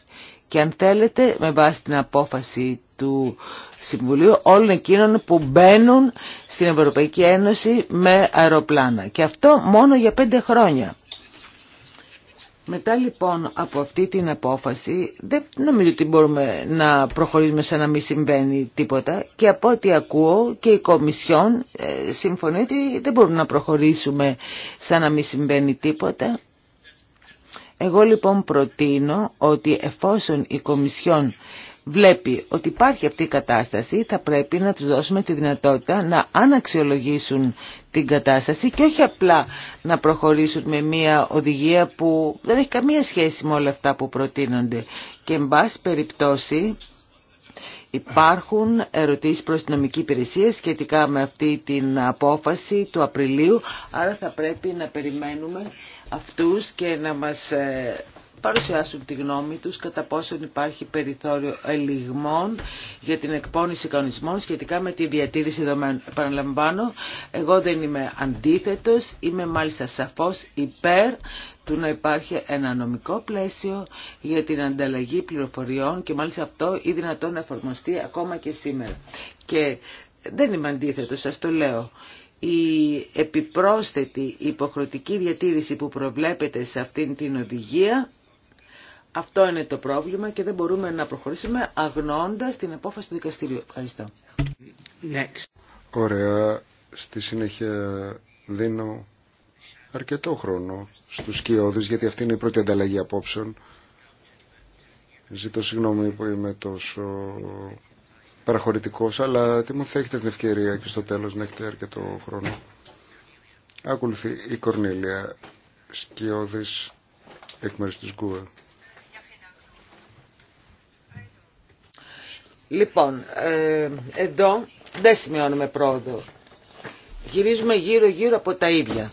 S4: Και αν θέλετε, με βάση την απόφαση του Συμβουλίου, όλων εκείνων που μπαίνουν στην Ευρωπαϊκή Ένωση με αεροπλάνα. Και αυτό μόνο για πέντε χρόνια. Μετά λοιπόν από αυτή την απόφαση δεν νομίζω ότι μπορούμε να προχωρήσουμε σαν να μην συμβαίνει τίποτα και από ό,τι ακούω και η Κομισιόν ε, συμφωνεί ότι δεν μπορούμε να προχωρήσουμε σαν να μην συμβαίνει τίποτα. Εγώ λοιπόν προτείνω ότι εφόσον η Κομισιόν βλέπει ότι υπάρχει αυτή η κατάσταση θα πρέπει να τους δώσουμε τη δυνατότητα να αναξιολογήσουν την κατάσταση και όχι απλά να προχωρήσουν με μια οδηγία που δεν έχει καμία σχέση με όλα αυτά που προτείνονται. Και εν πάση περιπτώσει Υπάρχουν ερωτήσεις προς την νομική υπηρεσία σχετικά με αυτή την απόφαση του Απριλίου, άρα θα πρέπει να περιμένουμε αυτούς και να μας ε, παρουσιάσουν τη γνώμη τους κατά πόσον υπάρχει περιθώριο ελιγμών για την εκπόνηση κανονισμών σχετικά με τη διατήρηση δομένων Παραλαμβάνω, εγώ δεν είμαι αντίθετος, είμαι μάλιστα σαφώς υπέρ του να υπάρχει ένα νομικό πλαίσιο για την ανταλλαγή πληροφοριών και μάλιστα αυτό ή δυνατόν να εφαρμοστεί ακόμα και σήμερα. Και δεν είμαι αντίθετος, σας το λέω η επιπρόσθετη υποχρεωτική διατήρηση που προβλέπεται σε αυτήν την οδηγία αυτό είναι το πρόβλημα και δεν μπορούμε να προχωρήσουμε αγνώντας την απόφαση του δικαστηρίου. Ευχαριστώ.
S3: Next. Ωραία. Στη συνέχεια δίνω αρκετό χρόνο στους σκιώδεις γιατί αυτή είναι η πρώτη ανταλλαγή απόψεων. Ζητώ συγγνώμη που είμαι τόσο παραχωρητικός, αλλά τι μου θα έχετε την ευκαιρία και στο τέλος να έχετε αρκετό χρόνο. Ακολουθεί η Κορνήλια, σκιώδης εκ μέρους της Γκουε.
S4: Λοιπόν, ε, εδώ δεν σημειώνουμε πρόοδο. Γυρίζουμε γύρω-γύρω από τα ίδια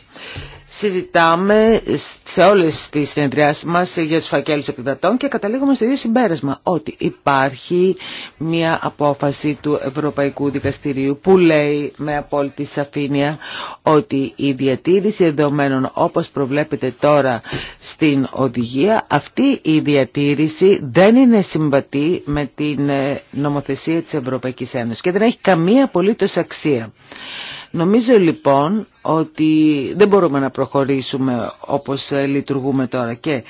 S4: συζητάμε σε όλες τις συνεδριάσεις μας για τους φακέλους επιβατών και καταλήγουμε στο ίδιο συμπέρασμα ότι υπάρχει μια απόφαση του Ευρωπαϊκού Δικαστηρίου που λέει με απόλυτη σαφήνεια ότι η διατήρηση δεδομένων όπως προβλέπεται τώρα στην οδηγία αυτή η διατήρηση δεν είναι συμβατή με την νομοθεσία της Ευρωπαϊκής Ένωσης και δεν έχει καμία απολύτως αξία. Νομίζω λοιπόν ότι δεν μπορούμε να προχωρήσουμε όπως ε, λειτουργούμε τώρα και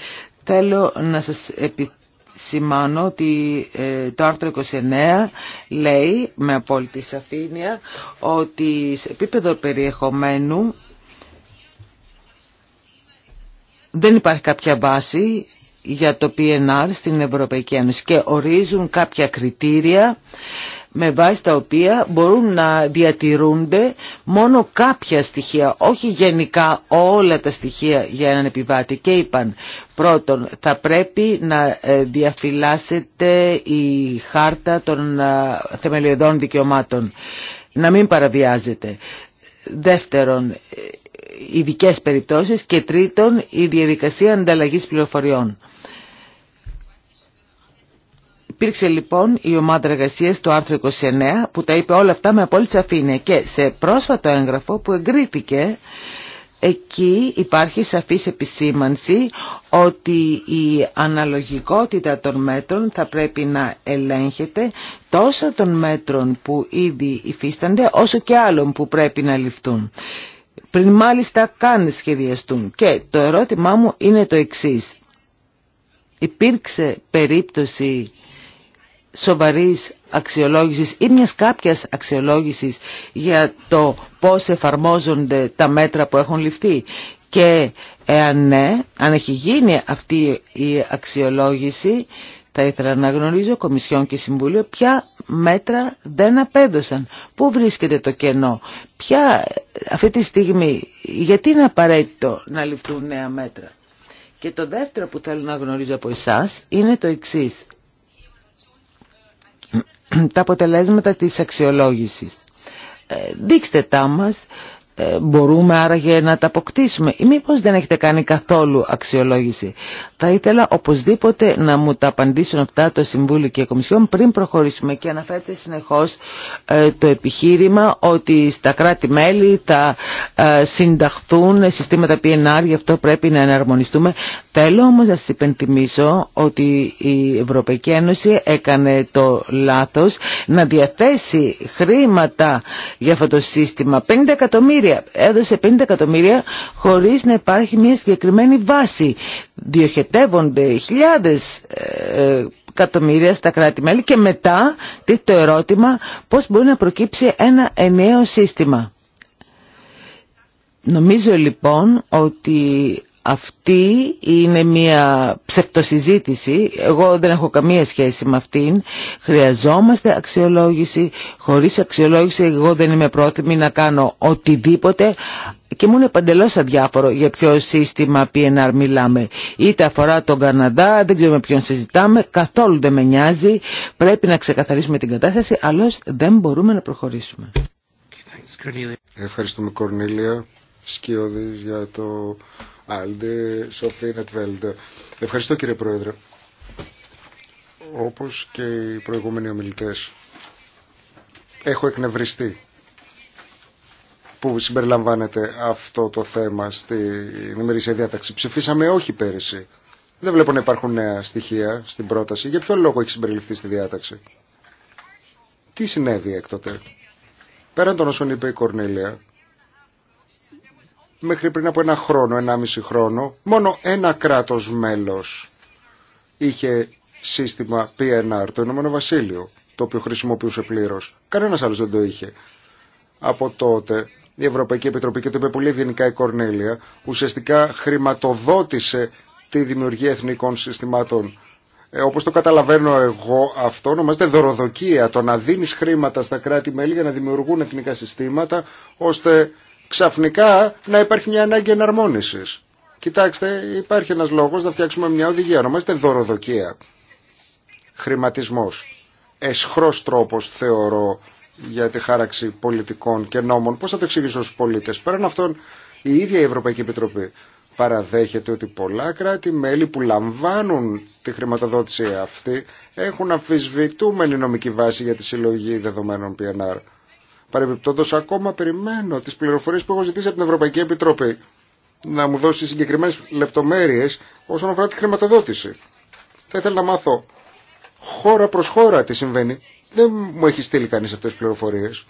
S4: θέλω να σας επισημάνω ότι ε, το άρθρο 29 λέει με απόλυτη σαφήνεια ότι σε επίπεδο περιεχομένου δεν υπάρχει κάποια βάση για το PNR στην Ευρωπαϊκή Ένωση και ορίζουν κάποια κριτήρια με βάση τα οποία μπορούν να διατηρούνται μόνο κάποια στοιχεία, όχι γενικά όλα τα στοιχεία για έναν επιβάτη. Και είπαν πρώτον θα πρέπει να ε, διαφυλάσσεται η χάρτα των ε, θεμελιωδών δικαιωμάτων, να μην παραβιάζεται. Δεύτερον, ε, ειδικέ περιπτώσεις και τρίτον η διαδικασία ανταλλαγής πληροφοριών. Υπήρξε λοιπόν η ομάδα εργασία του άρθρου 29 που τα είπε όλα αυτά με απόλυτη σαφήνεια και σε πρόσφατο έγγραφο που εγκρίθηκε εκεί υπάρχει σαφής επισήμανση ότι η αναλογικότητα των μέτρων θα πρέπει να ελέγχεται τόσο των μέτρων που ήδη υφίστανται όσο και άλλων που πρέπει να ληφθούν πριν μάλιστα καν σχεδιαστούν. Και το ερώτημά μου είναι το εξής. Υπήρξε περίπτωση σοβαρής αξιολόγησης ή μιας κάποιας αξιολόγησης για το πώς εφαρμόζονται τα μέτρα που έχουν ληφθεί και εάν ναι, αν έχει γίνει αυτή η αξιολόγηση θα ήθελα να γνωρίζω Κομισιόν και Συμβούλιο ποια μέτρα δεν απέδωσαν. Πού βρίσκεται το κενό. Ποια αυτή τη στιγμή, γιατί είναι απαραίτητο να ληφθούν νέα μέτρα. Και το δεύτερο που θέλω να γνωρίζω από εσάς είναι το εξής τα αποτελέσματα της αξιολόγησης. Ε, δείξτε τα μας ε, μπορούμε άραγε να τα αποκτήσουμε ή μήπως δεν έχετε κάνει καθόλου αξιολόγηση. Θα ήθελα οπωσδήποτε να μου τα απαντήσουν αυτά το Συμβούλιο και η Κομισιόν πριν προχωρήσουμε και αναφέρεται συνεχώς ε, το επιχείρημα ότι στα κράτη-μέλη θα ε, συνταχθούν συστήματα PNR, γι' αυτό πρέπει να εναρμονιστούμε. Θέλω όμως να σας υπενθυμίσω ότι η Ευρωπαϊκή Ένωση έκανε το λάθος να διαθέσει χρήματα για αυτό το σύστημα. 50 εκατομμύρια εκατομμύρια. Έδωσε 50 εκατομμύρια χωρίς να υπάρχει μια συγκεκριμένη βάση. Διοχετεύονται χιλιάδες ε, εκατομμύρια στα κράτη-μέλη και μετά το ερώτημα πώς μπορεί να προκύψει ένα ενιαίο σύστημα. Νομίζω λοιπόν ότι αυτή είναι μια ψευτοσυζήτηση, εγώ δεν έχω καμία σχέση με αυτήν. Χρειαζόμαστε αξιολόγηση, χωρίς αξιολόγηση εγώ δεν είμαι πρόθυμη να κάνω οτιδήποτε και μου είναι παντελώς αδιάφορο για ποιο σύστημα PNR μιλάμε. Είτε αφορά τον Καναδά, δεν ξέρουμε ποιον συζητάμε, καθόλου δεν με νοιάζει. Πρέπει να ξεκαθαρίσουμε την κατάσταση, αλλιώς δεν μπορούμε να προχωρήσουμε.
S3: Ευχαριστούμε Κορνίλια Σκιώδης για το Ευχαριστώ κύριε Πρόεδρε. Όπως και οι προηγούμενοι ομιλητές, έχω εκνευριστεί που συμπεριλαμβάνεται αυτό το θέμα στην ημερήσια διάταξη. Ψηφίσαμε όχι πέρυσι. Δεν βλέπω να υπάρχουν νέα στοιχεία στην πρόταση. Για ποιο λόγο έχει συμπεριληφθεί στη διάταξη. Τι συνέβη έκτοτε. Πέραν των όσων είπε η Κορνέλια, μέχρι πριν από ένα χρόνο, ένα μισή χρόνο, μόνο ένα κράτος μέλος είχε σύστημα PNR, το Ηνωμένο Βασίλειο, το οποίο χρησιμοποιούσε πλήρως. Κανένας άλλος δεν το είχε. Από τότε η Ευρωπαϊκή Επιτροπή, και το είπε πολύ ευγενικά η Κορνέλια, ουσιαστικά χρηματοδότησε τη δημιουργία εθνικών συστημάτων. Ε, όπως το καταλαβαίνω εγώ αυτό, ονομάζεται δωροδοκία, το να δίνεις χρήματα στα κράτη-μέλη για να δημιουργούν εθνικά συστήματα, ώστε ξαφνικά να υπάρχει μια ανάγκη εναρμόνιση. Κοιτάξτε, υπάρχει ένα λόγο να φτιάξουμε μια οδηγία, ονομάζεται δωροδοκία. Χρηματισμό. Εσχρό τρόπο θεωρώ για τη χάραξη πολιτικών και νόμων. πώ θα το εξηγήσω στου πολίτε. Πέραν αυτών η ίδια η Ευρωπαϊκή Επιτροπή παραδέχεται ότι πολλά κράτη-μέλη που λαμβάνουν τη χρηματοδότηση αυτή έχουν αμφισβητούμενη νομική βάση για τη συλλογή δεδομένων PNR. Παρεμπιπτόντω, ακόμα περιμένω τις πληροφορίες που έχω ζητήσει από την Ευρωπαϊκή Επιτροπή να μου δώσει συγκεκριμένες λεπτομέρειες όσον αφορά τη χρηματοδότηση. Θα ήθελα να μάθω χώρα προς χώρα τι συμβαίνει. Δεν μου έχει στείλει κανεί αυτές τις πληροφορίες.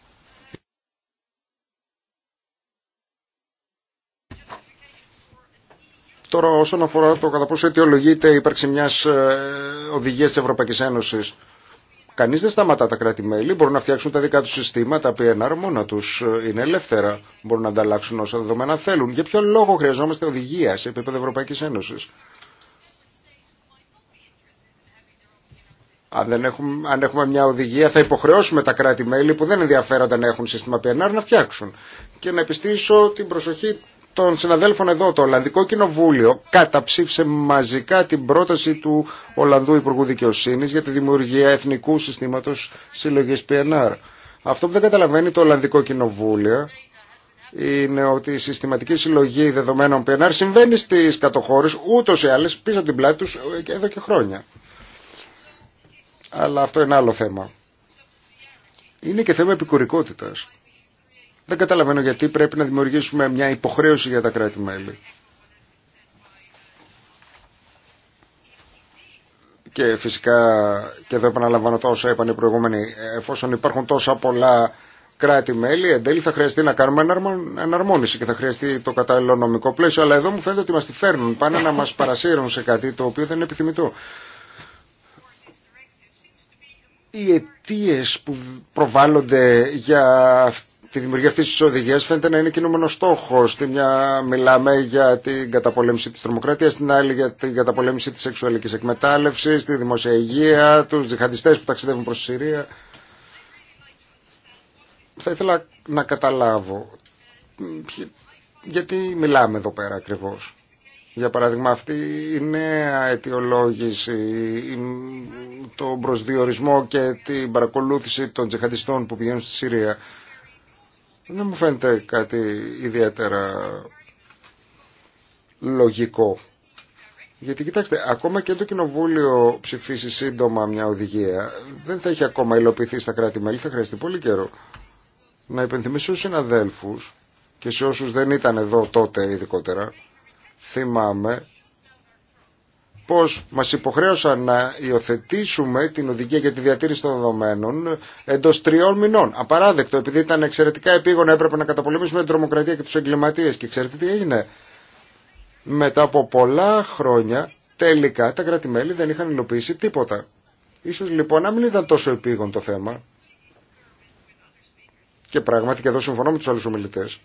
S3: Τώρα όσον αφορά το κατά πόσο αιτιολογείται η ύπαρξη μιας ε, οδηγίας της Ευρωπαϊκής Ένωσης Κανείς δεν σταματά τα κράτη-μέλη, μπορούν να φτιάξουν τα δικά τους συστήματα, τα PNR μόνα τους ε, είναι ελεύθερα, μπορούν να ανταλλάξουν όσα δεδομένα θέλουν. Για ποιο λόγο χρειαζόμαστε οδηγία σε επίπεδο Ευρωπαϊκής Ένωσης. Αν, δεν έχουμε, αν έχουμε μια οδηγία θα υποχρεώσουμε τα κράτη-μέλη που δεν ενδιαφέρονται να έχουν σύστημα PNR να φτιάξουν. Και να επιστήσω την προσοχή των συναδέλφων εδώ, το Ολλανδικό Κοινοβούλιο καταψήφισε μαζικά την πρόταση του Ολλανδού Υπουργού Δικαιοσύνης για τη δημιουργία εθνικού συστήματος συλλογής PNR. Αυτό που δεν καταλαβαίνει το Ολλανδικό Κοινοβούλιο είναι ότι η συστηματική συλλογή δεδομένων PNR συμβαίνει στις κατοχώρες ούτως ή άλλες πίσω από την πλάτη τους εδώ και χρόνια. Αλλά αυτό είναι άλλο θέμα. Είναι και θέμα επικουρικότητας. Δεν καταλαβαίνω γιατί πρέπει να δημιουργήσουμε μια υποχρέωση για τα κράτη-μέλη. Και φυσικά, και εδώ επαναλαμβάνω τόσο, όσα είπαν οι προηγούμενοι, εφόσον υπάρχουν τόσα πολλά κράτη-μέλη, εν τέλει θα χρειαστεί να κάνουμε εναρμόνιση και θα χρειαστεί το κατάλληλο νομικό πλαίσιο. Αλλά εδώ μου φαίνεται ότι μας τη φέρνουν. Πάνε να μας παρασύρουν σε κάτι το οποίο δεν είναι επιθυμητό. Οι αιτίε που προβάλλονται για αυτό τη δημιουργία αυτή τη οδηγία φαίνεται να είναι κινούμενο στόχο. Στη μια μιλάμε για την καταπολέμηση τη τρομοκρατία, στην άλλη για την καταπολέμηση τη σεξουαλική εκμετάλλευση, τη δημόσια υγεία, του διχαντιστέ που ταξιδεύουν προ τη Συρία. Θα ήθελα να καταλάβω γιατί μιλάμε εδώ πέρα ακριβώ. Για παράδειγμα αυτή η νέα αιτιολόγηση, τον προσδιορισμό και την παρακολούθηση των τζεχαντιστών που πηγαίνουν στη Συρία δεν μου φαίνεται κάτι ιδιαίτερα λογικό. Γιατί κοιτάξτε, ακόμα και το Κοινοβούλιο ψηφίσει σύντομα μια οδηγία, δεν θα έχει ακόμα υλοποιηθεί στα κράτη-μέλη, θα χρειαστεί πολύ καιρό. Να υπενθυμίσω στου συναδέλφου και σε όσου δεν ήταν εδώ τότε ειδικότερα, θυμάμαι πως μας υποχρέωσαν να υιοθετήσουμε την οδηγία για τη διατήρηση των δεδομένων εντός τριών μηνών. Απαράδεκτο, επειδή ήταν εξαιρετικά επίγον έπρεπε να καταπολεμήσουμε την τρομοκρατία και τους εγκληματίες. Και ξέρετε τι έγινε. Μετά από πολλά χρόνια τελικά τα κρατημέλη δεν είχαν υλοποιήσει τίποτα. Ίσως λοιπόν να μην ήταν τόσο επίγον το θέμα. Και πράγματι και εδώ συμφωνώ με τους άλλους ομιλητές.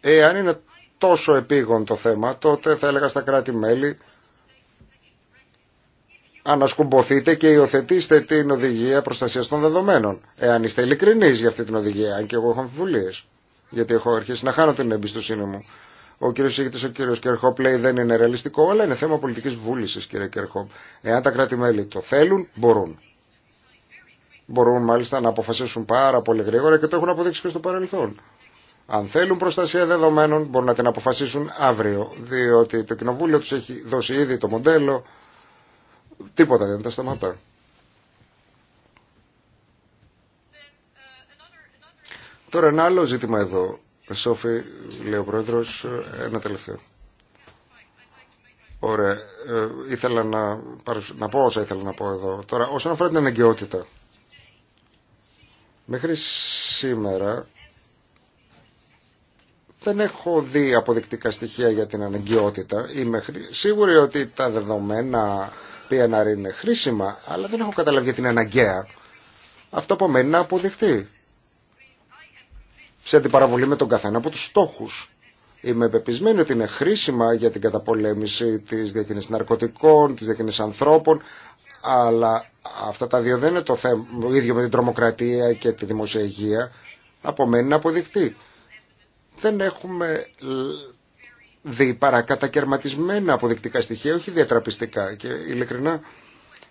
S3: Εάν είναι τόσο επίγον το θέμα, τότε θα έλεγα στα κράτη-μέλη ανασκουμποθείτε και υιοθετήστε την οδηγία προστασία των δεδομένων. Εάν είστε ειλικρινεί για αυτή την οδηγία, αν και εγώ έχω αμφιβολίε. γιατί έχω αρχίσει να χάνω την εμπιστοσύνη μου. Ο κύριο Σίγητη, ο κύριο Κερχόπ λέει δεν είναι ρεαλιστικό, αλλά είναι θέμα πολιτική βούληση, κύριε Κερχόπ. Εάν τα κράτη-μέλη το θέλουν, μπορούν. Μπορούν μάλιστα να αποφασίσουν πάρα πολύ γρήγορα και το έχουν αποδείξει και στο παρελθόν. Αν θέλουν προστασία δεδομένων μπορούν να την αποφασίσουν αύριο, διότι το κοινοβούλιο τους έχει δώσει ήδη το μοντέλο, τίποτα δεν τα σταματά. Τώρα ένα άλλο ζήτημα εδώ. Σόφη, λέει ο Πρόεδρος, ένα τελευταίο. Ωραία. Ε, ήθελα να, να πω όσα ήθελα να πω εδώ. Τώρα, όσον αφορά την αναγκαιότητα. Μέχρι σήμερα δεν έχω δει αποδεικτικά στοιχεία για την αναγκαιότητα. Είμαι σίγουρη ότι τα δεδομένα PNR είναι χρήσιμα, αλλά δεν έχω καταλάβει για την αναγκαία. Αυτό απομένει να αποδειχτεί. Σε αντιπαραβολή με τον καθένα από τους στόχους. Είμαι πεπισμένη ότι είναι χρήσιμα για την καταπολέμηση της διακίνησης ναρκωτικών, της διακίνησης ανθρώπων, αλλά αυτά τα δύο δεν είναι το θέμα, ίδιο με την τρομοκρατία και τη δημοσιογεία, απομένει να αποδειχτεί δεν έχουμε ε, δει παρά κατακαιρματισμένα αποδεικτικά στοιχεία, όχι διατραπιστικά. Και ειλικρινά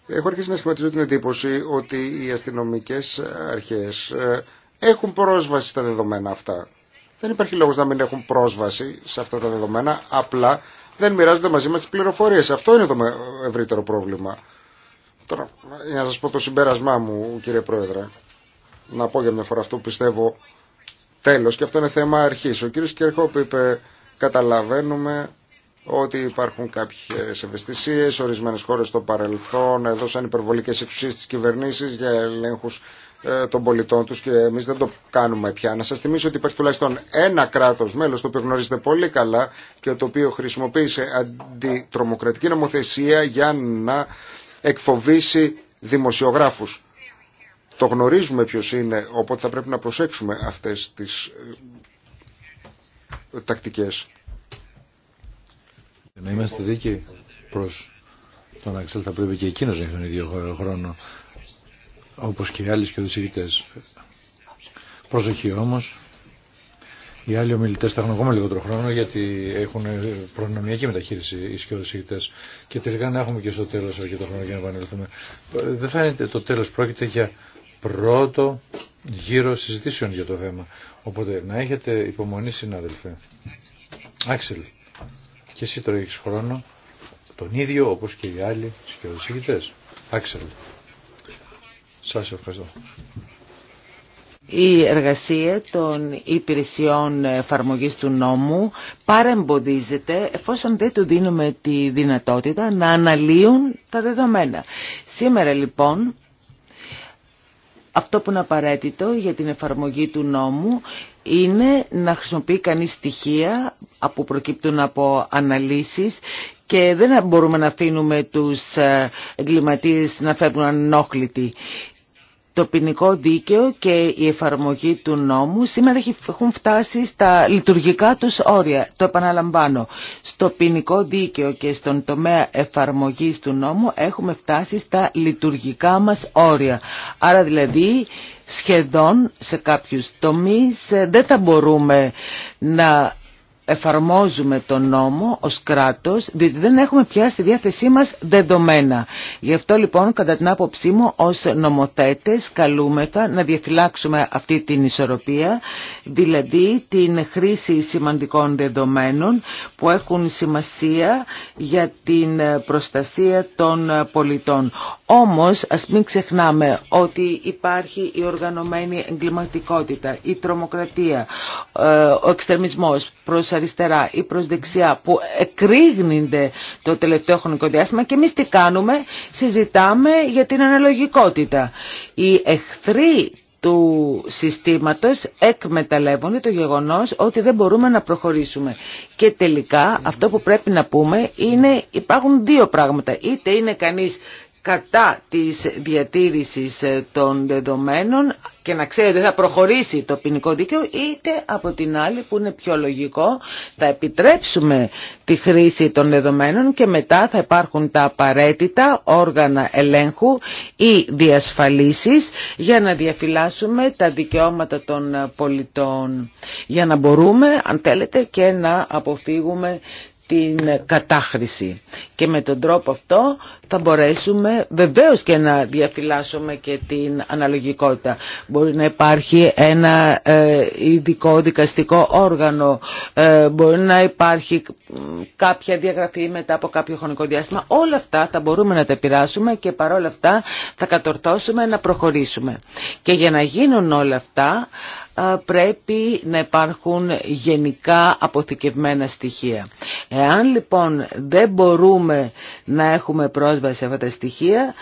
S3: έχω αρχίσει να σχηματίζω την εντύπωση ότι οι αστυνομικές αρχές ε, έχουν πρόσβαση στα δεδομένα αυτά. Δεν υπάρχει λόγος να μην έχουν πρόσβαση σε αυτά τα δεδομένα, απλά δεν μοιράζονται μαζί μας τις πληροφορίες. Αυτό είναι το ευρύτερο πρόβλημα. Τώρα, για να σας πω το συμπέρασμά μου, κύριε Πρόεδρε, να πω για μια φορά αυτό που πιστεύω Τέλο και αυτό είναι θέμα αρχή. Ο κύριο Κερχόπ είπε, καταλαβαίνουμε ότι υπάρχουν κάποιε ευαισθησίε. ορισμένε χώρε στο παρελθόν έδωσαν υπερβολικέ εξουσίε στις κυβερνήσεις για ελέγχους ε, των πολιτών του και εμεί δεν το κάνουμε πια. Να σα θυμίσω ότι υπάρχει τουλάχιστον ένα κράτο μέλο το οποίο γνωρίζετε πολύ καλά και το οποίο χρησιμοποίησε αντιτρομοκρατική νομοθεσία για να εκφοβήσει δημοσιογράφους το γνωρίζουμε ποιος είναι, οπότε θα πρέπει να προσέξουμε αυτές τις ε, τακτικές.
S2: Να είμαστε δίκαιοι
S3: προς τον
S2: Αξέλ θα πρέπει και εκείνος να έχει τον ίδιο χρόνο όπως και οι άλλοι σκιοδησηγητές. Προσοχή όμως, οι άλλοι ομιλητές θα έχουν ακόμα λιγότερο χρόνο γιατί έχουν προνομιακή μεταχείριση οι σκιοδησηγητές και τελικά να έχουμε και στο τέλος αρκετό χρόνο για να επανέλθουμε. Δεν φαίνεται το τέλος πρόκειται για πρώτο γύρο συζητήσεων για το θέμα. Οπότε να έχετε υπομονή συνάδελφε. Άξελ, και εσύ τώρα έχεις χρόνο τον ίδιο όπως και οι άλλοι σκιοδοσηγητές. Άξελ, σας ευχαριστώ.
S4: Η εργασία των υπηρεσιών εφαρμογή του νόμου παρεμποδίζεται εφόσον δεν του δίνουμε τη δυνατότητα να αναλύουν τα δεδομένα. Σήμερα λοιπόν αυτό που είναι απαραίτητο για την εφαρμογή του νόμου είναι να χρησιμοποιεί κανείς στοιχεία που προκύπτουν από αναλύσεις και δεν μπορούμε να αφήνουμε τους ε, εγκληματίες να φεύγουν ανόχλητοι το ποινικό δίκαιο και η εφαρμογή του νόμου σήμερα έχουν φτάσει στα λειτουργικά τους όρια. Το επαναλαμβάνω. Στο ποινικό δίκαιο και στον τομέα εφαρμογής του νόμου έχουμε φτάσει στα λειτουργικά μας όρια. Άρα δηλαδή σχεδόν σε κάποιους τομείς ε, δεν θα μπορούμε να εφαρμόζουμε τον νόμο ως κράτος, διότι δεν έχουμε πια στη διάθεσή μας δεδομένα. Γι' αυτό λοιπόν κατά την άποψή μου ως νομοθέτες καλούμεθα να διαφυλάξουμε αυτή την ισορροπία, δηλαδή την χρήση σημαντικών δεδομένων που έχουν σημασία για την προστασία των πολιτών. Όμως ας μην ξεχνάμε ότι υπάρχει η οργανωμένη εγκληματικότητα, η τρομοκρατία, ε, ο εξτρεμισμός προς αριστερά ή προς δεξιά που εκρήγνεται το τελευταίο χρονικό διάστημα και εμείς τι κάνουμε, συζητάμε για την αναλογικότητα. Οι εχθροί του συστήματος εκμεταλλεύονται το γεγονός ότι δεν μπορούμε να προχωρήσουμε. Και τελικά αυτό που πρέπει να πούμε είναι υπάρχουν δύο πράγματα. Είτε είναι κανείς κατά της διατήρησης ε, των δεδομένων και να ξέρετε θα προχωρήσει το ποινικό δίκαιο είτε από την άλλη που είναι πιο λογικό θα επιτρέψουμε τη χρήση των δεδομένων και μετά θα υπάρχουν τα απαραίτητα όργανα ελέγχου ή διασφαλίσεις για να διαφυλάσσουμε τα δικαιώματα των πολιτών για να μπορούμε αν θέλετε και να αποφύγουμε την κατάχρηση. Και με τον τρόπο αυτό θα μπορέσουμε βεβαίως και να διαφυλάσσουμε και την αναλογικότητα. Μπορεί να υπάρχει ένα ε, ειδικό δικαστικό όργανο, ε, μπορεί να υπάρχει κάποια διαγραφή μετά από κάποιο χρονικό διάστημα. Όλα αυτά θα μπορούμε να τα επηράσουμε και παρόλα αυτά θα κατορθώσουμε να προχωρήσουμε. Και για να γίνουν όλα αυτά πρέπει να υπάρχουν γενικά αποθηκευμένα στοιχεία. Εάν λοιπόν δεν μπορούμε να έχουμε πρόσβαση σε αυτά τα στοιχεία,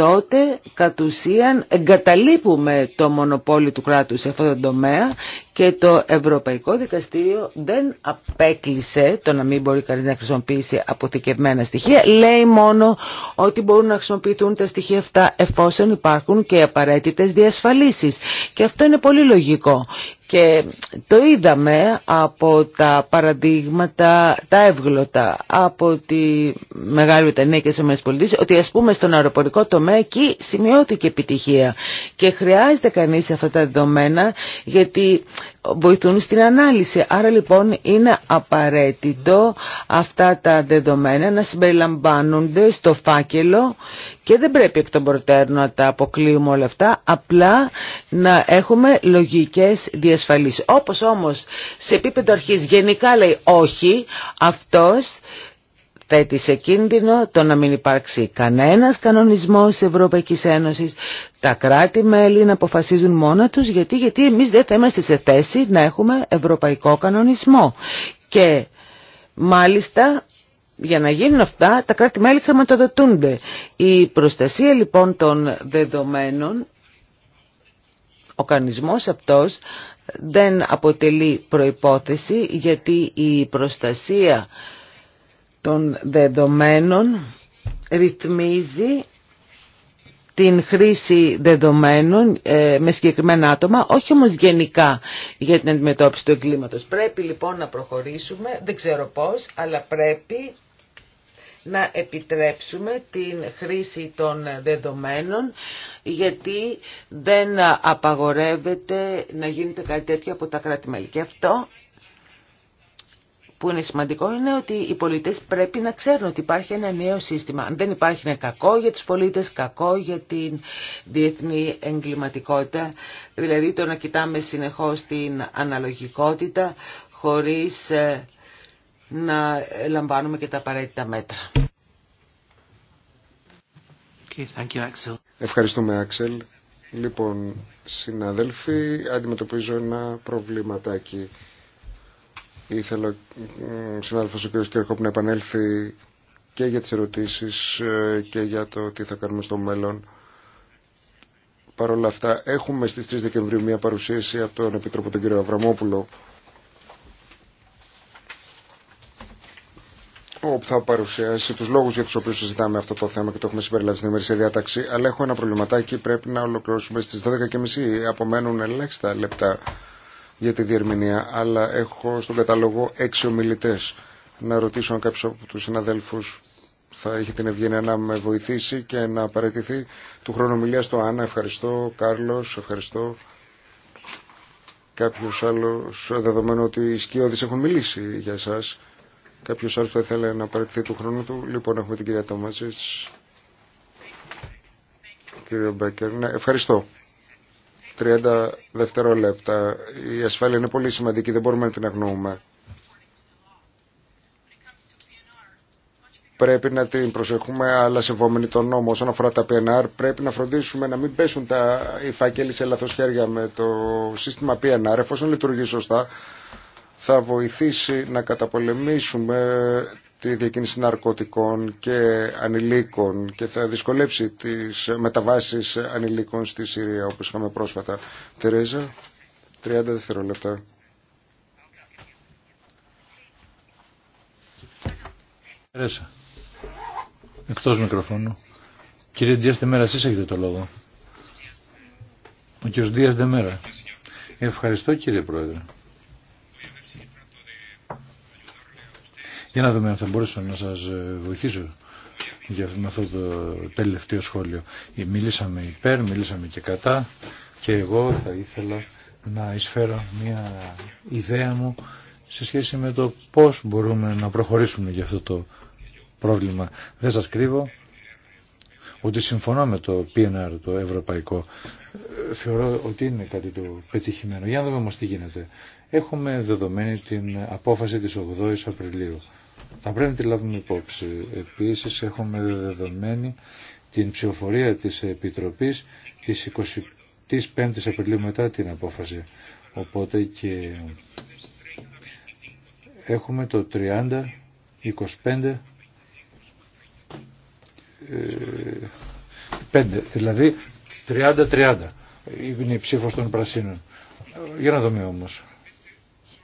S4: τότε κατ' ουσίαν εγκαταλείπουμε το μονοπόλιο του κράτους σε αυτό το τομέα και το Ευρωπαϊκό Δικαστήριο δεν απέκλεισε το να μην μπορεί κανείς να χρησιμοποιήσει αποθηκευμένα στοιχεία. Λέει μόνο ότι μπορούν να χρησιμοποιηθούν τα στοιχεία αυτά εφόσον υπάρχουν και απαραίτητες διασφαλίσεις. Και αυτό είναι πολύ λογικό. Και το είδαμε από τα παραδείγματα, τα εύγλωτα, από τη Μεγάλη Ιταλία και τις ΗΠΑ, ότι ας πούμε στον αεροπορικό τομέα εκεί σημειώθηκε επιτυχία. Και χρειάζεται κανείς αυτά τα δεδομένα, γιατί βοηθούν στην ανάλυση. Άρα λοιπόν είναι απαραίτητο αυτά τα δεδομένα να συμπεριλαμβάνονται στο φάκελο και δεν πρέπει εκ των προτέρων να τα αποκλείουμε όλα αυτά, απλά να έχουμε λογικές διασφαλίσεις. Όπως όμως σε επίπεδο αρχής γενικά λέει όχι, αυτός θέτει σε κίνδυνο το να μην υπάρξει κανένας κανονισμός της Ευρωπαϊκής Ένωσης. Τα κράτη-μέλη να αποφασίζουν μόνα τους γιατί, γιατί εμείς δεν θα είμαστε σε θέση να έχουμε ευρωπαϊκό κανονισμό. Και μάλιστα για να γίνουν αυτά τα κράτη-μέλη χρηματοδοτούνται. Η προστασία λοιπόν των δεδομένων, ο κανονισμός αυτός δεν αποτελεί προϋπόθεση γιατί η προστασία των δεδομένων ρυθμίζει την χρήση δεδομένων ε, με συγκεκριμένα άτομα, όχι όμως γενικά για την αντιμετώπιση του εγκλήματος. Πρέπει λοιπόν να προχωρήσουμε, δεν ξέρω πώς, αλλά πρέπει να επιτρέψουμε την χρήση των δεδομένων γιατί δεν απαγορεύεται να γίνεται κάτι τέτοιο από τα κράτη-μέλη. Και αυτό που είναι σημαντικό είναι ότι οι πολίτες πρέπει να ξέρουν ότι υπάρχει ένα νέο σύστημα. Αν δεν υπάρχει είναι κακό για τους πολίτες, κακό για την διεθνή εγκληματικότητα, δηλαδή το να κοιτάμε συνεχώς την αναλογικότητα χωρίς ε, να λαμβάνουμε και τα απαραίτητα μέτρα.
S1: Okay, thank you, Axel.
S3: Ευχαριστούμε, Άξελ. Λοιπόν, συναδέλφοι, αντιμετωπίζω ένα προβληματάκι. Ήθελα ο συνάδελφος ο κ. Κερκόπ να επανέλθει και για τις ερωτήσεις ε, και για το τι θα κάνουμε στο μέλλον. Παρ' όλα αυτά έχουμε στις 3 Δεκεμβρίου μια παρουσίαση από τον Επίτροπο τον κ. Αβραμόπουλο όπου θα παρουσιάσει τους λόγους για τους οποίους συζητάμε αυτό το θέμα και το έχουμε συμπεριλάβει στην ημερήσια διάταξη. Αλλά έχω ένα προβληματάκι, πρέπει να ολοκληρώσουμε στις 12.30. Απομένουν ελάχιστα λεπτά για τη διερμηνία, αλλά έχω στον καταλογό έξι ομιλητέ. Να ρωτήσω αν κάποιος από του συναδέλφου θα έχει την ευγένεια να με βοηθήσει και να παραιτηθεί του χρόνου μιλιά στο Άννα. Ευχαριστώ, Κάρλος ευχαριστώ. Κάποιο άλλο, δεδομένου ότι οι σκιώδει έχουν μιλήσει για εσά. Κάποιο άλλο θα ήθελε να παραιτηθεί του χρόνου του. Λοιπόν, έχουμε την κυρία Τόμαζη. Κύριο Μπέκερ, ναι, ευχαριστώ. 30 δευτερόλεπτα. Η ασφάλεια είναι πολύ σημαντική, δεν μπορούμε να την αγνοούμε. Πρέπει να την προσεχούμε, αλλά σεβόμενοι τον νόμο. Όσον αφορά τα PNR, πρέπει να φροντίσουμε να μην πέσουν τα, οι σε λάθος χέρια με το σύστημα PNR. Εφόσον λειτουργεί σωστά, θα βοηθήσει να καταπολεμήσουμε τη διακίνηση ναρκωτικών και ανηλίκων και θα δυσκολέψει τις μεταβάσεις ανηλίκων στη Συρία όπως είχαμε πρόσφατα. Τερέζα, 30 δευτερόλεπτα.
S2: Τερέζα, εκτός μικροφώνου. Κύριε Ντίας Δεμέρα, εσείς έχετε το λόγο. Ο κύριος Ντίας Δεμέρα. Ευχαριστώ κύριε Πρόεδρε. Για να δούμε αν θα μπορούσα να σας ε, βοηθήσω για με αυτό το τελευταίο σχόλιο. Ε, μίλησαμε υπέρ, μίλησαμε και κατά και εγώ θα ήθελα να εισφέρω μια ιδέα μου σε σχέση με το πώς μπορούμε να προχωρήσουμε για αυτό το πρόβλημα. Δεν σας κρύβω ότι συμφωνώ με το PNR, το ευρωπαϊκό. Ε, θεωρώ ότι είναι κάτι το πετυχημένο. Για να δούμε όμως τι γίνεται. Έχουμε δεδομένη την απόφαση της 8 η Απριλίου θα πρέπει να τη λάβουμε υπόψη. Επίσης έχουμε δεδομένη την ψηφοφορία της Επιτροπής της 25ης Απριλίου μετά την απόφαση. Οπότε και έχουμε το 30, 25, 5, δηλαδή 30-30 είναι η ψήφος των πρασίνων. Για να δούμε όμως.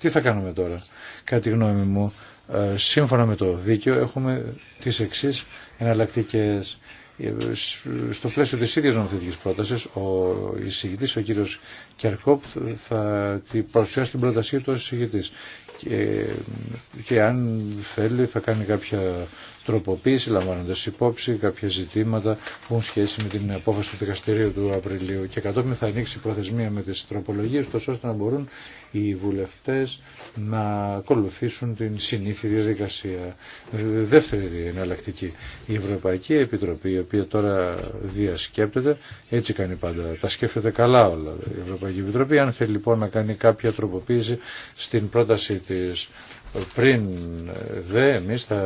S2: Τι θα κάνουμε τώρα. Κάτι γνώμη μου ε, σύμφωνα με το δίκαιο έχουμε τις εξής εναλλακτικές ε, στο πλαίσιο της ίδιας νομοθετικής πρότασης ο εισηγητής, ο κύριος Κερκόπ θα παρουσιάσει την πρότασή του ως εισηγητής και, ε, και αν θέλει θα κάνει κάποια τροποποίηση λαμβάνοντας υπόψη κάποια ζητήματα που έχουν σχέση με την απόφαση του δικαστηρίου του Απριλίου και κατόπιν θα ανοίξει προθεσμία με τις τροπολογίες ώστε να μπορούν οι βουλευτές να ακολουθήσουν την συνήθη διαδικασία. Δεύτερη εναλλακτική. Η Ευρωπαϊκή Επιτροπή η οποία τώρα διασκέπτεται έτσι κάνει πάντα. Τα σκέφτεται καλά όλα η Ευρωπαϊκή Επιτροπή αν θέλει λοιπόν να κάνει κάποια τροποποίηση στην πρόταση της πριν δε εμείς θα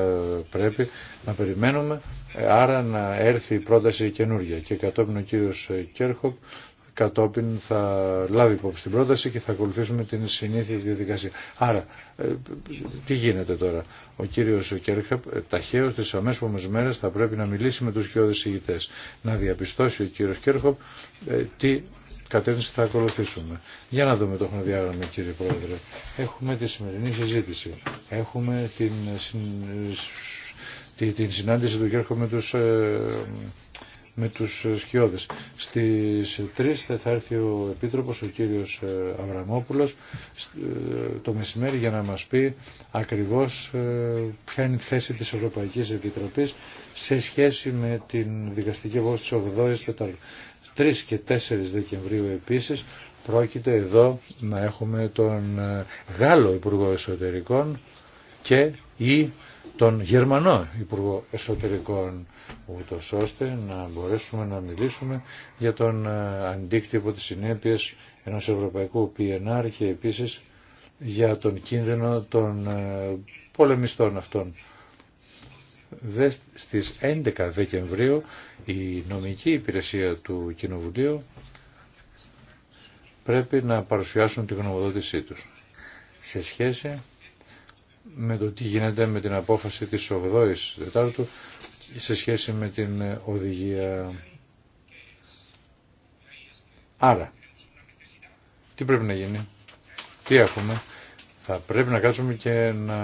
S2: πρέπει να περιμένουμε άρα να έρθει η πρόταση καινούργια και κατόπιν ο κύριος Κέρχοπ κατόπιν θα λάβει υπόψη την πρόταση και θα ακολουθήσουμε την συνήθεια διαδικασία. Άρα, ε, τι γίνεται τώρα. Ο κύριος Κέρχαπ ε, ταχαίως τις αμέσως μέρες θα πρέπει να μιλήσει με τους κοιόδες ηγητές. Να διαπιστώσει ο κύριος Κέρχοπ ε, τι κατεύθυνση θα ακολουθήσουμε. Για να δούμε το χρονοδιάγραμμα κύριε Πρόεδρε. Έχουμε τη σημερινή συζήτηση. Έχουμε την, την, την συνάντηση του Κέρχο με τους, ε, με τους σκιώδες. Στις 3 θα έρθει ο Επίτροπος, ο κύριος ε, Αβραμόπουλος, ε, το μεσημέρι για να μας πει ακριβώς ποια είναι η θέση της Ευρωπαϊκής Επιτροπής σε σχέση με την δικαστική απόφαση της 8ης 3 και 4 Δεκεμβρίου επίσης πρόκειται εδώ να έχουμε τον ε, Γάλλο Υπουργό Εσωτερικών και ή τον Γερμανό Υπουργό Εσωτερικών ούτω ώστε να μπορέσουμε να μιλήσουμε για τον ε, αντίκτυπο της συνέπειας ενός ευρωπαϊκού PNR και επίσης για τον κίνδυνο των ε, πολεμιστών αυτών. Δε στις 11 Δεκεμβρίου η νομική υπηρεσία του Κοινοβουλίου πρέπει να παρουσιάσουν τη γνωμοδότησή τους σε σχέση με το τι γίνεται με την απόφαση της 8ης Δετάρτου σε σχέση με την οδηγία. Άρα, τι πρέπει να γίνει, τι έχουμε, θα πρέπει να κάτσουμε και να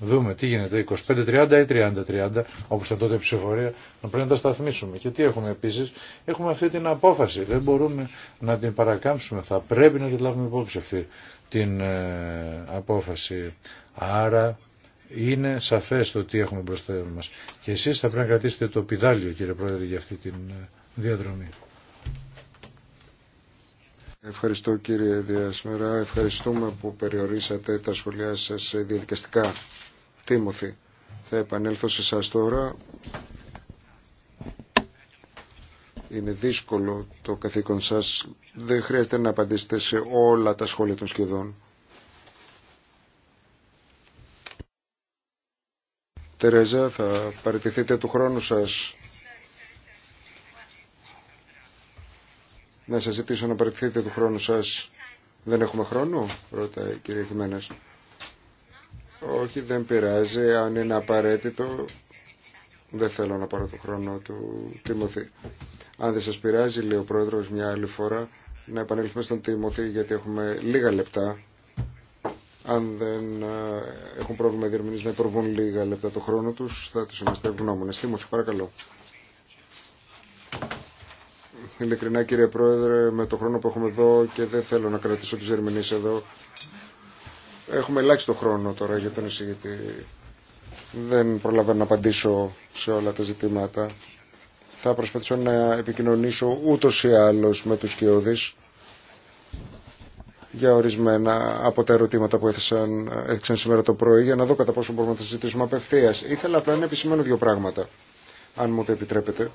S2: δούμε τι γίνεται, 25-30 ή 30-30, όπως ήταν τότε η ψηφορία, να πρέπει να τα σταθμίσουμε. Και τι έχουμε επίσης, έχουμε αυτή την απόφαση, δεν μπορούμε να την παρακάμψουμε, θα πρέπει να την λάβουμε υπόψη αυτή την ε, απόφαση. Άρα είναι σαφές το τι έχουμε μπροστά μας. Και εσείς θα πρέπει να κρατήσετε το πιδάλιο κύριε
S3: Πρόεδρε για αυτή την ε, διαδρομή. Ευχαριστώ κύριε Διασμερά. Ευχαριστούμε που περιορίσατε τα σχολεία σας διαδικαστικά. Τίμωθη, θα επανέλθω σε εσάς τώρα. Είναι δύσκολο το καθήκον σας. Δεν χρειάζεται να απαντήσετε σε όλα τα σχόλια των σχεδόν. Τερέζα, θα παραιτηθείτε του χρόνου σας. να σας ζητήσω να παρεκθείτε του χρόνου σας. Δεν έχουμε χρόνο, ρωτάει η κυρία Χιμένας. Όχι, δεν πειράζει. Αν είναι απαραίτητο, δεν θέλω να πάρω το χρόνο του Τιμωθή. Αν δεν σας πειράζει, λέει ο πρόεδρος μια άλλη φορά, να επανέλθουμε στον Τιμωθή γιατί έχουμε λίγα λεπτά. Αν δεν ε, έχουν πρόβλημα οι να υπορβούν λίγα λεπτά το χρόνο τους, θα τους είμαστε ευγνώμονες. Τίμωθη, παρακαλώ ειλικρινά κύριε Πρόεδρε με το χρόνο που έχουμε εδώ και δεν θέλω να κρατήσω τις ερμηνείς εδώ. Έχουμε ελάχιστο χρόνο τώρα για τον εισηγητή. Δεν προλαβαίνω να απαντήσω σε όλα τα ζητήματα. Θα προσπαθήσω να επικοινωνήσω ούτως ή άλλως με τους κοιόδης για ορισμένα από τα ερωτήματα που έθεσαν, έθεσαν σήμερα το πρωί για να δω κατά πόσο μπορούμε να τα συζητήσουμε απευθείας. Ήθελα απλά να επισημάνω δύο πράγματα, αν μου το επιτρέπετε.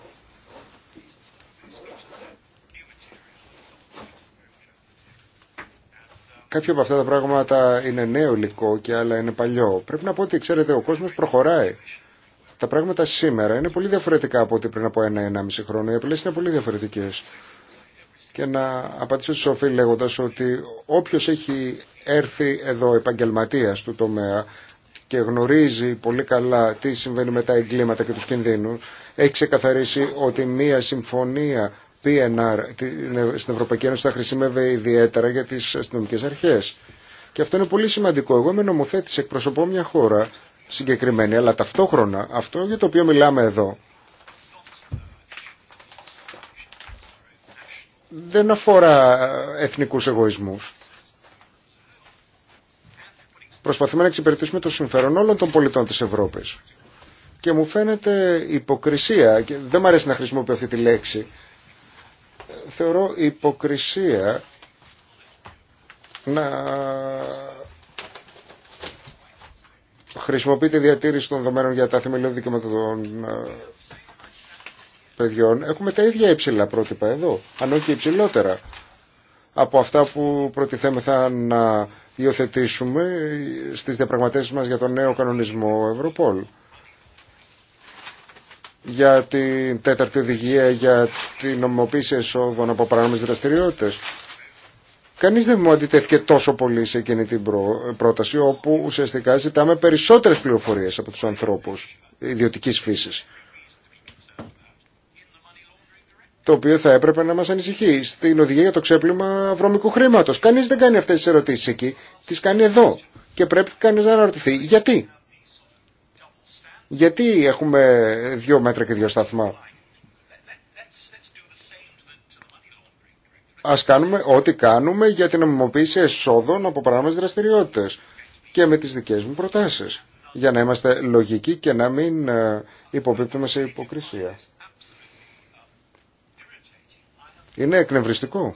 S3: Κάποια από αυτά τα πράγματα είναι νέο υλικό και άλλα είναι παλιό. Πρέπει να πω ότι, ξέρετε, ο κόσμο προχωράει. Τα πράγματα σήμερα είναι πολύ διαφορετικά από ό,τι πριν από ένα-ενάμιση χρόνο. Οι απειλέ είναι πολύ διαφορετικέ. Και να απαντήσω στη Σοφή λέγοντα ότι όποιο έχει έρθει εδώ επαγγελματία του τομέα και γνωρίζει πολύ καλά τι συμβαίνει με τα εγκλήματα και του κινδύνου, έχει ξεκαθαρίσει ότι μία συμφωνία PNR ναι, στην Ευρωπαϊκή Ένωση θα χρησιμεύει ιδιαίτερα για τις αστυνομικέ αρχές. Και αυτό είναι πολύ σημαντικό. Εγώ είμαι νομοθέτης, εκπροσωπώ μια χώρα συγκεκριμένη, αλλά ταυτόχρονα αυτό για το οποίο μιλάμε εδώ δεν αφορά ε, εθνικούς εγωισμούς. Προσπαθούμε να εξυπηρετήσουμε το συμφέρον όλων των πολιτών της Ευρώπης. Και μου φαίνεται υποκρισία, και δεν μου αρέσει να χρησιμοποιώ αυτή τη λέξη, θεωρώ υποκρισία να χρησιμοποιείται διατήρηση των δομένων για τα θεμελιώδη δικαιώματα των ε, παιδιών. Έχουμε τα ίδια υψηλά πρότυπα εδώ, αν όχι υψηλότερα από αυτά που προτιθέμεθα να υιοθετήσουμε στις διαπραγματεύσεις μας για τον νέο κανονισμό Ευρωπόλ για την τέταρτη οδηγία για την νομιμοποίηση εσόδων από παράνομες δραστηριότητες. Κανείς δεν μου αντιτέθηκε τόσο πολύ σε εκείνη την πρόταση όπου ουσιαστικά ζητάμε περισσότερες πληροφορίες από τους ανθρώπους ιδιωτικής φύσης. Το οποίο θα έπρεπε να μας ανησυχεί στην οδηγία για το ξέπλυμα βρωμικού χρήματος. Κανείς δεν κάνει αυτές τις ερωτήσεις εκεί, τις κάνει εδώ. Και πρέπει κανείς να αναρωτηθεί γιατί. Γιατί έχουμε δύο μέτρα και δύο σταθμά. Ας κάνουμε ό,τι κάνουμε για την νομιμοποίηση εσόδων από παράνομες δραστηριότητες και με τις δικές μου προτάσεις για να είμαστε λογικοί και να μην ε, υποπίπτουμε σε υποκρισία. Είναι εκνευριστικό.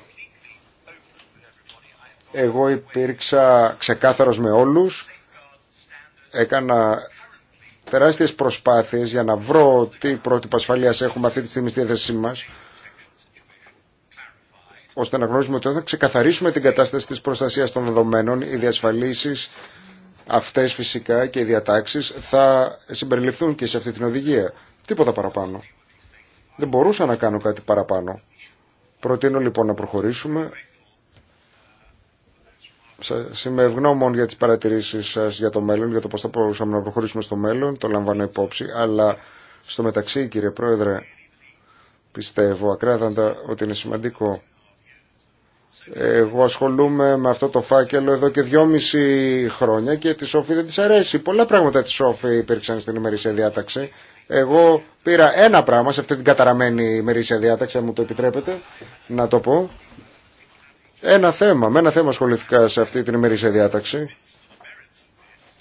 S3: Εγώ υπήρξα ξεκάθαρος με όλους, έκανα τεράστιες προσπάθειες για να βρω τι πρότυπα ασφαλείας έχουμε αυτή τη στιγμή στη διάθεσή μας ώστε να γνωρίζουμε ότι όταν ξεκαθαρίσουμε την κατάσταση της προστασίας των δεδομένων οι διασφαλίσεις αυτές φυσικά και οι διατάξεις θα συμπεριληφθούν και σε αυτή την οδηγία. Τίποτα παραπάνω. Δεν μπορούσα να κάνω κάτι παραπάνω. Προτείνω λοιπόν να προχωρήσουμε σας είμαι ευγνώμων για τις παρατηρήσεις σας για το μέλλον, για το πώς θα μπορούσαμε να προχωρήσουμε στο μέλλον, το λαμβάνω υπόψη, αλλά στο μεταξύ κύριε Πρόεδρε πιστεύω ακράδαντα ότι είναι σημαντικό. Εγώ ασχολούμαι με αυτό το φάκελο εδώ και δυόμιση χρόνια και τη Σόφη δεν της αρέσει. Πολλά πράγματα τη Σόφη υπήρξαν στην ημερήσια διάταξη. Εγώ πήρα ένα πράγμα σε αυτή την καταραμένη ημερήσια διάταξη, αν μου το επιτρέπετε να το πω. Ένα θέμα, με ένα θέμα ασχολήθηκα σε αυτή την ημερήσια διάταξη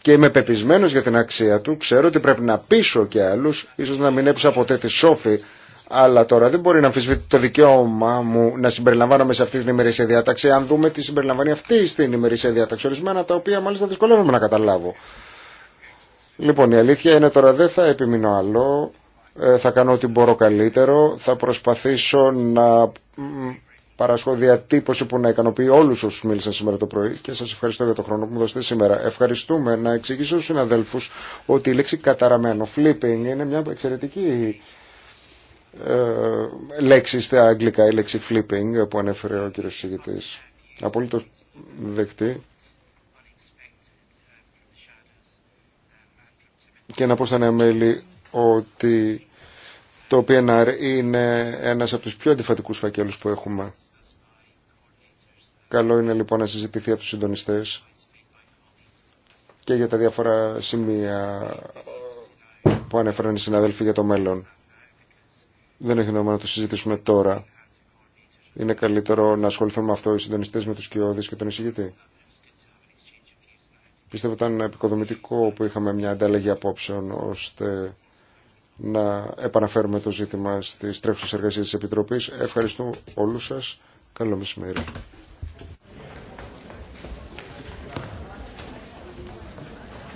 S3: και είμαι πεπισμένο για την αξία του. Ξέρω ότι πρέπει να πείσω και άλλου, ίσω να μην έπεισα ποτέ τη σόφη, αλλά τώρα δεν μπορεί να αμφισβητεί το δικαίωμά μου να συμπεριλαμβάνομαι σε αυτή την ημερήσια διάταξη, αν δούμε τι συμπεριλαμβάνει αυτή στην ημερήσια διάταξη. Ορισμένα τα οποία μάλιστα δυσκολεύομαι να καταλάβω. Λοιπόν, η αλήθεια είναι τώρα δεν θα επιμείνω άλλο. Ε, θα κάνω ό,τι μπορώ καλύτερο. Θα προσπαθήσω να παράσχω τύπωση που να ικανοποιεί όλου όσου μίλησαν σήμερα το πρωί και σα ευχαριστώ για τον χρόνο που μου δώσετε σήμερα. Ευχαριστούμε να εξηγήσω στου συναδέλφου ότι η λέξη καταραμένο, flipping, είναι μια εξαιρετική ε, λέξη στα αγγλικά, η λέξη flipping που ανέφερε ο κύριο Συγητή. Απολύτω δεκτή. Και να πω στα νέα μέλη ότι το PNR είναι ένας από τους πιο αντιφατικούς φακέλους που έχουμε. Καλό είναι λοιπόν να συζητηθεί από τους συντονιστές και για τα διάφορα σημεία που ανέφεραν οι συναδέλφοι για το μέλλον. Δεν έχει νόημα να το συζητήσουμε τώρα. Είναι καλύτερο να ασχοληθούν με αυτό οι συντονιστές, με τους κοιόδης και τον εισηγητή. Πιστεύω ήταν επικοδομητικό που είχαμε μια ανταλλαγή απόψεων ώστε να επαναφέρουμε το ζήτημα στις τρέχουσες εργασίες της Επιτροπής. Ευχαριστώ όλους σας. Καλό μεσημέρι.